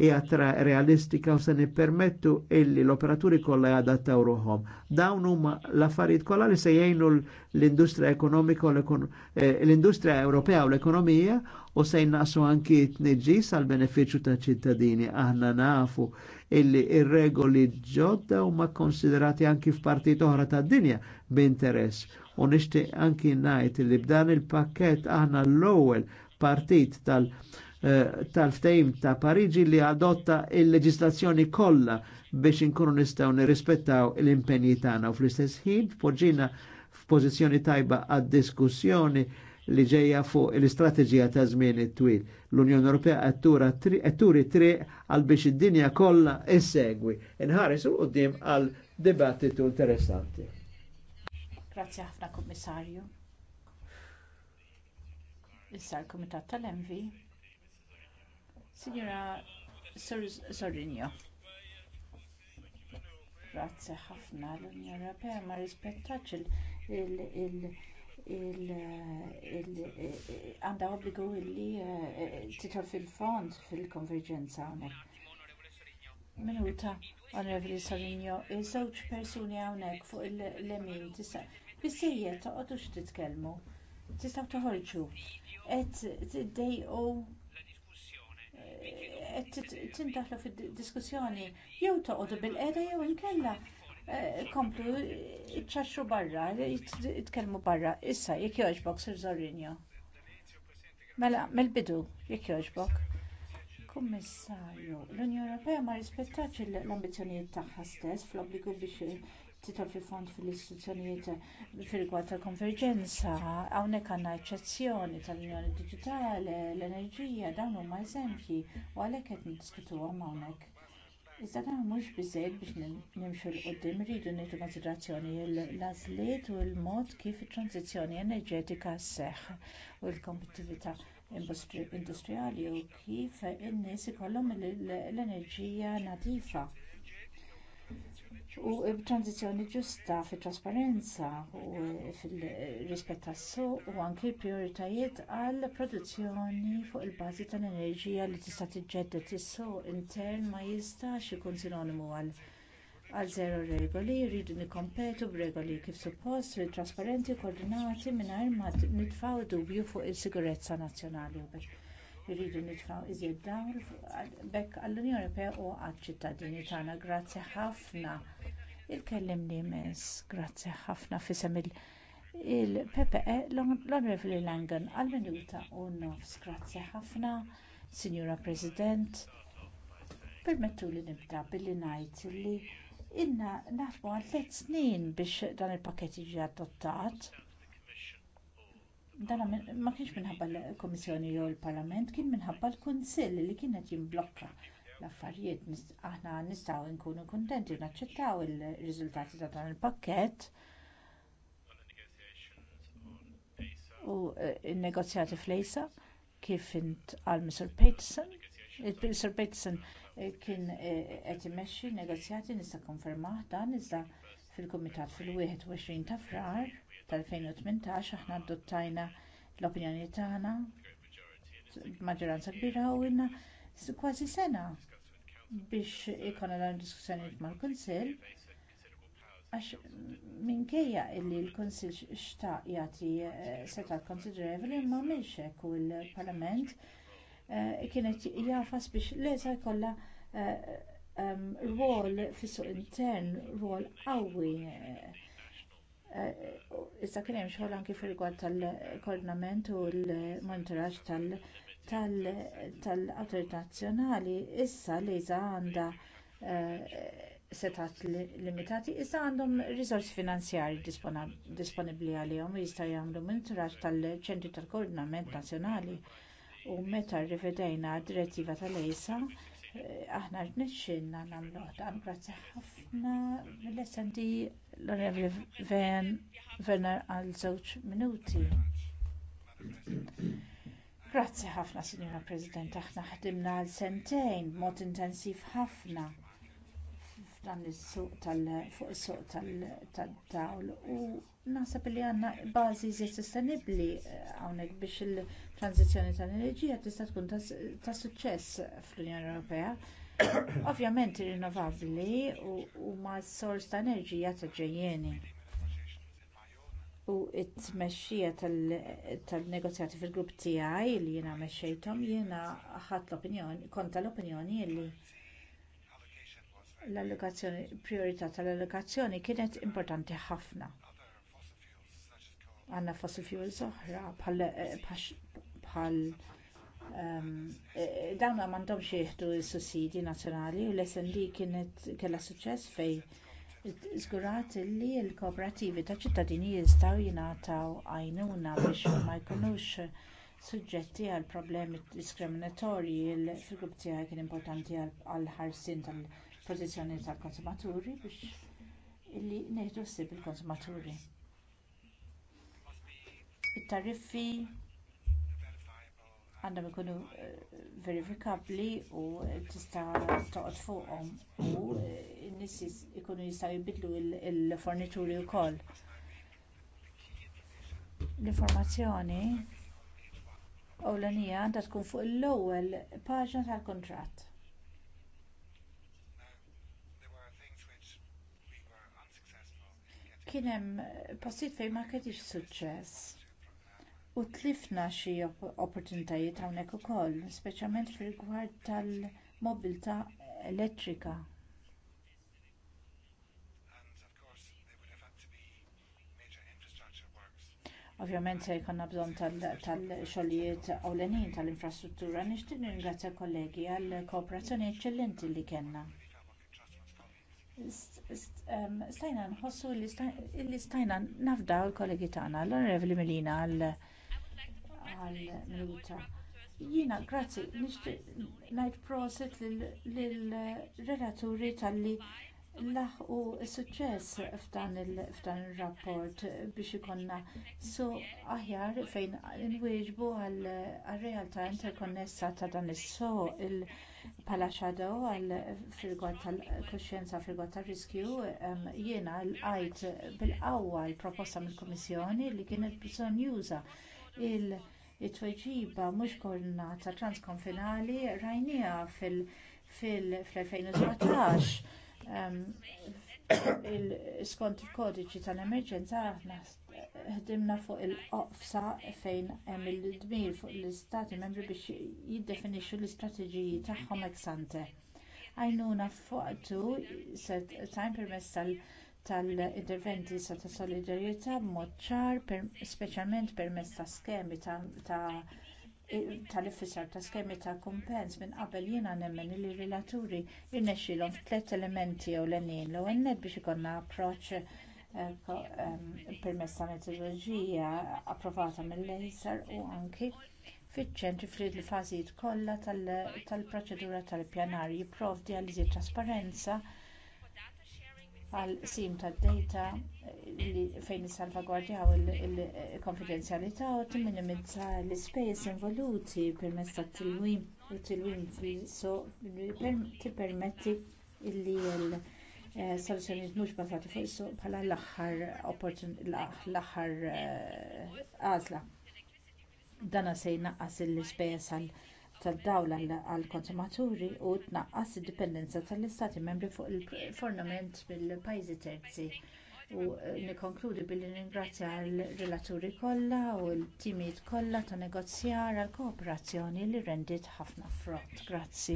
hija realistika u se nippermettu illi l-operaturi kollha jadattaw ruħom. Dawn huma l-affarijiet kollha li se jgħinu l-industrija ekonomika l eh, industria Ewropea u l-ekonomija u se jnaqsu anki t-nġis sal beneficju ta' ċittadini. Aħna nafu illi ir-regoli ġodda huma konsiderati anki f'partit oħra tad-dinja b'interess. U nishti anki ngħid li b'dan il-pakkett aħna l-ewwel partit tal- Eh, tal-ftejm ta' Pariġi li adotta il-leġislazzjoni kollha biex inkunu nistgħu nirrispettaw l-impenji tagħna u fl-istess ħin poġġina f'pożizzjoni tajba għad-diskussjoni li ġejja fuq l-istrateġija ta' żmien it-twil. L-Unjoni Ewropea qed turi triq għal biex id-dinja kollha issegwi. Inħares u qudiem għal dibattitu interessanti. Grazzi ħafna Kummissarju. Issa l-Kumitat tal mv Signora Sorinjo. Grazzi ħafna l-Unjoni Ewropea ma rispettax il- għandha obbligu li eh, titol fil-fond fil-konverġenza hawnhekk. Minuta, Onorevoli Sorinjo, il żewġ persuni hawnhekk fuq il-lemin tista' bissejjed toqgħodux titkellmu. Tistgħu toħorġu. Qed tiddejqu Tintaħlu fid-diskussjoni jew toqgħodu bil-qeda jew inkella eh, komplu iċċaxxu barra, jitkellmu barra. Issa jekk jogħġbok Sir Zorrinjo. Mela mill-bidu jekk jogħġbok. Kummissarju, l-Unjoni Ewropea ma rispettatx l-ambizzjonijiet tagħha stess fl-obbligu biex titol fi fond fil-istituzzjonijiet fil-rigward tal-konverġenza, hawnhekk għandna eċċezzjoni tal-Unjoni Digitali, l-enerġija, dawn huma eżempji u għalhekk qed niddiskutuhom hawnhekk. Iżda dan mhux biżżejjed biex nimxu l qudiem irridu nieħdu konsiderazzjoni l-għażliet u l-mod kif it-tranzizzjoni enerġetika sseħħ u l kompetitività industrijali u kif in-nies ikollhom l-enerġija nadifa u tranzizjoni ġusta fit-trasparenza u fil-rispett tas-suq u anki l-prijoritajiet għall produzzjoni fuq il-bażi tal-enerġija li tista' tiġġedded is-suq intern ma jistax ikun sinonimu għal żero regoli jridu nikkompetu b'regoli kif suppost li trasparenti u koordinati mingħajr ma nitfgħu dubju fuq is-sigurezza nazzjonali irridu nitfaw iżjed dawl bekk għall-Unjoni Ewropea u għaċ-ċittadini tagħna. Grazzi ħafna. Il-kellim li mens, grazzi ħafna fisem il-PPE l-Onorevoli Langan għal-minuta u nofs. Grazzi ħafna, Signora President. Permettu li nibda billi ngħid li inna nafu għal tliet snin biex dan il-pakket jiġi adottat dan ma kienx minħabba l-Komissjoni jew l-Parlament, kien minħabba l-Kunsill li kienet jimblokka l-affarijiet. Aħna nistgħu nkunu kuntenti u naċċettaw ir-riżultati ta' dan il-pakkett. U n-negozjati eh, fl ejsa kif intqal Mr. Peterson. Mr. Peterson eh, kien eh, qed imexxi negozjati nista' konfermah dan iżda fil-Kumitat fil-21 ta' frar tal-2018 aħna adottajna l-opinjoni tagħna b'maġġoranza kbira u ilna kważi sena biex ikonna dan diskussjonijiet mal-Kunsill għax minkejja li l-Kunsill xtaq jagħti eh, setat konsidervoli imma m'għamilx hekk u l-Parlament eh, kienet jafas biex l-esa jkollha eh, rwol fis-suq intern, rwol qawwi Issa kien hemm xogħol anki fil-rigward tal-koordinament u l-monitoraġġ tal-awtorità nazzjonali. Issa l-ESA għandha eh, setat limitati, issa għandhom risorsi finanzjarji disponibbli għalihom jista' jagħmlu monitoraġġ tal-ċentri tal-koordinament nazzjonali u meta rrivedejna d-direttiva tal-ESA aħna nixxilna nagħmlu dan grazzi ħafna mill-SND l-Onorevoli Werner għal żewġ minuti. Grazzi ħafna, Sinjora President, aħna ħdimna għal sentejn b'mod intensiv ħafna f'dan is-suq tal fuq is-suq tad-dawl u naħseb li għandna bażi iżjed sostenibbli eh, hawnhekk biex il-tranzizzjoni tal-enerġija tista' tkun ta' suċċess fl-Unjoni Ewropea. (coughs) Ovvjament ir-rinnovabbli huma s-sors ta' enerġija ta' ġejjieni u t-tmexxija tan-negozjati fil-grupp tiegħi li jiena mexxejthom jiena ħadt l-opinjoni kont tal-opinjoni li l-allokazzjoni priorità tal-allokazzjoni kienet importanti ħafna għandna fossil fuels oħra bħal ehm, e, e, dawn m'għandhomx jieħdu s-sussidji nazzjonali u l-SND kienet kellha suċċess fejn żgurat li l-kooperattivi ta' ċittadini jistgħu jingħataw għajnuna biex ma jkunux suġġetti għal problemi diskriminatorji fil-grupp tiegħi kien importanti għall ħarsien tal- pozizjoni ta' konsumaturi biex illi neħdu ssib il-konsumaturi. It-tariffi għandhom ikunu eh, verifikabbli u tista' toqgħod fuqhom u eh, n-nies ikunu jistgħu jbidlu l fornituri wkoll. L-informazzjoni ewlenija għandha tkun fuq l-ewwel paġna tal-kuntratt. kien hemm postijiet fejn ma kedix suċċess. U tlifna xi opportunitajiet hawnhekk ukoll, speċjalment fil-rigward tal-mobilità elettrika. Ovvjament se jkollna bżonn tal-xogħlijiet tal ewlenin tal-infrastruttura nixtieq ringrazzja kollegi għall kooperazzjoni eċċellenti li kellna stajna nħossu li stajna nafdaw il-kollegi tagħna l-Onorevoli Melina għal minuta. Jina, grazzi, nishti najt prosit l relaturi tal-li laħ u suċċess f'dan il rapport biex ikonna so aħjar fejn n inwieġbu għal-realtà interkonnessa ta' dan il so il- Pala shadow għal frigwad tal-kuxjenza frigwad tar-riskju jiena lqajt bil-qawwa l-proposta mill-Kummissjoni li kienet bżonn juża il-tweġiba mhux koordinata transkonfinali rajniha fil-2017 skont il-kodiċi tal-emerġenza aħna ħdimna fuq il-qofsa fejn hemm il-dmir fuq l-istati membri biex jiddefinixxu l-istrateġiji tagħhom ex ante. Għajnuna fuqtu se tajn permess tal-interventi sa ta' solidarjetà b'mod ċar, speċjalment permezz ta' skemi ta' tal-ifisar ta' skemi ta' kumpens minn qabel jiena nemmen li relaturi irnexxilhom f'tliet elementi ewlenin l-ewwel biex ikollna approċċ Ehm, permezz ta' metodoloġija approvata mill-eisr u anki fiċ-ċentri il fażijiet kollha tal-proċedura tal-ippjanar jipprovdi għal iżjed eh, trasparenza għall qsim tad-dejta fejn issalvagwardjaw il-konfidenzjalità u timminimizza l-ispejjeż involuti permezz tat-tilwim u t-tilwim fil-suq tippermetti li l soluzzjonijiet mhux bbażati fuq is-suq bħala l-aħħar l-aħħar eh, għażla. Dan se jnaqqas l-ispejjeż tad-dawl għall-konsumaturi u tnaqqas id-dipendenza tal-istati membri fuq il-fornament mill-pajjiżi terzi. U eh, nikkonkludi billi ningrazzja l-relaturi kollha u l-timijiet kollha ta' negozjar għall kooperazzjoni li rendiet ħafna frott. Grazzi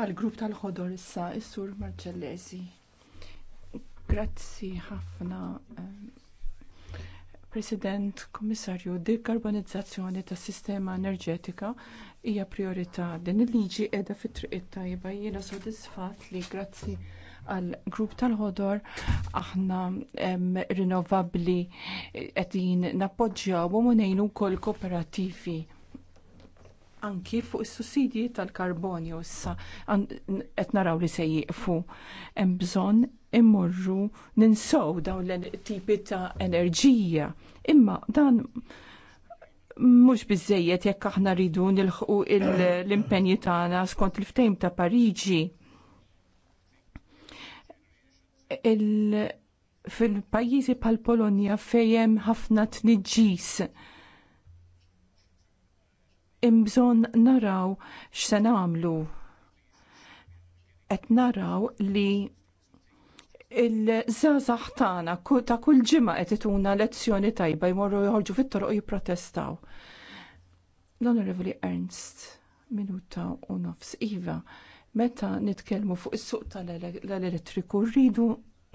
għal grupp tal-ħodor issa is-sur Marċellesi. Grazzi ħafna eh, President, Komissarju, dekarbonizzazzjoni tas sistema enerġetika hija priorità din il-liġi qiegħda fit-triq tajba jiena sodisfatt li grazzi għal grupp tal-ħodor aħna rinnovabbli eh, qegħdin nappoġġjaw u ngħinu wkoll kooperattivi anki fuq is-sussidji tal-karbonju issa qed naraw li se jieqfu. Hemm bżonn immorru ninsow dawn l-tipi ta' enerġija. Imma dan mhux biżejjed jekk aħna rridu nilħqu l-impenji tagħna skont il-ftejm ta' Pariġi. fil-pajjiżi bħal Polonja fejjem ħafna tniġġis imbżon naraw x'se nagħmlu. Et naraw li il-żazax tagħna ta' kull ġimgħa qed ituna lezzjoni tajba jmorru joħorġu fit-toroq jipprotestaw. L-Onorevoli Ernst, minuta u nofs iva, meta nitkellmu fuq is-suq tal-elettriku rridu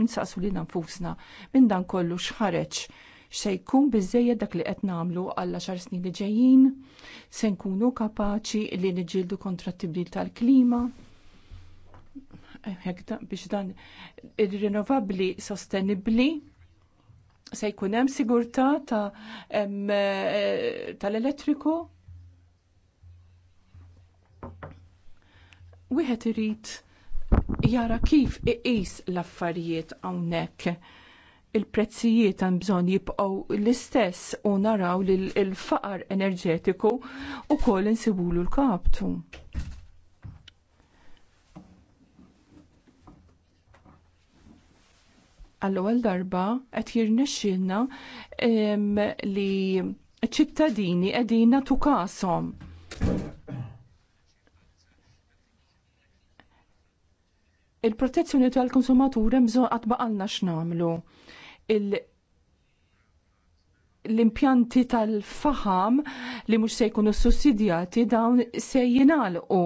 nsaqsu li nfusna minn dan kollu xħareċ se jkun biżejjed dak li qed nagħmlu għal 10 snin li ġejjin, se nkunu kapaċi li niġġieldu kontra t-tibdil tal-klima. biex dan ir-rinnovabbli sostenibbli se jkun hemm sigurtà eh, tal-elettriku. Wieħed irid jara kif iqis l-affarijiet hawnhekk il-prezzijiet għan bżon jibqgħu l-istess u naraw li l-faqar enerġetiku u kol insibulu l-kaptu. għall darba qed jirnexxielna li ċittadini qegħdin natu kasom. Il-protezzjoni tal-konsumaturi qatt għatbaqalna x'namlu. Il- l-impjanti tal-faham li mhux se jkunu sussidjati dawn se jingħalqu.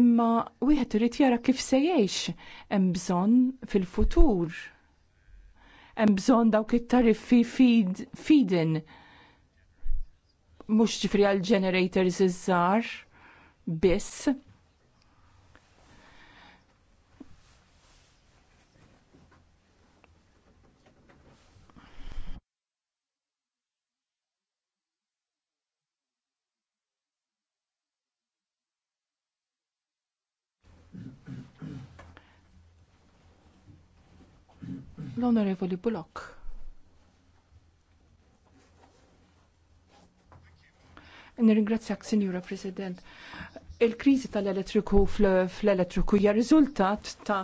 Imma wieħed irid jara kif se jgħix hemm bżonn fil-futur. Hemm bżonn dawk it-tariffi feed-in mhux ġifri għal generators iż-żgħar biss L-Onorevoli Bullock. Nirringrazzjak, Sinjura President. Il-kriżi tal-elettriku fl-elettriku hija riżultat ta'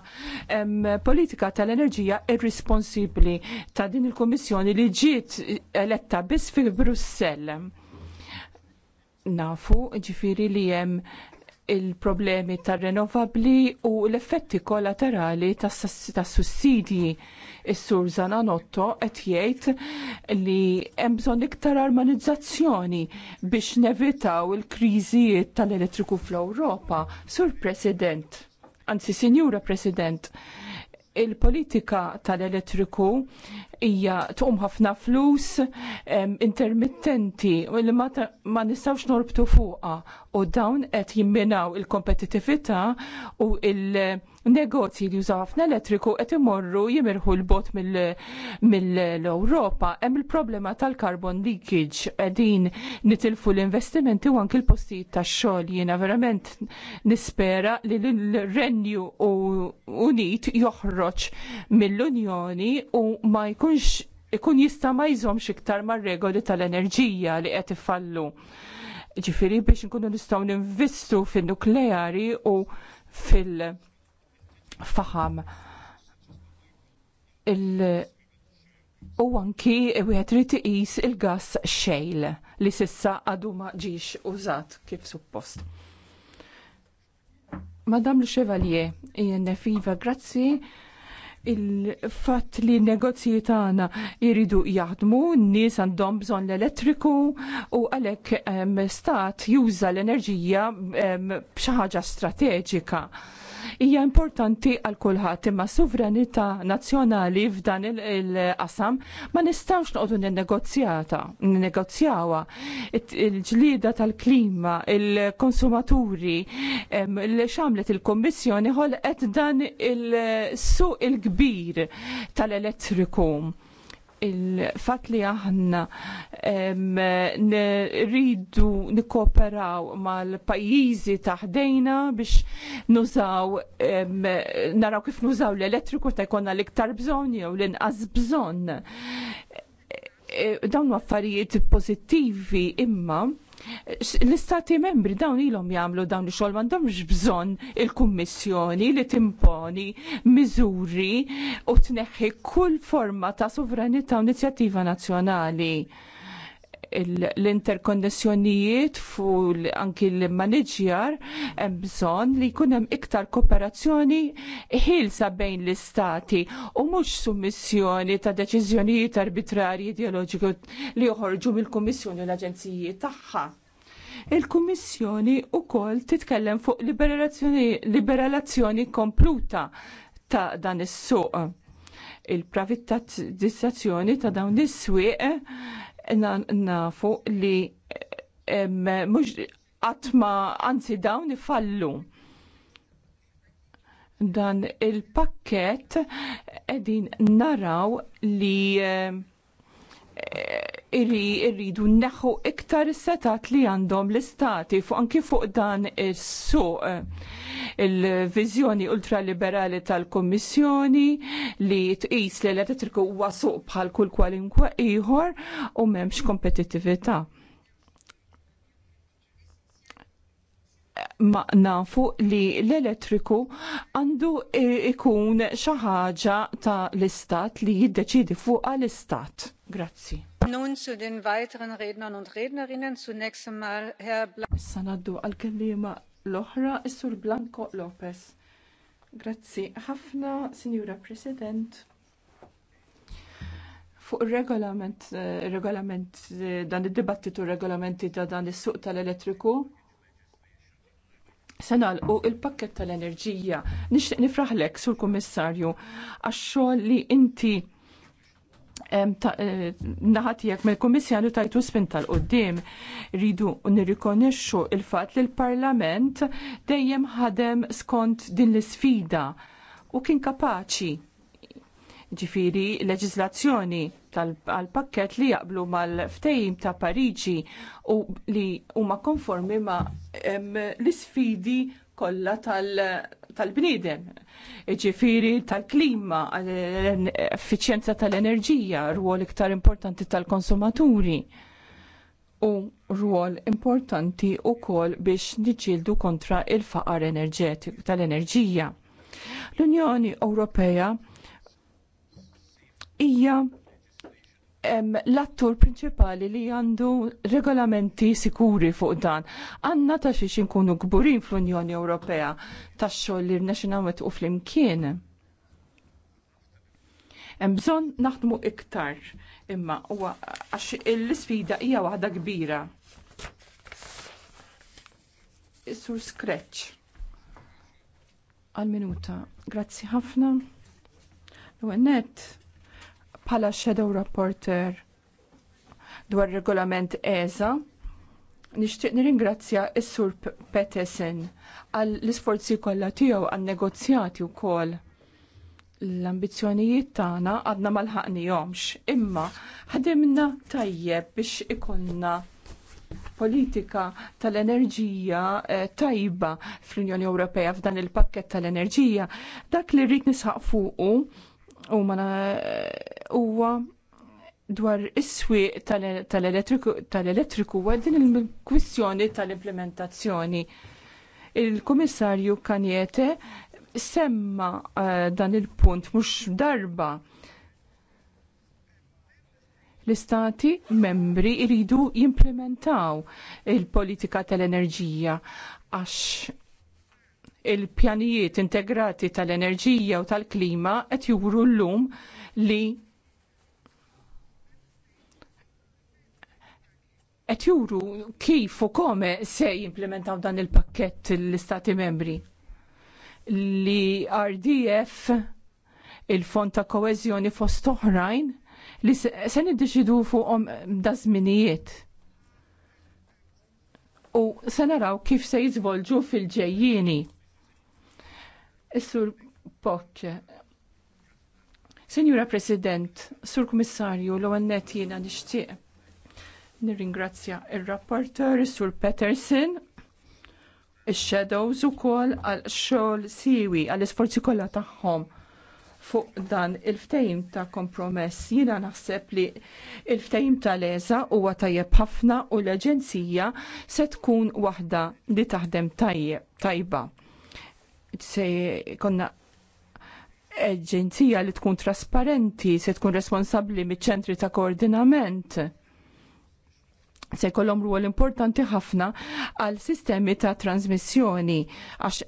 politika tal-enerġija irresponsibbli ta' din il-Kummissjoni li ġiet eletta biss fil brussell Nafu ġifiri li hemm il-problemi tar-renovabli u l-effetti kollaterali tas-sussidji. tas sussidji Is-sur Zananotto qed jgħid li hemm bżonn iktar armonizzazzjoni biex nevitaw il-kriżijiet tal-elettriku fl-Ewropa. Sur President, anzi Sinjura President, il-politika tal-elettriku hija tuqum ħafna flus intermittenti u li ma nistawx norbtu fuqha u dawn qed jimminaw il-kompetitività u il-negozji li jużaw ħafna elettriku qed imorru jimirħu l-bot mill-Ewropa. Hemm il-problema tal-carbon leakage qegħdin nitilfu l-investimenti u anki l-postijiet tax-xogħol jiena verament nispera li l-Renju Unit joħroġ mill-Unjoni u ma jkun jkunx ikun jista' ma jżomx iktar mar-regoli tal-enerġija li qed ifallu. Ġifieri biex nkunu nistgħu ninvestu fin-nukleari u fil-faham. Il- u anki wieħed rid iqis il-gass xejl li sissa għadu ma ġiex użat kif suppost. Madam Le Chevalier, INF e Iva, grazzi il-fatt li negozji tagħna jiridu jaħdmu, n-nies għandhom bżonn l-elettriku u għalhekk stat juża l-enerġija b'xi ħaġa strateġika hija importanti għal kulħadd imma sovranità nazzjonali f'dan il-qasam ma nistgħux noqogħdu ninnegozjata, negozjawa il ġlieda tal-klima, il-konsumaturi, li xamlet il kummissjoni ħolqet dan il-suq il-kbir tal-elettriku il-fat li aħna rridu nikkooperaw mal-pajjiżi taħdejna biex nużaw naraw kif nużaw l-elettriku ta' jkollna l-iktar bżonn jew l-inqas bżonn. Eh, dawn affarijiet pożittivi imma l-istati membri dawn ilhom jagħmlu dawn ix-xogħol m'għandhomx bżonn il-kummissjoni li timponi miżuri u tneħħi kull forma ta' sovranità u inizjattiva nazzjonali l-interkonnessjonijiet fu anki l-manager hemm bżonn li jkun hemm iktar kooperazzjoni ħilsa bejn l-istati u mhux summissjoni ta' deċiżjonijiet arbitrarji ideoloġiku li joħorġu mill-Kummissjoni u l aġenzijiet tagħha il-Kummissjoni wkoll titkellem fuq liberalazzjoni kompluta ta' dan is-suq il-privatizzazzjoni ta' dawn is-swieq nafu li mhux għatma anzi dawn ifallu dan il-pakket edin naraw li iridu neħu iktar setat li għandhom l-istati fuq anki fuq dan is-suq il-viżjoni ultraliberali tal-Kommissjoni li tqis li l-elettriku huwa suq bħal kull kwalinkwa ieħor u m'hemmx kompetittività. ma nafu li l-elettriku għandu ikun xi ħaġa ta' l-istat li jiddeċidi fuq l-istat. Grazzi. Nun zu den weiteren Rednern und Rednerinnen zunächst einmal Herr Sanaddu għal-kellima l-oħra is-Sur Blanco Lopez. Grazzi ħafna, Sinjura President. Fuq regolament, eh, regolament eh, dan id-dibattitu regolamenti ta' dan is-suq tal-elettriku, Se nagħlqu il-pakket tal-enerġija. Nixtieq nifraħlek sur kummissarju għax-xogħol li inti Eh, naħat jek mill komissjoni tajtu spin tal-qoddim rridu nirrikonixxu il-fat li l-Parlament dejjem ħadem skont din l-sfida u kien kapaċi ġifiri leġizlazzjoni tal-pakket li jaqblu mal-ftejim ta' Pariġi u li huma konformi ma' l-sfidi kollha tal-bniedem, ġifiri tal-klima, effiċjenza tal-enerġija, rwol iktar importanti tal-konsumaturi u rwol importanti u kol biex niġildu kontra il-faqar tal-enerġija. L-Unjoni Ewropea hija l-attur prinċipali li għandu regolamenti sikuri fuq dan. Għanna ta' xiex nkunu gburin fl-Unjoni Ewropea ta' xoll li r-naxinawet u fl-imkien. Mżon naħdmu iktar imma għax l-sfida hija waħda kbira. Sur scratch. Għal-minuta. Grazzi ħafna. L-għennet pala shadow rapporter dwar regolament ESA. Nixtieq nirringrazzja s-Sur Petesen għal l-isforzi kollha tiegħu għan negozjati wkoll l-ambizzjonijiet tagħna għadna ma lħaqnihomx, imma ħadimna tajjeb biex ikollna politika tal-enerġija eh, tajba fl-Unjoni Ewropea f'dan il-pakket tal-enerġija. Dak li rrid nisħaq fuqu u mana huwa dwar is-swieq tal-elettriku tal-elettriku huwa din il-kwistjoni tal-implementazzjoni. Il-Kummissarju Kaniete semma eh, dan il-punt mhux darba l-istati membri jridu jimplementaw il-politika tal-enerġija għax il-pjanijiet integrati tal-enerġija u tal-klima qed juru llum li qed juru kif u kome se jimplementaw dan il-pakkett l-Istati membri li RDF il-fond ta' koeżjoni fost oħrajn li se niddeċidu fuqhom da' żminijiet u se naraw kif se jiżvolġu fil-ġejjieni Is-Sur Poċ. Senjura President, Sur Kummissarju, l-għannet jena nishtiq. Nirringrazzja il-rapporter, Sur Peterson, il-Shadows u kol għal-xol siwi, għal-isforzi kolla taħħom fuq dan il-ftejim ta' kompromess. Jina naħseb li il-ftejim ta' leza huwa tajjeb ħafna u l-Aġenzija se tkun waħda li taħdem tajjeb tajba se konna eġenzija li tkun trasparenti, se tkun responsabbli miċ-ċentri ta' koordinament se jkollhom ruol importanti ħafna għal sistemi ta' transmissjoni għax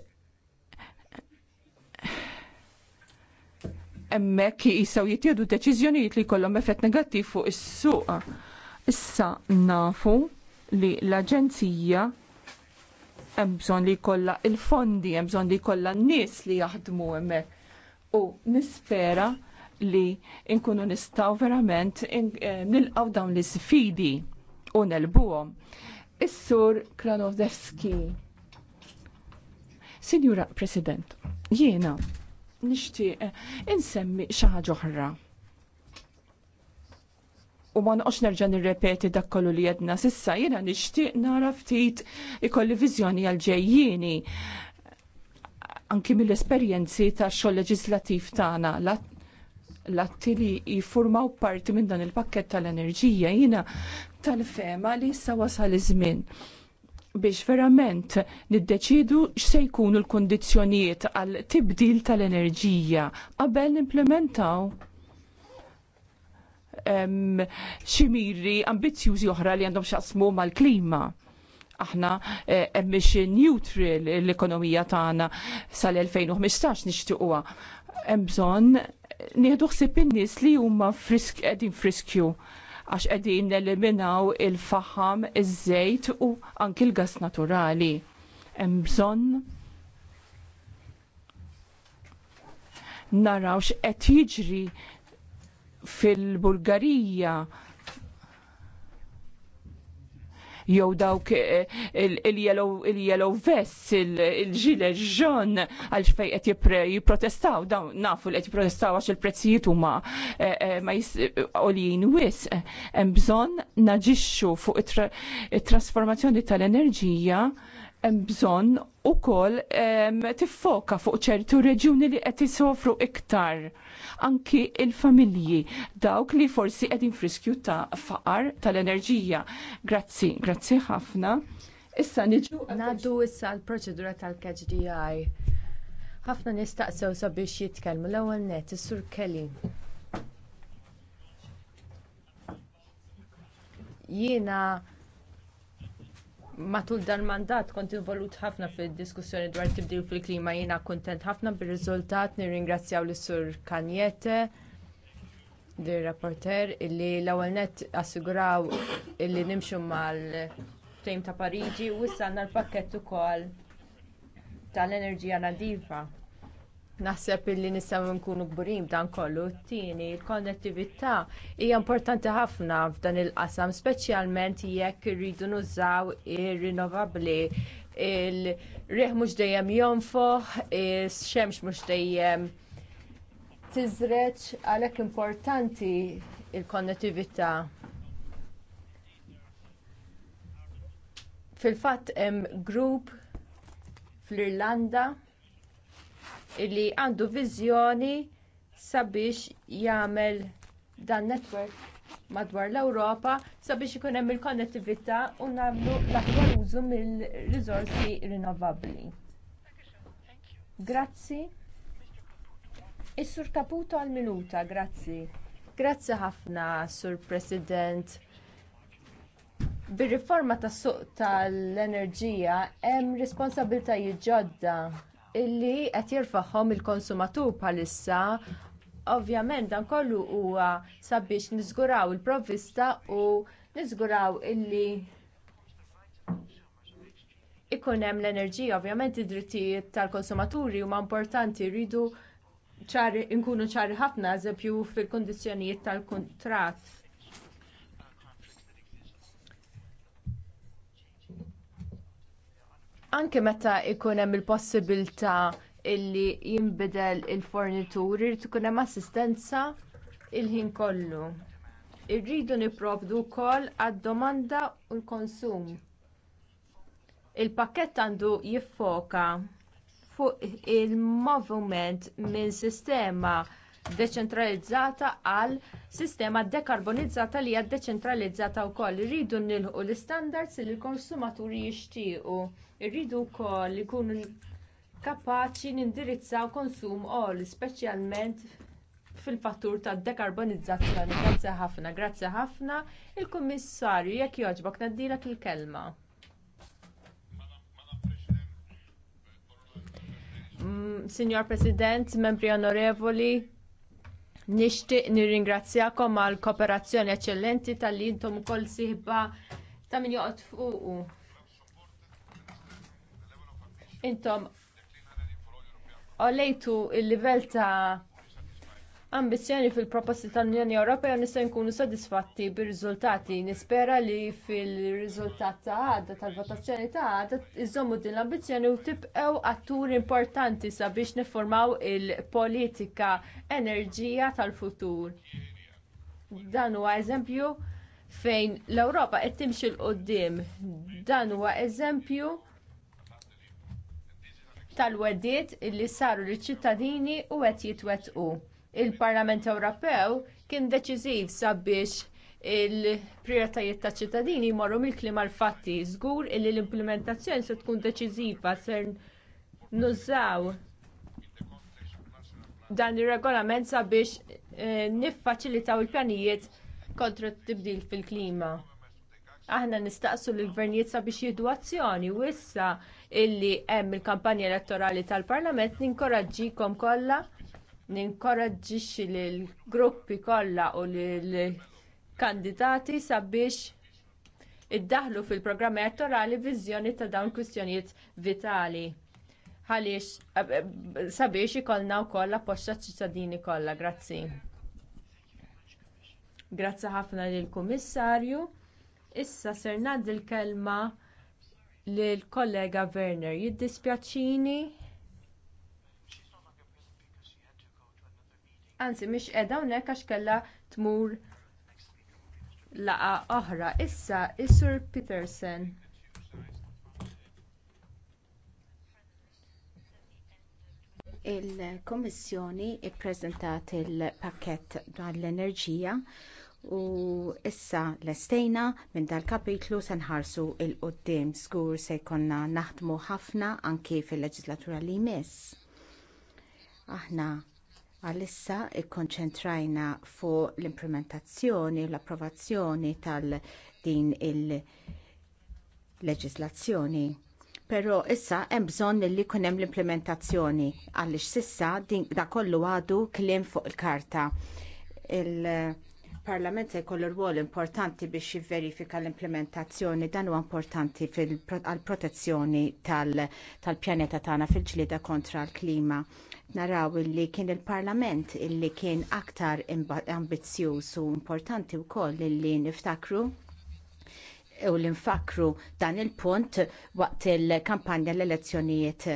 emmek jisaw jittieħdu deċiżjonijiet li jkollhom effett negattiv fuq is-suq. Issa nafu li l-Aġenzija hemm bżonn li jkollha il-fondi, hemm bżonn li jkollha n-nies li jaħdmu hemmhekk. U nispera li nkunu nistgħu verament eh, nilqgħu dawn l isfidi u nelbuhom. Is-sur Kranowski. Sinjura President, jiena nixtieq eh, insemmi xi ħaġa oħra u ma nqox nerġa' nirrepeti dak kollu li jedna sissa jiena nixtieq nara ftit ikolli viżjoni għal ġejjini anki mill-esperjenzi tax xogħol leġislattiv tagħna l-atti li jiffurmaw parti minn dan il-pakket tal-enerġija jiena tal-fema li issa wasal iż-żmien biex verament niddeċidu x'se jkunu l kundizzjonijiet għal tibdil tal-enerġija qabel nimplementaw ximiri ambizjużi oħra li għandhom xaqsmu mal-klima aħna eh, emission neutral l-ekonomija tagħna sal-2015 nixtiequha. Hemm bżonn nieħdu ħsieb in-nies li huma frisk qegħdin friskju għax qegħdin neliminaw il-faħam, iż-żejt u anki l-gas naturali. Hemm bżonn narawx qed jiġri fil-Bulgarija jew dawk eh, il-yellow vests, il-ġilet ġon, għal fej qed jipprotestaw, dawn nafu li qed jipprotestaw għax il-prezzijiet huma eh, eh, ma jisqolin wis. Hemm bżonn naġixxu fuq it-trasformazzjoni tal-enerġija hemm bżonn ukoll ehm, tiffoka fuq ċertu reġjuni li qed isofru iktar anki il-familji dawk li forsi qegħdin friskju ta' faqar tal-enerġija. Grazzi, grazzi ħafna. Issa niġu. Naddu issa l-proċedura tal-KGDI. Ħafna nistaqsew sabiex jitkellmu l-ewwel net is-Sur Kelly. Jiena matul dan mandat kont involut ħafna fid-diskussjoni dwar tibdil fil-klima jiena kuntent ħafna bir-riżultat nirringrazzjaw lis sur Kanjete dir-rapporter illi l-ewwel nett assiguraw illi nimxu mal-ftehim ta' Pariġi u issa għandna l-pakkett ukoll tal-enerġija nadifa Naħseb illi nistgħu nkunu kburim dan kollu. t Tieni, il-konnettività hija importanti ħafna f'dan il-qasam, speċjalment jekk irridu nużaw ir-rinnovabbli il-riħ mhux dejjem jonfoħ, ix-xemx mhux dejjem tiżreġ għalhekk importanti l konnettività Fil-fatt hemm grupp fl-Irlanda li għandu viżjoni sabiex jagħmel dan netwerk madwar l-Ewropa sabiex ikun hemm il-konnettività u nagħmlu l akbar użu mill-riżorsi rinnovabbli. Grazzi. Is-Sur Caputo għal minuta, grazzi. Grazzi ħafna, Sur President. Bir-riforma tas-suq tal-enerġija hemm responsabiltajiet ġodda Illi qed jirfaħħom il-konsumatur bħalissa ovvjament dan kollu huwa sabiex niżguraw il-provvista u niżguraw illi ikun hemm l-enerġija ovvjament id-drittijiet tal-konsumaturi huma importanti rridu inkunu ċari ħafna eżempju fil-kundizzjonijiet tal-kuntratt anke meta jkun hemm il-possibilità illi jinbidel il-fornitur irid ikun hemm assistenza il-ħin kollu. Irridu nipprovdu wkoll għad-domanda u l-konsum. Il-pakkett għandu jiffoka fuq il movement minn sistema deċentralizzata għal sistema dekarbonizzata li hija deċentralizzata wkoll. Irridu nilħu l-istandards li l-konsumaturi jixtiequ. Irridu wkoll li jkunu kapaċi nindirizzaw konsum għol, speċjalment fil-fattur tad dekarbonizzazzjoni. Grazzi ħafna, grazzi ħafna. Il-Kummissarju, jekk jogħġbok ngħaddilha il-kelma. Mm, Signor President, membri onorevoli, nixtieq nirringrazzjakom għall kooperazzjoni eċċellenti tal-li intom ukoll siħba ta' min joqgħod fuqu intom għalejtu il-livell ta' ambizzjoni fil-proposti tal-Unjoni Ewropea nistgħu nkunu sodisfatti bir-riżultati. Nispera li fil-riżultat ta' għadda tal-votazzjoni ta' għadda iżommu din l-ambizzjoni u tibqgħu attur importanti sabiex niffurmaw il-politika enerġija tal-futur. Dan huwa eżempju fejn l-Ewropa qed timxi l qudiem Dan huwa eżempju tal-weddiet illi saru liċ-ċittadini u qed jitwettqu. Il-Parlament Ewropew kien deċiżiv sabiex il-prijoritajiet taċ ċittadini jmorru mill-kliem għal fatti żgur illi l-implementazzjoni se tkun deċiżiva ser nużaw dan ir-regolament sabiex eh, niffaċilitaw il-pjanijiet kontra t-tibdil fil-klima. Aħna nistaqsu lill gvernijiet sabiex jieħdu azzjoni u issa illi hemm il-kampanja elettorali tal-Parlament ninkoraġġikom kollha ninkoraġġixxi lill gruppi kollha u lill kandidati sabiex iddaħħlu fil-programm elettorali viżjoni ta' dawn kwistjonijiet vitali. Għaliex eh, sabiex ikollna wkoll appoġġ ċittadini kollha, grazzi. Grazzi ħafna lill kummissarju Issa ser ngħaddi l-kelma lill kollega Werner jiddispjaċini Anzi, mhix qiegħda hawnhekk għax kellha tmur laqgħa oħra. Issa, is-Sur Peterson. il kummissjoni ppreżentat il-pakket tal enerġija u issa lestejna minn dal-kapitlu se nħarsu l qoddim skur se jkollna naħdmu ħafna anki fil-leġislatura li jmiss. Aħna għalissa ikkonċentrajna fuq l-implementazzjoni u l-approvazzjoni tal-din il-leġislazzjoni. Però issa hemm bżonn li jkun hemm l-implementazzjoni għaliex sissa da kollu għadu kliem fuq il-karta. il karta il-Parlament se jkollu rwol importanti biex jivverifika l-implementazzjoni dan huwa importanti għall-protezzjoni tal-pjaneta tal tagħna fil-ġlieda kontra l-klima. Naraw li kien il-Parlament illi kien aktar ambizzjuż u importanti wkoll illi niftakru u l-infakru dan il-punt waqt il-kampanja l-elezzjonijiet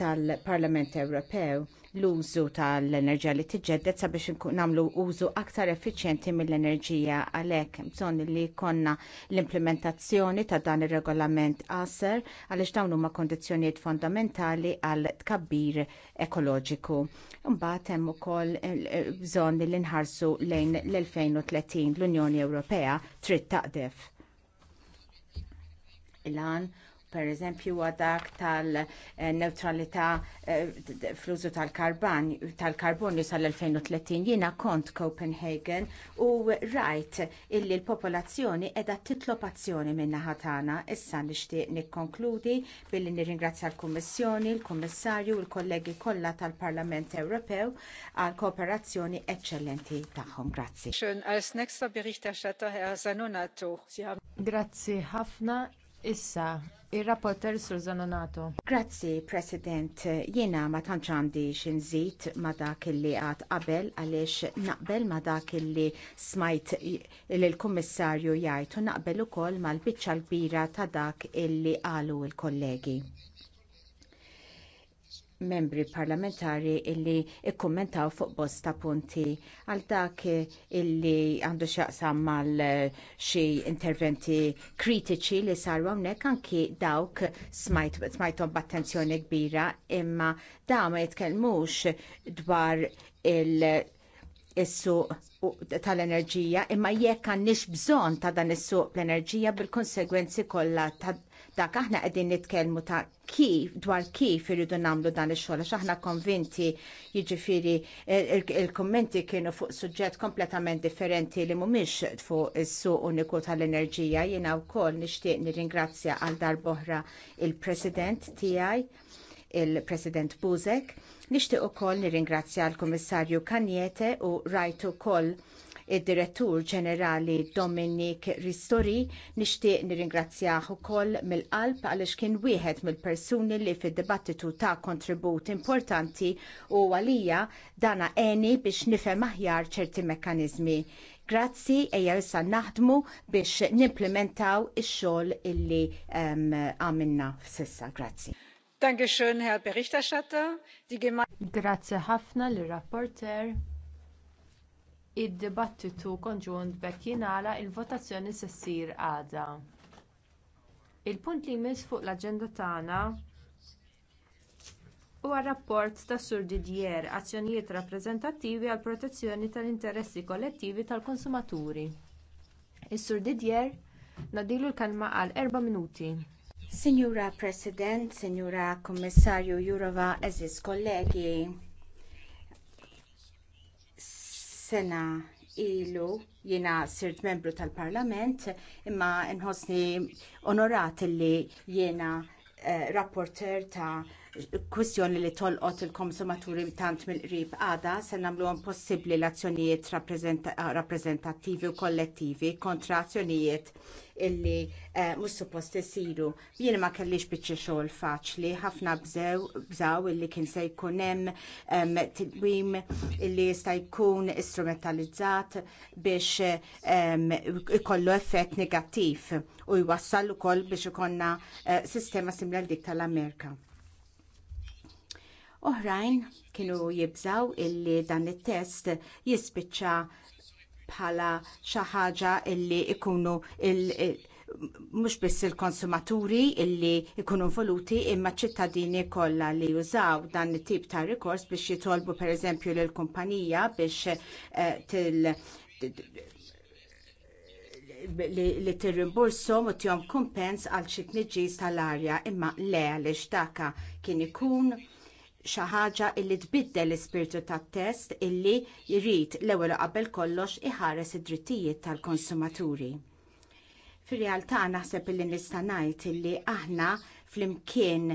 tal-Parlament Ewropew l-użu tal-enerġija li tiġġedded sabiex nagħmlu użu aktar effiċjenti mill-enerġija għalhekk bżonn li jkollna l-implementazzjoni ta' dan ir-regolament qaser għaliex dawn huma kondizzjonijiet fondamentali għal tkabbir ekoloġiku. Imbagħad hemm ukoll eh, bżonn li nħarsu lejn l-2030 l-Unjoni Ewropea trid taqdef. Ilan per eżempju dak tal-neutralità eh, fl-użu tal-karbonju tal sal-2030 jiena kont Copenhagen u rajt illi l-popolazzjoni edha titlob azzjoni min-naħa tagħna. Issa nixtieq nikkonkludi billi nirringrazzja l-Kummissjoni, l-Kummissarju u l-kollegi kollha tal-Parlament Ewropew għal kooperazzjoni eċċellenti tagħhom. Grazzi. Grazzi ħafna Issa, Ir-rapporter Susanna Nato. Grazzi, President. Jiena ma tantx għandi xinżid ma dak li għad qabel għaliex naqbel ma dak li smajt l-Kummissarju jgħid u naqbel ukoll mal-biċċa l-kbira ta' dak illi qalu l-kollegi. Il membri parlamentari illi ikkommentaw fuq bosta punti għal dak illi għandu xaqsam mal eh, xi interventi kritiċi li saru hawnhekk anki dawk smajt, smajtom b'attenzjoni kbira imma dawn ma jitkellmux dwar il- issu suq tal-enerġija imma jekk għandniex bżonn ta' dan is-suq l-enerġija bil-konsegwenzi kollha ta' dak aħna qegħdin nitkellmu ta' kif dwar kif iridu nagħmlu dan ix-xogħol għax aħna konvinti jiġifieri il-kummenti kienu fuq suġġett kompletament differenti li mhumiex fuq is-suq uniku tal-enerġija jiena wkoll nixtieq nirringrazzja għal darb'oħra il-President tiegħi il-President Buzek. Nixtieq ukoll nirringrazzja l-Kummissarju Kanjete u rajtu ukoll id-direttur ġenerali Dominik Ristori nixtieq nirringrazzjah ukoll mill-qalb għaliex kien wieħed mill-persuni li fid-dibattitu ta' kontribut importanti u għalija dana għeni biex nifhem aħjar ċerti mekkaniżmi. Grazzi ejja issa naħdmu biex nimplementaw ix-xogħol illi għamilna um, sissa. Grazzi. Dankeschön, Herr Berichterstatter. Grazie ħafna l-rapporter id-dibattitu konġunt b'hekk jingħalaq il-votazzjoni se ssir għada il-punt li jmiss fuq l-aġenda tagħna huwa r-rapport tas-sur didier azzjonijiet rappreżentattivi għall protezzjoni tal-interessi kollettivi tal-konsumaturi is-sur didier nadilu l-kelma għal erba' minuti Sinjura President, Signora Kommissarju Jurova, eżis kollegi, sena ilu jiena sirt membru tal-parlament imma nħossni onorat li jiena uh, rapporter ta' kwistjoni li tolqot il-konsumaturi tant mill-qrib għada se nagħmluhom possibbli l-azzjonijiet rappreżentattivi u kollettivi kontra azzjonijiet illi eh, mhux suppost isiru. Jien ma kellix biċċi xogħol faċli, ħafna bżew bżaw illi kien se jkun hemm tidwim illi jista' jkun istrumentalizzat biex ikollu effett negattiv u jwassal ukoll biex ikonna eh, sistema simla dik tal-Amerika Oħrajn kienu jibżaw illi dan it-test jispiċċa bħala xi ħaġa illi ikunu il- mhux biss il-konsumaturi illi jkunu involuti imma ċittadini kollha li jużaw dan it-tip ta' rikors biex jitolbu pereżempju lill kumpanija biex eh, til li tirrimbursom u tjom kumpens għal xi tniġġis tal-arja imma le għaliex daka kien ikun xi ħaġa li tbiddel l-ispirtu tat-test illi jrid l-ewwel qabel kollox iħares id-drittijiet tal-konsumaturi. Fir-realtà naħseb illi nista' ngħid illi aħna flimkien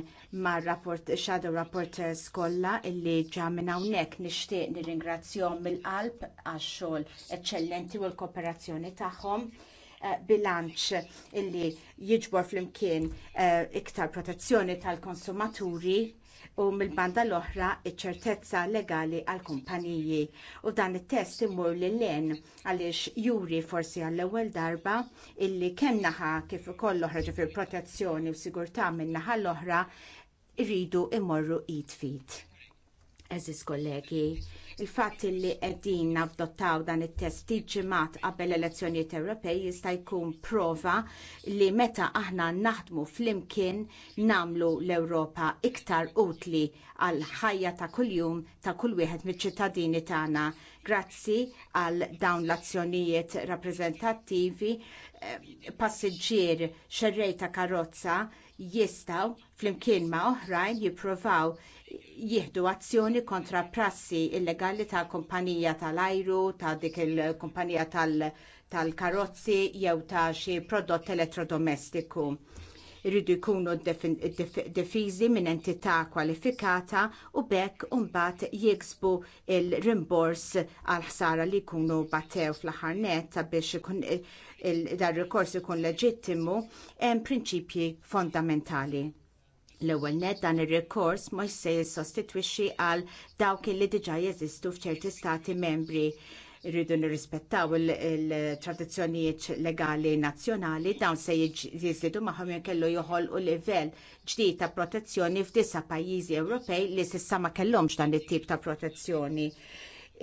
mar rapport shadow rapporters kollha illi ġa minn hawnhekk nixtieq nirringrazzjahom mill-qalb għax-xogħol eċċellenti u l-kooperazzjoni tagħhom eh, bilanċ illi jiġbor flimkien eh, iktar protezzjoni tal-konsumaturi u mill-banda l-oħra iċ-ċertezza legali għall kumpaniji U dan it-test imur lil len għaliex juri forsi għall-ewwel darba illi kemm naħa kif ukoll l-oħra ġifir protezzjoni u sigurtà min-naħa l-oħra irridu imorru id fit eżis kollegi, il-fatt li qegħdin nabdottaw dan it-test ġimgħat qabel elezzjonijiet Ewropej jista' jkun prova li meta aħna naħdmu flimkien nagħmlu l-Ewropa iktar utli għal ħajja ta' kuljum ta' kull wieħed mill-ċittadini tagħna. Grazzi għal dawn l-azzjonijiet rappreżentattivi eh, passiġġier xerrej ta' karozza jistgħu flimkien ma' oħrajn jippruvaw jieħdu azzjoni kontra prassi illegali tal kumpanija tal-ajru, ta' dik il-kumpanija tal-karozzi -tal jew ta' xi prodott elettrodomestiku irridu jkunu defizi minn entità kwalifikata u bekk umbat jiksbu il-rimbors għal-ħsara li jkunu battew fl-aħħar net biex dar-rikors ikun leġittimu hemm prinċipji fondamentali. L-ewwel nett dan ir-rikors mhux se jissostitwixxi għal dawk li diġà jeżistu f'ċerti stati membri irridu nirrispettaw il-tradizzjonijiet legali nazzjonali dawn se jiżidu magħhom kellu joħolqu livell ġdid ta' protezzjoni f'disa pajjiżi Ewropej li s'issa ma kellhomx dan it-tip ta' protezzjoni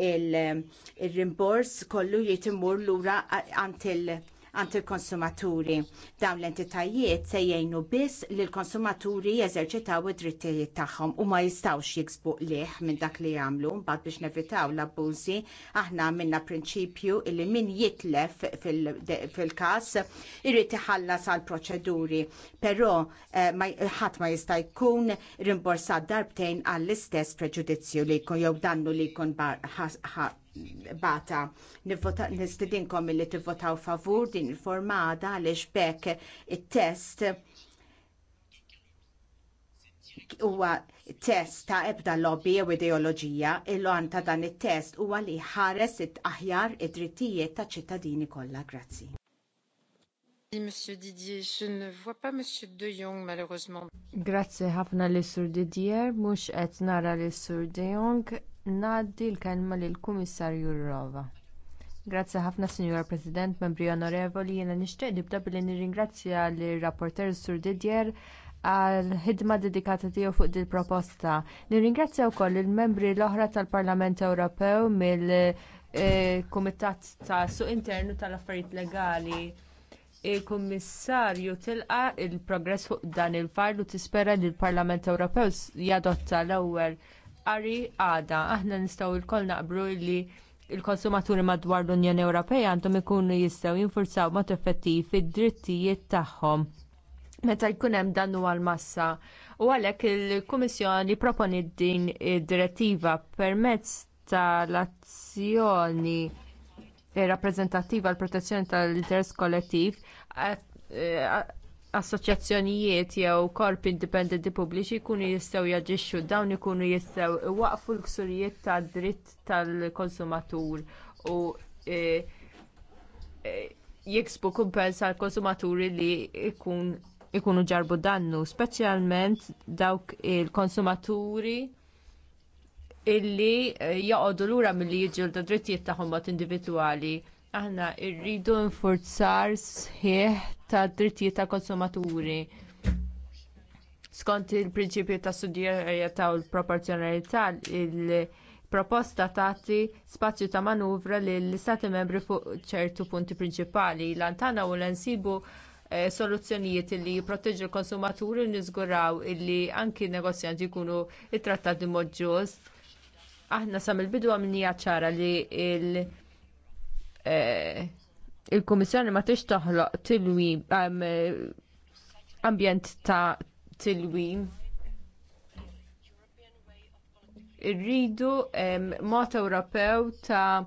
il-rimbors kollu jrid imur lura għand il għand il-konsumaturi. Dawn l-entitajiet se jgħinu biss li l-konsumaturi jeżerċitaw id-drittijiet tagħhom u ma jistawx jiksbu liħ minn dak li jagħmlu mbagħad biex nevitaw l-abbużi aħna minna prinċipju li min jitlef fil-każ irrid iħallas għal proċeduri, però eh, ħadd ma jista' jkun rimborsat darbtejn għall-istess preġudizzju li jkun jew dannu li jkun bata. Nistidinkom li tivvotaw favur din il-formata għaliex bekk it-test huwa test ta' ebda lobby jew ideoloġija il-għan ta' dan it-test huwa li ħares it-aħjar id-drittijiet ta' ċittadini kollha. Grazzi. Monsieur Didier, je ne vois pas Monsieur De Jong malheureusement. Grazie ħafna Lissur Didier, mhux qed nara li De Jong Ngħaddi l-kelma lill-Kummissarju Rova. Grazzi ħafna sinjur President, membri onorevoli, jiena nixtieq nibda billi nirringrazzja lir-rapporter Sur Didier għall ħidma dedikata tiegħu fuq din proposta. Nirringrazzja wkoll il-membri l-oħra tal-Parlament Ewropew mill-Kumitat eh, ta' Suq Internu tal-Affarijiet Legali il-kummissarju tilqa l progress fuq dan il-fajl u tispera li l-Parlament Ewropew jadotta l-ewwel qari għada. Aħna nistgħu lkoll naqbru li l konsumaturi madwar l-Unjoni Ewropea għandhom ikunu jistgħu jinfurzaw mod effettiv id-drittijiet tagħhom meta jkun hemm dannu għall massa u għalhekk il-Kummissjoni proponi din id-direttiva permezz tal-azzjoni rappreżentattiva għall protezzjoni tal-interess kollettiv eh, eh, assoċjazzjonijiet jew korpi indipendenti pubbliċi jkunu jistgħu jaġixxu dawn ikunu jistgħu iwaqfu l-ksurijiet tad-dritt tal-konsumatur u e, e, jiksbu kumpens għall konsumaturi li jkun ikunu ġarbu dannu, speċjalment dawk il-konsumaturi illi e, joqogħdu lura milli jiġu l-drittijiet tagħhom mod individwali. Aħna rridu nfurzar sħiħ ta' drittijiet ta' konsumaturi. Skont il-prinċipju ta' studjarjetà u l-proporzjonalità, il-proposta tagħti spazju ta' manuvra lill istati membri fuq ċertu punti prinċipali. Lantana u l-insibu eh, soluzzjonijiet li jipproteġu l-konsumaturi niżguraw illi anki negozjanti jkunu ittrattati mod ġust. Aħna sam il-bidu għamnija ċara li l Eh, il-Kummissjoni ma tix toħloq tilwi ambjent ta' tilwi irridu mod Ewropew ta'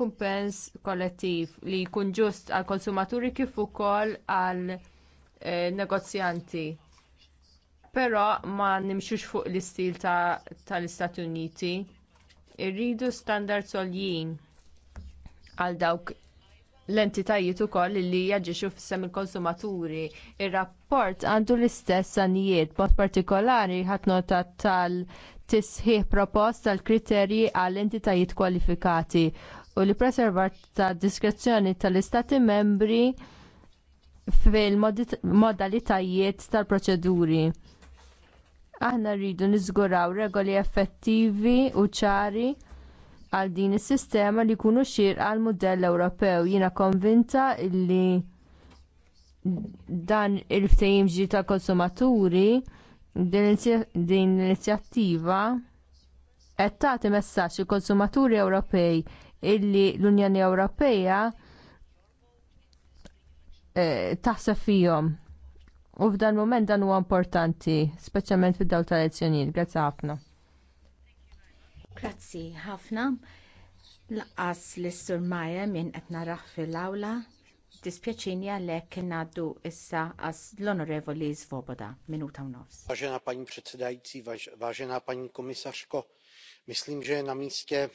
kumpens kollettiv li jkun ġust għall konsumaturi kif ukoll għal eh, negozjanti. Però ma nimxux fuq l-istil tal-Istati Uniti. Irridu standard soljin għal dawk l-entitajiet ukoll li jaġixxu fis-sem il-konsumaturi. Ir-rapport għandu l-istess anijiet, b'mod partikolari ħadd nota tal-tisħiħ propost tal-kriterji għall entitajiet kwalifikati u li preservat tad diskrezzjoni tal-istati membri fil-modalitajiet tal-proċeduri. Aħna rridu niżguraw regoli effettivi u ċari għal din is-sistema li jkunu xir għal mudell Ewropew. Jiena konvinta li dan il-ftehim ġi tal konsumaturi din l-inizjattiva qed tagħti messaġġ il-konsumaturi Ewropej illi l-Unjoni Ewropea eh, taħseb fihom. U f'dan mument dan huwa importanti, speċjalment fid-dawl tal-elezzjonijiet. Grazzi ħafna. Grazzi ħafna. Laqqas l-Istur Maja minn qed naraħ fil-awla. Dispjaċini għalhekk ngħaddu issa għas l-Onorevoli Svoboda minuta u nofs. Vážená paní předsedající, vážená paní komisařko, myslím, že je na místě eh,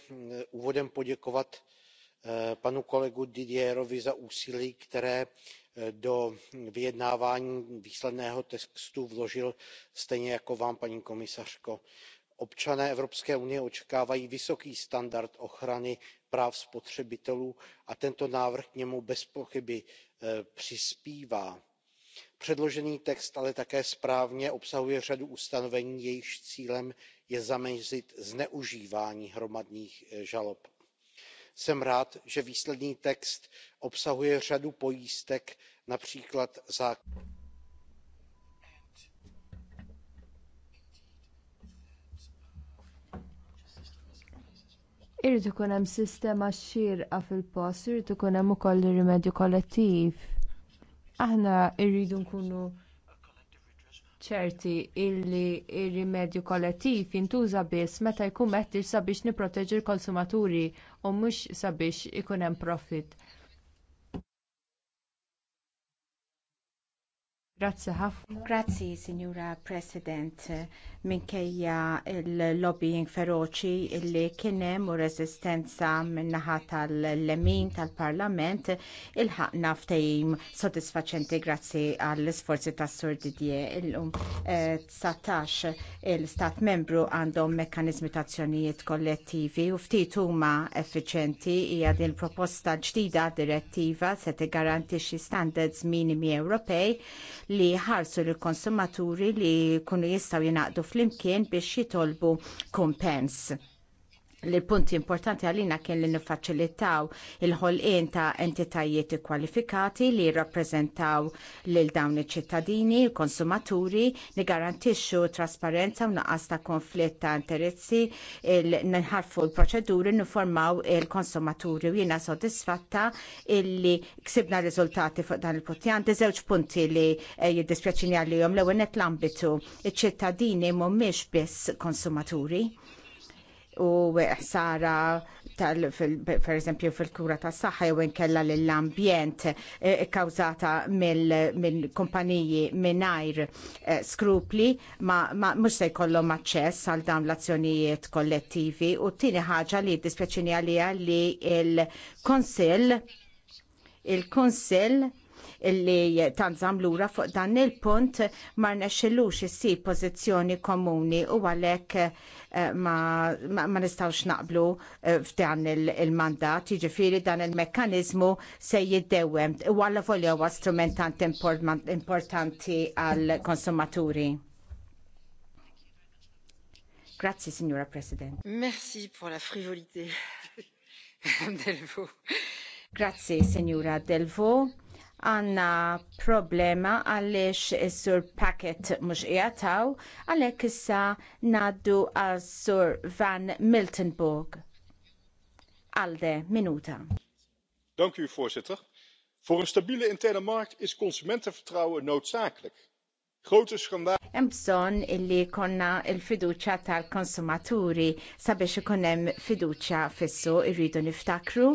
úvodem poděkovat eh, panu kolegu Didierovi za úsilí, které eh, do vyjednávání výsledného textu vložil, stejně jako vám, paní komisařko občané evropské unie očekávají vysoký standard ochrany práv spotřebitelů a tento návrh k němu bezpochyby eh, přispívá. předložený text ale také správně obsahuje řadu ustanovení jejichž cílem je zamezit zneužívání hromadných eh, žalob. jsem rád že výsledný text obsahuje řadu pojistek například zákaz Irrid ikun hemm sistema xxierqa fil-post, irrid ikun hemm ukoll rimedju kollettiv. Aħna rridu nkunu ċerti illi r rimedju kollettiv jintuża biss meta jkun meħtieġ sabiex nipproteġu l-konsumaturi u mhux sabiex ikun hemm profit. Grazzi ħafna. Grazzi, Signora President, minkejja l-lobbying il feroċi illi kienem u resistenza minnaħa tal-lemin tal-Parlament il-ħakna ftejim sodisfaċenti grazzi għall-sforzi tas sur Didier il-lum eh, 19 il-Stat membru għandhom mekkanizmi tazzjonijiet kollettivi u ftit huma effiċenti hija din proposta ġdida direttiva se tigarantixxi standards minimi Ewropej li ħarsu li konsumaturi li kunu jistaw jinaqdu fl-imkien biex jitolbu kumpens li l-punti importanti għalina kien li nifaċilitaw il-ħolqien ta' entitajiet kwalifikati li jirrappreżentaw lil dawn iċ-ċittadini, il-konsumaturi, li garantixxu trasparenza u naqas ta' konflitt ta' interessi, nħarfu l-proċeduri niformaw il-konsumaturi u jina sodisfatta illi ksibna riżultati fuq dan il-punti. Għandi żewġ punti li eh, jiddispjaċini għalihom l-ewwel l-ambitu iċ-ċittadini mhumiex biss konsumaturi u ħsara per eżempju fil-kura tas saħħa jew inkella lill-ambjent kkawżata eh, mill-kumpaniji mingħajr eh, skrupli ma mhux se jkollhom aċċess għal dawn l-azzjonijiet kollettivi u tieni ħaġa li dispjaċini għalija li l-Konsill il-Konsill illi tanżam lura fuq dan il-punt ma rnexxilux issib pożizzjoni komuni u għalhekk eh, ma nistgħux naqblu eh, f'dan il-mandat, jiġifieri dan il-mekkaniżmu se jiddewwem u għalla volja huwa strumentant importanti għall konsumaturi. Grazie, signora President. Merci pour la frivolité, (laughs) Grazie, signora Delvaux għanna problema għaliex is-sur packet mux jgħataw għalhekk kissa naddu għal sur Van Miltenburg. Għalde, minuta. Dank u, voorzitter. Voor een stabiele interne markt is consumentenvertrouwen noodzakelijk. Hemm bżonn illi konna l-fiduċja tal-konsumaturi sabiex ikun hemm fiduċja fissu irridu niftakru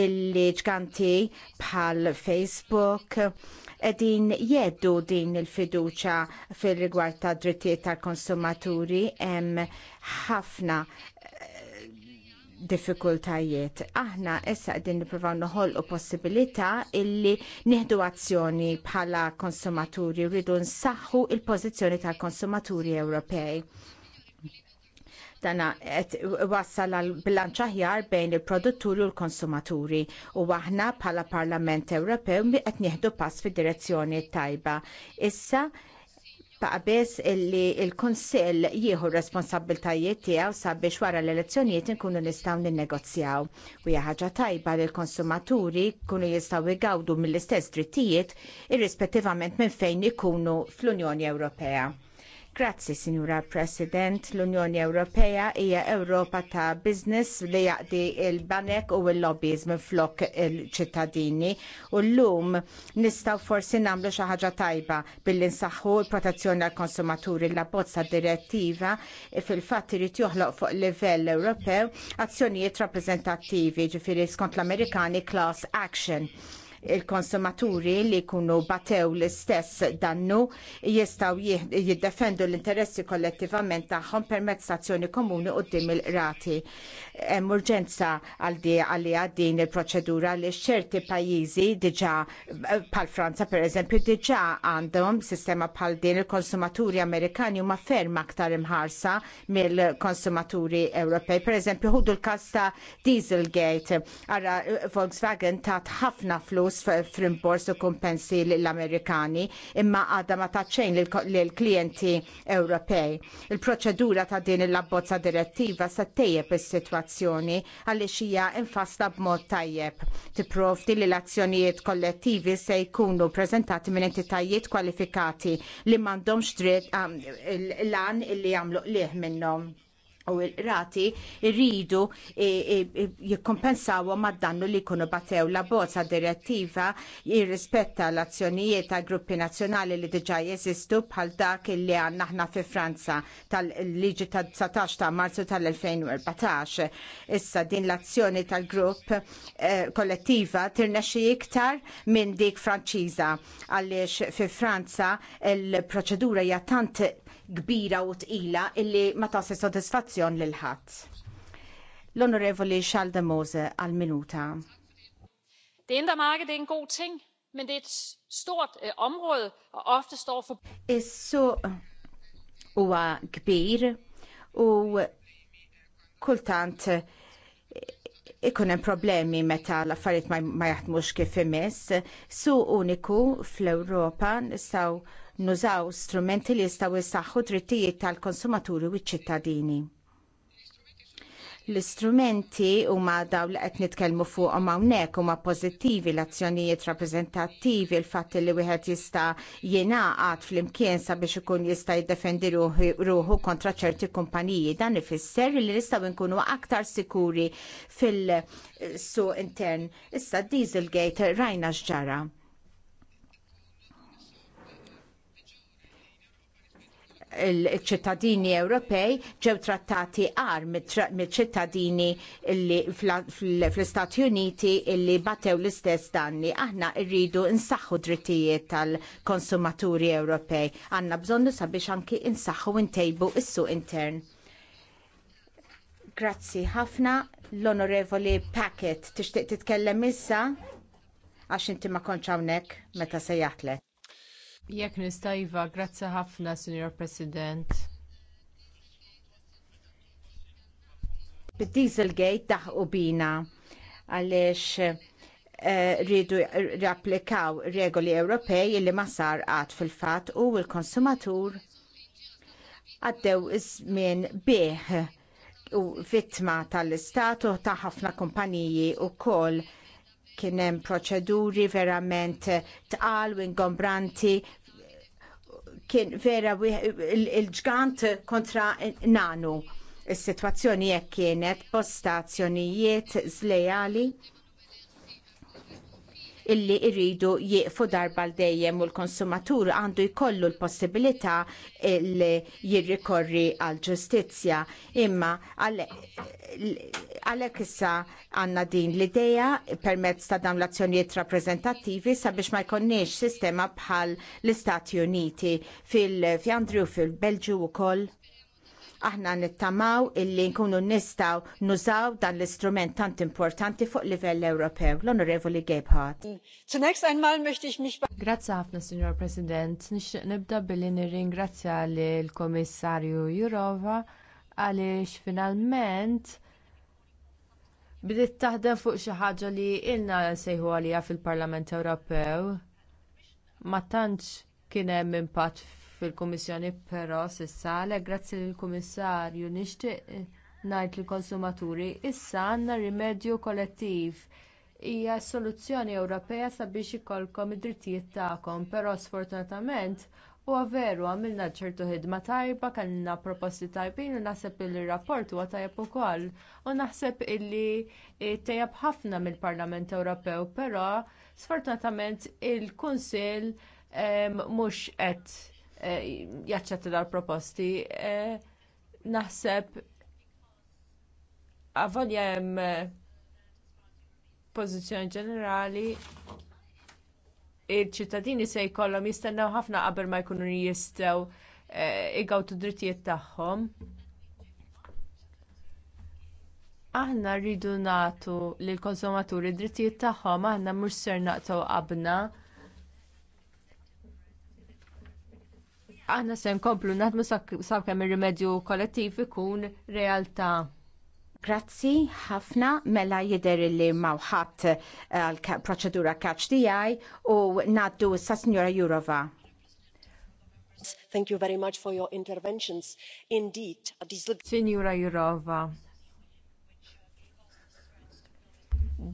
illi ġganti bħal Facebook qegħdin jeddu din il-fiduċja fir rigward tad drittijiet tal-konsumaturi hemm ħafna diffikultajiet. Aħna issa qegħdin nippruvaw noħolqu possibilità illi nieħdu azzjoni bħala konsumaturi rridu nsaħħu l pożizzjoni tal-konsumaturi Ewropej. Dana qed wassal għal bilanċ aħjar bejn il-produtturi u l-konsumaturi u aħna bħala Parlament Ewropew qed nieħdu pass fid-direzzjoni tajba. Issa baqa biss illi il-Kunsill jieħu responsabiltajiet tiegħu sabiex wara l-elezzjonijiet inkunu nistgħu ninnegozjaw. U hija ħaġa tajba li l-konsumaturi jkunu jistgħu jgawdu mill-istess drittijiet irrispettivament minn fejn ikunu fl-Unjoni Ewropea. Grazzi, Signora President. L-Unjoni Ewropea hija Ewropa ta' business li jaqdi il-banek u l-lobbies minn flok il-ċittadini. U l-lum nistaw forsi namlu xi ħaġa tajba billi nsaħħu l-protezzjoni għal konsumaturi la bozza direttiva fil-fatt irid joħloq fuq livell Ewropew azzjonijiet rappreżentattivi ġifieri skont l-Amerikani class action il-konsumaturi li jkunu batew l-istess dannu jistgħu jiddefendu l-interessi kollettivament tagħhom permezz mezzazzjoni komuni quddiem il rati Hemm urġenza għal din il-proċedura li xċerti pajjiżi diġa', bħal Franza pereżempju diġa' għandhom sistema bħal din il-konsumaturi Amerikani huma ferm aktar imħarsa mill-konsumaturi Ewropej. Per eżempju, ħudu l kasta ta' Dieselgate, għara Volkswagen tat ħafna flus flus frimbors u kumpensi l-Amerikani imma għadha ma taċċejn l-klijenti Ewropej. Il-proċedura ta' din il-labbozza direttiva se tejjeb is-sitwazzjoni għaliex hija infasla b'mod tajjeb. Tipprovdi li l-azzjonijiet kollettivi se jkunu prezentati minn entitajiet kwalifikati li m'għandhomx dritt l-għan li jagħmlu liħ minnhom u rati rridu e, e, e, jikkompensawu mad dannu li jkunu batew la bozza direttiva jirrispetta l-azzjonijiet ta' gruppi nazzjonali li diġà jeżistu bħal dak li għanna fi Franza tal-liġi ta' 19 ta' marzu tal-2014. Issa din l-azzjoni tal-grupp kollettiva tirnexxi iktar minn dik Franċiża għaliex fi Franza l proċedura hija tant kbira u tqila illi ma tasi sodisfazzjon lil ħadd. L-Onorevoli Xalda Mose għal minuta. Det indre marked er en god ting, men det er et stort eh, område og ofte står for... Is-suq huwa kbir u kultant eh, ikun en problemi meta l-affarijiet ma jaħdmux kif femes, Su uniku fl-Ewropa nistgħu nużaw strumenti li jistgħu jistaxħu drittijiet tal-konsumaturi u ċittadini L-istrumenti huma dawn li qed nitkellmu fuqhom hawnhekk huma pożittivi l-azzjonijiet rappreżentattivi l-fatt li wieħed jista' jingħaqad flimkien sabiex ikun jista' jiddefendi ruħu kontra ċerti kumpaniji dan ifisser li nistgħu nkunu aktar sikuri fil-suq intern. Issa Dieselgate rajna x'ġara il-ċittadini Ewropej ġew trattati għar mill-ċittadini fl-Istati Uniti illi batew l-istess danni. Aħna rridu nsaħħu drittijiet tal-konsumaturi Ewropej. Għanna bżonnu sabiex anki nsaħħu ntejbu is-suq intern. Grazzi ħafna l-Onorevoli Packet. Tixtieq titkellem issa? Għax inti ma konċ hawnhekk meta sejjaħtlek. Jekk nista' iva, grazzi ħafna, Sinjor President. Bid-Dieselgate daħqu bina għaliex eh, rridu rapplikaw regoli Ewropej li ma sar għad fil-fat u l-konsumatur għaddew iż-żmien bih u vittma tal-istatu ta' ħafna kumpaniji u koll Kien hemm proċeduri verament tqal u ingombranti kien vera il-ġgant kontra nanu. Is-sitwazzjoni jekk kienet postazzjonijiet zlejali illi jridu jieqfu darba l-dejjem u l-konsumatur għandu jkollu l-possibilità li jirrikorri għal-ġustizzja. Imma għalhekk issa għandna din l idea permezz ta' dawn l-azzjonijiet rappreżentattivi sabiex ma jkonniex sistema bħal l-Istati Uniti fil-Fjandri u fil-Belġu wkoll Aħna nittamaw illi nkunu nistaw nużaw dan l-istrument tant importanti fuq livell Ewropew, l-Onorevoli Gebhardt. Zunächst einmal möchte ich mich Grazzi ħafna, Signor President. Nixtieq nibda billi nirringrazzja lill-Komissarju Jurova għaliex finalment bidiet taħdem fuq xi ħaġa li ilna sejħu għaliha fil-Parlament Ewropew ma tantx kien hemm impatt fil-Kummissjoni però sissale, grazzi lill kummissarju nixtieq eh, ngħid lill konsumaturi issa għandna rimedju kollettiv hija soluzzjoni Ewropea sabiex ikollkom id-drittijiet tagħkom, però sfortunatament huwa veru għamilna ċertu ħidma tajba, kellna proposti tajbin u naħseb li r-rapport huwa tajjeb ukoll u naħseb illi eh, tajjeb ħafna mill-Parlament Ewropew, però sfortunatament il-Kunsill eh, mhux qed Eh, jaċċetta dal-proposti. Eh, naħseb għavolja hemm eh, pożizzjoni ġenerali il-ċittadini se jkollhom jistennew ħafna qabel ma jkunu jistgħu igawtu drittijiet tagħhom. Aħna rridu nagħtu lill konsumaturi d drittijiet tagħhom aħna mhux ser naqtaw qabna aħna se nkomplu naħdmu sakemm ir-rimedju kollettiv ikun realtà. Grazzi ħafna mela jider li mawħat eh, għal-proċedura kaċ tijaj u naddu sa' Signora Jurova. Thank you very much for your interventions. Indeed, diesel... Signora Jurova,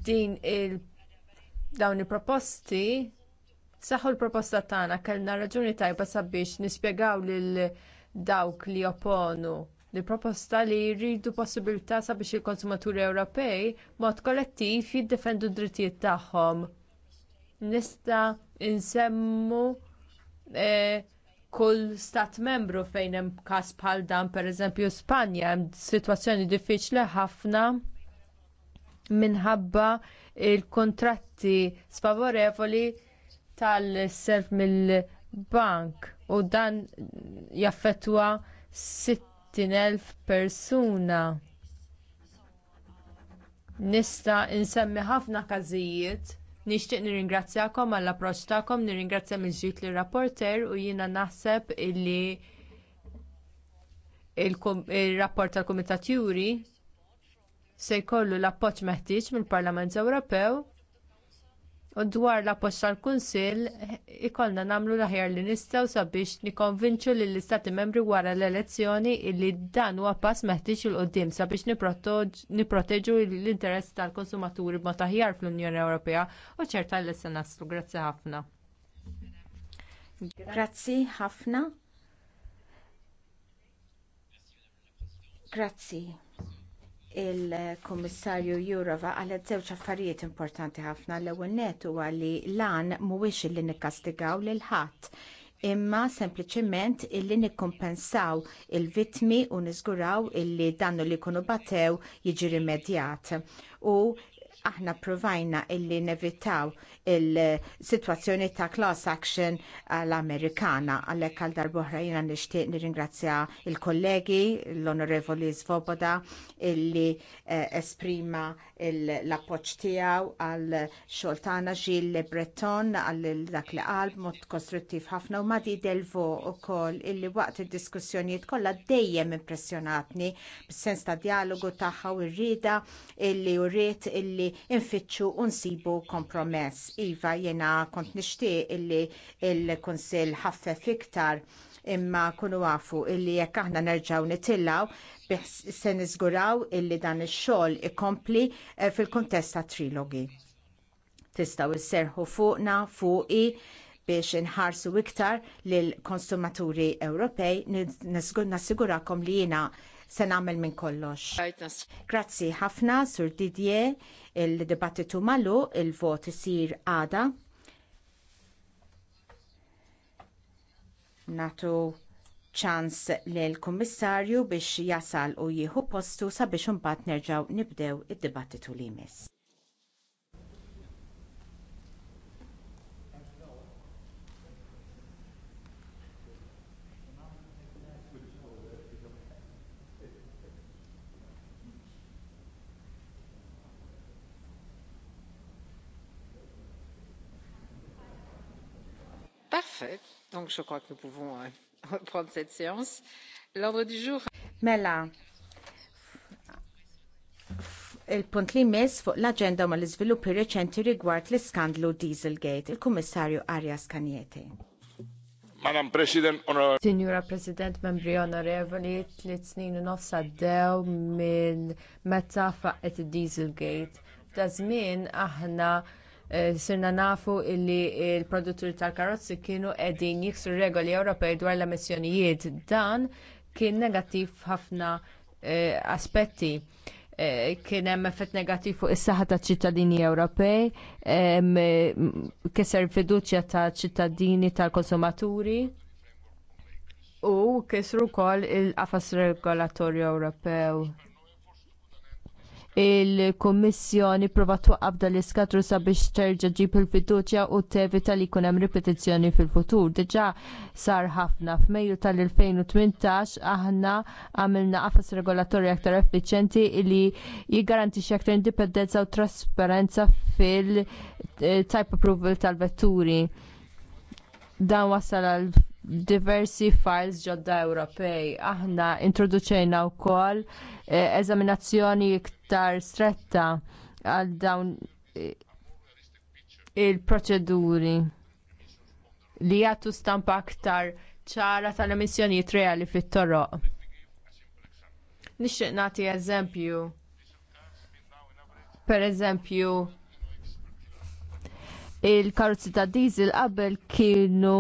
din il dawn il-proposti saħħu l-proposta tagħna kellna raġuni tajba sabiex nispjegaw lil dawk li opponu li proposta li jridu possibilità sabiex il-konsumaturi Ewropej mod kollettiv jiddefendu d-drittijiet tagħhom. Nista' insemmu eh, kull stat membru fejn hemm każ bħal dan pereżempju Spanja hemm sitwazzjoni diffiċli ħafna minħabba l kuntratti sfavorevoli tal-self mill-bank u dan jaffettwa 60,000 persuna. Nista insemmi ħafna każijiet Nixtieq nirringrazzjakom għall approċċ tagħkom, nirringrazzja mill-ġdid li rapporter u jiena naħseb illi il-rapport tal-Kumitat Juri se jkollu l-appoġġ meħtieġ mill-Parlament Ewropew U dwar la posta l-Kunsill ikollna nagħmlu l-aħjar li nistgħu sabiex nikkonvinċu lill istati membri wara l-elezzjoni li dan huwa pass meħtieġ il qudiem sabiex nipproteġu l-interess tal-konsumaturi b'mod aħjar fl-Unjoni Ewropea u ċerta li se naslu. Grazzi ħafna. Grazzi ħafna. Grazzi il-Kummissarju Jurova għal żewġ affarijiet importanti ħafna l-ewwel nett huwa li lan mhuwiex li nikkastigaw lil ħadd imma sempliċement illi nikkompensaw il-vittmi u niżguraw illi dannu li jkunu batew jiġi rimedjat u aħna provajna illi nevitaw il-situazzjoni ta' class action għall-Amerikana. Għallek għal darbohra jina nishtiq nirringrazzja il-kollegi, l-Onorevoli Svoboda, illi eh, esprima l-appoċ tijaw għal xoltana Gilles Breton għal dak li qalb mod kostruttiv ħafna u madi delvo u koll illi waqt il-diskussjonijiet kollha dejjem impressjonatni b sens ta' dialogu tagħha u rrida illi u rrit illi infittxu u nsibu kompromess. Iva jiena kont nixtieq illi l-Kunsill il ħaffef iktar imma kunu għafu illi jekk aħna nerġaw nitillaw se niżguraw illi dan ix-xogħol ikompli eh, fil-kuntest ta' trilogi. Tistgħu isserħu fuqna fuqi biex inħarsu iktar lill konsumaturi Ewropej nassigurakom li jiena se nagħmel minn kollox. Grazzi ħafna Sur Didier il-dibattitu malu il-vot isir għada. Natu ċans lill kummissarju biex jasal u jieħu postu sabiex imbagħad nerġgħu nibdew id-dibattitu li jmiss. Euh, (laughs) L'ordre du jour. Mela, il-punt li jmiss fuq l-agenda ma l-iżviluppi reċenti rigward l-iskandlu Dieselgate, il-Kummissarju Arias Kanjete. Madam President, Honorable. Signora President, membri onorevoli, tliet snin u nofs għaddew minn meta faqqet Dieselgate. Ta' aħna Eh, sirna nafu li l produtturi tal-karozzi kienu qegħdin jiksru regoli Ewropej dwar l-emissjonijiet. Dan kien negattiv ħafna eh, aspetti eh, kien hemm effett negattiv fuq is-saħħa taċ-ċittadini Ewropej, kiser fiduċja taċ-ċittadini tal-konsumaturi u kisru wkoll il-qafas regolatorju Ewropew il-Kummissjoni prova twaqqaf dan l-iskatru sabiex terġa' ġib il-fiduċja u tevita li jkun hemm ripetizzjoni fil-futur. Diġà sar ħafna f'Mejju tal-2018 aħna għamilna qafas regolatorji aktar effiċjenti li jiggarantixxi aktar indipendenza u trasparenza fil-type approval tal-vetturi dan wassal għal diversi files ġodda Ewropej. Aħna introduċejna wkoll eh, eżaminazzjoni iktar stretta għal dawn eh, il-proċeduri li jagħtu stampa aktar ċara tal-emissjonijiet reali fit-toroq. Nixtieq nagħti eżempju. Pereżempju, il-karozzi ta' diesel qabel kienu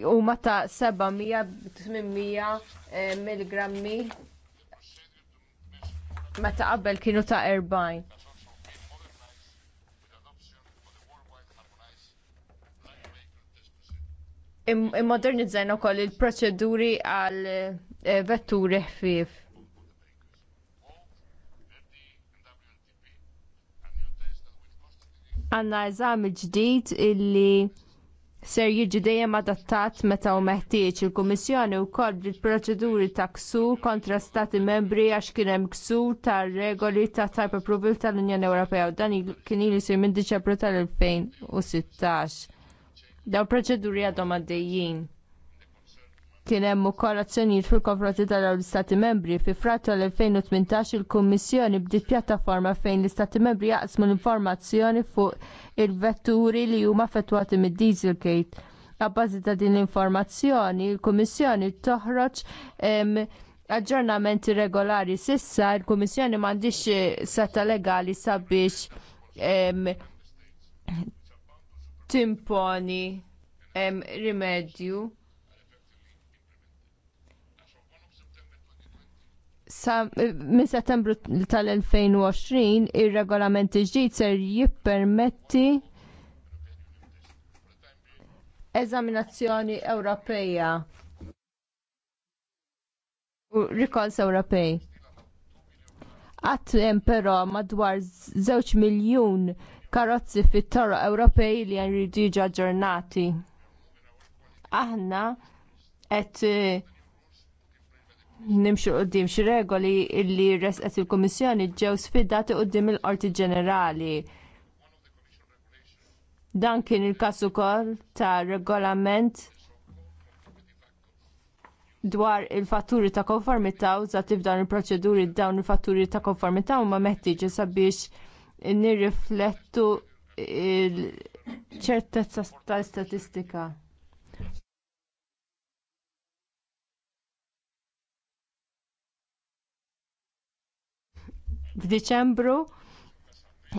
u mata 700-800 mg meta qabel kienu ta' 40. Immodernizzajna wkoll il-proċeduri għal eh, vetturi ħfief. Għanna eżami ġdid illi ser jiġi dejjem adattat meta hu meħtieġ il-Kummissjoni wkoll bil-proċeduri ta' ksur kontra stati membri għax kien hemm ksur tar-regoli ta' type approval tal-Unjoni Ewropea u dan kien jisir minn Diċembru tal-2016. Dawn proċeduri għadhom għaddejjin. Kien hemm ukoll azzjonijiet fil-konfronti tal-Istati Membri. Fi frattu tal 2018 il-Kummissjoni bdiet pjattaforma fejn l-Istati Membri jaqsmu l-informazzjoni fuq il-vetturi li huma affettwati mid-Dieselgate. Abbażi ta' din l-informazzjoni, il-Kummissjoni toħroġ aġġornamenti regolari sissa il-Kummissjoni m'għandix eh, seta legali sabiex timponi rimedju minn settembru tal-2020 ir-regolament ġdid ser jippermetti eżaminazzjoni Ewropeja u rikols Ewropej. Għattem però madwar 2 miljun karozzi fit-toro Ewropej li għan ġornati. Aħna qed eh, nimxu qoddim xi regoli li resqet il-Kummissjoni ġew sfidati qoddim il-Qorti Ġenerali. Dan kien il-każ ukoll ta' regolament dwar il-fatturi ta' konformità użati f'dan il-proċeduri dawn il-fatturi ta' konformità huma meħtieġi sabiex nirriflettu il-ċertezza tal-istatistika. F'Diċembru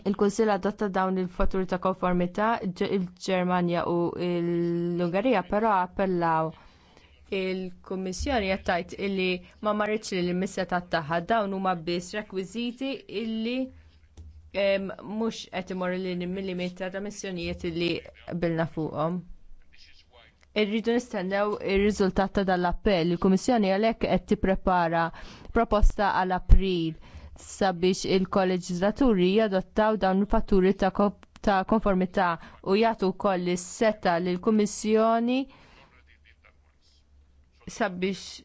il-Kunsill adotta dawn il-fatur ta' konformità il-Ġermanja u l-Ungerija però appellaw il-Kummissjoni qed tgħid illi ma marritx li l-misseta taħħa dawn huma biss rekwiżiti illi mhux qed imorru lil millimita ta' missjonijiet illi bilna fuqhom. Irridu nistennew ir-riżultat ta' dan l-appell. Il-Kummissjoni għalhekk qed tipprepara proposta għal April sabiex il-kolleġislaturi jadottaw dawn il-fatturi ta', ta konformità u jagħtu wkoll is-seta lill kummissjoni sabiex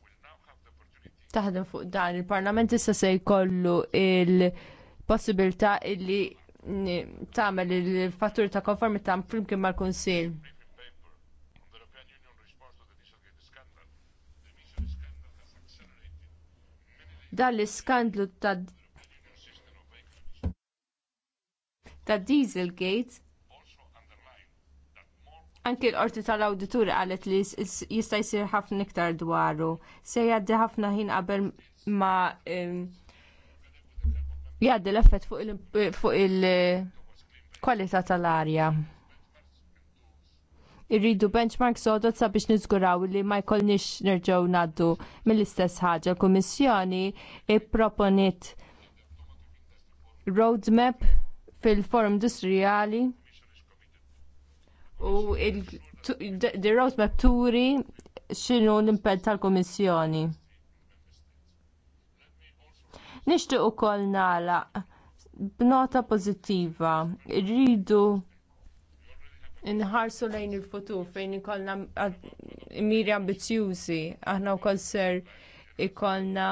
taħdem fuq dan il-Parlament issa se jkollu il-possibilità illi tagħmel il fatturi ta' konformità flimkien mal-Kunsill. Dan l iskandlu ta' ta' Dieselgate Anki l-qorti tal-awditur qalet li jista' jsir ħafna iktar dwaru. Se jgħaddi ħafna ħin qabel ma jgħaddi l-effett fuq il-kwalità tal-arja. Irridu benchmark sodot sabiex niżguraw li ma jkollniex nerġgħu ngħaddu mill-istess ħaġa. L-Kummissjoni ipproponiet roadmap fil-forum industrijali u il-roadmap turi xinu l impet tal-Komissjoni. Nixtieq ukoll nagħlaq b'nota pożittiva. rridu inħarsu lejn il-futur fejn ikollna miri ambizjużi. Aħna wkoll ser ikollna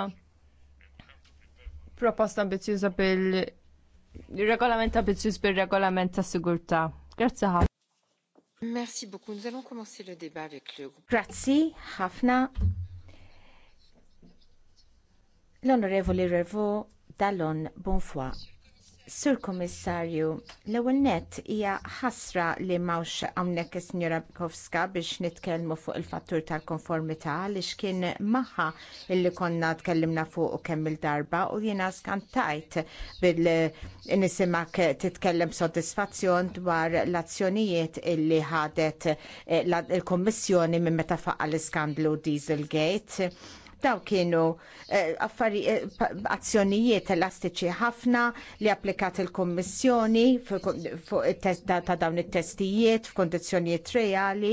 proposta ambizjuża bil regolament ta' bizzis bil-regolament ta' sigurta. Grazie ħafna. Merci beaucoup. Nous allons commencer le débat avec le groupe. Grazie ħafna. l Revo Dallon Bonfoy. Sur kummissarju l-ewwel nett hija ħasra li m'hawnx hawnhekk is-Sinjora Bikowska biex nitkellmu fuq il-fattur tal-konformità li x'kien magħha illi konna tkellimna fuq kemm il-darba u jiena skantajt bil nisimak titkellem sodisfazzjon dwar l-azzjonijiet illi ħadet eh, il-Kummissjoni minn meta faqqa l-iskandlu Dieselgate Daw kienu eh, eh, azzjonijiet elastiċi ħafna li applikat il-Kommissjoni fuq ta' dawn it-testijiet f'kondizzjonijiet reali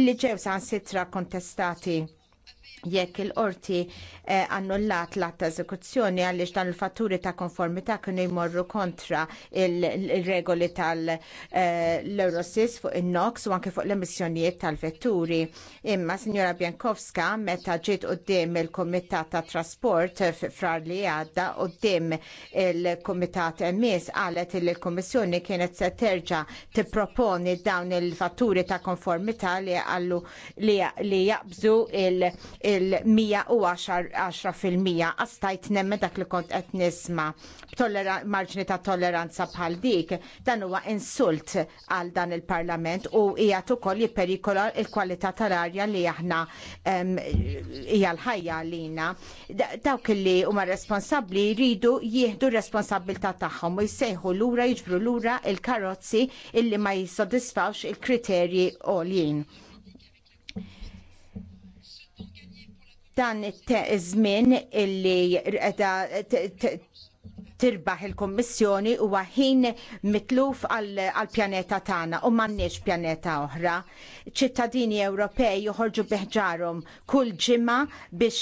illi ġew sitra kontestati jekk il-qorti eh, annullat l-att ta' eżekuzzjoni għaliex dan il-fatturi ta' konformità kienu jmorru kontra il-regoli tal-Eurosis eh, fuq in-NOx u anke fuq l-emissjonijiet tal-vetturi. Imma Sinjora Bjankowska meta ġiet qudiem il-Kumitat ta' Trasport frar li għadda qudiem il-Kumitat Emis qalet li l-Kummissjoni kienet se terġa' tipproponi dawn il-fatturi ta' konformità li għallu li jaqbżu il- il-110% għastajt nemme dak li kont qed nisma marġni ta' tolleranza bħal dik dan huwa insult għal dan il-Parlament u hija ukoll jipperikola il kwalità tal-arja li aħna hija l-ħajja għalina. Dawk li huma responsabbli jridu jieħdu responsabilità tagħhom u jsejħu lura jiġbru lura il-karozzi illi ma jissodisfawx il-kriterji għoljien. dan iż-żmien illi tirbaħ il-Kommissjoni huwa ħin mitluf għall pjaneta tagħna u m'għandniex pjaneta oħra. Ċittadini Ewropej joħorġu biħġarhom kull ġimgħa biex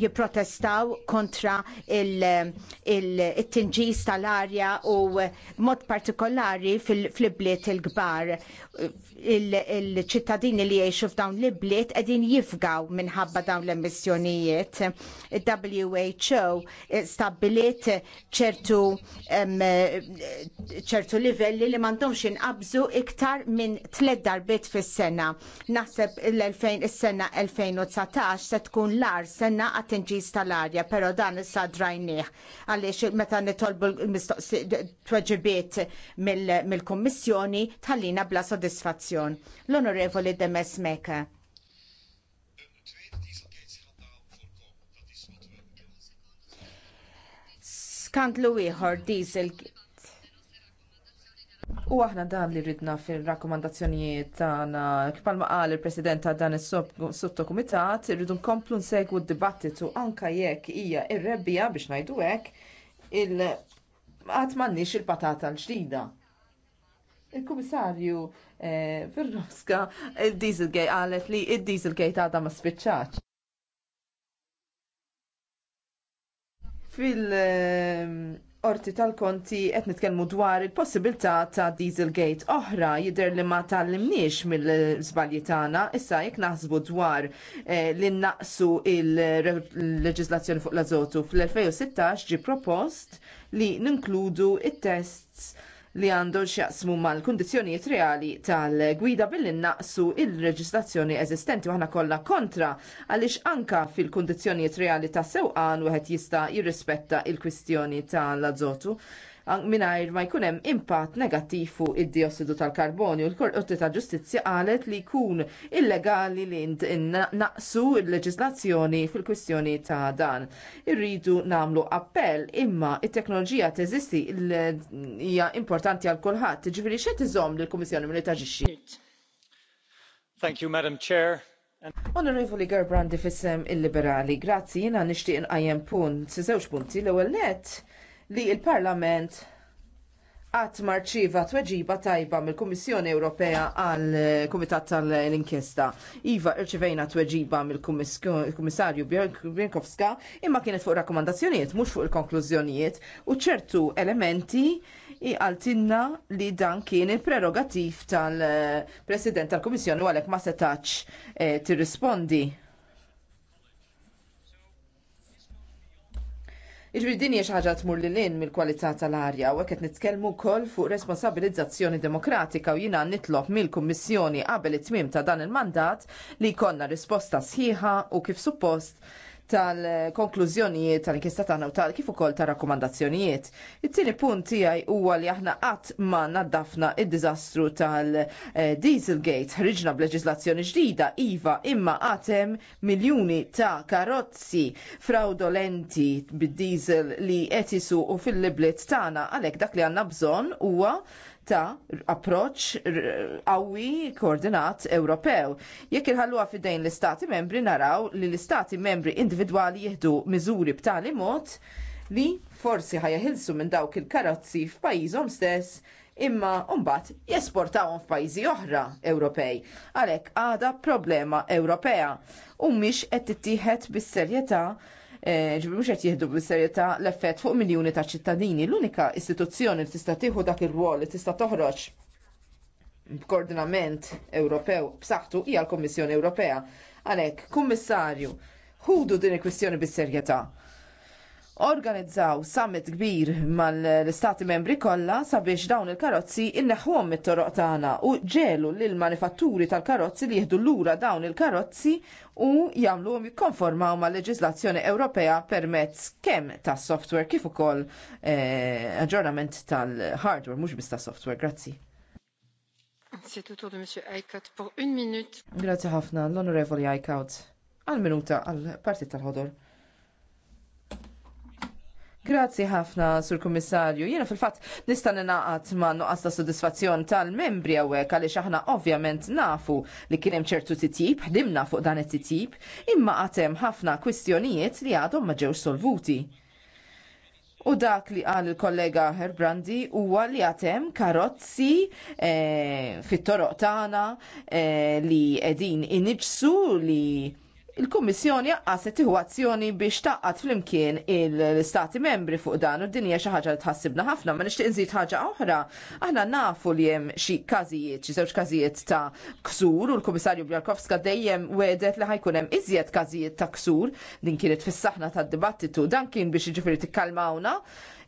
jipprotestaw kontra il-tinġis tal-arja u mod partikolari fil-bliet il-kbar il-ċittadini li jgħixu f'dawn li bliet qegħdin jifgaw minħabba dawn l-emissjonijiet. Il-WHO stabiliet ċertu ċertu livelli li m'għandhomx inqabżu iktar minn tliet darbiet fis-sena. Naħseb l-2000 is-sena 2019 se tkun l-ar sena għat tal-arja, però dan issa drajnieh għaliex meta nitolbu l-mistoqsijiet tweġibiet mill-Kummissjoni tallina bla sodisfazzjon. L-Onorevoli Demes Meka. Skandlu ieħor diesel U aħna dan li ridna fil-rakkomandazzjonijiet tagħna palma qal il-President ta' dan is-sottokumitat irridu nkomplu nsegwu d-dibattitu anke jekk hija ir rebbija biex ngħidu hekk il qatt m'għandniex il-patata l-ġdida. Il-Kummissarju Virroska, eh, il-Dieselgate għalet li il-Dieselgate għadha ma spiċċaċ. Fil-orti eh, tal-konti qed nitkellmu dwar il-possibilità ta' Dieselgate oħra jidher li ma tallimniex mill-żbalji tagħna, issa jekk naħsbu dwar eh, li naqsu il-leġislazzjoni fuq l-azotu fl-2016 ġi propost li ninkludu it-tests li għandhom xjaqsmu mal-kundizzjonijiet reali tal-gwida billi naqsu il-reġistrazzjoni eżistenti waħna kollha kontra għaliex anka fil-kundizzjonijiet reali ta' sewqan wieħed jista' jirrispetta il-kwistjoni tal-azotu. Minajr ma jkun hemm impatt negattiv fuq id-diossidu tal-karbonju. l korti ta' Ġustizzja qalet li jkun illegali li naqsu il-leġislazzjoni fil-kwistjoni ta' dan. Irridu nagħmlu appell imma it-teknoloġija teżisti hija importanti għal kulħadd. Ġifieri xed iżomm lill-Kummissjoni milli taġixxi. Thank you, Madam Chair. Onorevoli Gerbrandi fissem il-liberali, grazzi jina nishtiq nqajjem punt, zewġ punti l-ewwel net li l parlament qatt marċiva tweġiba tajba mill-Kummissjoni Ewropea għal Kumitat tal-Inkjesta. Iva irċivejna tweġiba mill-Kummissarju Bjankowska imma kienet fuq rakkomandazzjonijiet mhux fuq il-konklużjonijiet u ċertu elementi għaltinna li dan kien il-prerogativ tal-President tal-Kummissjoni u għalhekk ma setax eh, tirrispondi Iġbir dinja hija xi ħaġa tmur in mill-kwalità tal-arja u għeket nitkellmu wkoll fuq responsabilizzazzjoni demokratika u jiena nitlob mill-Kummissjoni qabel it-tmiem ta' dan il-mandat li jkollna risposta sħiħa u kif suppost tal-konklużjonijiet tal-inkjesta tagħna u tal kif ukoll tar-rakkomandazzjonijiet. It-tieni punt tiegħi huwa li aħna qatt ma naddafna id-diżastru tal-Dieselgate eh, ħriġna b'leġiżlazzjoni ġdida iva imma għatem miljuni ta' karozzi fraudolenti bid-diesel li qed u fil-libliet tagħna għalhekk dak li għandna bżonn huwa ta' approċċ qawwi koordinat Ewropew. Jekk il-ħalluha fidejn l-istati membri naraw li l-istati membri individwali jieħdu miżuri b'tali mod li forsi ħajahilsu minn dawk il-karozzi f'pajjiżhom stess imma mbagħad jesportawhom f'pajjiżi oħra Ewropej. Għalhekk għada problema Ewropea u mhix qed tittieħed bis-serjetà Eh, ġibri mhux qed jieħdu bis-serjetà l-effett fuq miljuni ta' ċittadini. L-unika istituzzjoni li tista' tieħu dak ir-rwol li tista' toħroġ b'koordinament Ewropew b'saħħtu hija l-Kummissjoni Ewropea. Għalhekk, Kummissarju, ħudu din il-kwistjoni bis-serjetà organizzaw summit kbir mal-istati membri kollha sabiex dawn il-karozzi inneħħuhom mit-toroq tagħna u ġelu lil manifatturi tal-karozzi li jieħdu lura dawn il-karozzi u jagħmluhom jikkonformaw mal-leġiżlazzjoni Ewropea permezz kemm tas-software kif ukoll eh, aġġornament tal-hardware mhux biss tas-software. Grazzi. Grazzi ħafna l-Onorevoli Eichhout għal minuta għal partit tal-ħodor. Grazzi ħafna, Sur Kummissarju. Jiena fil-fatt nista' naqat ma' nuqqas ta' sodisfazzjon tal-membri hawnhekk għaliex aħna ovvjament nafu li kien hemm ċertu titib, ħdimna fuq dan it titib imma għatem ħafna kwistjonijiet li għadhom ma ġewx solvuti. U dak li qal il-kollega Herbrandi huwa li għatem karozzi e, fit-toroq tagħna e, li qegħdin iniġsu li il-Kummissjoni għaset tiħu azzjoni biex taqqat flimkien il-Stati membri fuq dan u d-dinja xi ħaġa li tħassibna ħafna, ma nixtieq nżid ħaġa oħra. Aħna nafu li hemm xi każijiet, xi żewġ każijiet ta' ksur u l-Kummissarju Bjarkowska dejjem wedet li ħajkun hemm iżjed każijiet ta' ksur din kienet fis-saħna tad-dibattitu dan kien biex jiġifieri tikkalmawna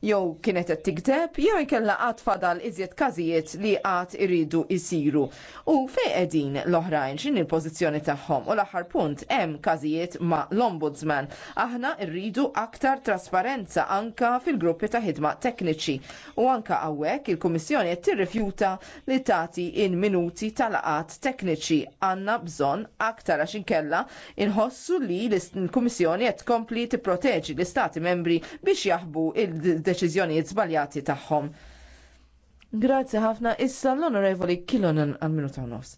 jew kienet qed tikdeb jew ikella qatt fadal iżjed każijiet li qatt iridu jsiru. U fejn qegħdin l-oħrajn x'in il-pożizzjoni tagħhom u l-aħħar punt hemm każijiet ma' l-Ombudsman. Aħna rridu aktar trasparenza anka fil-gruppi ta' ħidma tekniċi u anka hawnhekk il-Kummissjoni qed tirrifjuta li tagħti in minuti tal-qatt tekniċi għandna bżonn aktar għax inkella inħossu li l-Kummissjoni qed tkompli tipproteġi l-Istati membri biex jaħbu il deċiżjonijiet żbaljati tagħhom. Grazzi ħafna issa l-Onorevoli kilon għal minuta u nofs.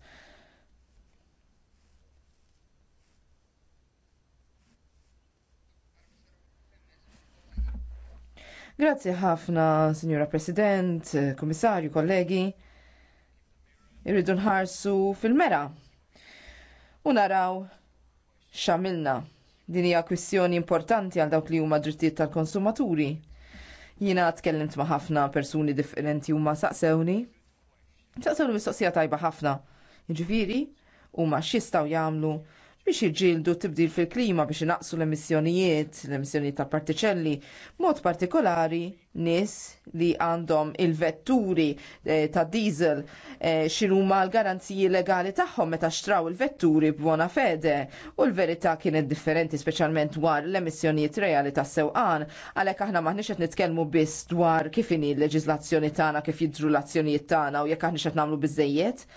Grazzi ħafna, Signora President, Komissarju, kollegi. Irridu nħarsu fil-mera. U naraw xamilna. Din hija kwistjoni importanti għal dawk li huma drittijiet tal-konsumaturi. Jiena tkellimt ma' ħafna persuni differenti u ma' saqsewni. Saqsewni mistoqsija tajba ħafna. Ġifiri, u ma' xistaw jamlu biex iġildu tibdil fil-klima biex inaqsu l-emissjonijiet, l-emissjonijiet ta' partiċelli, mod partikolari nies li għandhom il-vetturi eh, ta' diesel eh, l-garanziji legali tagħhom meta xtraw il-vetturi b'wona fede u l-verità kienet differenti speċjalment dwar l-emissjonijiet reali ta' sewqan għalhekk aħna maħniex qed nitkellmu biss dwar kif inhi l leġizlazzjoni tagħna kif jidru l-azzjonijiet tagħna u jekk aħniex qed nagħmlu bizzejiet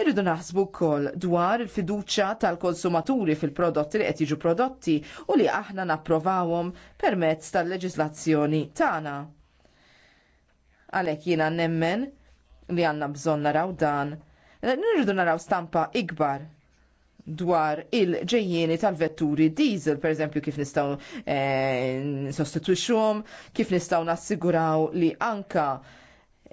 Irridu naħsbu wkoll dwar il-fiduċja tal-konsumaturi fil-prodotti li qed jiġu prodotti u li aħna napprovawhom permezz tal-leġislazzjoni tagħna. Għalhekk jiena nemmen li għandna bżonn naraw dan. Nirridu naraw stampa ikbar dwar il-ġejjieni tal-vetturi diesel, per eżempju, kif nistaw eh, kif nistaw nassiguraw li anka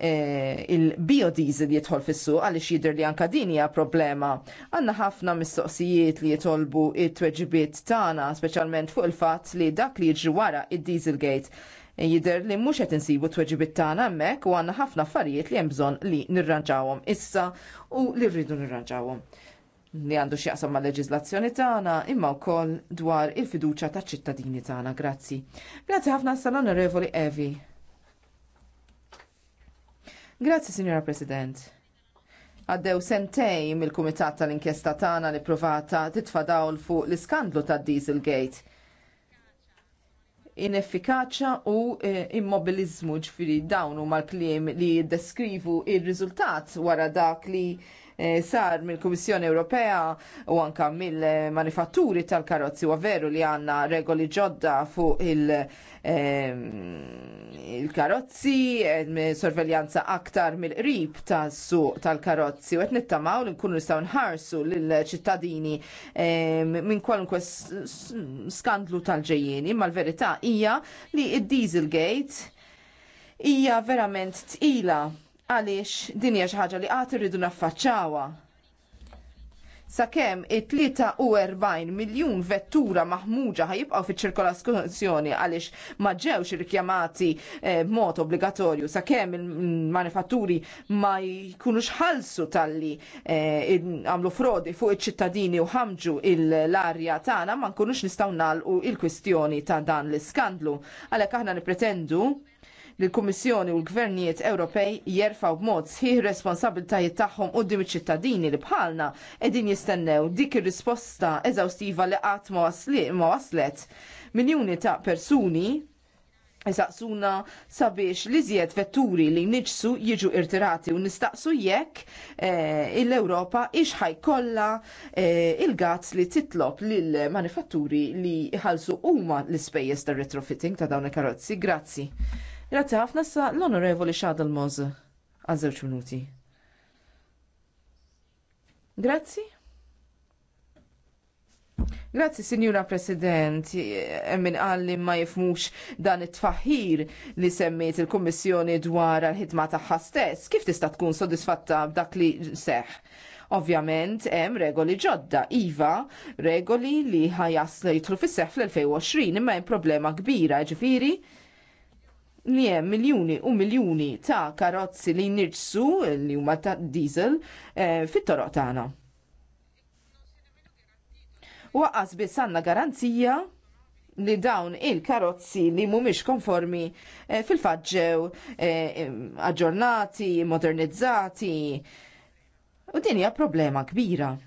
Eh, il-biodiesel jidħol fis-suq għaliex jidher li anka din hija problema. Għanna ħafna mistoqsijiet li jitolbu it-tweġibiet tagħna, speċjalment fuq il-fatt li dak li jiġri wara id-Dieselgate jidher li mhux qed insibu tweġibiet tagħna hemmhekk u għandna ħafna affarijiet li hemm bżonn li nirranġawhom issa u li rridu nirranġawhom li għandu xieqsam ma' leġizlazzjoni tagħna imma wkoll dwar il-fiduċja taċ-ċittadini tagħna. Grazzi. Grazzi ħafna sal-Onorevoli Evi. Grazzi, Signora President. Għaddew sentej mill-Kumitat tal-Inkjesta tagħna li provata titfa' dawl fuq l-iskandlu tad Dieselgate. Ineffikaċa u e, immobilizmu ġifiri dawn huma l-kliem li jiddeskrivu r riżultat wara dak li Eh, sar mill-Kummissjoni Ewropea u anka mill-manifatturi tal-karozzi u veru li għanna regoli ġodda fuq eh, il-karozzi, eh, sorveljanza aktar mill-qrib tas-suq tal-karozzi u qed nittamaw li nkunu nistaw nħarsu lill-ċittadini minn kwalunkwe skandlu tal ġejjeni Imma l-verità hija li id-Dieselgate hija verament tqila għaliex din hija xi ħaġa li qatt irridu naffaċċawha. Sakemm it-43 miljun vettura maħmuġa ħajibqgħu fiċ-ċirkolazzjoni għaliex ma ġewx irrikjamati eh, b'mod obbligatorju sakemm il-manifatturi ma jkunux ħalsu talli eh, għamlu frodi fuq iċ-ċittadini u ħamġu l-arja tagħna ma nkunux nistgħu nagħlqu il-kwistjoni ta' dan l-iskandlu. Għalhekk aħna nippretendu li l-Kummissjoni u l-Gvernijiet Ewropej jerfaw b'mod sħiħ responsabiltajiet tagħhom qudiem iċ-ċittadini li bħalna qegħdin jistennew dik ir-risposta eżawstiva li qatt ma waslet. Miljuni ta' persuni Isaqsuna sabiex li zjed vetturi li niġsu jiġu irtirati u nistaqsu jekk eh, l-Europa ixħaj kolla eh, il-gazz li titlop lill-manifatturi li ħalsu huma l-ispejjeż tar retrofitting ta' dawn il-karozzi. Grazzi. Grazzi ħafna sa l-Onorevoli Xadal Moz għal żewġ minuti. Grazzi. Grazzi, Sinjura President, min għalli ma jifmux dan it-tfaħir li semmiet il-Kommissjoni dwar għal ħidma tagħha stess. Kif tista' tkun sodisfatta b'dak li seħ? Ovvjament, hemm regoli ġodda, iva, regoli li li jitlu fis-seħ fl-2020, imma hemm problema kbira, ġifiri, li hemm miljuni u miljuni ta' karozzi li nirġsu li huma ta' diesel eh, fit-toroq tagħna. Waqqas biss għandna garanzija li dawn il-karozzi li mhumiex konformi eh, fil-faġġew eh, aġġornati, modernizzati. U din hija problema kbira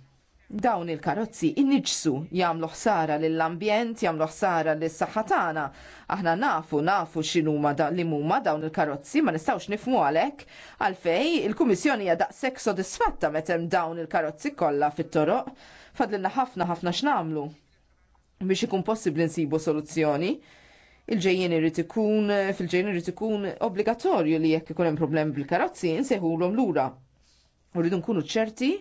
dawn il-karozzi inniġsu jagħmlu ħsara lill-ambjent, jagħmlu ħsara lis-saħħa tagħna. Aħna nafu nafu x'inhuma da, li huma dawn il-karozzi ma nistgħux nifmu għalhekk għalfej il-Kummissjoni hija daqshekk sodisfatta meta hemm dawn il-karozzi kollha fit-toroq fadilna ħafna ħafna x'namlu biex ikun possibbli nsibu soluzzjoni il-ġejjien irid ikun fil-ġejjien irid ikun obbligatorju li jekk ikun hemm problemi bil-karozzi nsejħulhom lura. Uridu nkunu ċerti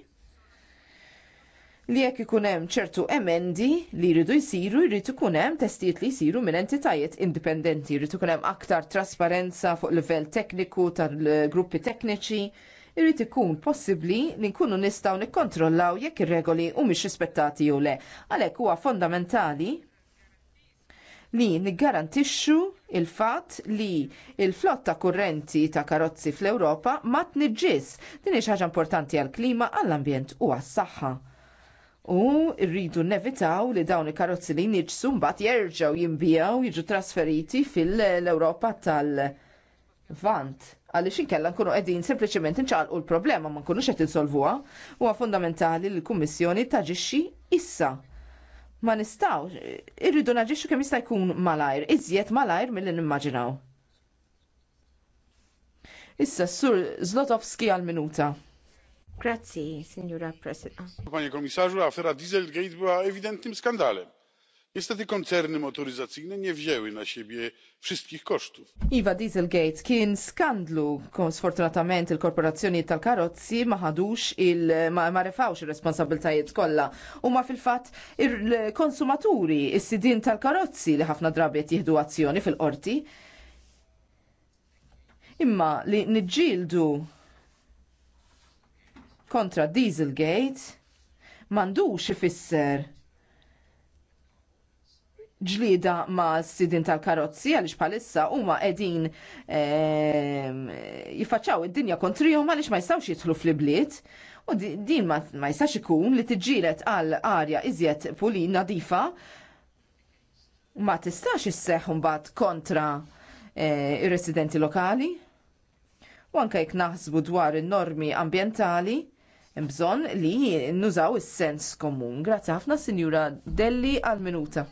li jekk ikun hemm ċertu emendi li jridu jsiru, jrid ikun hemm testijiet li jsiru minn entitajiet indipendenti, jrid ikun hemm aktar trasparenza fuq livell tekniku tal-gruppi tekniċi, jrid ikun possibbli li nkunu nistgħu nikkontrollaw jekk ir-regoli mhumiex rispettati jew le. Għalhekk huwa fondamentali li niggarantixxu il-fatt li il-flotta kurrenti ta' karozzi fl-Ewropa ma tniġġis. Din hi ħaġa importanti għall-klima, għall-ambjent u għas-saħħa u rridu nevitaw li dawn il-karozzi li nirġsu mbagħad jerġgħu jinbijaw jiġu trasferiti fil-Ewropa tal-Vant. Għaliex inkella nkunu qegħdin sempliċement nċalqu l-problema ma nkunux qed insolvuha huwa fundamentali li l-Kummissjoni taġixxi issa. Ma nistgħu irridu naġixxu kemm jista' jkun malajr, iżjed malajr milli nimmaġinaw. Issa s-sur Zlotowski għal-minuta. Grazzi, Signora President. Panie Komisarzu, afera Dieselgate była ewidentnym skandalem. Niestety koncerny motoryzacyjne nie wzięły na siebie wszystkich kosztów. Iva Dieselgate kien skandlu. Sfortunatament il-korporazzjoni tal-karozzi ma ħadux il ma, refawx ir-responsabiltajiet kollha. U ma fil-fatt il-konsumaturi, is-sidin tal-karozzi li ħafna drabiet jieħdu azzjoni fil-qorti. Imma li niġġieldu kontra Dieselgate mandux ifisser ġlida ma' sidin tal-karozzi għalix palissa huma edin e, ehm, jifacċaw id-dinja kontrijom għalix ma' jistawx jitħlu fl-bliet u din ma, jistax ikun li tiġġielet għal arja iżjed puli nadifa ma tistax isseħ bat kontra e, ir-residenti lokali u anke jekk naħsbu dwar in-normi ambjentali bżonn li nużaw is-sens komun. Grazzi ħafna Sinjura Delli għal minuta.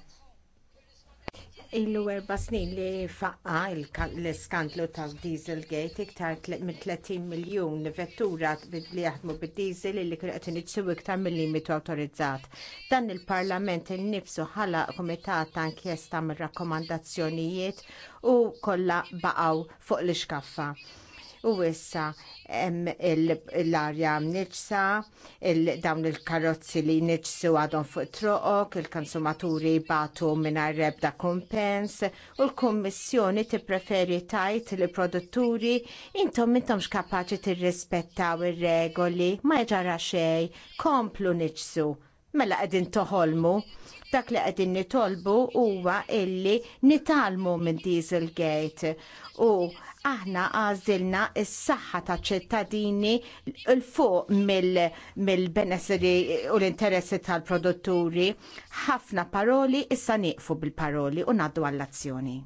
Illu erba snin li faqqa l-skandlu tal-Dieselgate iktar minn 30 miljon vettura li jaħdmu bid-diesel li kienu qed iniġġew iktar mill-limitu awtorizzat. Dan il-Parlament innifsu ħala kumitat ta' inkjesta mir-rakkomandazzjonijiet u kollha baqgħu fuq l-iskaffa. U issa l-arja mniċsa, dawn il-karozzi li niċsu għadhom fuq troqok, il-konsumaturi batu minna rebda kumpens, u l-Kommissjoni tippreferi tajt li produtturi intom intom xkapaċi tirrispettaw ir regoli ma jġara xej, komplu niċsu mela qegħdin toħolmu dak li qegħdin nitolbu huwa illi nitalmu minn Dieselgate u aħna għażilna s-saħħa ta' ċittadini l fuq mill-benesseri u l-interessi tal-produtturi. Ħafna paroli issa nieqfu bil-paroli u ngħaddu għall-azzjoni.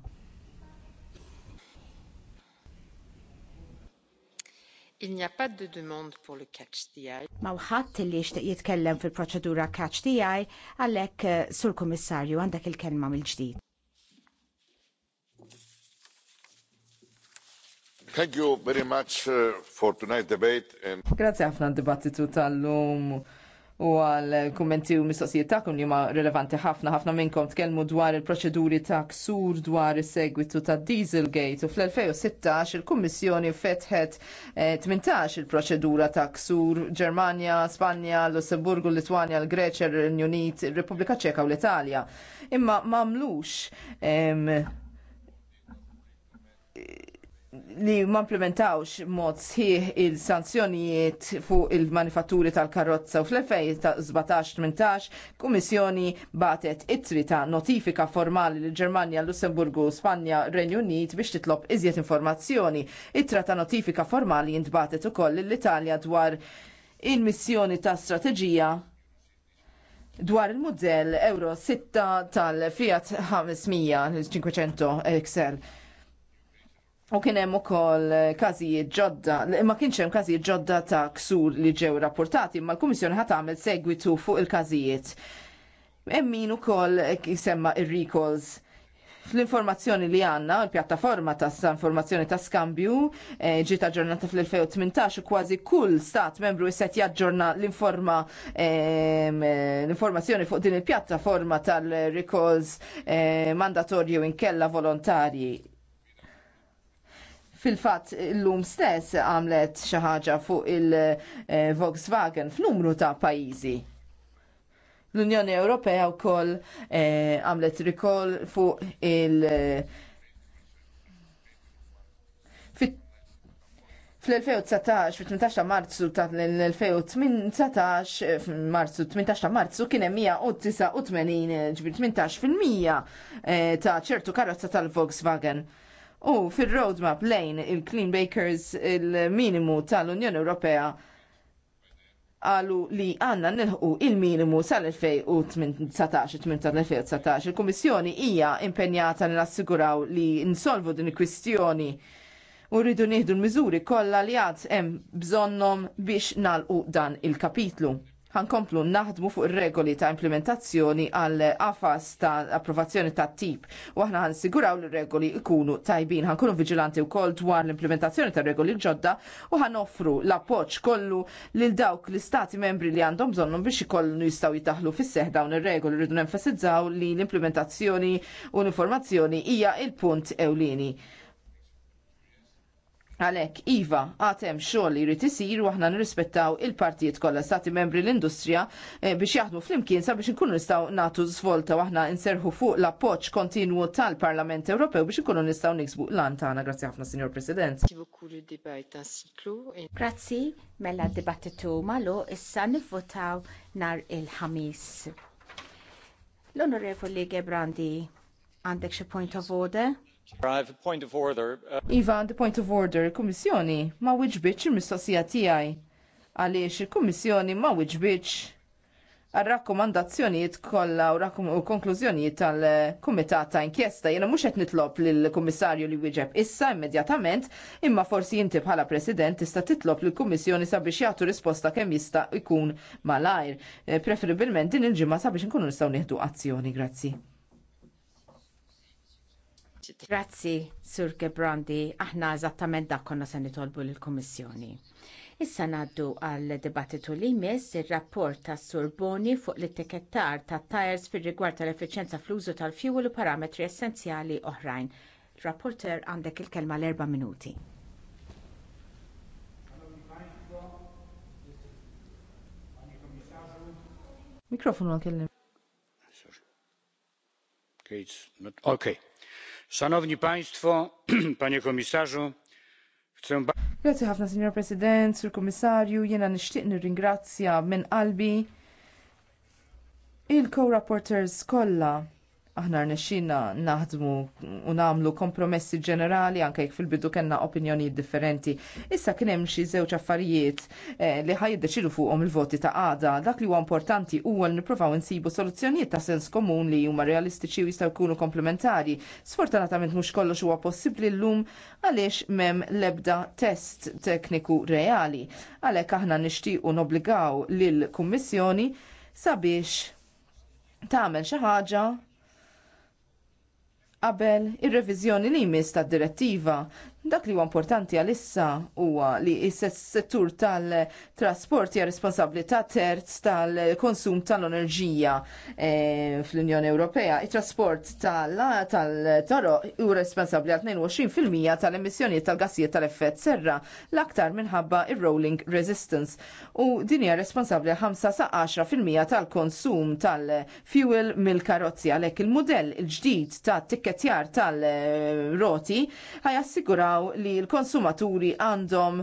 Il n'y a pas de demande pour le catch DI. Mawħat li jixtieq jitkellem fil-proċedura catch DI għalhekk eh, sur kummissarju għandek il-kelma mill-ġdid. Thank you very much eh, for tonight's debate and Grazie ħafna dibattitu tal-lum u għal kummenti u mistoqsijiet tagħkom li ma relevanti ħafna ħafna minnkom tkellmu dwar il-proċeduri ta' ksur dwar is-segwitu ta' Dieselgate u fl-2016 il-Kummissjoni fetħet 18 eh, il-proċedura ta' ksur Ġermanja, Spanja, Lussemburgu, Litwanja, l-Greċja, l-Renju Unit, Repubblika Ċeka u l-Italja. Imma mamlux li ma implementawx mod sħiħ il-sanzjonijiet fuq il-manifatturi tal karrozza u fl-2017-18 kummissjoni batet it-tri ta' notifika formali l ġermanja Lussemburgu, Spanja, Renju Unit biex titlob iżjed informazzjoni. it trata ta' notifika formali jintbatet ukoll l-Italja dwar il-missjoni ta' strateġija dwar il-modell Euro 6 tal-Fiat 500 500 Excel U kien hemm ukoll eh, każijiet ġodda, ma kienx hemm każijiet ġodda ta' ksur li ġew rapportati, ma l-Kummissjoni ħadd tagħmel segwitu fuq il-każijiet. Hemm min ukoll eh, semma ir-recalls l informazzjoni li għanna, l-pjattaforma ta' informazzjoni ta' skambju, eh, ġiet aġġornata fl-2018 kważi kull stat membru jset jaġġorna ehm, l-informazzjoni fuq din il-pjattaforma tal-recalls mandatorju inkella volontarji. Fil-fatt l-lum stess għamlet xi ħaġa fuq il-Volkswagen f'numru ta' pajjiżi. L-Unjoni Ewropea wkoll eh, għamlet rikoll fuq il- Fl-2019, fit-18 ta' marzu ta' l-2018, eh, marzu, 18 ta' marzu, kien hemm 189, ġbir 18 fil-mija eh, ta' ċertu karozza tal-Volkswagen. U fil-roadmap lejn il-Clean Bakers il-minimu tal-Unjoni Ewropea għalu li għanna nilħu il-minimu sal-2018-2019. Il-Komissjoni hija impenjata li nassiguraw li nsolvu din il-kwistjoni u rridu nieħdu l-miżuri kollha li għad hemm bżonnhom biex nalqu dan il-kapitlu ħankomplu naħdmu fuq ir-regoli ta' implementazzjoni għal afas ta' approvazzjoni ta' tip. U aħna ħansiguraw li regoli ikunu tajbin, ħankunu vigilanti wkoll dwar l-implementazzjoni ta' regoli ġodda u ħanoffru l-appoġġ kollu lil dawk l-istati membri li għandhom bżonnhom biex ikollu jistgħu jitaħlu fis-seħ dawn ir-regoli rridu nenfasizzaw li l-implementazzjoni u l-informazzjoni hija il-punt ewlieni. Għalhekk Iva, għad hemm li jrid isir u aħna nirrispettaw il-partijiet kollha stati membri l-industrija eh, biex jaħdmu flimkien sabiex inkunu nistgħu nagħtu svolta u aħna nserħu fuq l-appoġġ kontinwu tal-Parlament Ewropew biex inkunu nistgħu niksbu l-an tagħna. Grazzi ħafna, Sinjor President. Grazzi, mela d-dibattitu malu issa nivvotaw nar il-ħamis. L-Onorevoli Gebrandi, għandek xi point of order? Uh, iva, the point of order, kummissjoni ma wiġbitx il-mistoqsija tiegħi għaliex il-kummissjoni ma wieġbitx għal-rakkomandazzjonijiet kollha u konklużjonijiet tal-kumitat ta' inkjesta jiena mhux qed nitlob lill-kummissarju li wieġeb issa immedjatament imma forsi inti bħala president tista' titlob lill-kummissjoni sabiex jagħtu risposta kemm jista' jkun malajr. Eh, preferibilment din il-ġimgħa sabiex inkunu nistgħu nieħdu azzjoni. Grazzi. Grazzi, Sur Gebrandi, aħna eżattament dak konna se nitolbu lill-Kummissjoni. Issa ngħaddu għal dibattitu li jmiss ir-rapport tas Sur Boni fuq l-ittikettar tat tires fir-rigward tal-effiċenza fl-użu tal-fjuwil u parametri essenzjali oħrajn. Rapporter għandek il-kelma l-erba' minuti. Mikrofonu għal-kellim. Okay, Szanowni Państwo, (clears throat) Panie Komisarzu, Grazie ħafna, Signor President, Sur Komissarju, jena nishtiq nirringrazzja minn qalbi il-co-rapporters kollha aħna rnexxina naħdmu u nagħmlu kompromessi ġenerali anke jekk fil-bidu kellna opinjonijiet differenti. Issa kien hemm xi żewġ affarijiet eh, li ħajdeċidu fuqhom il-voti ta' għada. Dak li huwa importanti huwa li nippruvaw insibu soluzzjonijiet ta' sens komun li huma realistiċi u jistgħu jkunu komplementari. Sfortunatament mhux kollox huwa possibbli llum għaliex m'hemm l-ebda test tekniku reali. Għalhekk aħna nixtiequ nobbligaw lill-Kummissjoni sabiex tagħmel xi ħaġa qabel ir-reviżjoni li jmiss tad-direttiva Dak li huwa importanti għalissa huwa li s-settur tal-trasport hija responsabbli ta' terz tal-konsum tal-enerġija e, fl-Unjoni Ewropea. Il-trasport tal toro huwa responsabbli għal 22% tal-emissjonijiet tal-gassijiet tal-effett serra l-aktar minħabba ir-rolling resistance u din hija responsabbli għal 5 10% tal-konsum tal-fuel mill-karozzi għalhekk il-mudell il-ġdid ta' tikketjar tal-roti ħajassigura naraw li l-konsumaturi għandhom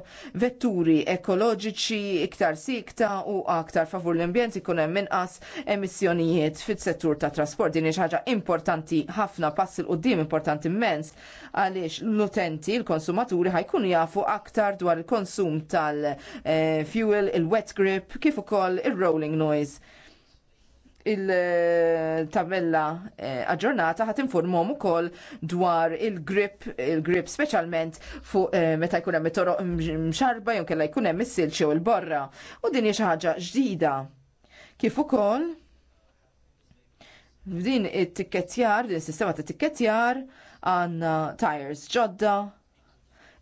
vetturi ekoloġiċi iktar sikta u aktar favur l-ambjent ikun hemm inqas emissjonijiet fis-settur tat trasport. Din hija ħaġa importanti ħafna pass il qudiem importanti immens għaliex l-utenti, l-konsumaturi ħajkunu jafu aktar dwar il-konsum tal-fuel, eh, il-wet grip, kif ukoll il-rolling noise il-tabella eh, aġġornata ħat informom ukoll dwar il-grip, il-grip speċjalment fuq eh, meta jkun hemm it-toroq mxarba jew kellha jkun hemm is-silġ jew il-borra. U din hija xi ħaġa ġdida. Kif ukoll din it-tikketjar, din sistema ta' tikketjar għandna tires ġodda,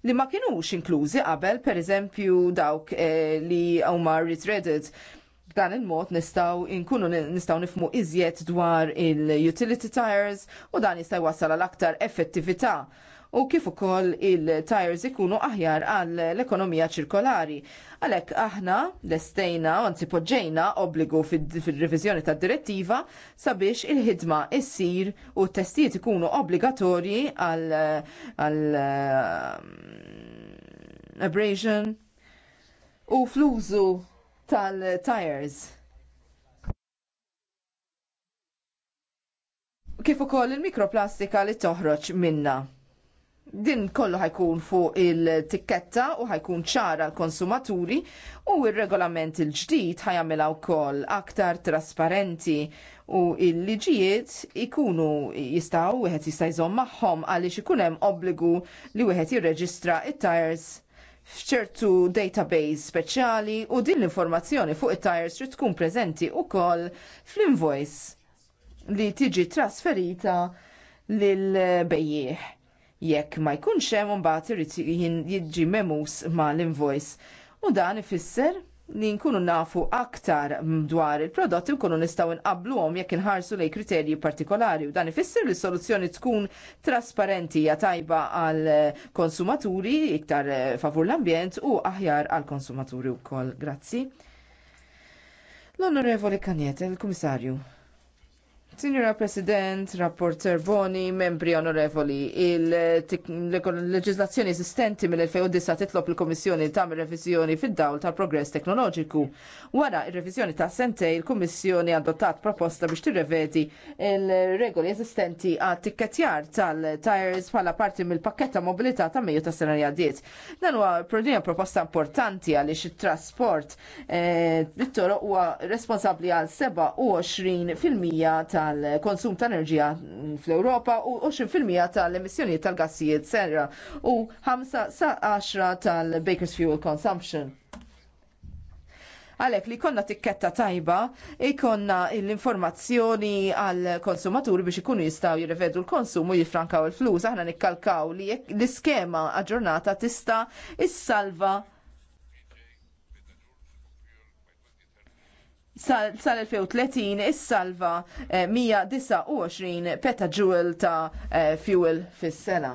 li ma kienux inklużi qabel, per eżempju, dawk eh, li huma retreaded b'dan il-mod nistaw inkunu nistaw nifmu iżjed dwar il-utility tires u dan jista' jwassal għal aktar effettività u kif ukoll il-tires ikunu aħjar għall l-ekonomija ċirkolari. Għalhekk aħna lestejna u għanzi poġġejna obbligu fil revizjoni tad direttiva sabiex il-ħidma issir u t testijiet ikunu obbligatorji għall um, abrasion u flużu tal-tires. Kif ukoll il-mikroplastika li toħroġ minna. Din kollu ħajkun fuq il-tikketta u ħajkun ċara l-konsumaturi u il-regolament il-ġdid ħajamela wkoll aktar trasparenti u il-liġijiet ikunu jistaw wieħed jista' jżomm magħhom għaliex ikun hemm obbligu li wieħed jirreġistra it-tires f'ċertu database speċjali u din l-informazzjoni fuq it-tires trid tkun preżenti wkoll fl-invoice li tiġi trasferita lil bejjieħ. Jekk ma jkunx hemm imbagħad irid jiġi memus mal invoice u dan ifisser li nkunu nafu aktar dwar il-prodotti u nkunu nistaw għom jekk inħarsu lej kriterji partikolari u dan ifisser li soluzzjoni tkun trasparenti hija tajba għal konsumaturi iktar favur l-ambjent u aħjar għal konsumaturi wkoll. Grazzi. L-Onorevoli Kanjet, il-Kummissarju. Signora President, Rapporter Boni, membri onorevoli, il-leġizlazzjoni esistenti mill-2009 titlob il-Kommissjoni tagħmel revizjoni fid-dawl tal-progress teknoloġiku. Wara il revizjoni ta' sentej, il-Kummissjoni adottat proposta biex tirrevedi il-regoli eżistenti għat tikketjar tal-tires bħala parti mill-pakketta mobilità ta' mejju ta' sena diet. Dan huwa prodinja proposta importanti għaliex it-trasport eh, it-toroq huwa responsabbli għal 27% ta' tal-konsum ta' enerġija fl-Ewropa u 20% tal-emissjonijiet tal-gassijiet serra u 5 sa 10 tal-Baker's Fuel Consumption għalek li konna tikketta tajba, ikonna l-informazzjoni għal konsumaturi biex ikunu jistaw jirrevedu l-konsumu jifrankaw il-flus, aħna nikkalkaw li l-iskema aġġornata tista' issalva salva sal-2030 is-salva 129 eh, petajoule ta' eh, fuel fis-sena.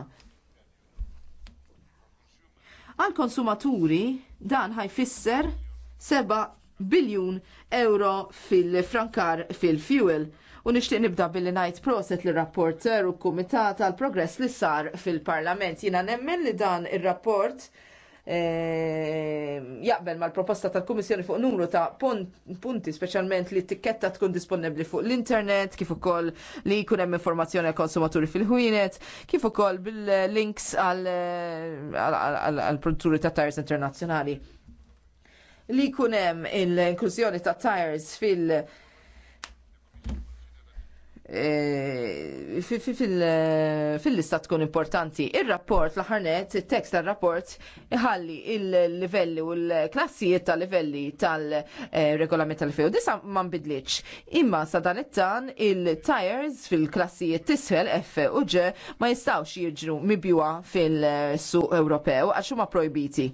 Għal konsumaturi dan ħajfisser 7 biljun euro fil-frankar fil-fuel. U nixtieq nibda billi ngħid proset l rapporter u kumitat għal progress li sar fil-Parlament. Jiena nemmen li dan ir-rapport Eh, jaqbel mal-proposta tal-Kummissjoni fuq numru ta' punti speċjalment li t-tikketta tkun disponibbli fuq l-internet, kif ukoll li jkun hemm informazzjoni għal konsumaturi fil-ħwienet, kif ukoll bil-links għal produtturi ta' tires internazzjonali. Li jkun hemm l-inklużjoni ta' tires fil- E, fil-lista tkun importanti. Ir-rapport l-ħarnet, il-tekst tal-rapport, iħalli il-livelli u l-klassijiet tal-livelli tal-regolament tal-few. Disa ma bidliċ. Imma sa dan it-tan il-tires fil-klassijiet tisfel F u ġe ma jistawx jirġru mibjuwa fil-suq Ewropew għax huma projbiti.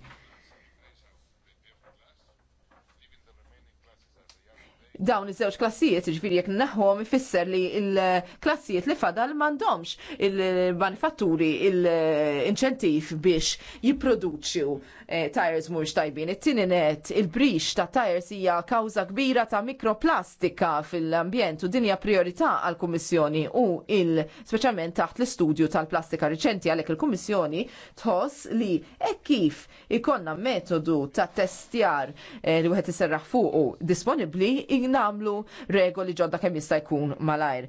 dawn iż-żewġ klassijiet ġviri jek naħħom ifisser li il-klassijiet li fadal mandomx il-manifatturi il-inċentif biex jiproduċu eh, tires mux tajbin. It-tini net, il-brix ta' tires hija kawza kbira ta' mikroplastika fil-ambjent u dinja priorità għal-Kummissjoni u il-speċjalment taħt l-istudju tal-plastika riċenti għalek il-Kummissjoni tħoss li e kif ikonna metodu ta' testjar eh, li wieħed iserraħ fuqu disponibbli namlu regoli ġodda kemm jista' jkun malajr.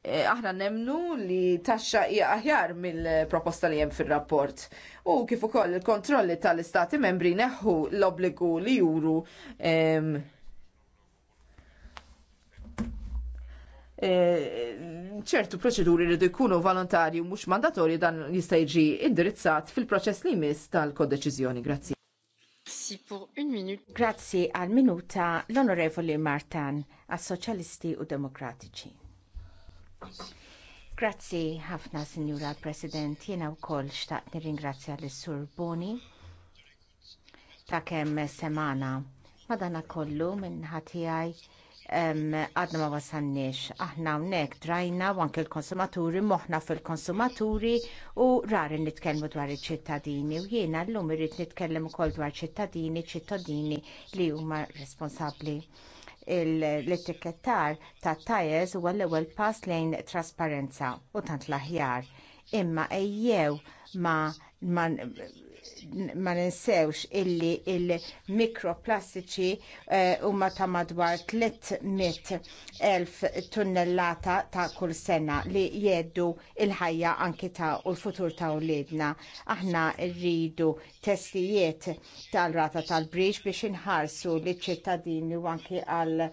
E, aħna nemnu li taxxa hija aħjar mill-proposta li hemm fir-rapport. U kif ukoll il-kontrolli tal-istati membri neħħu l-obbligu li juru e, ċertu proċeduri li jkunu volontarju mhux mandatorji dan jista' jiġi indirizzat fil-proċess li jmiss tal-kodeċiżjoni. Grazzi. Merci pour une minute. Grazzi al minuta l-Onorevoli Martan Socialisti u Demokratiċi. Grazzi ħafna, Signora President, u kol xtaqt nirringrazzja l sur Boni ta' kemm semana madana kollu minn ħatijaj għadna ma wasanniex. Aħna hawnhekk drajna u anke l-konsumaturi moħħna fil-konsumaturi u rari nitkellmu dwar il ċittadini u jiena llum irrit nitkellem ukoll dwar ċittadini, ċittadini li huma responsabbli l-etikettar ta' tajers huwa l-ewwel pass lejn trasparenza u tant laħjar. Imma ejjew ma ma ninsewx illi il-mikroplastiċi eh, huma ta' madwar 300,000 tunnellata ta' kull sena li jeddu il-ħajja anki ta' u l-futur ta' uliedna. Aħna rridu testijiet tal-rata tal-briġ biex inħarsu li ċittadini u anki għal eh,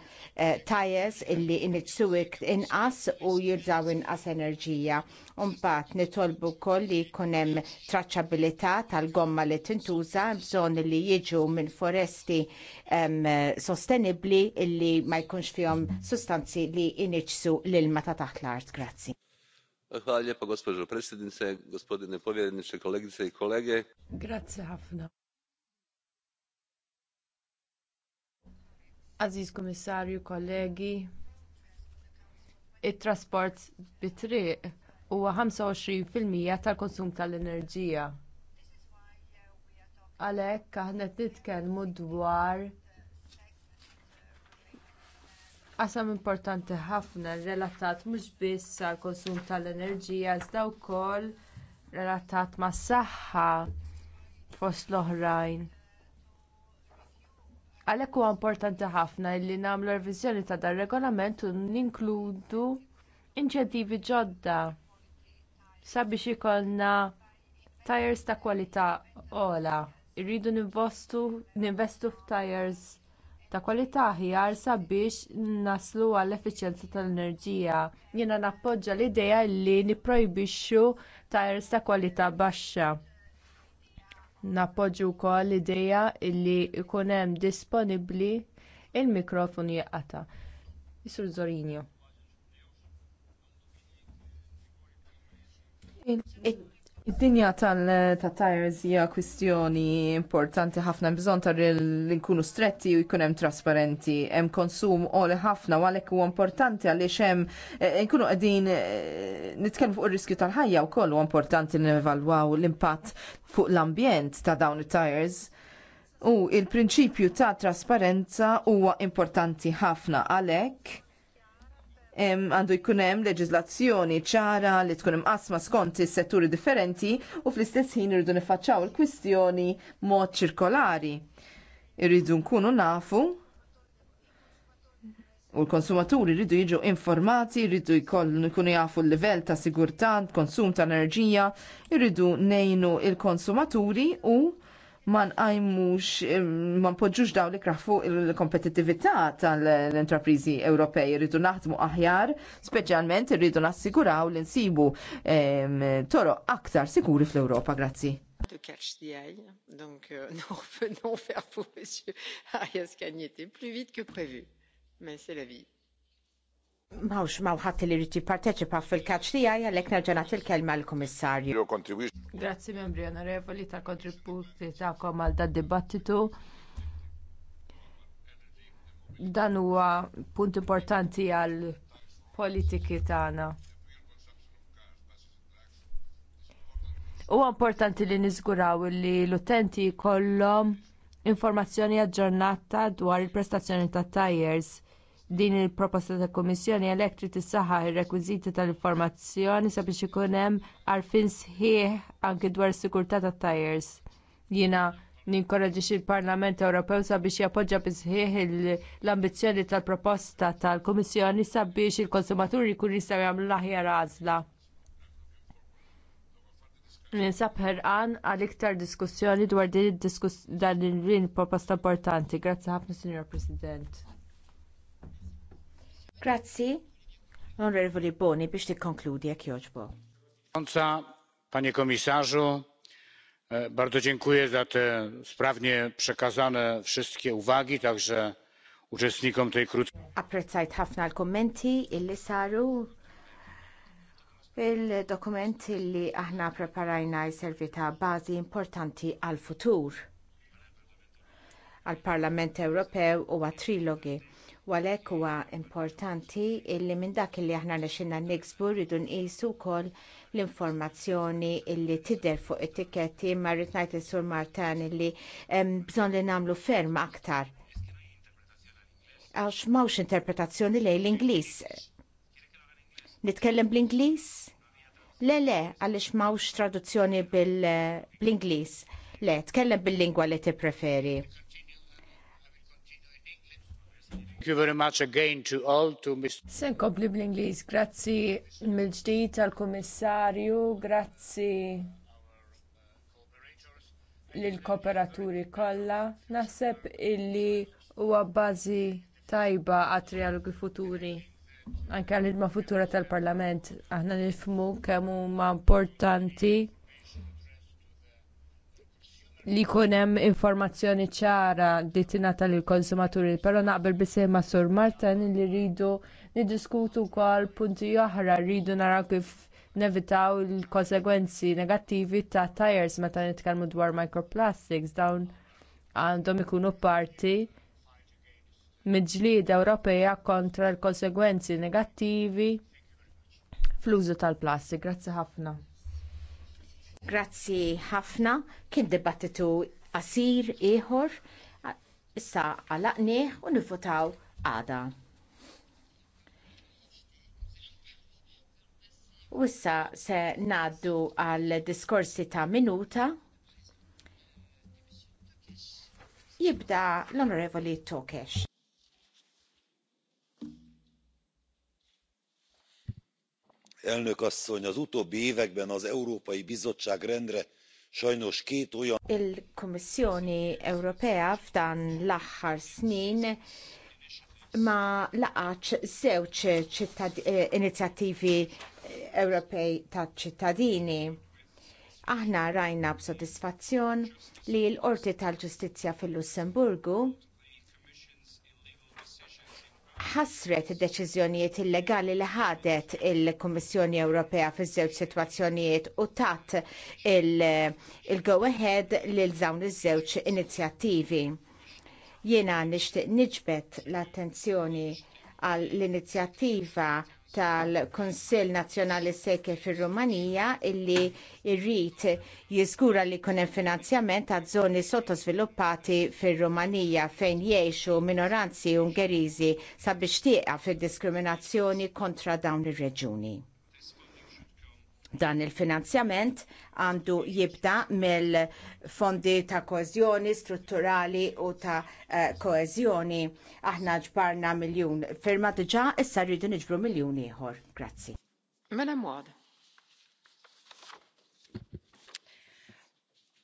tajes illi initsuwik inqas u jirżaw inqas enerġija Umbat nitolbu wkoll li jkun hemm traċċabilità tal-gomma li tintuża bżon li jiġu minn foresti sostenibbli illi ma jkunx fihom sustanzi li iniċsu l-ilma ta' taħt l-art. Grazzi. Hvala lijepa gospođo predsjednice, gospodine povjereniče, kolegice i kolege. Grazie ħafna. Aziz komissarju, kollegi, it-trasport bitriq huwa 25% tal-konsum tal-enerġija. Għalhekk aħna qed nitkellmu dwar qasam importanti ħafna relatat mhux biss għall-konsum tal-enerġija iżda wkoll relatat mas-saħħa fost l-oħrajn. Għalhekk huwa importanti ħafna li nagħmlu reviżjoni ta' dan regolament u ninkludu inċentivi ġodda sabiex ikollna tires ta' kwalità ola. Irridu ninvestu f'tires ta' kwalità aħjar sabiex naslu għall effiċjenza tal-enerġija. Jiena nappoġġa l-idea li nipprojbixxu tires ta' kwalità baxxa. Nappoġġu wkoll l-idea li jkun hemm disponibbli il-mikrofon jeqata. Isur Zorinio. Id-dinja tal-tajers hija kwistjoni importanti ħafna bżonn tar li nkunu stretti u jkun hemm trasparenti, hemm konsum oli ħafna u għalhekk huwa importanti għaliex hemm eh, eh, nkunu qegħdin eh, nitkellmu fuq ir-riskju tal-ħajja wkoll huwa importanti li nevalwaw l-impatt fuq l-ambjent ta' dawn it tires U il-prinċipju ta' trasparenza huwa importanti ħafna għalhekk għandu jkun hemm ċara li tkun imqasma skont is-setturi differenti u fl-istess ħin irridu nifaċċaw il-kwistjoni mod ċirkolari. Irridu nkunu nafu u l-konsumaturi rridu jiġu informati, rridu nkunu jafu l-livell ta' sigurtà, konsum ta' enerġija, rridu nejnu il-konsumaturi u ma nqajmux, ma npoġġux daw li fuq il-kompetittività tal-intraprizi Ewropej. Rridu naħdmu aħjar, speċjalment rridu nassiguraw li nsibu toro aktar sikuri fl-Ewropa. Grazzi. De catch the eye, donc euh, nous revenons vers vous, monsieur Arias Cagnetti, plus vite que prévu, mais c'est la vie. Mawx mawħat li rriti parteċipa fil-kaċ li għaj għalek nerġanat il-kelma l-komissarju. Grazzi membri onorevoli tal kontributi kom għal da' dibattitu. Dan huwa punt importanti għal politiki tagħna. Huwa importanti li niżguraw li l-utenti jkollhom informazzjoni aġġornata dwar il-prestazzjoni tat-tajers din il-proposta ta' kummissjoni għalhekk trid ir-rekwiżiti tal-informazzjoni sabiex ikun hemm għarfien sħiħ anki dwar is sigurtà tat-tajers. Jiena ninkoraġġix il-Parlament Ewropew sabiex jappoġġja bi sħiħ l-ambizzjoni tal-proposta tal-Kummissjoni sabiex il-konsumaturi jkunu jistgħu jagħmlu l-aħjar għażla. Ninsab ħerqan għal iktar diskussjoni dwar din dan il-proposta importanti. Grazzi ħafna, Sinjor President. Grazzi. Onorevoli Boni biex tikkonkludi jekk jogħġbu. Panie komisarzu, e, bardzo dziękuję za te sprawnie przekazane wszystkie uwagi, także uczestnikom tej krótkiej. Apprezzajt ħafna l-kommenti illi saru il-dokument illi aħna preparajna jservita bazi importanti għal futur għall parlament Ewropew u għat-trilogi għalhekk huwa importanti illi minn dak li aħna nexxinna niksbu rridu nqisu wkoll l-informazzjoni illi tidher fuq it-tiketti imma rrid ngħid is-Sur Martin illi hemm bżonn li nagħmlu ferm aktar. Għax m'hawnx interpretazzjoni lejn l-Ingliż. Nitkellem bl-Ingliż? Le le, għaliex m'hawnx traduzzjoni bil-Ingliż. Le, tkellem bil-lingwa li tippreferi. preferi Thank you very much again to all to Mr. Se nkompli bl-Ingliż, grazzi mill-ġdid għall-Kummissarju, grazzi lill-kooperaturi kollha. Naħseb illi huwa bażi tajba għat trialogi futuri. Anke għal-ilma futura tal-Parlament, aħna nifhmu kemm huma importanti li jkun hemm informazzjoni ċara li tingħata lill konsumaturi però naqbel bisejn ma' Sur Martin li rridu niddiskutu wkoll punti oħra rridu naraw kif nevitaw il-konsegwenzi negattivi ta' tires meta nitkellmu dwar microplastics dawn għandhom ikunu parti mill-ġlieda Ewropea kontra l-konsegwenzi negattivi fl-użu tal-plastik. Grazzi ħafna. Grazzi ħafna, kien dibattitu qasir ieħor, issa għalaqnieh u nifutaw għada. U issa se ngħaddu għal diskorsi ta' minuta. Jibda l-Onorevoli Tokesh. elnök asszony az utóbbi években az európai bizottság rendre sajnos két olyan. il kummissjoni ewropea f'dan l-aħħar snin ma laqgħatx żewġ eh, inizjattivi eh, Ewropej taċ-ċittadini aħna rajna b'sodisfazzjon li l-qorti tal-ġustizzja fil-lussemburgu ħasret id-deċiżjonijiet illegali li ħadet il-Kummissjoni Ewropea fiż żewġ sitwazzjonijiet u tat il-go il ahead lil dawn iż-żewġ inizjattivi. Jiena nixtieq niġbed l-attenzjoni għall inizjattiva tal-Konsil Nazzjonali Seke fir-Rumanija illi irrid jiżgura li jkun hemm finanzjament ta' żoni sottosviluppati fir-Rumanija fejn jgħixu minoranzi Ungeriżi sabiex tieqa fid-diskriminazzjoni kontra dawn ir-reġuni. Dan il-finanzjament għandu jibda mill-fondi ta' koezjoni strutturali u ta' eh, koezjoni. Aħna ġbarna miljun firma diġa, issa rridu niġbru miljun ieħor. Grazzi. Mela mod.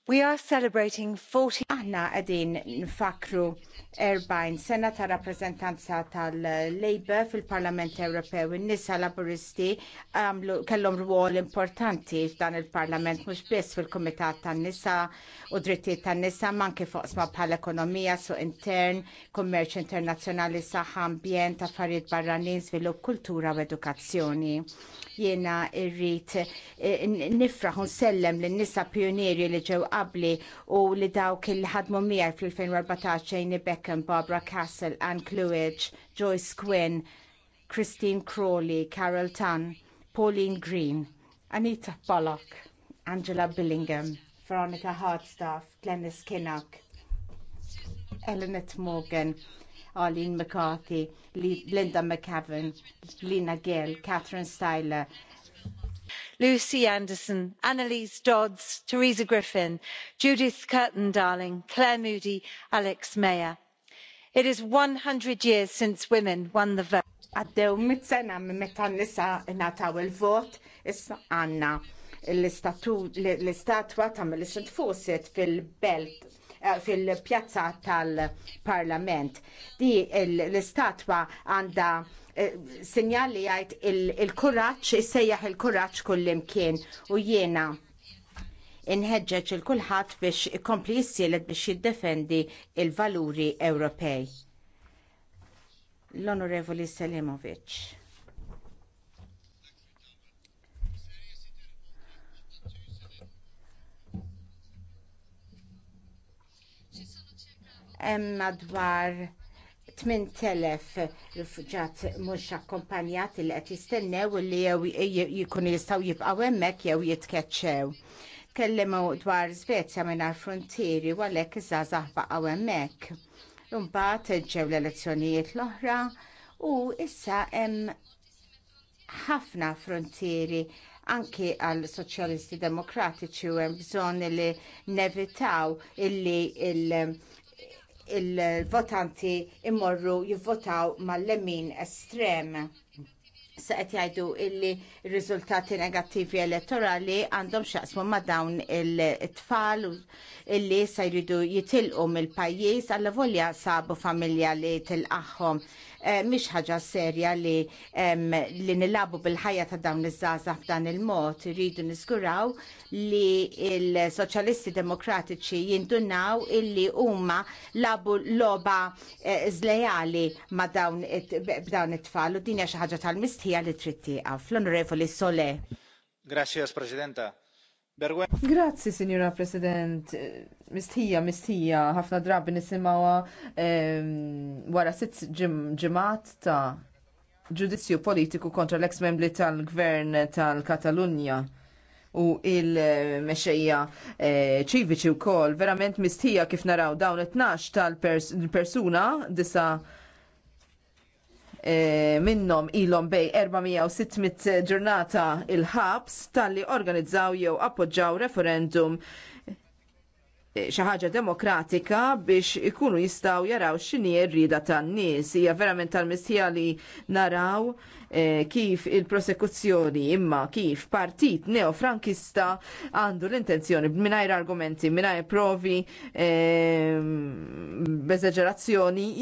We are celebrating 40 aħna qegħdin nfakru 40 sena ta' rappreżentanza tal-Labor fil-Parlament Ewropew. In-nisa laburisti għamlu kellhom rwol importanti f'dan il-Parlament mhux biss fil-Kumitat tan-nisa u drittijiet tan-nisa ma anke foqsma bħal ekonomija, suq intern, kummerċ internazzjonali, saħħa, ambjent, affarijiet barranin, żvilupp, kultura u edukazzjoni. Jiena irrid eh, nifraħ u nsellem lin-nisa pionieri li ġew qabli u li dawk il ħadmu miegħi fil 2014 Jane Beckham, Barbara Castle, Anne Cluage, Joyce Quinn, Christine Crawley, Carol Tan, Pauline Green, Anita Pollock, Angela Billingham, Veronica Hardstaff, Glennis Kinnock, Eleanor Morgan, Arlene McCarthy, Linda McCavan, Lena Gill, Catherine Styler, lucy anderson annelise dodds teresa griffin judith curtin darling claire moody alex mayer. it is one hundred years since women won the vote. għaddew mit-sena minn meta n-nisa ngħataw il-vot issa għandna l-istatwa ta' Millicent Fawcett fil-Belt fil-pjazza tal-Parlament. Di l-istatwa għanda eh, sinjal li għajt il-kuraċ, sejjaħ il-kuraċ kullimkien u jiena inħeġġeġ il-kulħadd biex ikompli jissielet biex jiddefendi il-valuri Ewropej. L-Onorevoli Selimovic. hemm madwar 8000 rifuġat mhux akkompanjat li qed jistennew li jew jkunu jistgħu jibqgħu hemmhekk jew jitkeċċew. Kellimu dwar Svezja mingħajr frontieri u għalhekk iż-żgħażagħ baqgħu hemmhekk. Imbagħad ġew l-elezzjonijiet l-oħra u issa hemm ħafna frontieri anki għal soċjalisti demokratiċi u hemm bżonn li nevitaw illi il- il-votanti immorru jivvotaw mal-lemin estrem se qed jgħidu illi r-riżultati negattivi elettorali għandhom x'jaqsmu ma' dawn il-tfal illi se jridu jitilqu mill-pajjiż għall volja sabu familja li tilqaħħom. Eh, mhix ħaġa serja li li nilabu bil-ħajja ta' dawn iż-żgħażagħ f'dan il-mod iridu niskuraw li l-Soċjalisti Demokratiċi jindunaw illi huma labu loba eh, żlejali ma' dawn it-tfal u din hija xi ħaġa tal-mistħija li trid tieqaf. L-Onorevoli Sole. Grazie, Presidenta Grazzi, Signora President. Eh, mistija, mistija, ħafna drabi nisimawa ehm, wara sitt ġemat ta' ġudizzju politiku kontra l-ex-membri tal-gvern tal-Katalunja u il-mexxejja eh, ċiviċi wkoll verament mistija kif naraw dawn it-tnax tal-persuna disa' Eh, minnom ilom ilhom bej 400 ġurnata il-ħabs talli organizzaw jew appoġġaw referendum eh, xaħġa ħaġa demokratika biex ikunu jistgħu jaraw x'inhi rrida tan-nies. Hija verament tal-mistija li naraw Eh, kif il-prosekuzzjoni imma kif partit neofrankista għandu l-intenzjoni b'minajr argumenti, minajr provi eh,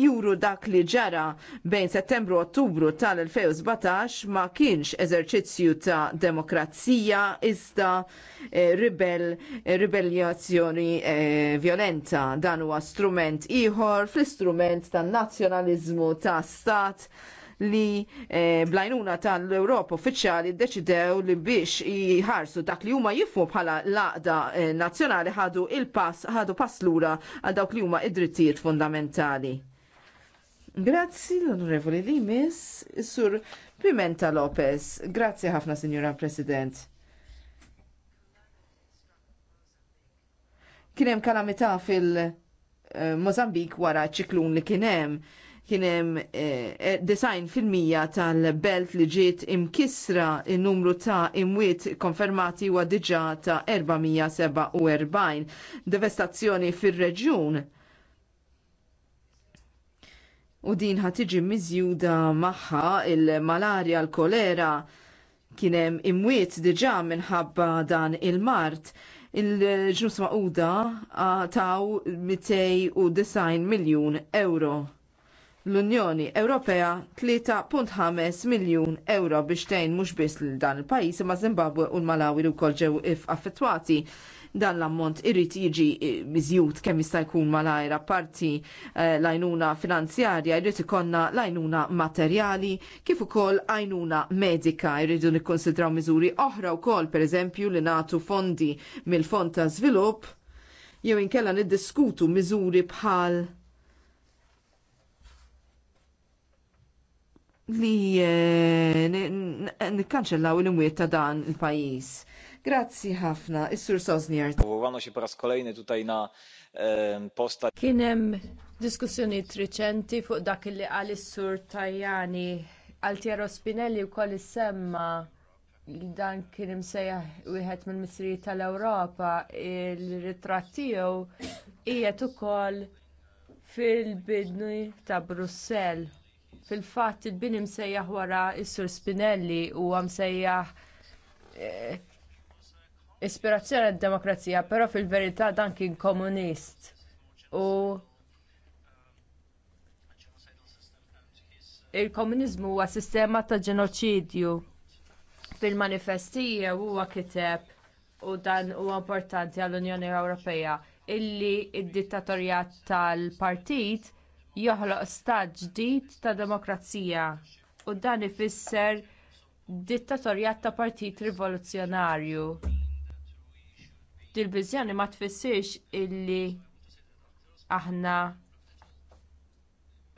juru dak li ġara bejn settembru u ottubru tal-2017 ma kienx eżerċizzju ta' demokrazija iżda eh, ribel, eh, ribeljazzjoni eh, violenta dan huwa strument ieħor fl-istrument tan-nazzjonaliżmu ta' stat li eh, blajnuna tal-Europa uffiċjali deċidew li biex jħarsu dak li huma jifmu bħala laqda eh, nazzjonali ħadu il-pass ħadu pass lura għal dawk li huma id-drittijiet fundamentali. Grazzi l-Onorevoli Limis, Sur Pimenta Lopez. Grazzi ħafna, Signora President. Kienem kalamita fil- eh, Mozambik wara ċiklun li kienem kien hemm eh, eh, design fil-mija tal-belt li ġiet imkisra il numru ta' imwiet konfermati huwa diġà ta' 447 devestazzjoni fir-reġjun. U din ħatiġi tiġi miżjuda magħha il-malarja l-kolera kien hemm imwiet diġà minħabba dan il-mart il-ġnus maquda ah, taw 209 miljun euro l-Unjoni Ewropea 3.5 miljun euro biex tgħin mhux biss lil dan il-pajjiż imma Zimbabwe u l-Malawi li wkoll ġew affettwati dan l-ammont irrid jiġi e, miżjud kemm jista' jkun malajr parti eh, l-għajnuna finanzjarja, jrid ikollna l-għajnuna materjali kif ukoll għajnuna medika jridu nikkonsidraw miżuri oħra wkoll pereżempju li nagħtu fondi mill-fond ta' żvilupp jew inkella niddiskutu miżuri bħal li eh, nikkanċellaw il-imwiet ta' dan il-pajis. Grazzi ħafna, Is-Sur Sosnier. Uwano xi pras kolejni tutajna posta. Kien hemm diskussjoni riċenti fuq dak li qal is-Sur Tajani Altiero Spinelli wkoll is-semma dan kien imsejjaħ wieħed mill-Misri tal-Ewropa il-ritratt tiegħu qiegħed ukoll fil-bidni ta' Brussell Fil-fatt il-bini msejjaħ wara s-sur Spinelli huwa msejjaħ eh, ispirazzjoni għad-demokrazija, però fil-verità dan kien komunist. U il-komunizmu huwa sistema ta' ġenoċidju. Fil-manifestija huwa kiteb u dan huwa importanti għall-Unjoni Ewropea illi d dittatorjat tal-partit joħloq stat ġdid ta' demokrazija u dan ifisser dittatorjat ta' partit rivoluzzjonarju. Dil-viżjoni ma tfissirx illi aħna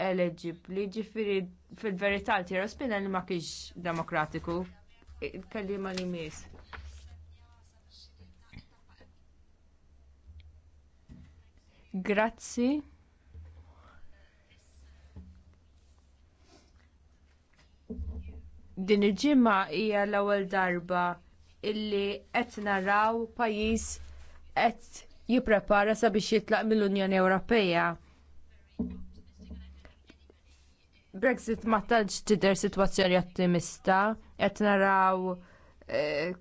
eleġibbli, ġifieri fil-verità l-tira li ma kienx demokratiku. il li mis. Grazzi. din il-ġimgħa hija l-ewwel darba illi qed naraw pajjiż qed jipprepara sabiex jitlaq mill-Unjoni Ewropea. Brexit ma tantx tidher sitwazzjoni ottimista, qed naraw eh,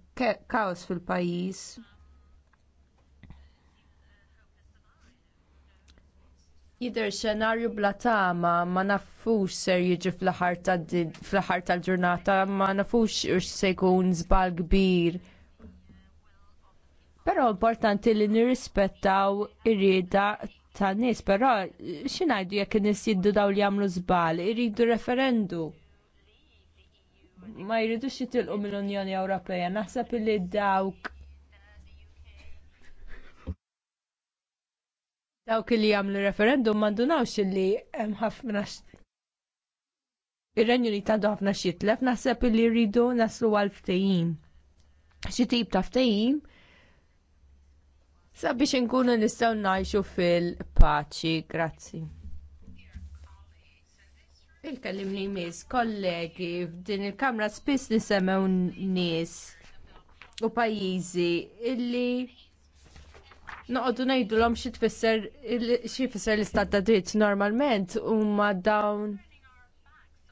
kaos fil-pajjiż. Jider xenarju bla tama ma nafux ser jiġi fl-aħħar tal-ġurnata, ma nafux ux se jkun żball kbir. Però importanti li nirrispettaw ir-rieda tan nies, però xi ngħidu jekk in-nies jiddu daw li jagħmlu żball, iridu referendu. Ma jridux jitilqu mill-Unjoni Ewropea, naħseb li dawk Dawk li jagħmlu referendum m'għandunawx li hemm ħafna Ir-Renju Unit għandu ħafna xitlef naħseb li rridu naslu għal ftehim. Xi tip ta' ftehim sabiex inkunu nistgħu ngħixu fil-paċi. Grazzi. il kellimni li jmiss kollegi f'din il-kamra spiss li nies u pajjiżi illi noqogħdu ngħidulhom xi tfisser xi jfisser l-istat ta' dritt normalment huma dawn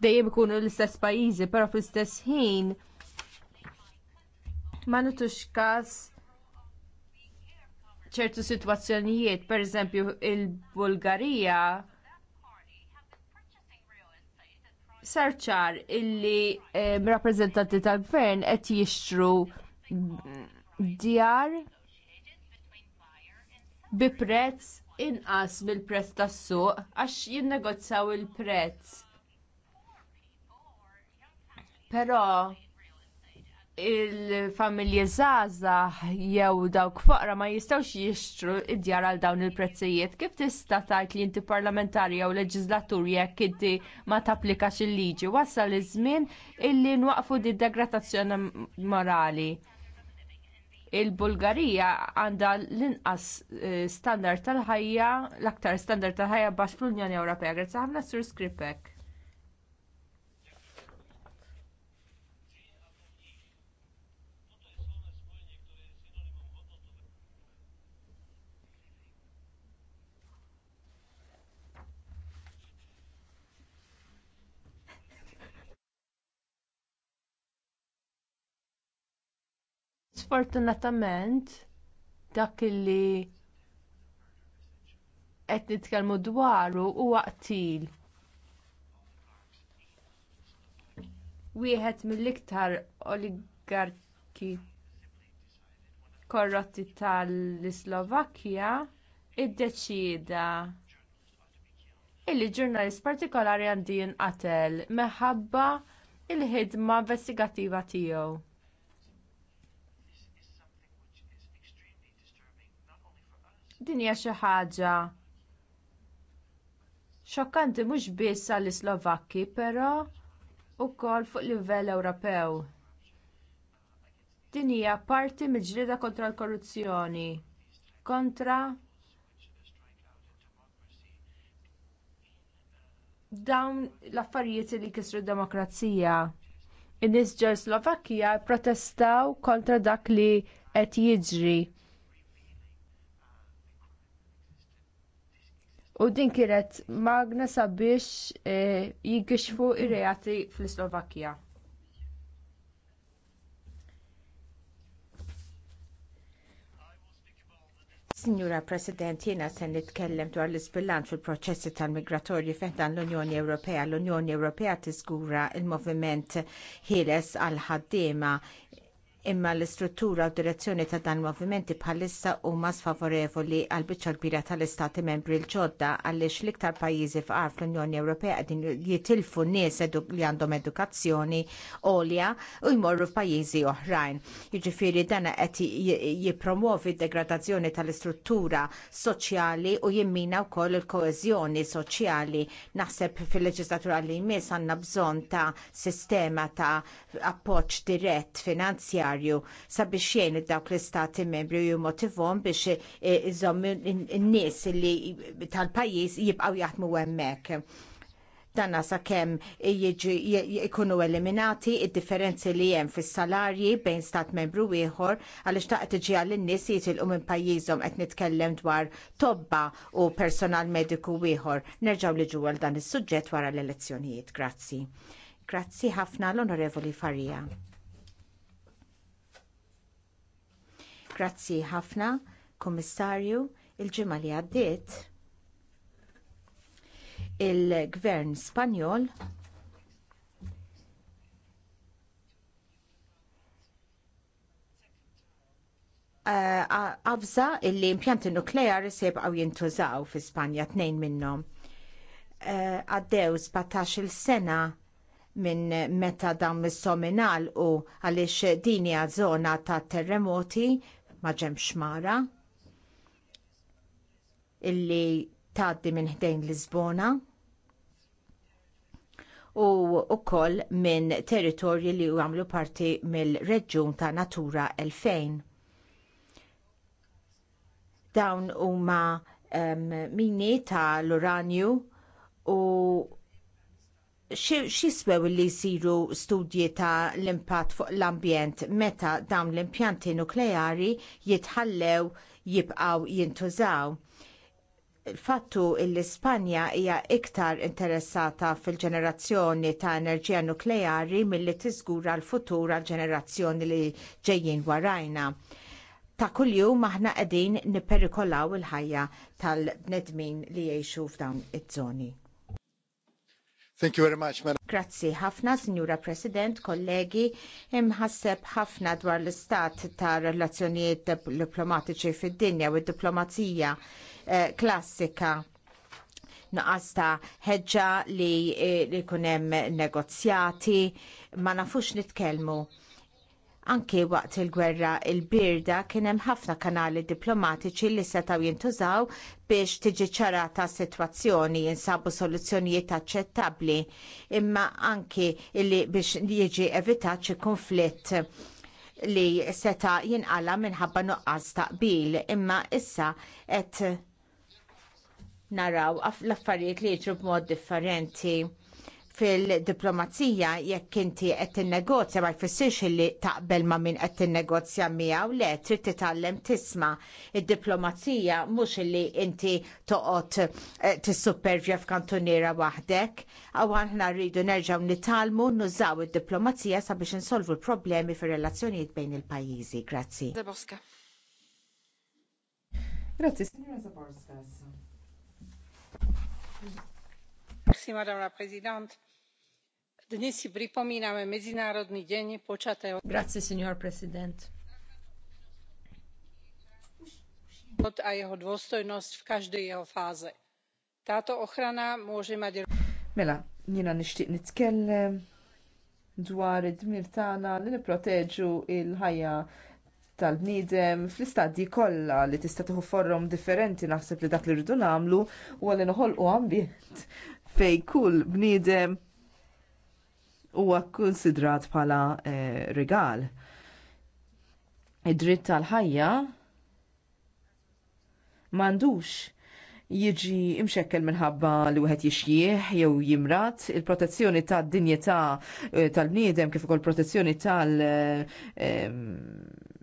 dejjem ikunu l-istess pajjiżi, però fl-istess ħin ma nutux każ ċertu sitwazzjonijiet, pereżempju il-Bulgarija sarċar illi eh, rappreżentanti tal-gvern qed jixtru djar bi prezz inqas mill-prezz tas-suq għax jinnegozzaw il-prezz. Però il-familji żgħażagħ jew dawk foqra ma jistgħux jixtru id-djar għal dawn il-prezzijiet. Kif tista' tgħid li inti parlamentari jew leġiżlatur jekk inti ma tapplikax il-liġi? Wasal iż-żmien illi nwaqfu di degradazzjoni morali il-Bulgarija għandha l-inqas eh, standard tal-ħajja, l-aktar standard tal-ħajja baxx fl-Unjoni Ewropea. Grazzi ħafna Sur Skripek. Sfortunatament dak li qed nitkellmu dwaru huwa qtil. Wieħed mill-iktar oligarki korrotti tal-Islovakkja iddeċida illi ġurnalist partikolari għandi qatel minħabba l ħidma investigattiva tiegħu. Din hija xi ħaġa xokkanti mhux biss għall-Islovakki, però wkoll fuq livell Ewropew. Din hija parti mill-ġlieda kontra l-korruzzjoni, kontra dawn l-affarijiet li kisru d demokrazija. In-nies ġew Slovakkja protestaw kontra dak li qed jiġri u din kienet magna sabiex e, jikixfu ir-reati fl-Slovakkja. Signora President, jiena se nitkellem dwar l-isbilanċ fil-proċessi tal-migratorji fiħdan l-Unjoni Ewropea. L-Unjoni Ewropea tiżgura il-moviment ħieles għal ħaddiema imma l-istruttura u direzzjoni ta' dan movimenti bħalissa huma sfavorevoli għal biċċa kbira tal-istati membri l-ġodda għaliex l-iktar pajjiżi f'qar fl-Unjoni Ewropea qegħdin jitilfu nies li għandhom edukazzjoni għolja u jmorru f'pajjiżi oħrajn. Jiġifieri dan qed jippromovi d-degradazzjoni tal-istruttura soċjali u jimmina wkoll il-koeżjoni soċjali. Naħseb fil-leġislatura li jmiss għandna bżonn ta' sistema ta' appoġġ dirett finanzjar neċessarju sabiex id dawk l-istati membri u jimotivom biex eh, iżommu n-nies li tal-pajjiż jibqgħu jaħdmu hemmhekk danna sa kem ikunu eliminati id-differenzi li jem fis salarji bejn stat membru ieħor għaliex taqgħet tiġi għall nies jitilqu minn pajjiżhom qed nitkellem dwar tobba u personal mediku ieħor. Nerġgħu li ġuwel dan is-suġġett wara l-elezzjonijiet. Grazzi. Grazzi ħafna l-Onorevoli Farija. Grazzi ħafna, Kommissarju, il-ġimgħa li għaddiet il-Gvern Spanjol eh, għabza uh, illi impjanti nukleari se jibqaw jintużaw fi Spanja tnejn minnhom. Eh, għaddew uh, 17-il sena minn meta dawn mis-sominal u għaliex din hija żona ta' terremoti ma ġemx mara illi tgħaddi minn ħdejn Lisbona u ukoll minn territorji li għamlu parti mill-reġjun ta' Natura 2000. Dawn huma um, mini ta' l-uranju u xiswew li jsiru studji ta' l-impatt fuq l-ambjent meta dawn l-impjanti nukleari jitħallew jibqgħu jintużaw. il Fattu l ispanja hija iktar interessata fil-ġenerazzjoni ta' enerġija nukleari milli tiżgura l-futur għall ġenerazzjoni li ġejjin warajna. Ta' kuljum aħna qegħdin nipperikolaw il-ħajja tal-bnedmin li jgħixu f'dawn iż-żoni. Thank you very much, madam. Grazzi ħafna, Signora President, kollegi, imħasseb ħafna dwar l-istat ta' relazzjonijiet diplomatiċi fid-dinja u d-diplomazija eh, klassika naqasta ta' ħeġġa li, eh, li kunem negozjati, ma nafux nitkellmu Anke waqt il-gwerra il-birda kien hemm ħafna kanali diplomatiċi li setgħu jintużaw biex tiġi ċarata s-sitwazzjoni jinsabu soluzzjonijiet aċċettabbli imma anke li biex jiġi evitat xi konflitt li seta jinqala minħabba nuqqas taqbil imma issa qed naraw l-affarijiet li jiġru b'mod differenti fil-diplomazija jekk inti qed tinnegozja ma jfissirx li taqbel ma' min qed tinnegozja miegħu le trid titgħallem tisma. Id-diplomazija mhux li inti toqgħod eh, tissupervja f'kantuniera waħdek, aw aħna rridu nerġgħu nitalmu nużaw id-diplomazija sabiex insolvu l-problemi fir-relazzjonijiet bejn il-pajjiżi. Grazzi. Zaborska. Grazzi, signora Zaborska. Grazie, Madam President signor President. Mela, jiena nixtieq nitkellem dwar id-dmir tagħna li nipproteġu l ħajja tal-bniedem fl-istadji kollha li tista' tieħu forom differenti naħseb li dak li rridu nagħmlu huwa li noħolqu ambjent fejn kull bniedem huwa konsidrat bħala eh, regal. Id-dritt tal-ħajja m'għandux jiġi imxekkel minħabba li wieħed jixjieħ jew jimrat, il-protezzjoni tad dinjeta eh, tal-bniedem kif ukoll protezzjoni tal-, tal eh,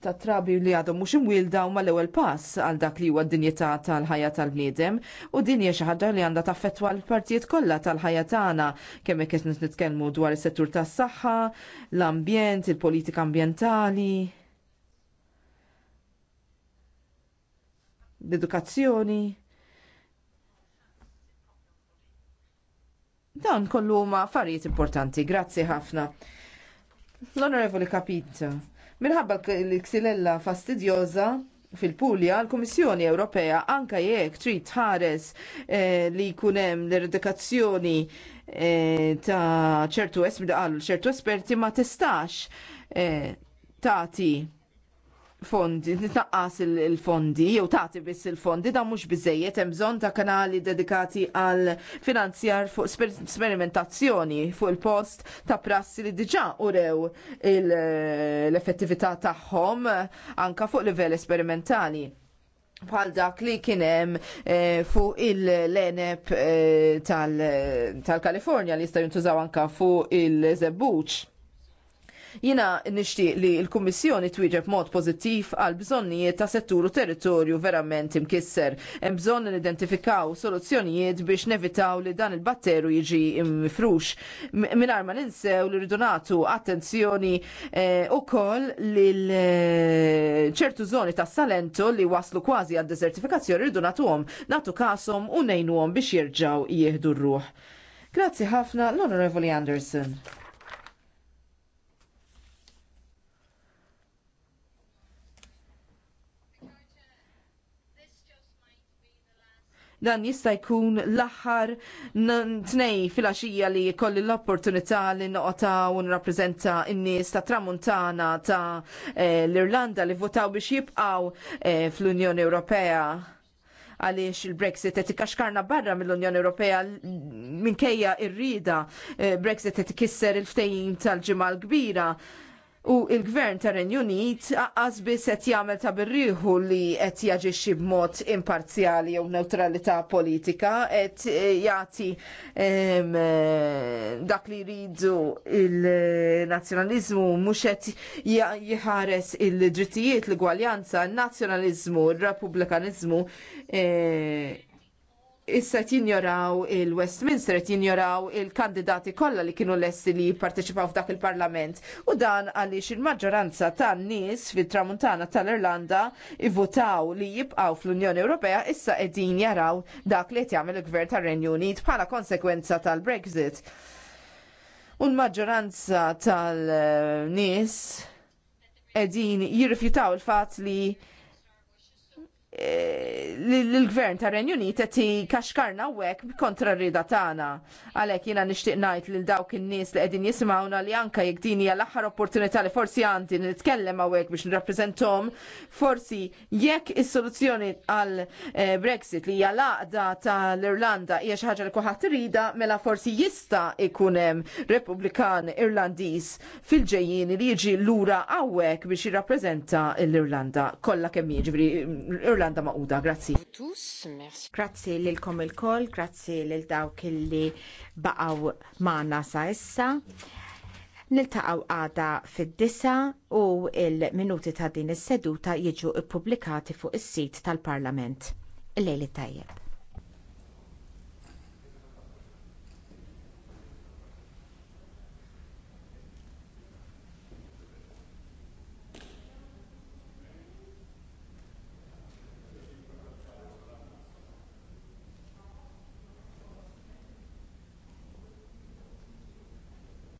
ta' trabi li għadhom mhux imwielda huma l-ewwel pass għal dak li huwa d-dinjità tal-ħajja tal-bniedem u din hija xi ħaġa li għandha taffettwa l-partijiet kollha tal-ħajja tagħna kemm hekk qed nitkellmu dwar is-settur tas-saħħa, l-ambjent, il-politika ambjentali. L-edukazzjoni. Dan kollu huma affarijiet importanti. Grazzi ħafna. L-Onorevoli Capito. Minħabba l-ksilella fastidjoza fil-Pulja, l-Kummissjoni Ewropea anka jekk trid tħares eh, li jkun hemm l-eradikazzjoni eh, ta' ċertu esmi ċertu esperti ma tistax eh, tagħti fondi, nitnaqqas il-fondi, jew tagħti biss il-fondi, da mhux biżejjed hemm bżonn ta' kanali dedikati għal finanzjar fuq sperimentazzjoni fuq il-post ta' prassi li diġa' urew l-effettività tagħhom anka fuq livell esperimentali bħal dak li kienem eh, fuq il-lenep eh, tal-Kalifornja tal li jistaw jintużaw anka fuq il-Zebbuċ Jina nixtieq li l-Kummissjoni twieġeb mod pożittiv għal bżonnijiet ta' settur u territorju verament imkisser. Hemm bżonn nidentifikaw soluzzjonijiet biex nevitaw li dan il-batteru jiġi mifrux. Mingħajr ma ninsew li rridu nagħtu attenzjoni eh, ukoll li eh, ċertu żoni tas Salento li waslu kważi għad desertifikazzjoni rridu nagħtuhom nagħtu kasom u nejnuhom biex jirġaw jieħdu r-ruħ. Grazzi ħafna l-Onorevoli Anderson. dan jista' jkun l-aħħar tnej fil li jkolli l-opportunità li noqta u nirrappreżenta n-nies ta' tramuntana ta' eh, l-Irlanda li votaw biex jibqaw eh, fl-Unjoni Ewropea għaliex il-Brexit qed ikaxkarna barra mill-Unjoni Ewropea minkejja ir eh, Brexit qed ikisser il-ftehim tal-ġimgħa l-kbira. U il-gvern ta' Unit għaz biss qed jagħmel ta' birriħu li qed jaġixxi b'mod imparzjali jew neutralità politika qed eh, jagħti ehm, eh, dak li jridu il-nazzjonaliżmu mhux qed jħares il-drittijiet l-gwaljanza, n-nazzjonaliżmu, r republikaniżmu eh, issa jinjoraw il-Westminster, jinjoraw il-kandidati kollha li kienu lessi li jipparteċipaw f'dak il-Parlament. U dan għaliex il-maġġoranza tan nies fit-tramuntana tal-Irlanda ivvutaw li jibqgħu fl-Unjoni Ewropea issa qegħdin jaraw dak li qed jagħmel il-Gvern tar-Renju Unit bħala konsekwenza tal-Brexit. U l-maġġoranza tal-nies qegħdin jirrifjutaw il-fatt li Eh, l-gvern ta' Unit qed kaxkarna hekk kontra rrida tagħna. Għalhekk jiena nixtieq ngħid lil dawk in-nies li qegħdin jisimgħuna li anke jekk din hija l-aħħar opportunità li forsi għandi nitkellem hawnhekk biex nirrappreżentahom, forsi jekk is-soluzzjoni għal eh, Brexit li hija laqda tal-Irlanda hija xi ħaġa li kulħadd irida, mela forsi jista' ikun hemm Repubblikan Irlandiż fil-ġejjin li jiġi lura hawnhekk biex jirrappreżenta l-Irlanda kollha kemm jiġri Irlanda ġlanda maquda. Grazzi. Grazzi l-kom il-koll, grazzi lil dawk illi baqgħu maħna sa issa. Niltaqgħu għada fid-disa u il-minuti ta' din is-seduta jiġu publikati fuq is-sit tal-Parlament. Il-lejli tajjeb.